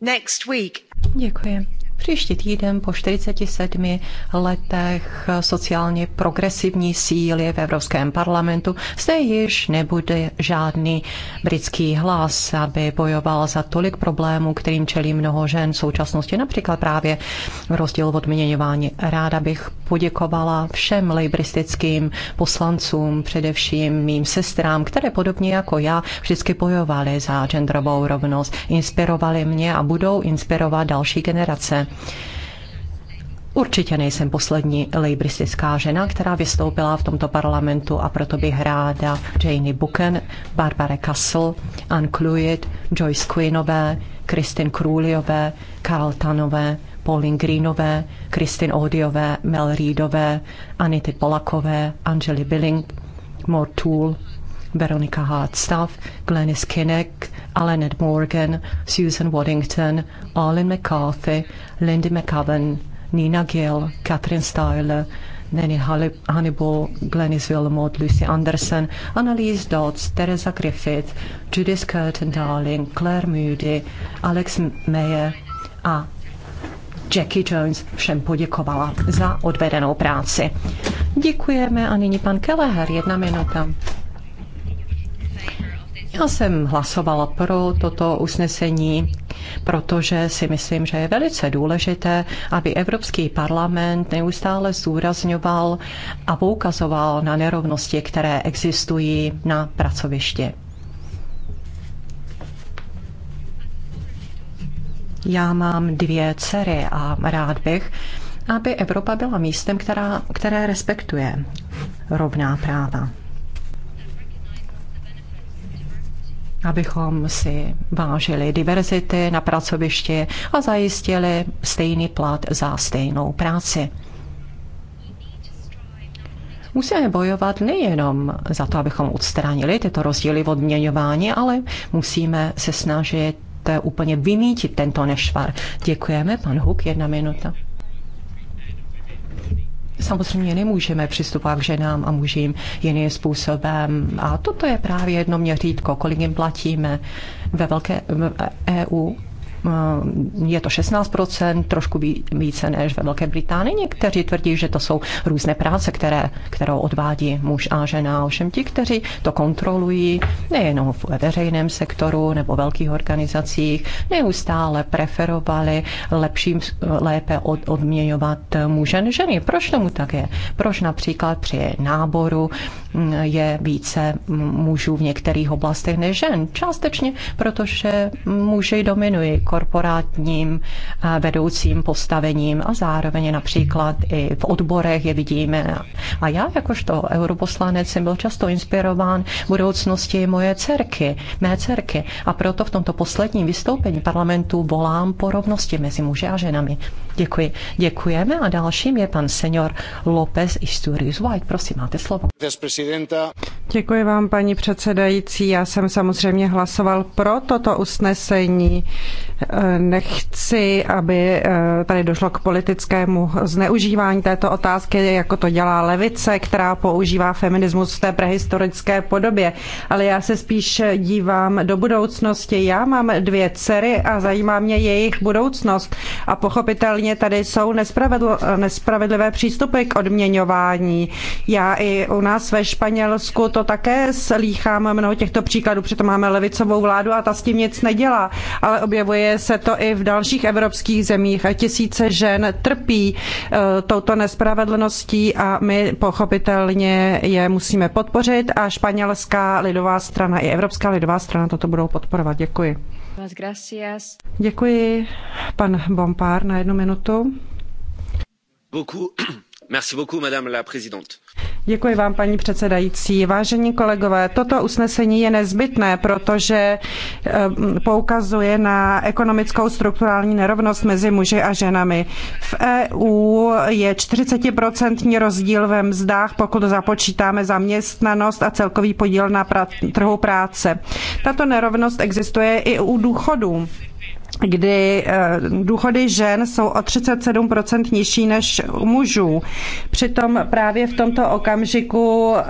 Next week. Děkuji. Příští týden po 47 letech sociálně progresivní síly v Evropském parlamentu zde již nebude žádný britský hlas, aby bojoval za tolik problémů, kterým čelí mnoho žen v současnosti, například právě rozdíl v odměňování. Ráda bych poděkovala všem lejbristickým poslancům, především mým sestrám, které podobně jako já vždycky bojovaly za genderovou rovnost, inspirovaly mě a budou inspirovat další generace. Určitě nejsem poslední lejbristická žena, která vystoupila v tomto parlamentu a proto bych ráda Janey Buchan, Barbara Castle, Anne Cluid, Joyce Quinnové, Kristin Krůliové, Karltanové, Pauline Greenové, Kristin Odiové, Mel Reedové, Anity Polakové, Angeli Billing, Mortul, Veronika Hardstaff, Glenis Kinnek, Alan Morgan, Susan Waddington, Arlen McCarthy, Lindy McCavan, Nina Gill, Catherine Styler, Nanny Hannibal, Glennis Wilmot, Lucy Anderson, Annalise Dodds, Teresa Griffith, Judith Curtin Darling, Claire Moody, Alex Mayer a Jackie Jones všem poděkovala za odvedenou práci. Děkujeme a nyní pan Keleher, jedna minuta. Já jsem hlasovala pro toto usnesení, protože si myslím, že je velice důležité, aby Evropský parlament neustále zúrazňoval a poukazoval na nerovnosti, které existují na pracovišti. Já mám dvě dcery a rád bych, aby Evropa byla místem, která, které respektuje rovná práva. abychom si vážili diverzity na pracovišti a zajistili stejný plat za stejnou práci. Musíme bojovat nejenom za to, abychom odstranili tyto rozdíly v odměňování, ale musíme se snažit úplně vymítit tento nešvar. Děkujeme, pan Huk, jedna minuta samozřejmě nemůžeme přistupovat k ženám a mužím jiným způsobem. A toto je právě jedno měřítko, kolik jim platíme ve velké EU Eh, je to 16%, trošku více než ve Velké Británii. Někteří tvrdí, že to jsou různé práce, které, kterou odvádí muž a žena. Ovšem ti, kteří to kontrolují, nejenom ve veřejném sektoru nebo velkých organizacích, neustále preferovali lepším, eh, lépe od, odměňovat muže než ženy. Proč tomu tak je? Proč například při náboru mm, je více mužů v některých oblastech než žen? Částečně, protože muži dominují korporátním eh, vedoucím postavením a zároveň například i v odborech je vidíme. A já jakožto europoslanec jsem byl často inspirován budoucnosti moje dcerky, mé dcerky. A proto v tomto posledním vystoupení parlamentu volám po rovnosti mezi muži a ženami. Děkuji. Děkujeme a dalším je pan senior López Isturiz White. Prosím, máte slovo. Děkuji vám, paní předsedající. Já jsem samozřejmě hlasoval pro toto usnesení. Nechci, aby eh, tady došlo k politickému zneužívání této otázky, jako to dělá levice, která používá feminismus v té prehistorické podobě. Ale já se spíš dívám do budoucnosti. Já mám dvě dcery a zajímá mě jejich budoucnost. A pochopitelně hlavně tady jsou nespravedlivé přístupy k odměňování. Já i u nás ve Španělsku to také slýchám mnoho těchto příkladů, přitom máme levicovou vládu a ta s tím nic nedělá, ale objevuje se to i v dalších evropských zemích a tisíce žen trpí eh, touto nespravedlností a my pochopitelně je musíme podpořit a španělská lidová strana i Evropská lidová strana toto budou podporovat. Děkuji. Děkuji. Pan Bompár na jednu minutu. Beaucoup. Děkuji vám, paní předsedající. Vážení kolegové, toto usnesení je nezbytné, protože eh, poukazuje na ekonomickou strukturální nerovnost mezi muži a ženami. V EU je 40% rozdíl ve mzdách, pokud započítáme zaměstnanost a celkový podíl na trhu práce. Tato nerovnost existuje i u důchodů kdy eh, důchody žen jsou o 37% nižší než u mužů. Přitom právě v tomto okamžiku eh,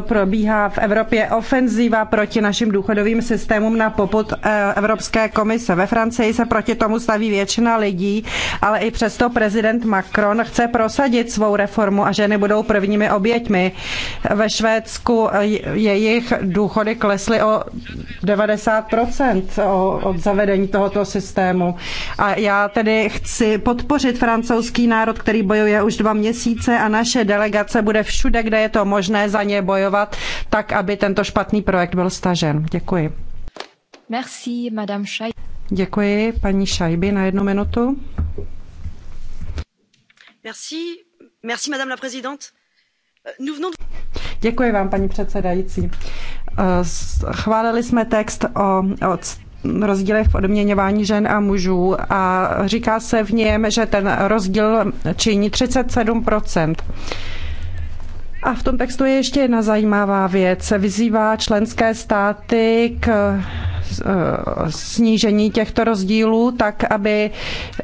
probíhá v Evropě ofenzíva proti našim důchodovým systémům na poput eh, Evropské komise. Ve Francii se proti tomu staví většina lidí, ale i přesto prezident Macron chce prosadit svou reformu a ženy budou prvními oběťmi. Ve Švédsku jejich důchody klesly o 90% od zavedení tohoto systému systému. A já tedy chci podpořit francouzský národ, který bojuje už dva měsíce a naše delegace bude všude, kde je to možné za ně bojovat, tak aby tento špatný projekt byl stažen. Děkuji. Merci, Madame Schei. Děkuji, paní Šajby, na jednu minutu. Merci, merci, Madame la Présidente. Euh, Děkuji vám, paní předsedající. Euh, chválili jsme text o, o rozdílech v odměňování žen a mužů a říká se v něm, že ten rozdíl činí 37 a v tom textu je ještě jedna zajímavá věc. Vyzývá členské státy k eh, eh, snížení těchto rozdílů, tak aby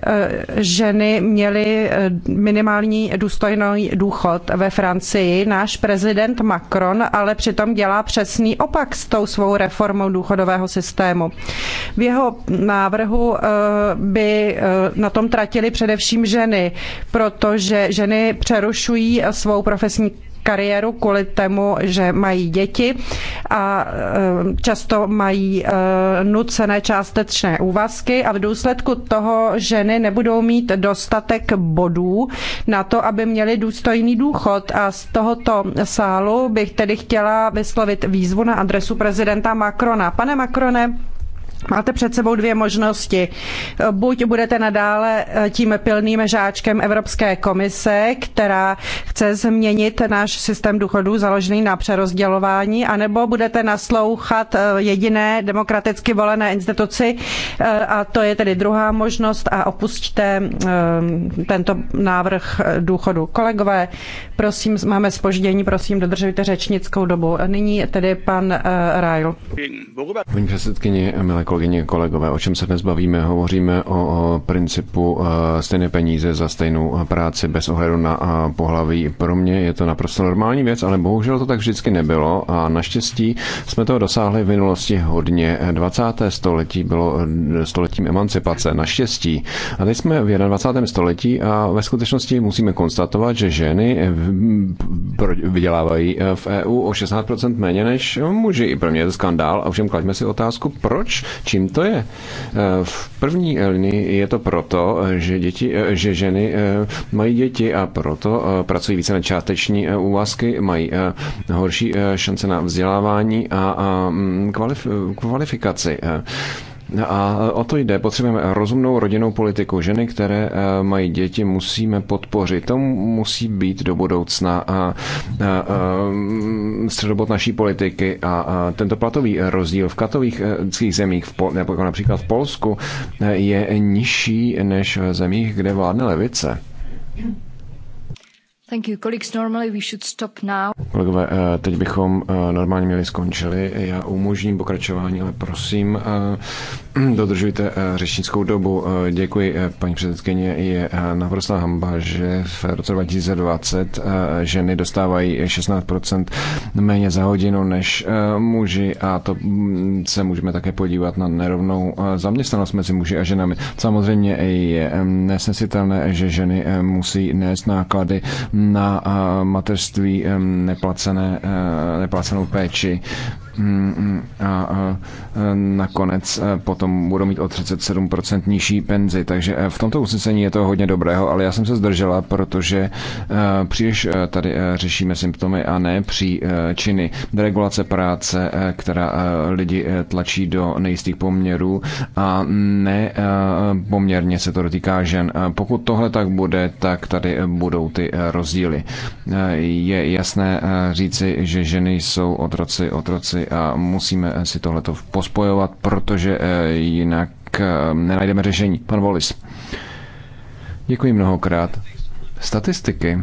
eh, ženy měly minimální důstojný důchod ve Francii. Náš prezident Macron ale přitom dělá přesný opak s tou svou reformou důchodového systému. V jeho návrhu by na tom tratili především ženy, protože ženy přerušují svou profesní kariéru kvůli tomu, že mají děti a eh, často mají eh, nucené částečné úvazky a v důsledku toho ženy nebudou mít dostatek bodů na to, aby měly důstojný důchod. A z tohoto sálu bych tedy chtěla vyslovit výzvu na adresu prezidenta Macrona. Pane Macrone, Máte před sebou dvě možnosti. Buď budete nadále eh, tím pilným žáčkem Evropské komise, která chce změnit náš systém důchodů založený na přerozdělování, anebo budete naslouchat eh, jediné demokraticky volené instituci, eh, a to je tedy druhá možnost, a opustíte tento návrh důchodu. Kolegové, prosím, máme spoždění, prosím, dodržujte řečnickou dobu. Nyní tedy pan Rajl. Paní předsedkyně, milé kolegové, kolegyně, kolegové, o čem se dnes bavíme? Hovoříme o principu eh, stejné peníze za stejnou eh, práci bez ohledu na eh, pohlaví. Pro mě je to naprosto normální věc, ale bohužel to tak vždycky nebylo a naštěstí jsme toho dosáhli v minulosti hodně. 20. století bylo stoletím emancipace, naštěstí. A teď jsme v 21. století a ve skutečnosti musíme konstatovat, že ženy vydělávají v EU o 16% méně než muži. pro mě je to skandál, ovšem klaďme si otázku, proč Čím to je? Eh, v první eh, linii je to proto, eh, že, děti, že ženy mají děti a proto pracují více na čáteční úvazky, mají horší šance na vzdělávání a mm, kvalifikaci. A o to jde. Potřebujeme rozumnou rodinnou politiku. Ženy, které eh, mají děti, musíme podpořit. To musí být do budoucna a, a, a středobod naší politiky. A, a tento platový rozdíl v katolických zemích, nebo jako například v Polsku, eh, je nižší než v zemích, kde vládne levice. Thank you. Colleagues, normally we should stop now. Kolegové, eh, teď bychom normálně měli skončili. Já umožním pokračování, ale prosím, Mm, dodržujte eh, řečnickou dobu. Eh, děkuji, eh, paní předsedkyně. Je naprostá hamba, že v roce 2020 ženy dostávají 16% méně za hodinu než muži a to mm, se můžeme také podívat na nerovnou zaměstnanost mezi muži a ženami. Samozřejmě je nesnesitelné, že ženy musí nést náklady na mateřství neplacené, neplacenou péči Mm, mm, a nakonec e, potom budou mít o 37% nižší penzi. Takže e, v tomto usnesení je to hodně dobrého, ale já jsem se zdržela, protože e, příliš tady řešíme symptomy a ne činy Deregulace práce, která lidi tlačí do nejistých poměrů a ne poměrně se to dotýká žen. Pokud tohle tak bude, tak tady budou ty rozdíly. Je jasné říci, že ženy jsou otroci, otroci a musíme si tohleto pospojovat, protože eh, jinak eh, nenajdeme řešení. Pan Volis. Děkuji mnohokrát. Statistiky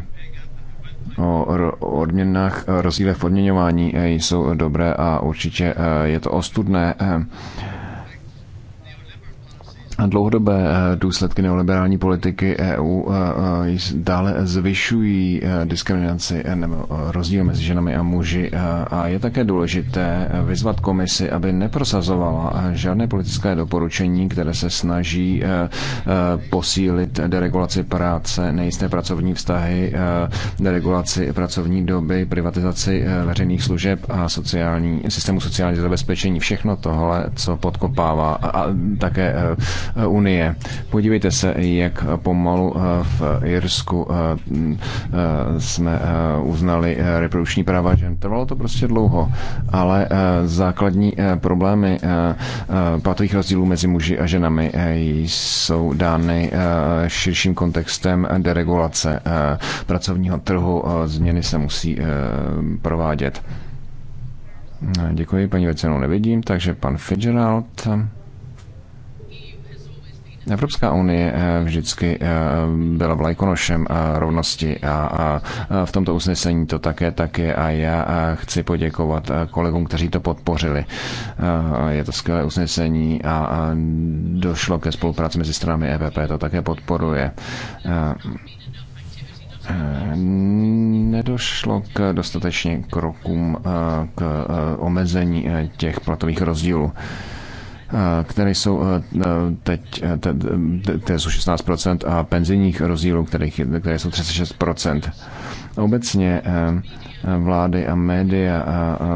o odměnách, rozdílech v odměňování eh, jsou dobré a určitě je to ostudné, Dlouhodobé eh, důsledky neoliberální politiky EU eh, eh, dále zvyšují diskriminaci nebo rozdíl mezi ženami a muži a je také důležité vyzvat komisi, aby neprosazovala žádné politické doporučení, které se snaží posílit deregulaci práce, nejisté pracovní vztahy, deregulaci pracovní doby, privatizaci veřejných služeb a sociální, systému sociálního zabezpečení. Všechno tohle, co podkopává a také Eh, unie. Podívejte se, jak pomalu eh, v Irsku eh, jsme uznali reprodukční práva žen. Trvalo to prostě dlouho, ale základní problémy platových rozdílů mezi muži a ženami jsou dány širším kontextem deregulace pracovního trhu. Změny se musí provádět. Děkuji, paní Vecenou nevidím, takže pan Fitzgerald. Evropská unie eh, vždycky eh, byla vlajkonošem eh, rovnosti a v tomto usnesení to také taky a já chci poděkovat kolegům, kteří to podpořili. Je to skvělé usnesení a došlo ke spolupráci mezi stranami EPP, to také podporuje nedošlo k dostatečně krokům k omezení těch platových rozdílů které jsou eh, teď, které eh, jsou 16% a penzijních rozdílů, které, které jsou 36%. Obecně eh, vlády a média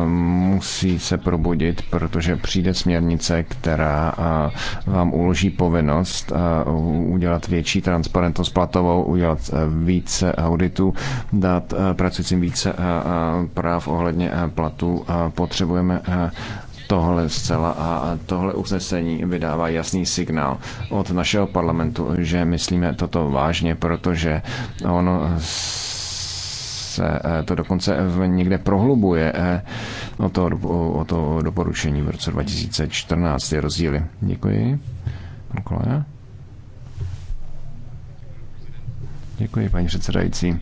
musí se probudit, protože přijde směrnice, která vám uloží povinnost udělat větší transparentnost platovou, udělat více auditů, dát pracujícím více práv ohledně platů. Potřebujeme tohle zcela a tohle usnesení vydává jasný signál od našeho parlamentu, že myslíme toto vážně, protože ono se e, to dokonce někde prohlubuje e, o to, o to doporučení v roce 2014, ty rozdíly. Děkuji. Pan Kolena. Děkuji, paní předsedající.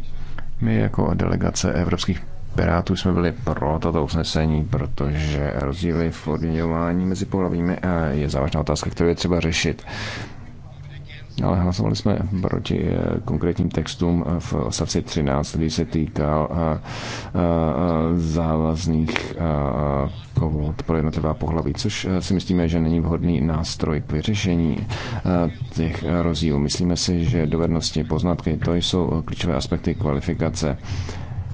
My jako delegace evropských Pirátů jsme byli pro toto usnesení, protože rozdíly v odměňování mezi pohlavími eh, je závažná otázka, kterou je třeba řešit. Ale hlasovali jsme proti eh, konkrétním textům eh, v odstavci 13, který se týkal závazných kvót pro jednotlivá pohlaví, což si myslíme, že není vhodný nástroj k vyřešení těch rozdílů. Myslíme si, že dovednosti, poznatky, to jsou klíčové aspekty kvalifikace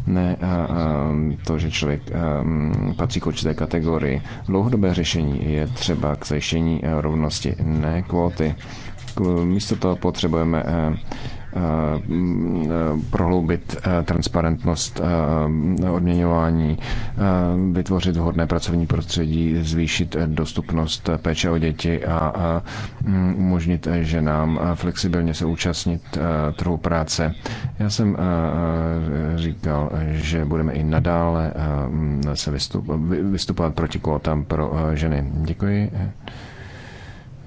ne a to, že člověk patří k určité kategorii. Dlouhodobé řešení je třeba k zajištění rovnosti, ne kvóty. Místo toho potřebujeme Eh, prohloubit eh, transparentnost eh, odměňování, vytvořit vhodné pracovní prostředí, zvýšit dostupnost péče o děti a mm, umožnit ženám flexibilně se účastnit trhu práce. Já jsem říkal, že budeme i nadále mm, se vystupovat proti kvótám pro ženy. Děkuji.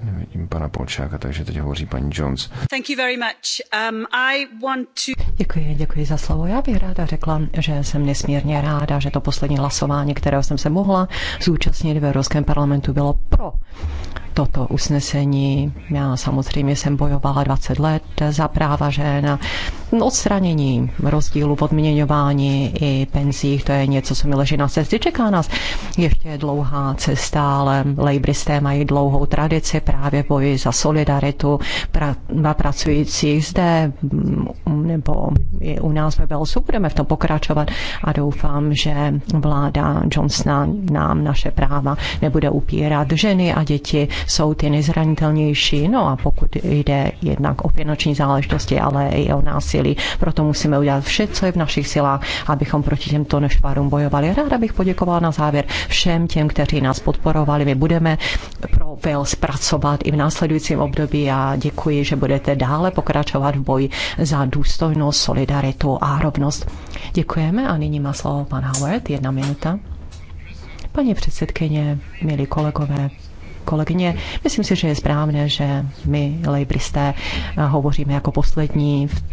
Nevidím pana Polčáka, takže teď hovoří paní Jones. Thank you very much. Um, I want to... Děkuji, děkuji za slovo. Já bych ráda řekla, že jsem nesmírně ráda, že to poslední hlasování, kterého jsem se mohla zúčastnit v Evropském parlamentu, bylo pro toto usnesení. Já samozřejmě jsem bojovala 20 let za práva žen. Odstranění rozdílu v odměňování i penzích, to je něco, co mi leží na cestě. Čeká nás ještě dlouhá cesta, ale lejbristé mají dlouhou tradici právě boji za solidaritu pra, pracujících zde mm, nebo i u nás ve Belsu. Budeme v tom pokračovat a doufám, že vláda Johnsona nám naše práva nebude upírat ženy a děti jsou ty nejzranitelnější. No a pokud jde jednak o finanční záležitosti, ale i o násilí, proto musíme udělat vše, co je v našich silách, abychom proti těmto nešvarům bojovali. Ráda bych poděkovala na závěr všem těm, kteří nás podporovali. My budeme pro Wales pracovat i v následujícím období a děkuji, že budete dále pokračovat v boji za důstojnost, solidaritu a rovnost. Děkujeme a nyní má slovo pan Howard, jedna minuta. Paní předsedkyně, milí kolegové, kolegyně. Myslím si, že je správné, že my, lejbristé, hovoříme jako poslední v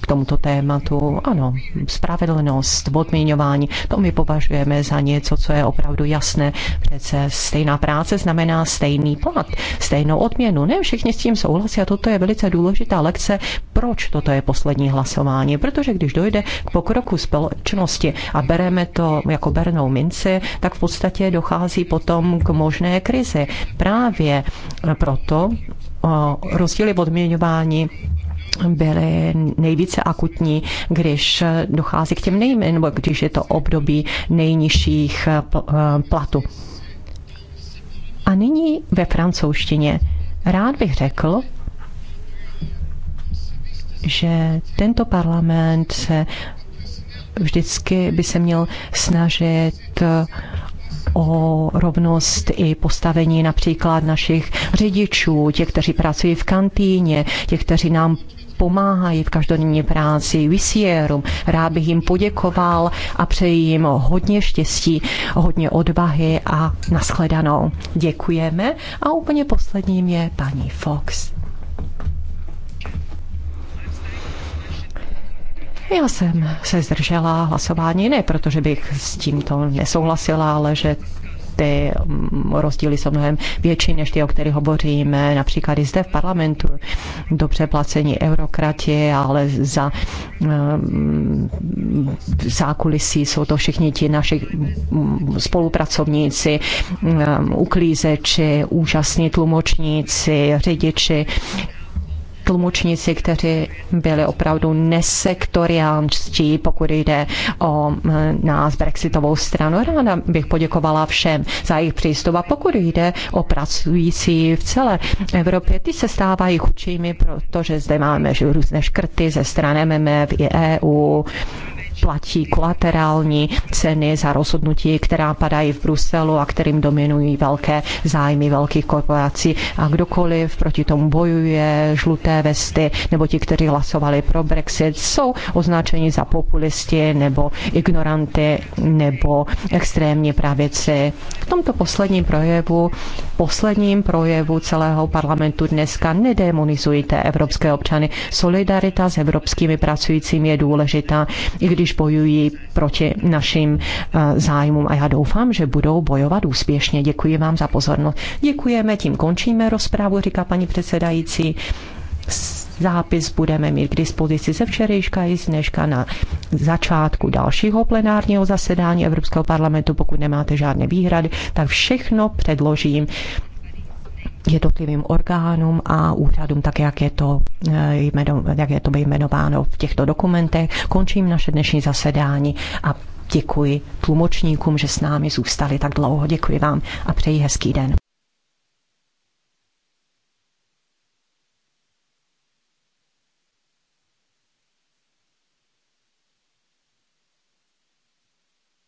k tomuto tématu. Ano, spravedlnost, odměňování, to my považujeme za něco, co je opravdu jasné. Přece stejná práce znamená stejný plat, stejnou odměnu. Ne všichni s tím souhlasí a toto je velice důležitá lekce. Proč toto je poslední hlasování? Protože když dojde k pokroku společnosti a bereme to jako bernou minci, tak v podstatě dochází potom k možné krizi. Právě proto eh, rozdíly v odměňování byly nejvíce akutní, když dochází k těm nejméně, nebo když je to období nejnižších eh, eh, platů. A nyní ve francouzštině. Rád bych řekl, že tento parlament se vždycky by se měl snažit eh, o rovnost i postavení například našich řidičů, těch, kteří pracují v kantýně, těch, kteří nám pomáhají v každodenní práci, visierům. Rád bych jim poděkoval a přeji jim hodně štěstí, hodně odvahy a nashledanou. Děkujeme a úplně posledním je paní Fox. Já jsem se zdržela hlasování, ne protože bych s tímto nesouhlasila, ale že ty mm, rozdíly jsou mnohem větší než ty, o kterých hovoříme, například i zde v parlamentu. Dobře placení eurokrati, ale za mm, zákulisí jsou to všichni ti naši mm, spolupracovníci, uklízeči, úžasní tlumočníci, řidiči, tlumočníci, kteří byli opravdu nesektoriálčtí, pokud jde o nás brexitovou stranu. Ráda bych poděkovala všem za jejich přístup a pokud jde o pracující v celé Evropě, ty se stávají chudšími, protože zde máme různé škrty ze strany MMF i EU, platí kolaterální ceny za rozhodnutí, která padají v Bruselu a kterým dominují velké zájmy velkých korporací. A kdokoliv proti tomu bojuje, žluté vesty nebo ti, kteří hlasovali pro Brexit, jsou označeni za populisty nebo ignoranty nebo extrémní pravici. V tomto posledním projevu, posledním projevu celého parlamentu dneska nedemonizujte evropské občany. Solidarita s evropskými pracujícími je důležitá, i když když bojují proti našim eh, zájmům a já doufám, že budou bojovat úspěšně. Děkuji vám za pozornost. Děkujeme, tím končíme rozprávu, říká paní předsedající. Zápis budeme mít k dispozici ze včerejška i z dneška na začátku dalšího plenárního zasedání Evropského parlamentu. Pokud nemáte žádné výhrady, tak všechno předložím jednotlivým orgánům a úřadům, tak jak je to, eh, jak je to jmenováno v těchto dokumentech. Končím naše dnešní zasedání a děkuji tlumočníkům, že s námi zůstali tak dlouho. Děkuji vám a přeji hezký den.